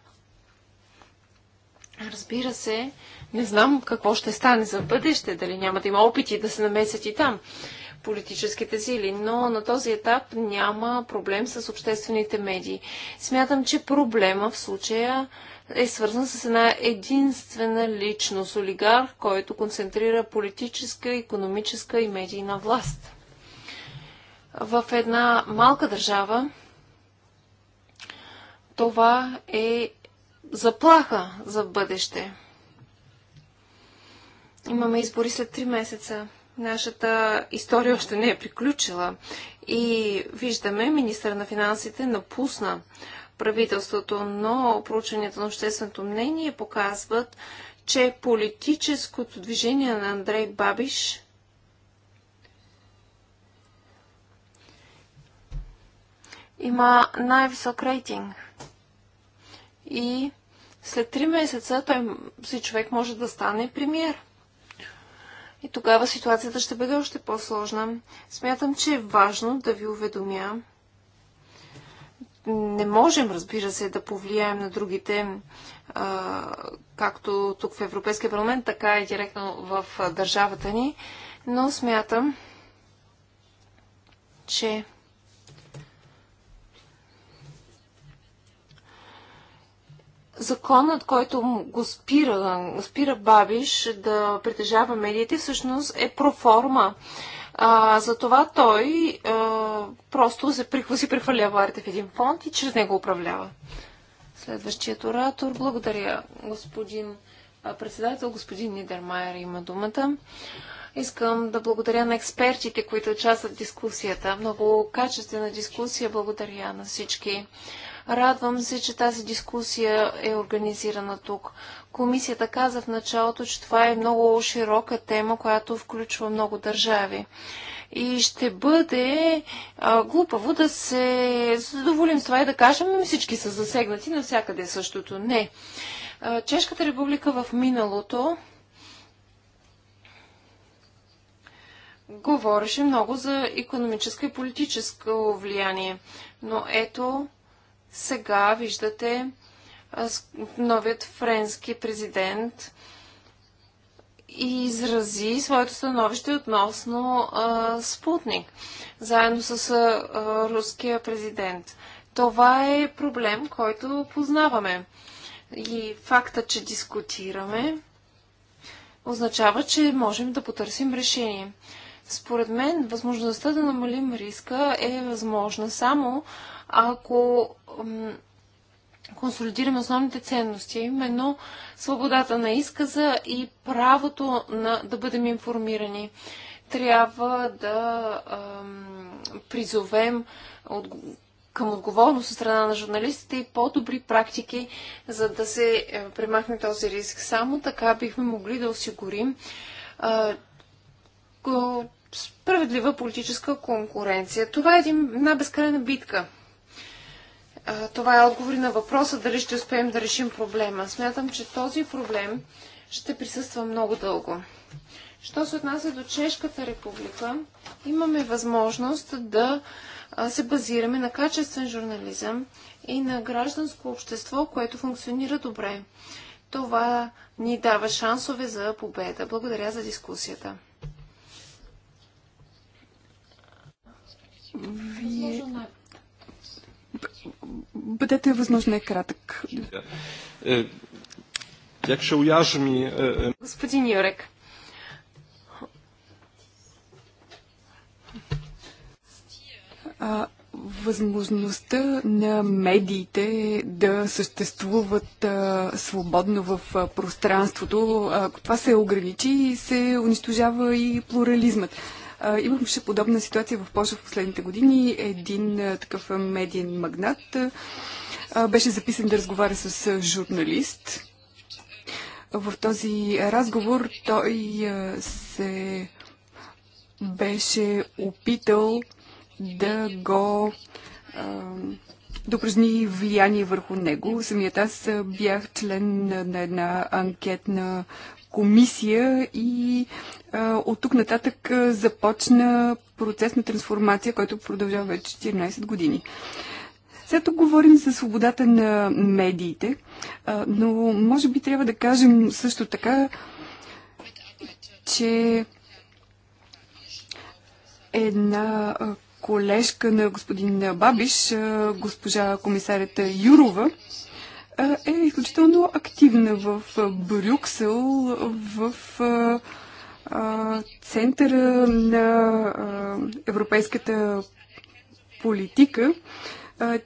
Разбира се, не знам какво ще стане за бъдеще, дали няма да има опити да се намесят и там политическите сили, но на този етап няма проблем с обществените медии. Смятам, че проблема в случая е свързан с една единствена личност, олигарх, който концентрира политическа, економическа и медийна власт. В една малка държава това е заплаха за бъдеще. Имаме избори след 3 месеца. Нашата история още не е приключила. И виждаме, министър на финансите напусна правителството, но проучванията на общественото мнение показват, че политическото движение на Андрей Бабиш има най-висок рейтинг. И след три месеца той, си човек може да стане премьер. И тогава ситуацията ще бъде още по-сложна. Смятам, че е важно да ви уведомя. Не можем, разбира се, да повлияем на другите, а, както тук в Европейския парламент, така и директно в държавата ни, но смятам, че законът, който го спира, спира Бабиш да притежава медиите, всъщност е проформа. А, затова той а, просто се прихва, си арте в един фонд и чрез него управлява. Следващият оратор. Благодаря, господин председател. Господин Нидермайер има думата. Искам да благодаря на експертите, които участват в дискусията. Много качествена дискусия. Благодаря на всички. Радвам се, че тази дискусия е организирана тук. Комисията каза в началото, че това е много широка тема, която включва много държави. И ще бъде а, глупаво да се задоволим с това и да кажем, ами всички са засегнати, навсякъде е същото. Не. А, Чешката република в миналото говореше много за економическо и политическо влияние. Но ето, сега виждате новият френски президент и изрази своето становище относно а, Спутник, заедно с а, руския президент. Това е проблем, който познаваме. И факта, че дискутираме, означава, че можем да потърсим решение. Според мен, възможността да намалим риска е възможна само ако консолидираме основните ценности, именно свободата на изказа и правото на, да бъдем информирани. Трябва да а, призовем от, към отговорност от страна на журналистите и по-добри практики, за да се е, премахне този риск. Само така бихме могли да осигурим а, справедлива политическа конкуренция. Това е една безкрайна битка – това е отговори на въпроса дали ще успеем да решим проблема. Смятам, че този проблем ще присъства много дълго. Що се отнася до Чешката република, имаме възможност да се базираме на качествен журнализъм и на гражданско общество, което функционира добре. Това ни дава шансове за победа. Благодаря за дискусията. Вие бъдете възможно кратък. Е, уяжа ми... Е, е, Господин Йорек. а, възможността на медиите да съществуват а, свободно в а, пространството, ако това се ограничи, се унищожава и плурализмът. Имаше подобна ситуация в Польша в последните години. Един такъв медиен магнат беше записан да разговаря с журналист. В този разговор той се беше опитал да го да упражни влияние върху него. Самият аз бях член на една анкетна комисия и от тук нататък започна процес на трансформация, който продължава вече 14 години. След тук говорим за свободата на медиите, но може би трябва да кажем също така, че една колежка на господин Бабиш, госпожа комисарята Юрова, е, е изключително активна в Брюксел, в е, е, центъра на европейската политика.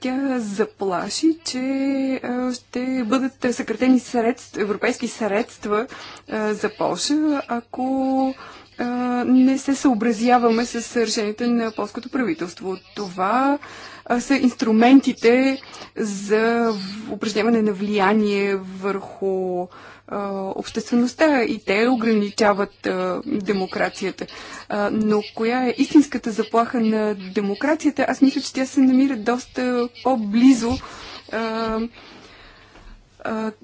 Тя заплаши, че ще бъдат съкратени средства, европейски средства за Польша, ако не се съобразяваме с решението на полското правителство. Това са инструментите за упражняване на влияние върху обществеността и те ограничават демокрацията. но коя е истинската заплаха на демокрацията? Аз мисля, че тя се намира доста по-близо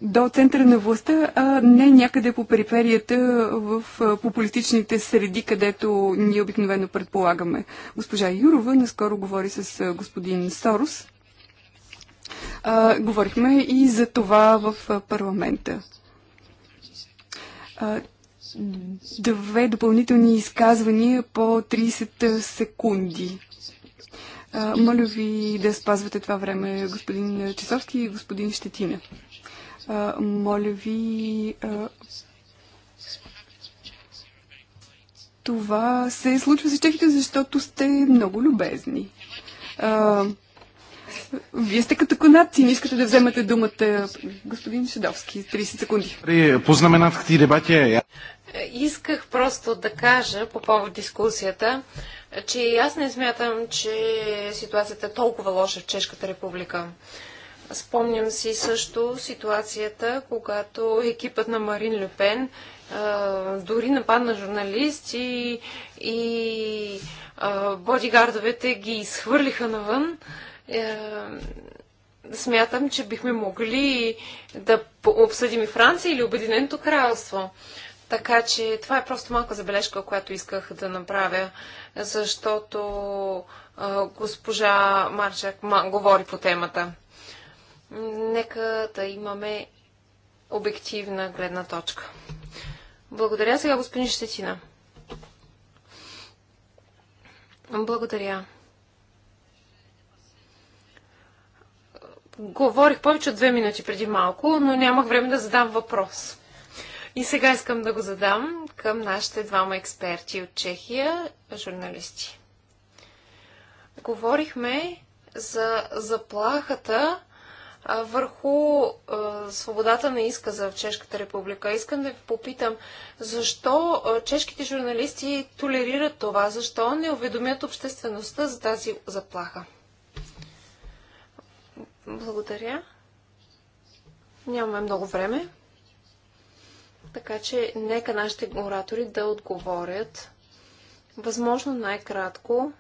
до центъра на властта, а не някъде по периферията в популистичните среди, където ние обикновено предполагаме. Госпожа Юрова наскоро говори с господин Сорос. А, говорихме и за това в парламента. А, две допълнителни изказвания по 30 секунди. А, моля ви да спазвате това време, господин Чесовски и господин Щетина моля ви, това се случва с чехите, защото сте много любезни. А, вие сте като канадци, не искате да вземате думата. Господин Шедовски, 30 секунди. Познамена ти дебате. Исках просто да кажа по повод дискусията, че аз не смятам, че ситуацията е толкова лоша в Чешката република. Спомням си също ситуацията, когато екипът на Марин Люпен дори нападна журналисти и, и бодигардовете ги изхвърлиха навън. Е, смятам, че бихме могли да обсъдим и Франция или Обединеното кралство. Така че това е просто малка забележка, която исках да направя, защото госпожа Марчак говори по темата нека да имаме обективна гледна точка. Благодаря сега, господин Щетина. Благодаря. Говорих повече от две минути преди малко, но нямах време да задам въпрос. И сега искам да го задам към нашите двама експерти от Чехия, журналисти. Говорихме за заплахата върху свободата на изказа в Чешката република. Искам да ви попитам, защо чешките журналисти толерират това? Защо не уведомят обществеността за тази заплаха? Благодаря. Нямаме много време. Така че нека нашите оратори да отговорят. Възможно най-кратко.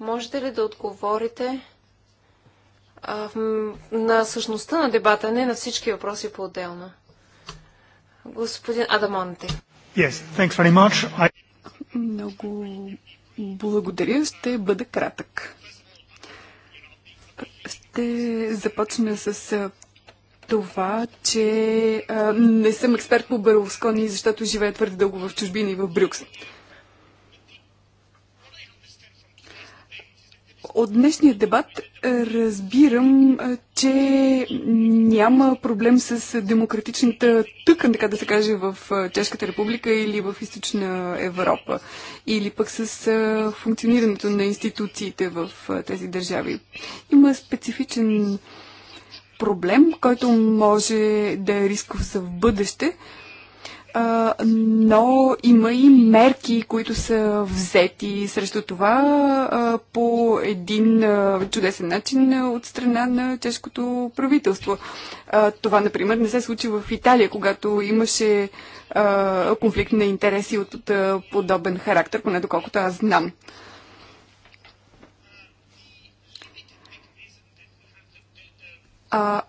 Можете ли да отговорите а, на същността на дебата, не на всички въпроси по-отделно. Господин Адамонте. Yes, thanks very much. I... Много благодаря. Ще бъда кратък. Ще започна с това, че а, не съм експерт по Берлускони, защото живея твърде дълго в чужбина и в Брюксел. От днешния дебат е, разбирам, е, че няма проблем с демократичната тъкан, така да се каже, в е, Чешката република или в Източна Европа, или пък с функционирането на институциите в тези държави. Има специфичен проблем, който може да е рисков за в бъдеще, а, но има и мерки, които са взети срещу това а, по един а, чудесен начин от страна на чешкото правителство. А, това, например, не се случи в Италия, когато имаше а, конфликт на интереси от, от подобен характер, поне доколкото аз знам. А,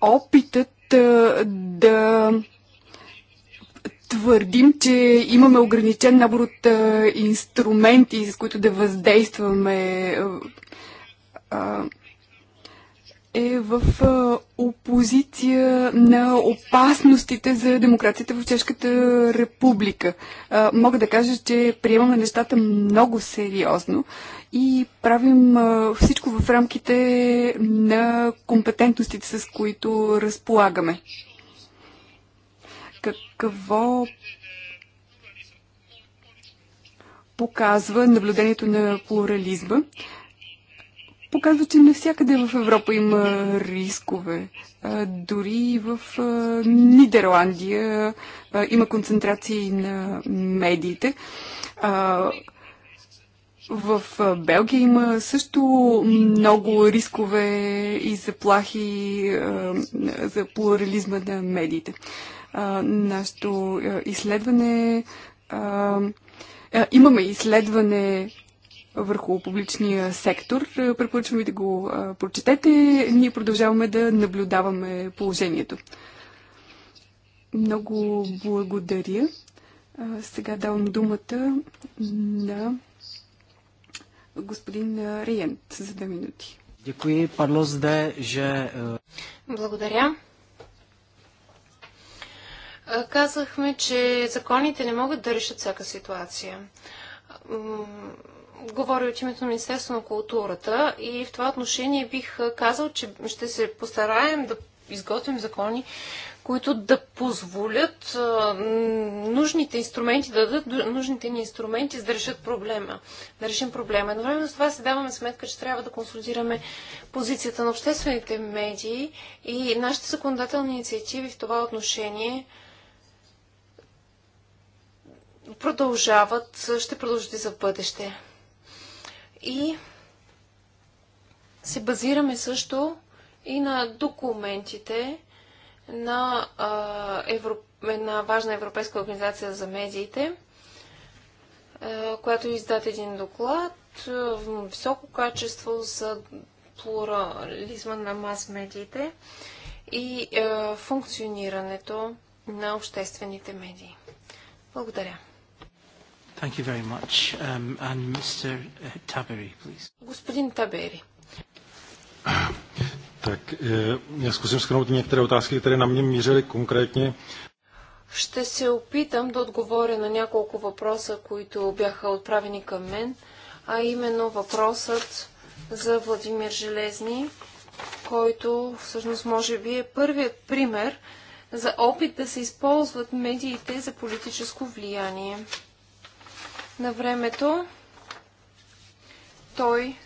опитът а, да твърдим, че имаме ограничен набор от а, инструменти, с които да въздействаме, а, е в а, опозиция на опасностите за демокрацията в Чешката република. А, мога да кажа, че приемаме нещата много сериозно и правим а, всичко в рамките на компетентностите, с които разполагаме. Какво показва наблюдението на плурализма? Показва, че навсякъде в Европа има рискове. Дори в Нидерландия има концентрации на медиите. В Белгия има също много рискове и заплахи за плурализма на медиите нашето изследване. Имаме изследване върху публичния сектор. Препоръчвам ви да го прочетете. Ние продължаваме да наблюдаваме положението. Много благодаря. Сега давам думата на господин Риент за две минути. Благодаря казахме, че законите не могат да решат всяка ситуация. Говоря от името на Министерство на културата и в това отношение бих казал, че ще се постараем да изготвим закони, които да позволят нужните инструменти, да дадат нужните ни инструменти, за да решат проблема, да решим проблема. Едновременно с това се даваме сметка, че трябва да консолидираме позицията на обществените медии и нашите законодателни инициативи в това отношение продължават, ще продължат и за бъдеще. И се базираме също и на документите на а, Европ... една важна европейска организация за медиите, а, която издаде един доклад в високо качество за плурализма на мас-медиите и а, функционирането на обществените медии. Благодаря. Thank you very much. Um, and Mr. Uh, please. Господин Табери. Так, я Ще се опитам да отговоря на няколко въпроса, които бяха отправени към мен, а именно въпросът за Владимир Железни, който всъщност може би е първият пример за опит да се използват медиите за политическо влияние на времето той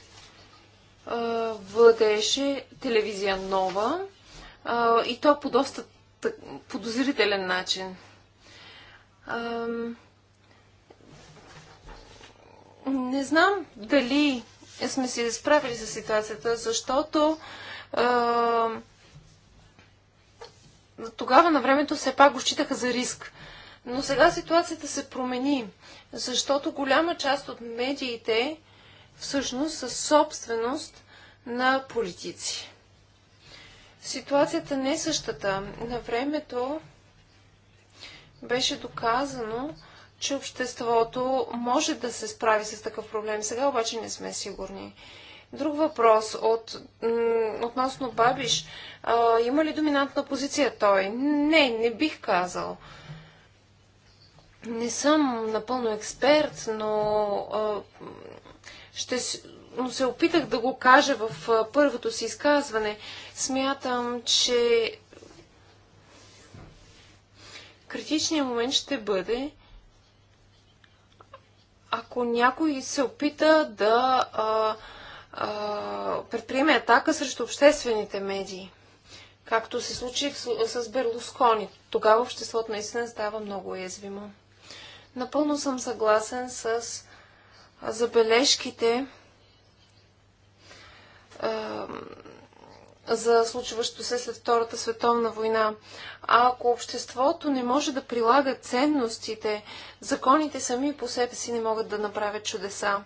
а, владееше телевизия нова а, и то по доста так, подозрителен начин. А, не знам дали сме се справили с ситуацията, защото а, тогава на времето все пак го считаха за риск. Но сега ситуацията се промени защото голяма част от медиите всъщност са собственост на политици. Ситуацията не е същата. На времето беше доказано, че обществото може да се справи с такъв проблем. Сега обаче не сме сигурни. Друг въпрос от, относно Бабиш. А, има ли доминантна позиция той? Не, не бих казал. Не съм напълно експерт, но а, ще, но се опитах да го кажа в а, първото си изказване. Смятам, че критичният момент ще бъде, ако някой се опита да а, а, предприеме атака срещу обществените медии, както се случи с, с Берлускони. Тогава обществото наистина става много уязвимо. Напълно съм съгласен с забележките за случващо се след Втората световна война. А ако обществото не може да прилага ценностите, законите сами по себе си не могат да направят чудеса.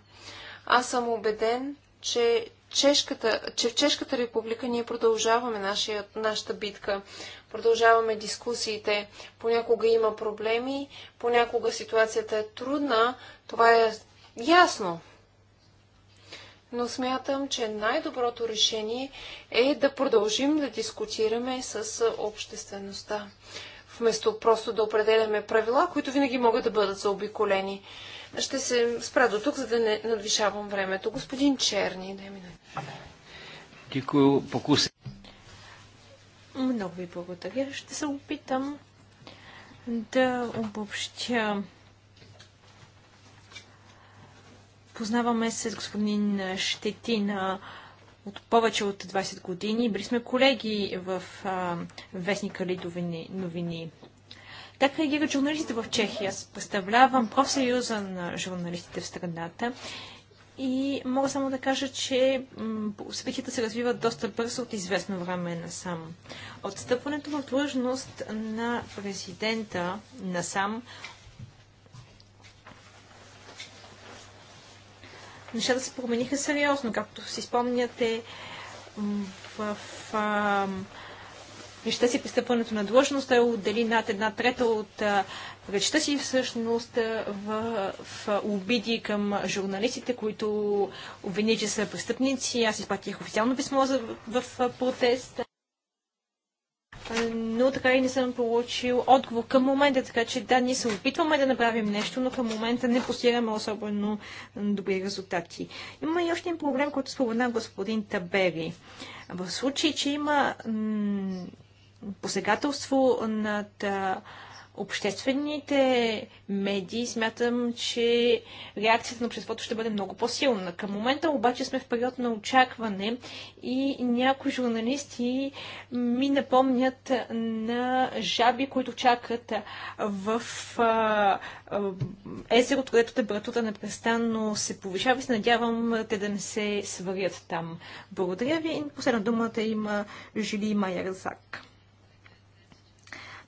Аз съм убеден, че Чешката, че в Чешката република ние продължаваме нашия, нашата битка, продължаваме дискусиите. Понякога има проблеми, понякога ситуацията е трудна. Това е ясно. Но смятам, че най-доброто решение е да продължим да дискутираме с обществеността, вместо просто да определяме правила, които винаги могат да бъдат заобиколени. Ще се спра до тук, за да не надвишавам времето. Господин Черни, дай ми покуси. Много ви благодаря. Ще се опитам да обобщя. Познаваме се с господин Щетина от повече от 20 години. Били сме колеги в а, вестника Лидови новини. Как реагират журналистите в Чехия? Аз представлявам профсъюза на журналистите в страната и мога само да кажа, че събитията се развиват доста бързо от известно време насам. Отстъпването в длъжност на президента насам нещата се промениха сериозно. Както си спомняте, в, в, в речта си пристъпването на длъжност. Той отдели над една трета от речта си всъщност в, в обиди към журналистите, които обвини, че са престъпници. Аз изпратих официално писмо за, в, в протест но така и не съм получил отговор към момента, така че да, ние се опитваме да направим нещо, но към момента не постигаме особено добри резултати. Има и още един проблем, който спомена господин Табери. В случай, че има посегателство над обществените медии, смятам, че реакцията на обществото ще бъде много по-силна. Към момента обаче сме в период на очакване и някои журналисти ми напомнят на жаби, които чакат в езеро, а, където температурата непрестанно се повишава и се надявам те да не се сварят там. Благодаря ви. Последна думата има Жили Майерзак.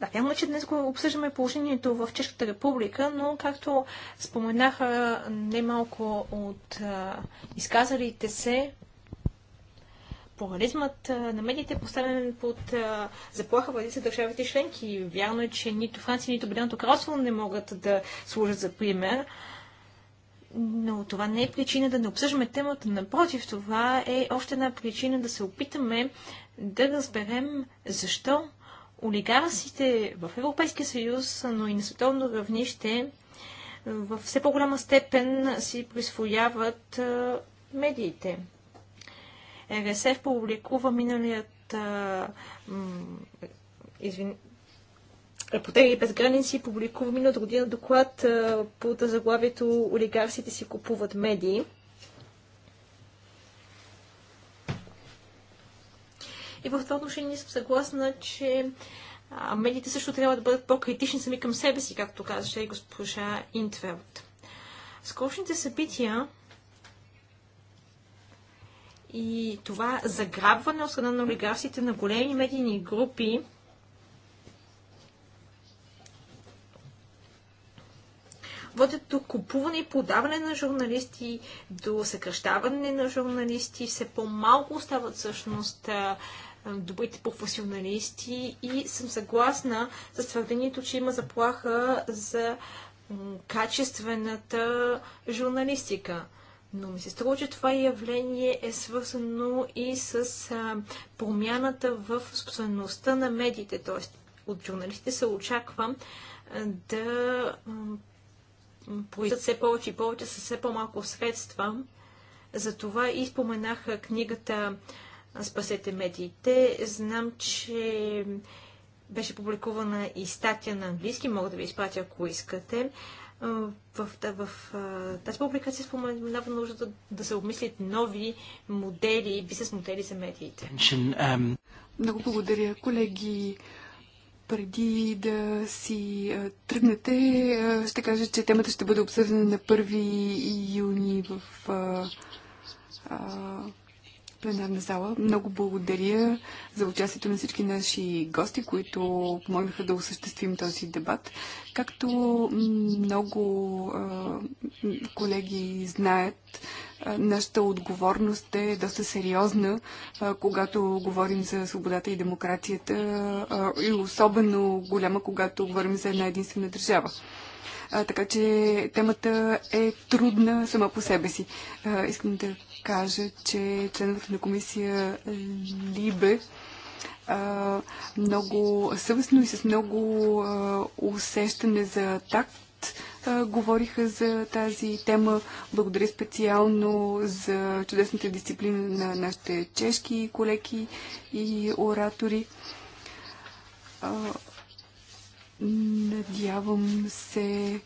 Да, вярно, че днес го обсъждаме положението в Чешката република, но както споменаха немалко от изказалите се, Плурализмът на медиите е поставен под заплаха въди за държавите членки. Вярно е, че нито Франция, нито Обединеното кралство не могат да служат за пример. Но това не е причина да не обсъждаме темата. Напротив, това е още една причина да се опитаме да разберем защо олигарсите в Европейския съюз, но и на световно равнище, в все по-голяма степен си присвояват медиите. РСФ публикува миналият извин... Репортери без граници публикува миналата година доклад под заглавието Олигарсите си купуват медии. И в това отношение съм съгласна, че медиите също трябва да бъдат по-критични сами към себе си, както казаше и госпожа Интвелт. Скорошните събития и това заграбване от страна на олигарсите на големи медийни групи водят до купуване и подаване на журналисти, до съкръщаване на журналисти. Все по-малко остават всъщност добрите професионалисти и съм съгласна с твърдението, че има заплаха за качествената журналистика. Но ми се струва, че това явление е свързано и с а, промяната в собствеността на медиите. Т.е. от журналистите се очаква да произведат все повече и повече с все по-малко средства. Затова и споменаха книгата Спасете медиите. Знам, че беше публикувана и статия на английски, мога да ви изпратя, ако искате. В, в, в тази публикация споменава нуждата да, да се обмислят нови модели, бизнес модели за медиите. Um, Много благодаря, колеги. Преди да си тръгнете, ще кажа, че темата ще бъде обсъдена на 1 юни в пленарна зала. Много благодаря за участието на всички наши гости, които помогнаха да осъществим този дебат. Както много а, колеги знаят, а, нашата отговорност е доста сериозна, а, когато говорим за свободата и демокрацията а, и особено голяма, когато говорим за една единствена държава. А, така че темата е трудна сама по себе си. А, искам да кажа, че членовете на комисия Либе много съвестно и с много усещане за такт говориха за тази тема. Благодаря специално за чудесната дисциплина на нашите чешки колеги и оратори. Надявам се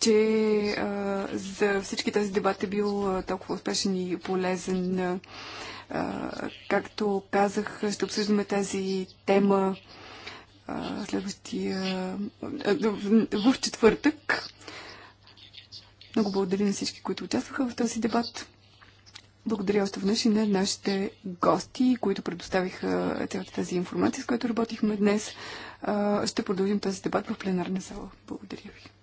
че а, за всички този дебат е бил толкова успешен и полезен. А, както казах, ще обсъждаме тази тема а, следващия в, в четвъртък. Много благодаря на всички, които участваха в този дебат. Благодаря още веднъж и на нашите гости, които предоставиха цялата тази информация, с която работихме днес. Ще продължим този дебат в пленарна зала. Благодаря ви.